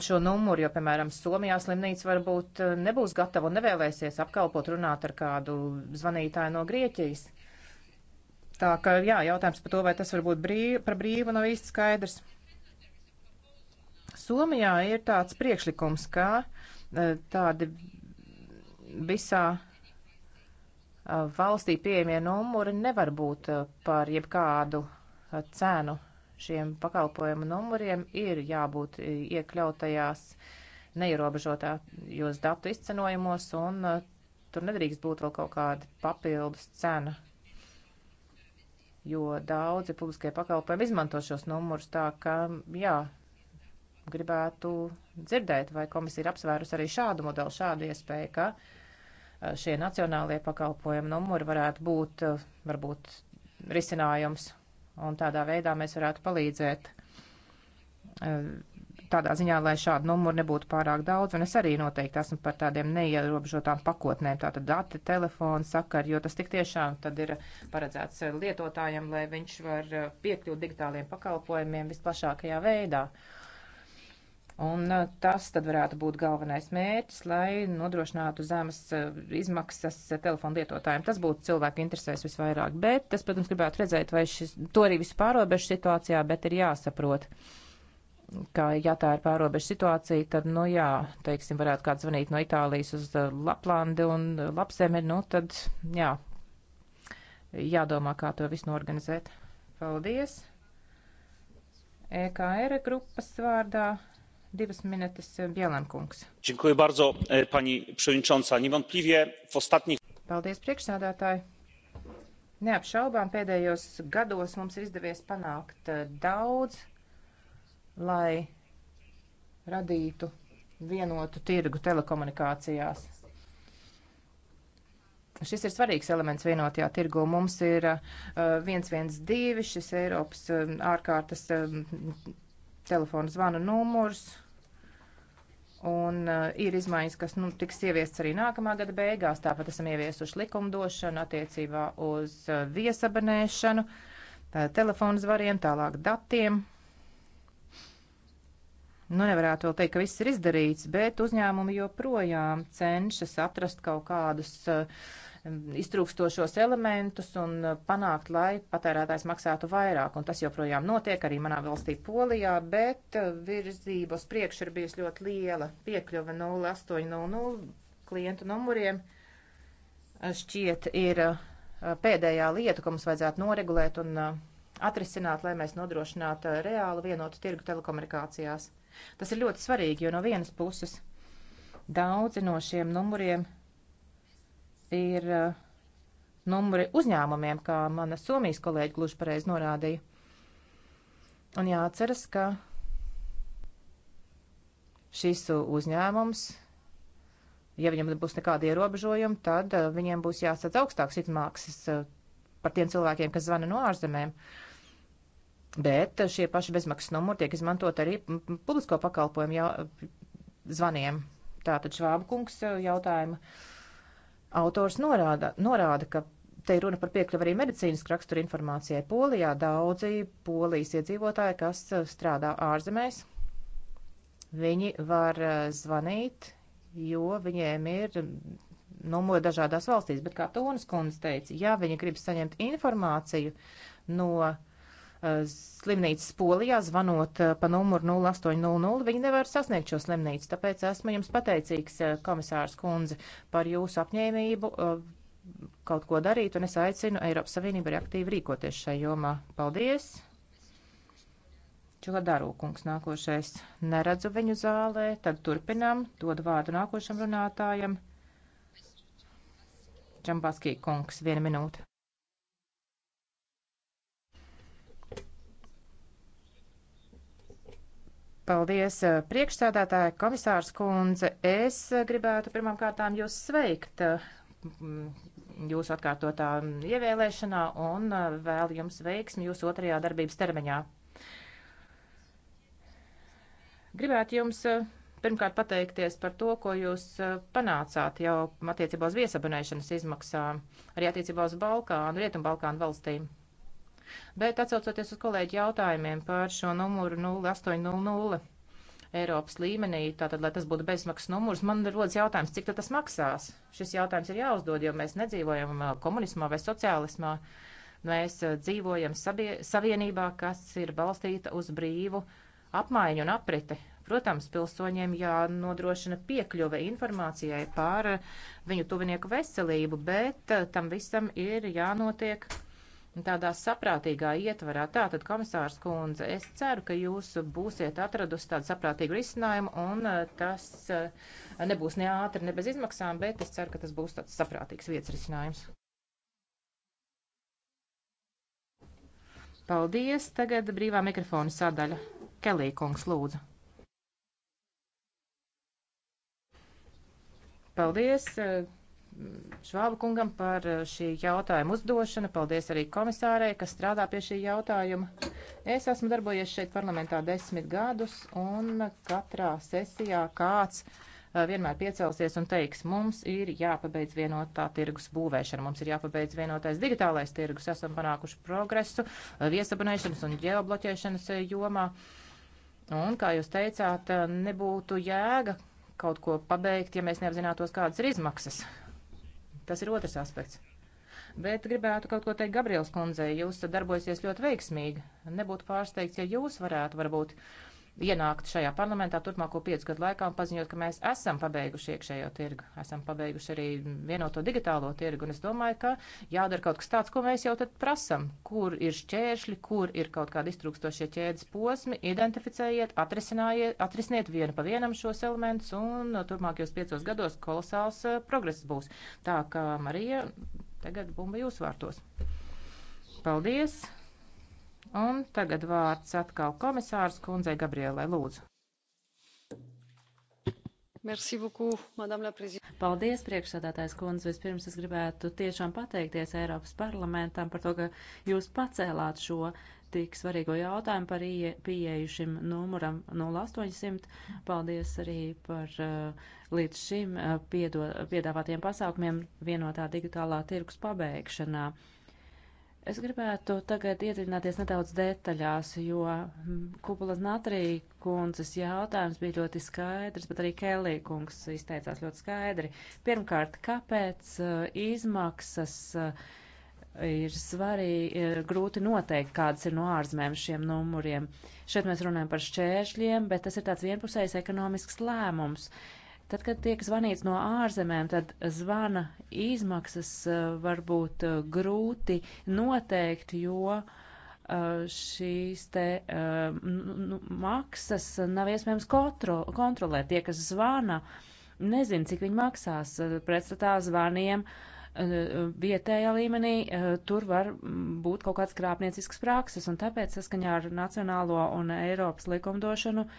šo numuru, jo, piemēram, Somijā slimnīca varbūt eh, nebūs gatava un nevēlēsies apkalpot runāt ar kādu zvanītāju no Grieķijas. Tā ka, jā, jautājums par to, vai tas var būt brīv, par brīvu, nav īsti skaidrs. Somijā ir tāds priekšlikums, ka eh, tādi visā eh, valstī pieejamie numuri nevar būt par jebkādu cenu šiem pakalpojumu numuriem ir jābūt iekļautajās neierobežotajos datu izcenojumos, un uh, tur nedrīkst būt vēl kaut kāda papildus cena, jo daudzi publiskie pakalpojumi izmanto šos numurus tā, ka, jā, gribētu dzirdēt, vai komisija ir apsvērusi arī šādu modelu, šādu iespēju, ka uh, šie nacionālie pakalpojumi numuri varētu būt uh, varbūt risinājums un tādā veidā mēs varētu palīdzēt e, tādā ziņā, lai šādu numuru nebūtu pārāk daudz, un es arī noteikti esmu par tādiem neierobežotām pakotnēm, tātad dati, telefoni, sakari, jo tas tik tiešām tad ir paredzēts lietotājiem, lai viņš var e, piekļūt digitāliem pakalpojumiem visplašākajā veidā. Uh, Un uh, tas tad varētu būt galvenais mērķis, lai nodrošinātu zemes uh, izmaksas uh, telefonu lietotājiem. Tas būtu cilvēku interesēs visvairāk, bet es, protams, gribētu redzēt, vai šis, to arī visu pārobežu situācijā, bet ir jāsaprot, ka, ja tā ir pārobežu situācija, tad, nu jā, teiksim, varētu kāds zvanīt no Itālijas uz Laplandi un Lapzemi, nu tad, jā, jādomā, kā to visu norganizēt. Paldies! EKR grupas vārdā Divas minūtes eh, Bielankungs. Dziękuję bardzo, e, pani przewodnicząca. Niewątpliwie w ostatnich. Paldies, priekšsādātāji. Neapšaubām pēdējos gados mums ir izdevies panākt eh, daudz, lai radītu vienotu tirgu telekomunikācijās. Šis ir svarīgs elements vienotajā tirgu. Mums ir uh, eh, 112, šis Eiropas uh, ārkārtas uh, telefonu zvanu numurs, Un uh, ir izmaiņas, kas nu, tiks ieviests arī nākamā gada beigās. Tāpat esam ieviesuši likumdošanu attiecībā uz uh, viesabanēšanu, uh, telefonu zvariem, tālāk datiem. Nu, nevarētu vēl teikt, ka viss ir izdarīts, bet uzņēmumi joprojām cenšas atrast kaut kādus uh, iztrūkstošos elementus un uh, panākt, lai patērētājs maksātu vairāk. Un tas joprojām notiek arī manā valstī Polijā, bet uh, virzības priekš ir bijis ļoti liela piekļuva 0800 klientu numuriem. Uh, šķiet ir pēdējā lieta, ko mums vajadzētu noregulēt un atrisināt, lai mēs nodrošinātu reālu vienotu tirgu telekomunikācijās. Tas ir ļoti svarīgi, jo no vienas puses daudzi no šiem numuriem ir eh, numuri uzņēmumiem, kā mana Somijas kolēģi gluži pareizi norādīja. Un jāatceras, ka šis uzņēmums, ja viņam būs nekādi ierobežojumi, tad eh, viņiem būs jāsadz augstāks izmaksas eh, par tiem cilvēkiem, kas zvana no ārzemēm. Bet šie paši bezmaksas numuri tiek izmantot arī publisko pakalpojumu jau, zvaniem. Tātad Švāba kungs jautājumu Autors norāda, norāda ka te ir runa par piekļuvu arī medicīnas rakstura informācijai. Polijā daudzi polijas iedzīvotāji, kas uh, strādā ārzemēs, viņi var uh, zvanīt, jo viņiem ir um, numuri dažādās valstīs. Bet, kā Tūnas kundze teica, ja viņi grib saņemt informāciju no uh, Eh, slimnīcas polijā, zvanot eh, pa numuru 0800, viņi nevar sasniegt šo slimnīcu. Tāpēc esmu jums pateicīgs, eh, komisārs kundze, par jūsu apņēmību kaut ko darīt, un es aicinu Eiropas Savienību arī aktīvi rīkoties šai jomā. Paldies! Čiladaru kungs nākošais. Neredzu viņu zālē, tad turpinam, dod vārdu nākošam runātājam. Čambaskī kungs, viena minūte. Paldies, eh, priekšstādātāja komisārs kundze. Es eh, gribētu pirmām kārtām jūs sveikt eh, jūsu atkārtotā ievēlēšanā un vēlu jums veiksmi jūsu otrajā darbības termiņā. Gribētu jums pirmkārt pateikties par to, ko jūs panācāt jau attiecībā uz viesabunēšanas izmaksām, arī attiecībā uz Balkānu, Rietumbalkānu valstīm. Bet atcaucoties uz kolēģi jautājumiem par šo numuru 0800 Eiropas līmenī, tātad, lai tas būtu bezmaksas numurs, man rodas jautājums, cik tas maksās. Šis jautājums ir jāuzdod, jo mēs nedzīvojam uh, komunismā vai sociālismā. Mēs uh, dzīvojam sabie, savienībā, kas ir balstīta uz brīvu apmaiņu un apriti. Protams, pilsoņiem jānodrošina piekļuve informācijai par uh, viņu tuvinieku veselību, bet tam visam ir jānotiek tādā saprātīgā ietvarā. Tātad, komisārs kundze, es ceru, ka jūs būsiet atradusi tādu saprātīgu risinājumu, un eh, tas eh, nebūs ne ātri, ne bez izmaksām, bet es ceru, ka tas būs tāds saprātīgs vietas risinājums. Paldies. Tagad brīvā mikrofona sadaļa. Kelī kungs, lūdzu. Paldies. Eh, Švāba kungam par eh, šī jautājuma uzdošanu. Paldies arī komisārei, kas strādā pie šī jautājuma. Es esmu darbojies šeit parlamentā desmit gadus, un katrā sesijā kāds eh, vienmēr piecelsies un teiks, mums ir jāpabeidz vienotā tirgus būvēšana, mums ir jāpabeidz vienotais digitālais tirgus, esam panākuši progresu eh, viesabunēšanas un ģeobloķēšanas jomā. Un, kā jūs teicāt, nebūtu jēga kaut ko pabeigt, ja mēs neapzinātos, kādas ir izmaksas. Tas ir otrs aspekts. Bet gribētu kaut ko teikt Gabriels kundzei. Jūs darbojaties ļoti veiksmīgi. Nebūtu pārsteigts, ja jūs varētu varbūt ienākt šajā parlamentā turpmāko piecu gadu laikā un paziņot, ka mēs esam pabeiguši iekšējo tirgu, esam pabeiguši arī vienoto digitālo tirgu, un es domāju, ka jādara kaut kas tāds, ko mēs jau tad prasam, kur ir šķēršļi, kur ir kaut kādi iztrūkstošie ķēdes posmi, identificējiet, atrisiniet vienu pa vienam šos elementus, un turpmākajos piecos gados kolosāls eh, progress būs. Tā kā, Marija, tagad bumba jūsu vārtos. Paldies! Un tagad vārds atkal komisārs kundzei Gabrielai Lūdzu. Merci beaucoup, madame la présidente. Paldies, priekšsādātājs kundze. Vispirms es gribētu tiešām pateikties Eiropas parlamentam par to, ka jūs pacēlāt šo tik svarīgo jautājumu par pieejušim numuram 0800. Paldies arī par uh, līdz šim uh, piedo, piedāvātiem pasākumiem vienotā digitālā tirkus pabeigšanā. Es gribētu tagad iedziļināties nedaudz detaļās, jo Kupulas Natrī kundzes jautājums bija ļoti skaidrs, bet arī Kelī kungs izteicās ļoti skaidri. Pirmkārt, kāpēc eh, izmaksas eh, ir svarīgi, ir eh, grūti noteikt, kādas ir no ārzemēm šiem numuriem. Šeit mēs runājam par šķēršļiem, bet tas ir tāds vienpusējs ekonomisks lēmums. Uh, Tad, kad tiek zvanīts no ārzemēm, tad zvana izmaksas eh, var būt eh, grūti noteikt, jo eh, šīs te nu, maksas nav iespējams kontro, kontrolēt. Tie, kas zvana, nezin, cik viņi maksās pretstatā zvaniem. Vietējā līmenī tur var būt kaut kāds krāpniecisks prakses, un tāpēc saskaņā ar nacionālo un Eiropas likumdošanu uh,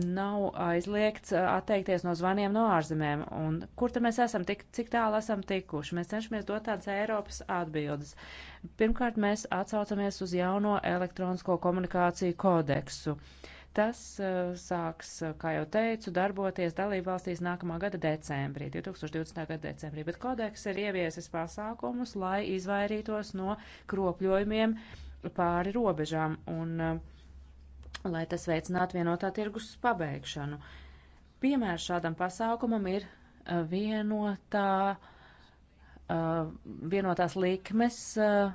nav aizliegts atteikties no zvaniem no ārzemēm. Un kur tad mēs esam, tik, cik tālu esam tikuši? Mēs cenšamies dot tādas Eiropas atbildes. Pirmkārt, mēs atsaucamies uz jauno elektronisko komunikāciju kodeksu. Tas uh, sāks, kā jau teicu, darboties dalību valstīs nākamā gada decembrī, 2020. gada decembrī, bet kodeks ir ieviesis pasākumus, lai izvairītos no kropļojumiem pāri robežām. Un, uh, lai tas veicinātu vienotā tirgus pabeigšanu. Piemērs šādam pasākumam ir eh, vienotā, eh, vienotās likmes eh,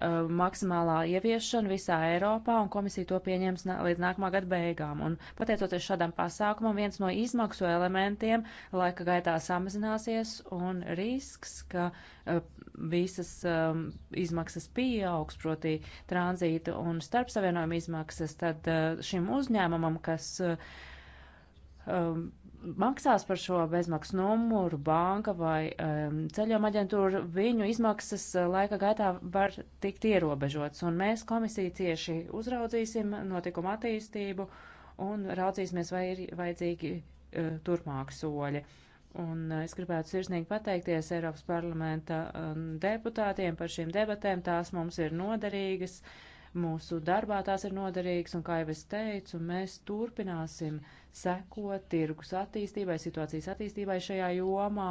Uh, maksimālā ieviešana visā Eiropā, un komisija to pieņems līdz nākamā gada beigām. Un, pateicoties šādam pasākumam, viens no izmaksu elementiem laika gaitā samazināsies, un risks, ka uh, visas um, izmaksas pieaugs, proti tranzīta un starpsavienojuma izmaksas, tad uh, šim uzņēmumam, kas. Uh, um, maksās par šo bezmaksas numuru, banka vai um, ceļojuma aģentūra, viņu izmaksas uh, laika gaitā var tikt ierobežotas. Un mēs komisiju cieši uzraudzīsim notikumu attīstību un raudzīsimies, vai ir vajadzīgi uh, turpmāk soļi. Un uh, es gribētu sirsnīgi pateikties Eiropas parlamenta um, deputātiem par šīm debatēm. Tās mums ir noderīgas. Uh, mūsu darbā tās ir noderīgas, un kā jau es teicu, mēs turpināsim sekot tirgus attīstībai, situācijas attīstībai šajā jomā,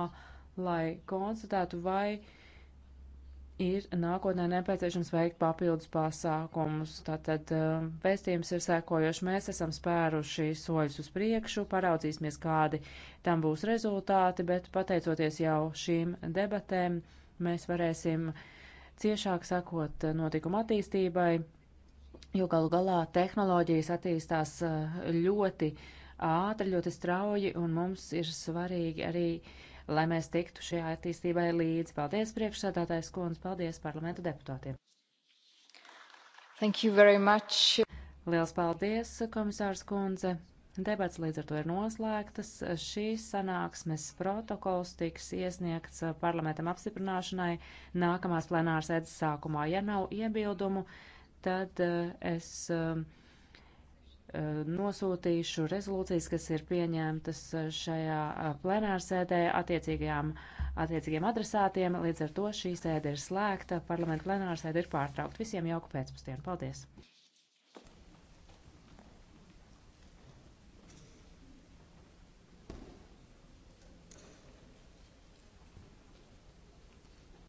lai konstatētu, vai ir nākotnē nepieciešams veikt papildus pasākumus. Tātad pēstījums um, ir sekojoši, mēs esam spēruši soļus uz priekšu, paraudzīsimies, kādi tam būs rezultāti, bet pateicoties jau šīm debatēm, mēs varēsim uh, ciešāk sekot eh, notikuma attīstībai, jo galu galā tehnoloģijas attīstās eh, ļoti ātri, ļoti strauji, un mums ir svarīgi arī, lai mēs tiktu šajā attīstībai līdzi. Paldies, priekšsādātājs Kons, paldies parlamenta deputātiem. Thank you very much. Liels paldies, komisārs Kunze. Debats līdz ar to ir noslēgtas. Šīs sanāksmes protokols tiks iesniegts parlamentam apstiprināšanai nākamās plenāras ēdas sākumā. Ja nav iebildumu, tad eh, es eh, eh, nosūtīšu rezolūcijas, kas ir pieņemtas šajā plenārsēdē attiecīgajām, attiecīgiem adresātiem. Līdz ar to šī sēde ir slēgta, parlamenta plenārsēde ir pārtraukta. Visiem jauku pēcpusdienu. Paldies!